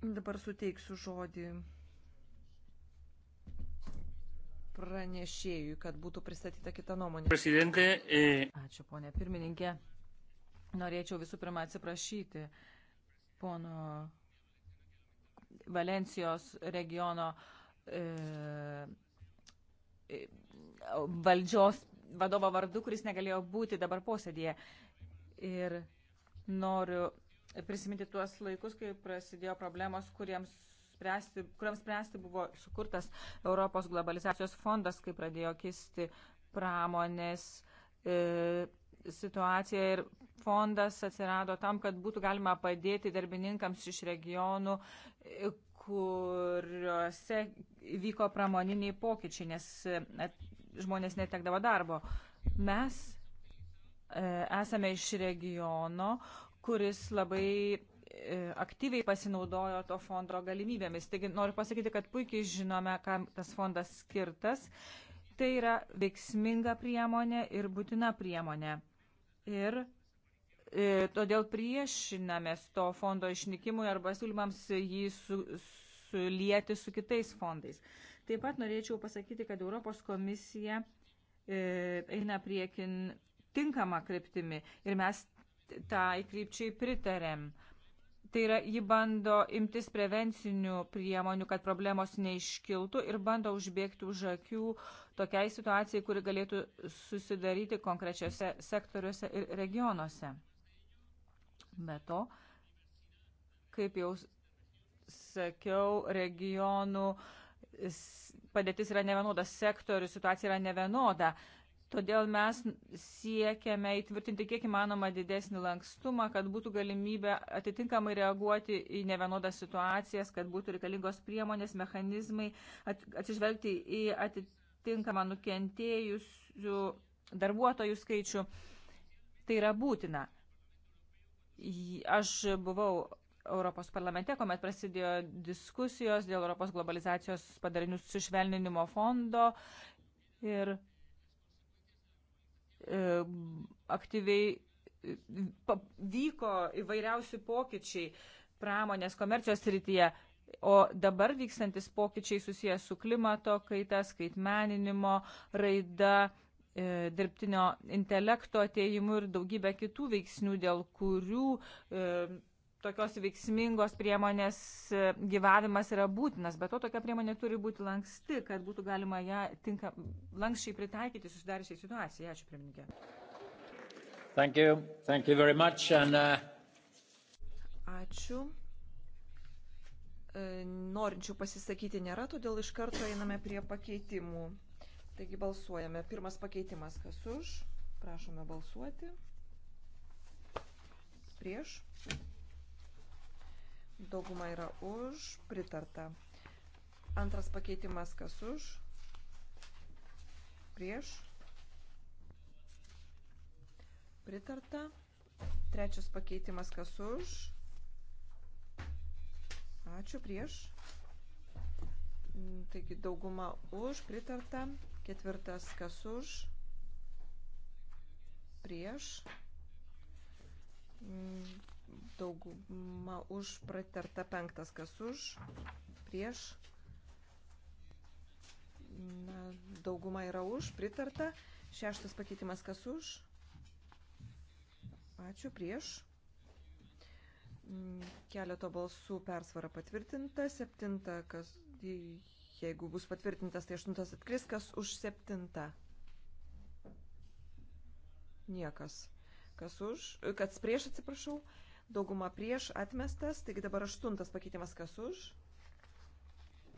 Dabar suteiksiu žodį pranešėjui, kad būtų pristatyta kita nuomonė. E... Ačiū, ponė pirmininkė. Norėčiau visų pirma atsiprašyti pono Valencijos regiono e, valdžios vadovo vardu, kuris negalėjo būti dabar posėdėje. Ir noriu prisiminti tuos laikus, kai prasidėjo problemos, kuriems spręsti, kuriams spręsti buvo sukurtas Europos globalizacijos fondas, kai pradėjo kisti pramonės e, situacija ir fondas atsirado tam, kad būtų galima padėti darbininkams iš regionų, e, kuriuose vyko pramoniniai pokyčiai, nes e, žmonės netekdavo darbo. Mes e, esame iš regiono, kuris labai E, aktyviai pasinaudojo to fondo galimybėmis. Taigi noriu pasakyti, kad puikiai žinome, kam tas fondas skirtas. Tai yra veiksminga priemonė ir būtina priemonė. Ir e, todėl priešinamės to fondo išnykimui arba siūlymams jį su, sulieti su kitais fondais. Taip pat norėčiau pasakyti, kad Europos komisija e, eina priekin tinkamą kryptimį ir mes tai krypčiai pritarėm. E, Tai yra, ji bando imtis prevencinių priemonių, kad problemos neiškiltų ir bando užbėgti už akių tokiai situacijai, kuri galėtų susidaryti konkrečiose sektoriuose ir regionuose. Be to, kaip jau sakiau, regionų padėtis yra nevienoda, sektorių situacija yra nevienoda. vienoda Todėl mes siekiame įtvirtinti kiek įmanoma didesnį lankstumą, kad būtų galimybė atitinkamai reaguoti į nevienodas situacijas, kad būtų reikalingos priemonės, mechanizmai, atsižvelgti į atitinkamą nukentėjusių darbuotojų skaičių. Tai yra būtina. Aš buvau Europos parlamente, kuomet prasidėjo diskusijos dėl Europos globalizacijos padarinių sušvelninimo fondo ir E, aktyviai e, vyko įvairiausi pokyčiai pramonės komercijos rytyje, o dabar vykstantis pokyčiai susijęs su klimato kaita, skaitmeninimo raida, e, dirbtinio intelekto atėjimu ir daugybė kitų veiksnių, dėl kurių tokios veiksmingos priemonės e, gyvavimas yra būtinas, bet to tokia priemonė turi būti lanksti, kad būtų galima ją tinka, lankščiai pritaikyti susidariusiai situacijai. Ačiū, pirmininkė. Thank you. Thank you very much. And, uh... Ačiū. E, norinčių pasisakyti nėra, todėl iš karto einame prie pakeitimų. Taigi balsuojame. Pirmas pakeitimas, kas už. Prašome balsuoti. Prieš. Dauguma yra už, pritarta. Antras pakeitimas kas už, prieš, pritarta. Trečias pakeitimas kas už, ačiū, prieš. Mm, taigi dauguma už, pritarta. Ketvirtas kas už, prieš mm, dauguma už pratarta penktas, kas už, prieš. Na, dauguma yra už, pritarta. Šeštas pakeitimas, kas už. Ačiū, prieš. Mm, keleto balsų persvara patvirtinta. Septinta, kas, jeigu bus patvirtintas, tai aštuntas atkris, kas už septintą. Niekas kas už, kad prieš atsiprašau, Dauguma prieš atmestas, taigi dabar aštuntas pakeitimas kas už.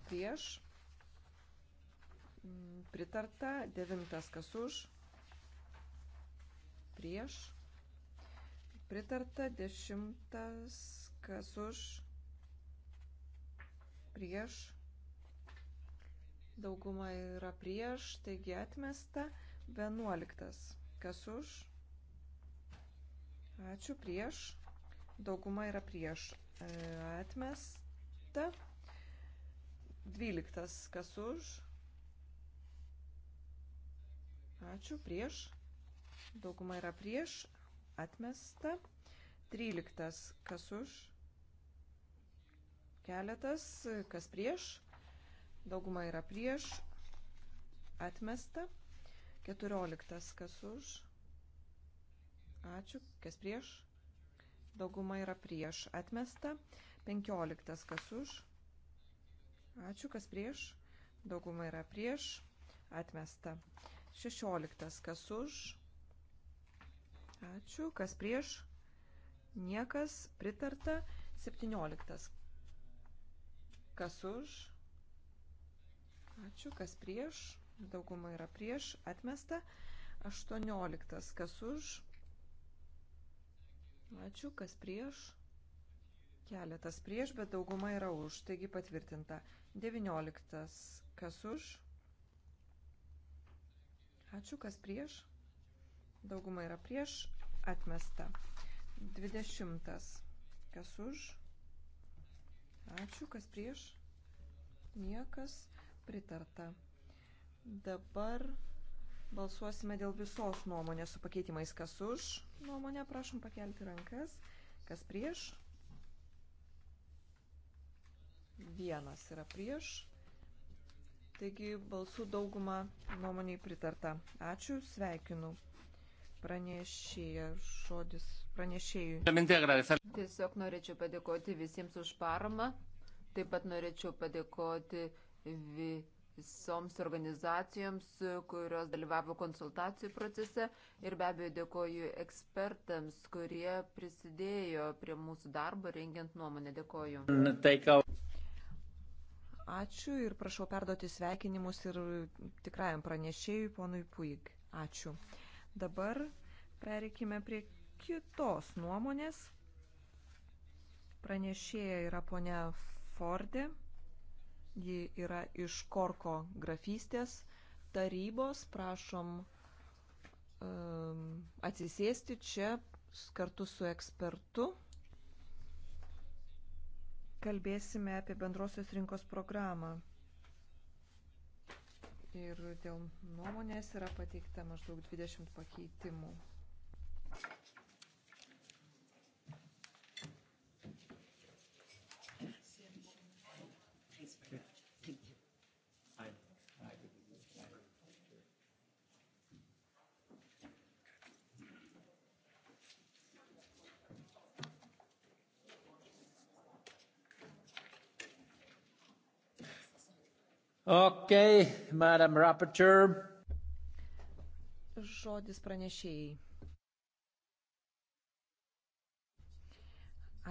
Prieš. Mm, pritarta. Devintas kas už. Prieš. Pritarta. Dešimtas kas už. Prieš. Dauguma yra prieš, taigi atmesta. Vienuoliktas kas už. Ačiū prieš Dauguma yra prieš e, atmestą. 12. Kas už? Ačiū. Prieš. Dauguma yra prieš. Atmesta. 13. Kas už? Keletas. Kas prieš? Dauguma yra prieš. Atmesta. 14. Kas už? Ačiū. Kas prieš? dauguma yra prieš atmesta, 15 kas už, ačiū, kas prieš, dauguma yra prieš atmesta, 16 kas už, ačiū, kas prieš, niekas pritarta, 17 kas už, ačiū, kas prieš, dauguma yra prieš atmesta, 18 kas už, Ačiū, kas prieš? Keletas prieš, bet dauguma yra už, taigi patvirtinta. 19. Kas už? Ačiū, kas prieš? Dauguma yra prieš, atmesta. 20. Kas už? Ačiū, kas prieš? Niekas pritarta. Dabar Balsuosime dėl visos nuomonės su pakeitimais. Kas už nuomonę, prašom pakelti rankas. Kas prieš? Vienas yra prieš. Taigi balsų dauguma nuomoniai pritarta. Ačiū, sveikinu. Pranešėja žodis pranešėjui. Tiesiog norėčiau padėkoti visiems už paramą. Taip pat norėčiau padėkoti vi visoms organizacijoms, kurios dalyvavo konsultacijų procese ir be abejo dėkoju ekspertams, kurie prisidėjo prie mūsų darbo rengiant nuomonę. Dėkoju. Ačiū ir prašau perduoti sveikinimus ir tikrajam pranešėjui, ponui Puig. Ačiū. Dabar pereikime prie kitos nuomonės. Pranešėja yra ponia Fordė. Ji yra iš Korko grafystės tarybos. Prašom um, atsisėsti čia kartu su ekspertu. Kalbėsime apie bendrosios rinkos programą. Ir dėl nuomonės yra pateikta maždaug 20 pakeitimų. Okay, Madam Rapporteur. Žodis pranešėjai.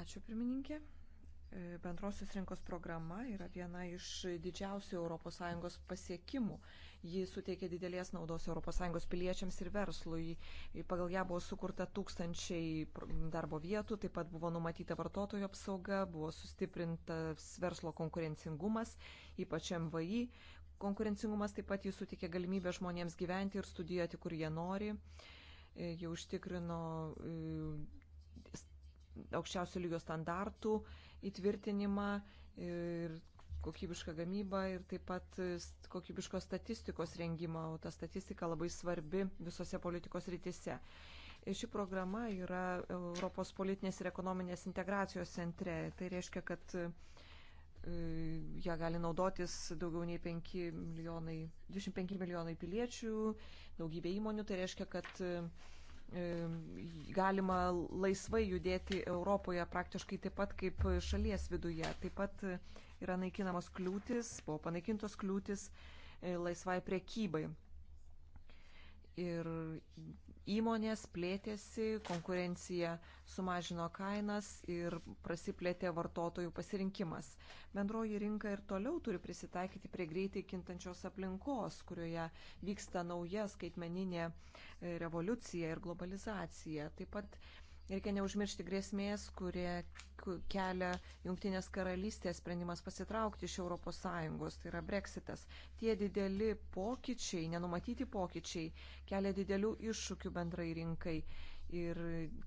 Ačiū pirmininkė. E, Bendrosios rinkos programa yra viena iš didžiausių ES pasiekimų. Ji suteikė didelės naudos ES piliečiams ir verslui. E, Pagal ją buvo sukurta tūkstančiai darbo vietų, taip pat buvo numatyta vartotojų apsauga, buvo sustiprintas verslo konkurencingumas ypač MVI. Konkurencingumas taip pat jis sutikė galimybę žmonėms gyventi ir studijuoti, kur jie nori. E, jie užtikrino e, aukščiausio lygio standartų įtvirtinimą ir kokybišką gamybą ir taip pat e, kokybiškos statistikos rengimą, o ta statistika labai svarbi visose politikos rytise. Ši programa yra Europos politinės ir ekonominės integracijos centre. Tai reiškia, kad E, ją ja gali naudotis daugiau nei 5 milijonai, 25 milijonai piliečių, daugybė įmonių, tai reiškia, kad e, e, galima laisvai judėti Europoje praktiškai taip pat kaip šalies viduje. Taip pat yra naikinamos kliūtis, buvo panaikintos kliūtis laisvai priekybai ir įmonės plėtėsi, konkurencija sumažino kainas ir prasiplėtė vartotojų pasirinkimas. Bendroji rinka ir toliau turi prisitaikyti prie greitai kintančios aplinkos, kurioje vyksta nauja skaitmeninė e, revoliucija ir globalizacija. Taip pat Reikia neužmiršti grėsmės, kurie kelia Junktinės karalystės sprendimas pasitraukti iš ES, tai yra breksitas. Tie dideli pokyčiai, nenumatyti pokyčiai, kelia didelių iššūkių bendrai rinkai ir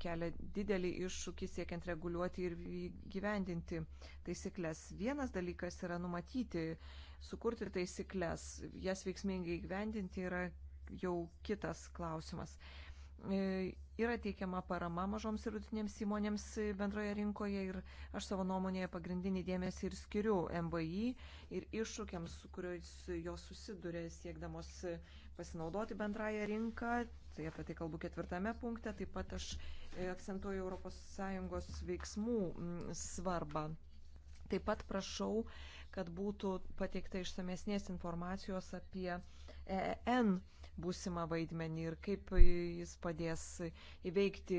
kelia didelį iššūkį siekiant reguliuoti ir gyvendinti taisyklės. Vienas dalykas yra numatyti, sukurti taisyklės, jas veiksmingai gyvendinti yra jau kitas klausimas. E, yra teikiama parama mažoms ir vidutinėms įmonėms e, bendroje rinkoje ir aš savo nuomonėje pagrindinį dėmesį ir skiriu MVI ir iššūkiams, su kuriais jos susiduria siekdamos e, pasinaudoti bendrąją rinką. Tai apie tai kalbu ketvirtame punkte. Taip pat aš akcentuoju ES veiksmų svarbą. Taip pat prašau, kad būtų pateikta išsamesnės informacijos apie EN būsimą vaidmenį ir kaip jis padės įveikti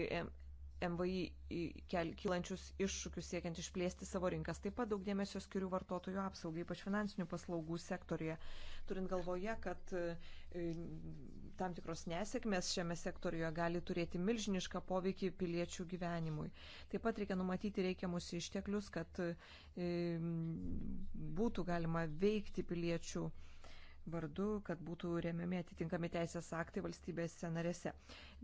MVI kylančius iššūkius siekiant išplėsti savo rinkas. Taip pat daug dėmesio skiriu vartotojų apsaugai, ypač finansinių paslaugų sektorija. Turint galvoje, kad e, tam tikros nesėkmės šiame sektorijoje gali turėti milžinišką poveikį piliečių gyvenimui. Taip pat reikia numatyti reikiamus išteklius, kad e, būtų galima veikti piliečių gyvenimui vardu, kad būtų remiami atitinkami teisės aktai valstybėse narėse.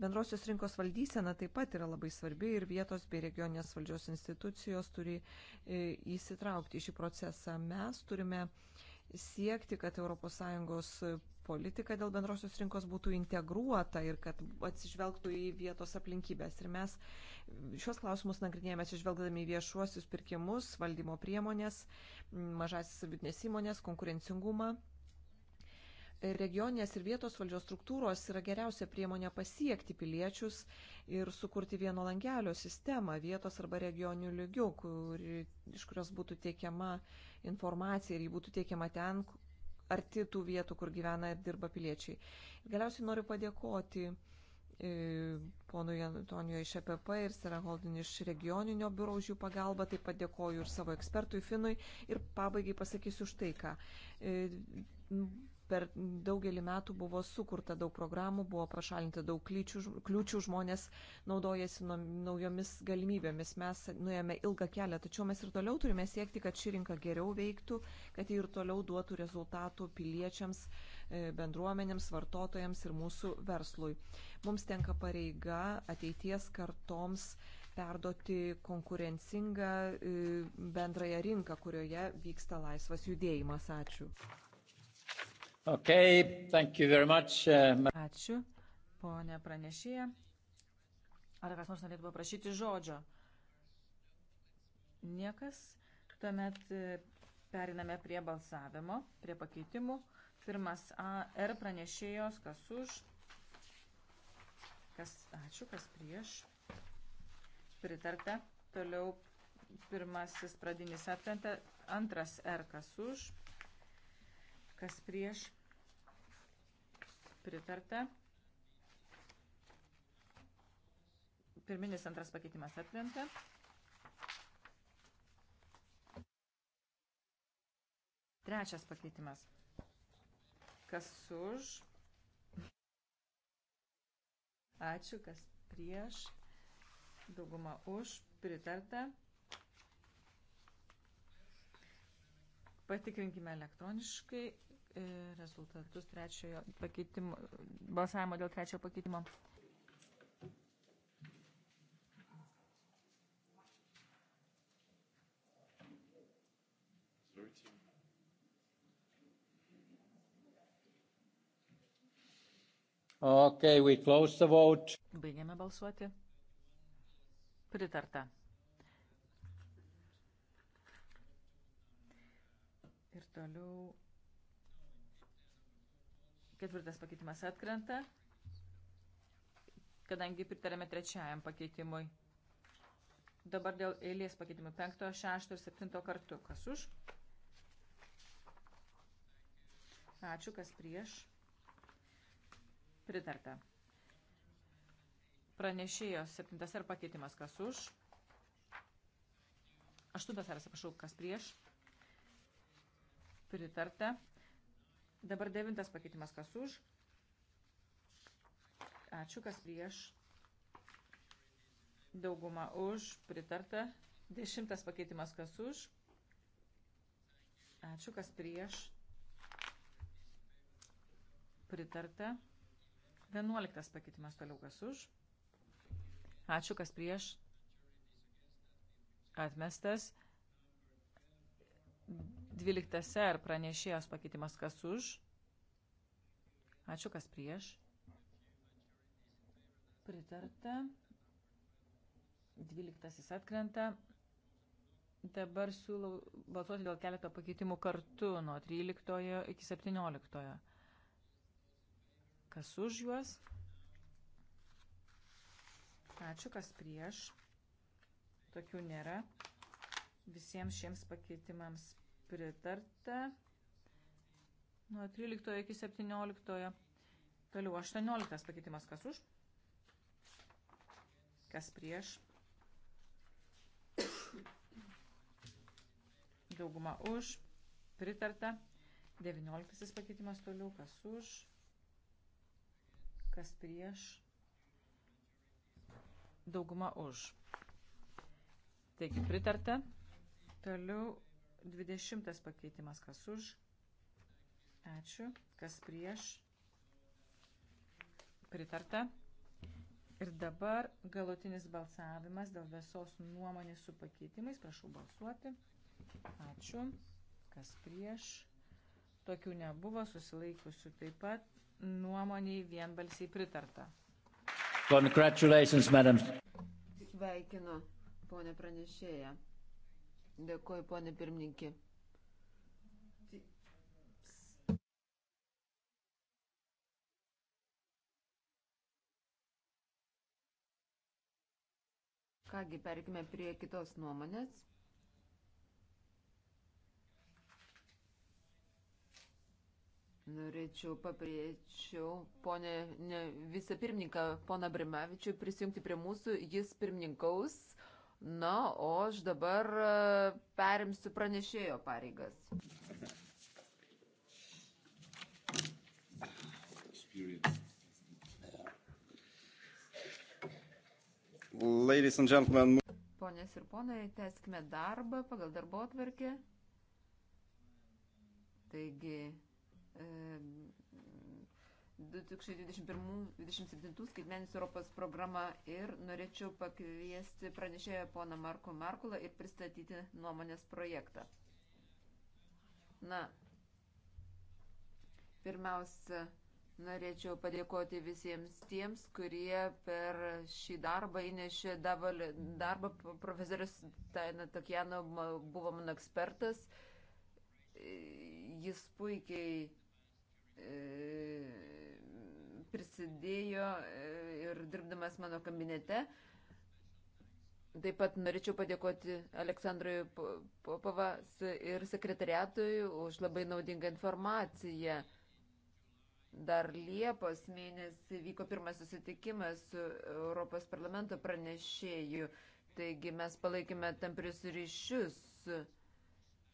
Bendrosios rinkos valdysena taip pat yra labai svarbi ir vietos bei regioninės valdžios institucijos turi e, įsitraukti į šį procesą. Mes turime siekti, kad ES politika dėl bendrosios rinkos būtų integruota ir kad atsižvelgtų į vietos aplinkybės. Ir mes šios klausimus nagrinėjame atsižvelgdami į viešuosius pirkimus, valdymo priemonės, mažasis ir vidinės įmonės, konkurencingumą regioninės ir vietos valdžios struktūros yra geriausia priemonė pasiekti piliečius ir sukurti vieno langelio sistemą vietos arba regioninių lygių, kur, iš kurios būtų teikiama informacija ir jį būtų teikiama ten, arti tų vietų, kur gyvena ir dirba piliečiai. Ir galiausiai noriu padėkoti e, ponui Antonijo iš EPP ir Sera Holdin iš regioninio biuro už jų pagalbą, taip pat dėkoju ir savo ekspertui Finui ir pabaigai pasakysiu štai ką e, per daugelį metų buvo sukurta daug programų, buvo pašalinta daug kliučių, kliučių žmonės naudojasi naujomis galimybėmis. Mes nuėjome ilgą kelią, tačiau mes ir toliau turime siekti, kad ši rinka geriau veiktų, kad ji ir toliau duotų rezultatų piliečiams, e, bendruomenėms, vartotojams ir mūsų verslui. Mums tenka pareiga ateities kartoms perduoti konkurencingą e, bendrąją rinką, kurioje vyksta laisvas judėjimas. Ačiū. Okay, thank you very much. Uh, ačiū, ponė pranešėja. Ar kas nors norėtų paprašyti žodžio? Niekas. Tuomet e, periname prie balsavimo, prie pakeitimų. Pirmas A, R pranešėjos, kas už, kas ačiū, kas prieš. Pritarta. Toliau pirmasis pradinis atkrenta, antras R kas už, kas prieš pritarta. Pirminis antras pakeitimas atkrenta. Trečias pakeitimas. Kas už? Ačiū, kas prieš. Dauguma už. Pritarta. Patikrinkime elektroniškai rezultatus trečiojo pakeitimo, balsavimo dėl trečiojo pakeitimo. Okay, we close the vote. Baigėme balsuoti. Pritarta. Ir toliau Ketvirtas pakeitimas atkrenta, kadangi pritarėme trečiajam pakeitimui. Dabar dėl eilės pakeitimų penkto, šešto ir septinto kartu. Kas už? Ačiū, kas prieš. Pritarta. Pranešėjo septintas ir pakeitimas. Kas už? Aštuntas ar atsiprašau, kas prieš? Pritarta. Dabar devintas pakeitimas kas už. Ačiū, kas prieš. Dauguma už, pritarta. Dešimtas pakeitimas kas už. Ačiū, kas prieš. Pritarta. Vienuoliktas pakeitimas toliau kas už. Ačiū, kas prieš. Atmestas. 12 ar pranešėjos pakeitimas kas už. Ačiū, kas prieš. Pritarta. 12 atkrenta. Dabar siūlau balsuoti dėl keletą pakeitimų kartu nuo 13 iki 17. Kas už juos? Ačiū, kas prieš. Tokių nėra. Visiems šiems pakeitimams pritarta. Nuo 13 iki 17. Toliau 18 pakeitimas kas už. Kas prieš. Dauguma už. Pritarta. 19 pakeitimas toliau kas už. Kas prieš. Dauguma už. Taigi pritarta. Toliau Dvidešimtas pakeitimas kas už. Ačiū. Kas prieš. Pritarta. Ir dabar galutinis balsavimas dėl visos nuomonės su pakeitimais. Prašau balsuoti. Ačiū. Kas prieš. Tokių nebuvo, susilaikusių taip pat. Nuomoniai vienbalsiai pritarta. Congratulations, madam. Sveikinu, ponė pranešėja. Dėkuoju, ponė pirmininkė. Kągi, perkime prie kitos nuomonės. Norėčiau papriečiau ponę vicepirmininką, poną Brimavičių, prisijungti prie mūsų. Jis pirmininkaus Na, o aš dabar e, perimsiu pranešėjo pareigas. Ponės ir ponai, teskime darbą pagal darbo atvarkę. Taigi, e, 2021-2027 skaitmenis Europos programa ir norėčiau pakviesti pranešėją poną Marko Markulą ir pristatyti nuomonės projektą. Na, pirmiausia, norėčiau padėkoti visiems tiems, kurie per šį darbą įnešė darbą. Profesorius Taina Tokiano buvo mano ekspertas. Jis puikiai e, prisidėjo e, ir dirbdamas mano kabinete. Taip pat norėčiau padėkoti Aleksandrui Popovas ir sekretariatui už labai naudingą informaciją. Dar Liepos mėnesį vyko pirmas susitikimas su Europos parlamento pranešėju. Taigi mes palaikėme tamprius ryšius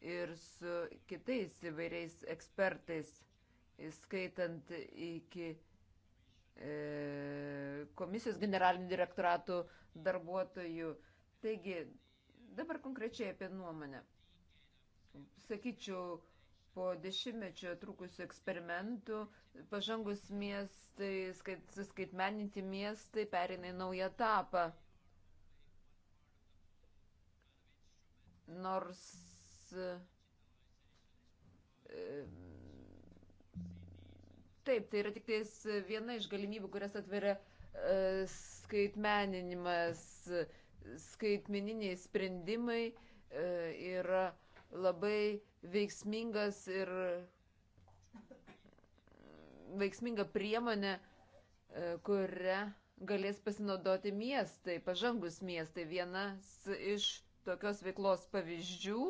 ir su kitais įvairiais ekspertais, įskaitant iki E, komisijos generalinių direktoratų darbuotojų. Taigi, dabar konkrečiai apie nuomonę. Sakyčiau, po dešimtmečio trukusių eksperimentų pažangus miestai, skait, suskaitmeninti miestai perina į naują etapą. Nors e, Taip, tai yra tik tais viena iš galimybių, kurias atveria e, skaitmeninimas, skaitmeniniai sprendimai e, yra labai veiksmingas ir veiksminga priemonė, e, kuria galės pasinaudoti miestai, pažangus miestai. Vienas iš tokios veiklos pavyzdžių,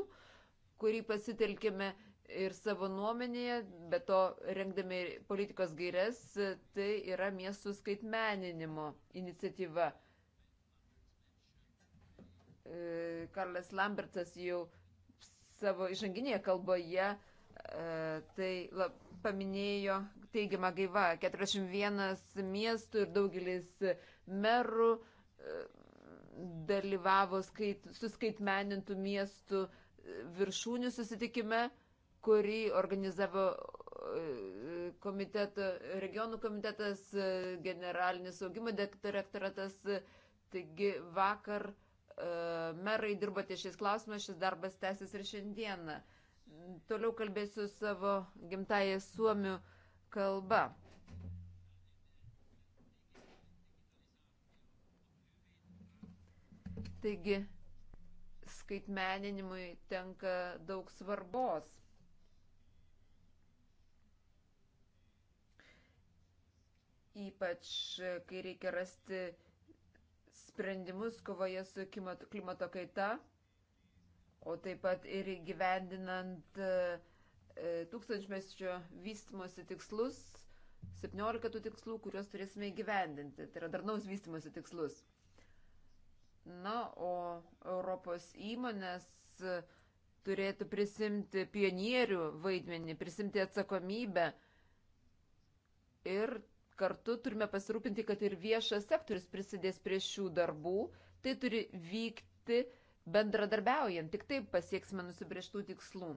kurį pasitelkime ir savo nuomenėje, bet to rengdami politikos gairias, tai yra miestų skaitmeninimo iniciatyva. E, Karlas Lambertas jau savo išanginėje kalboje e, tai lab, paminėjo teigiamą gaivą 41 miestų ir daugelis merų e, dalyvavo skait, suskaitmenintų miestų viršūnių susitikime kurį organizavo e, komiteto, regionų komitetas, e, generalinis saugimo direktoratas. Taigi vakar e, merai dirbo ties šiais klausimais, šis darbas tęsis ir šiandieną. Toliau kalbėsiu savo gimtają suomių kalbą. Taigi, skaitmeninimui tenka daug svarbos. ypač e, kai reikia rasti sprendimus kovoje su klimato kaita, o taip pat ir įgyvendinant e, e, tūkstančmečio vystimosi tikslus, 17 tų tikslų, kuriuos turėsime įgyvendinti, tai yra darnaus vystimosi tikslus. Na, o Europos įmonės turėtų prisimti pionierių vaidmenį, prisimti atsakomybę ir kartu turime pasirūpinti, kad ir viešas sektorius prisidės prie šių darbų. Tai turi vykti bendradarbiaujant, tik taip pasieksime nusibrieštų tikslų.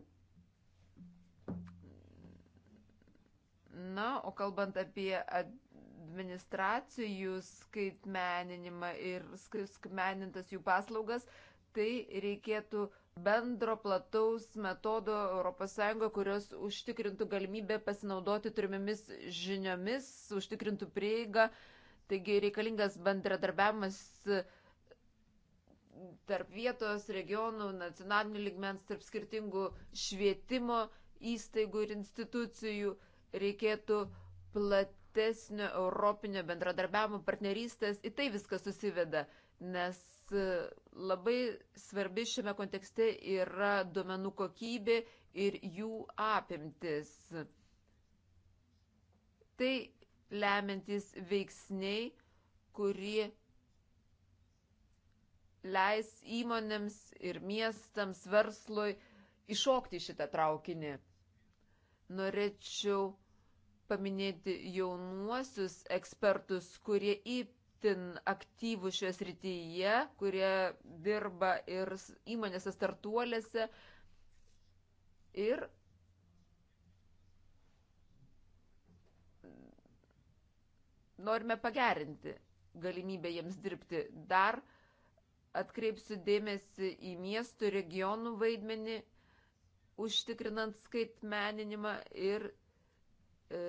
Na, o kalbant apie administracijų skaitmeninimą ir skaitmenintas jų paslaugas, tai reikėtų bendro plataus metodo ES, kurios užtikrintų galimybę pasinaudoti turimimis žiniomis, užtikrintų prieigą. Taigi reikalingas bendradarbiavimas tarp vietos, regionų, nacionalinių ligmens, tarp skirtingų švietimo įstaigų ir institucijų. Reikėtų platesnio europinio bendradarbiavimo partnerystės. Į tai viskas susiveda, nes labai svarbi šiame kontekste yra duomenų kokybė ir jų apimtis. Tai lemiantis veiksniai, kurie leis įmonėms ir miestams, verslui iššokti šitą traukinį. Norėčiau paminėti jaunuosius ekspertus, kurie įpėdė itin aktyvų šioje srityje, kurie dirba ir įmonėse startuolėse. Ir norime pagerinti galimybę jiems dirbti. Dar atkreipsiu dėmesį į miestų regionų vaidmenį, užtikrinant skaitmeninimą ir e,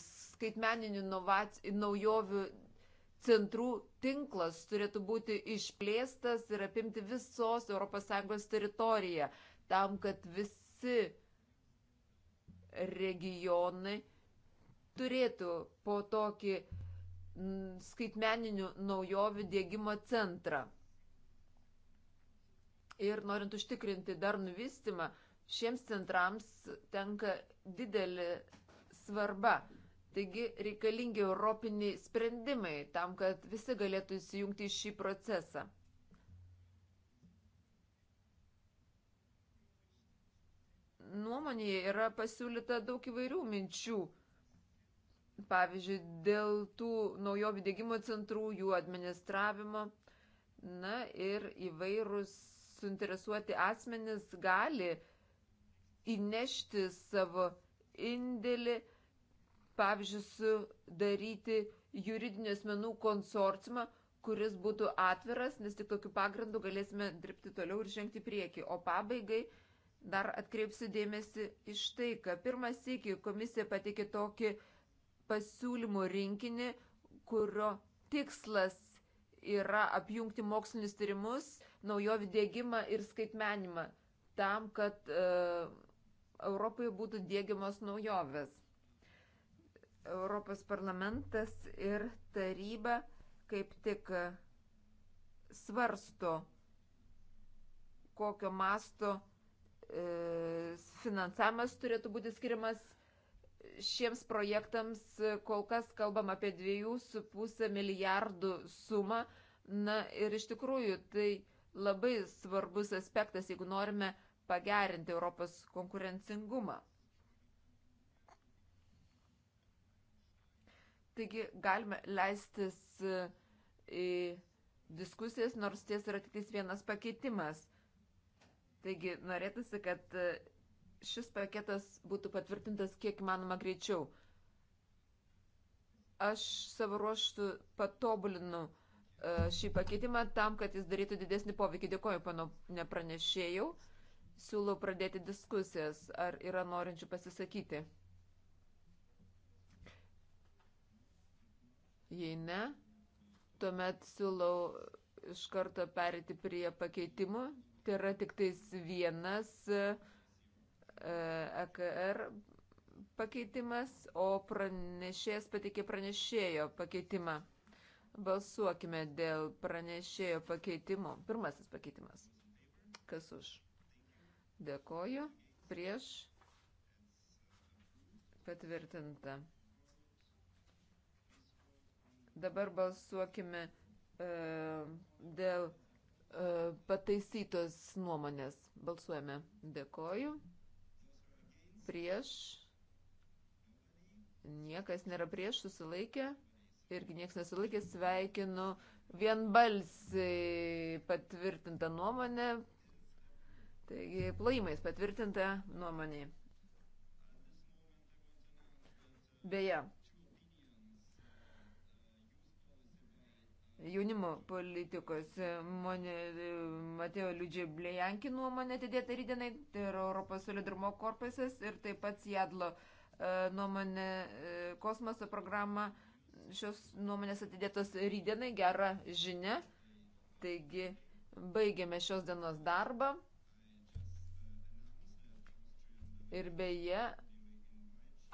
skaitmeninių naujovių centrų tinklas turėtų būti išplėstas ir apimti visos ES teritoriją, tam, kad visi regionai turėtų po tokį skaitmeninių naujovių dėgymo centrą. Ir norint užtikrinti darnų vystimą, šiems centrams tenka didelį svarba. Taigi reikalingi europiniai sprendimai tam, kad visi galėtų įsijungti į šį procesą. Nuomonėje yra pasiūlyta daug įvairių minčių. Pavyzdžiui, dėl tų naujovių dėgymo centrų, jų administravimo. Na ir įvairūs suinteresuoti asmenys gali įnešti savo indėlį pavyzdžiui, sudaryti juridinių asmenų konsorciumą, kuris būtų atviras, nes tik tokiu pagrindu galėsime dirbti toliau ir žengti prieki. O pabaigai dar atkreipsiu dėmesį iš tai, kad pirmas iki komisija pateikė tokį pasiūlymų rinkinį, kurio tikslas yra apjungti mokslinius tyrimus, naujovių dėgymą ir skaitmenimą tam, kad e, Europoje būtų dėgiamos naujovės. Europos parlamentas ir taryba kaip tik svarsto, kokio masto e, finansavimas turėtų būti skiriamas šiems projektams. Kol kas kalbam apie 2,5 milijardų sumą. Na ir iš tikrųjų tai labai svarbus aspektas, jeigu norime pagerinti Europos konkurencingumą. Taigi galime leistis e, į diskusijas, nors ties yra tik vienas pakeitimas. Taigi norėtųsi, kad e, šis paketas būtų patvirtintas kiek manoma greičiau. Aš savo ruoštų patobulinu e, šį pakeitimą tam, kad jis darytų didesnį poveikį. Dėkoju, pano nepranešėjau. Siūlau pradėti diskusijas, ar yra norinčių pasisakyti. Jei ne, tuomet siūlau iš karto perėti prie pakeitimų. Tai yra tik tais vienas EKR e, e pakeitimas, o pranešėjas pateikė pranešėjo pakeitimą. Balsuokime dėl pranešėjo pakeitimo. Pirmasis pakeitimas. Kas už? Dėkoju. Prieš. Patvirtinta. Dabar balsuokime e, dėl e, pataisytos nuomonės. Balsuojame. Dėkoju. Prieš. Niekas nėra prieš, susilaikė. Irgi niekas nesilaikė. Sveikinu vienbalsiai patvirtintą nuomonę. Taigi, plojimais patvirtinta nuomonė. Beje, jaunimo politikos. E, Matėjo Liudžiai Blejanki nuomonė atidėta rydienai, tai yra Europos solidarumo korpusas ir taip pat Jadlo e, nuomonė e, kosmoso programa. Šios nuomonės atidėtos rydienai gera žinia. Taigi, baigėme šios dienos darbą. Ir beje,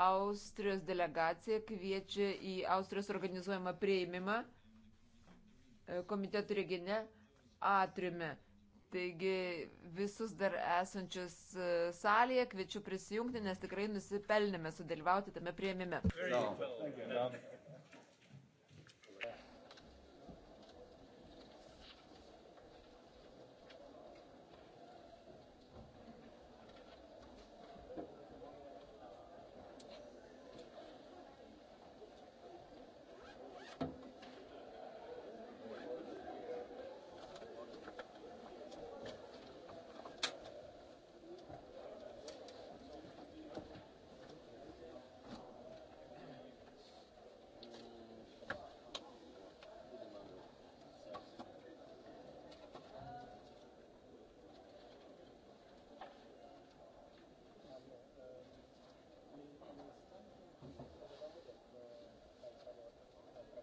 Austrijos delegacija kviečia į Austrijos organizuojamą prieimimą komitetų regine atriume. Taigi visus dar esančius e, salėje kviečiu prisijungti, nes tikrai nusipelnėme sudalyvauti tame prieimime. No.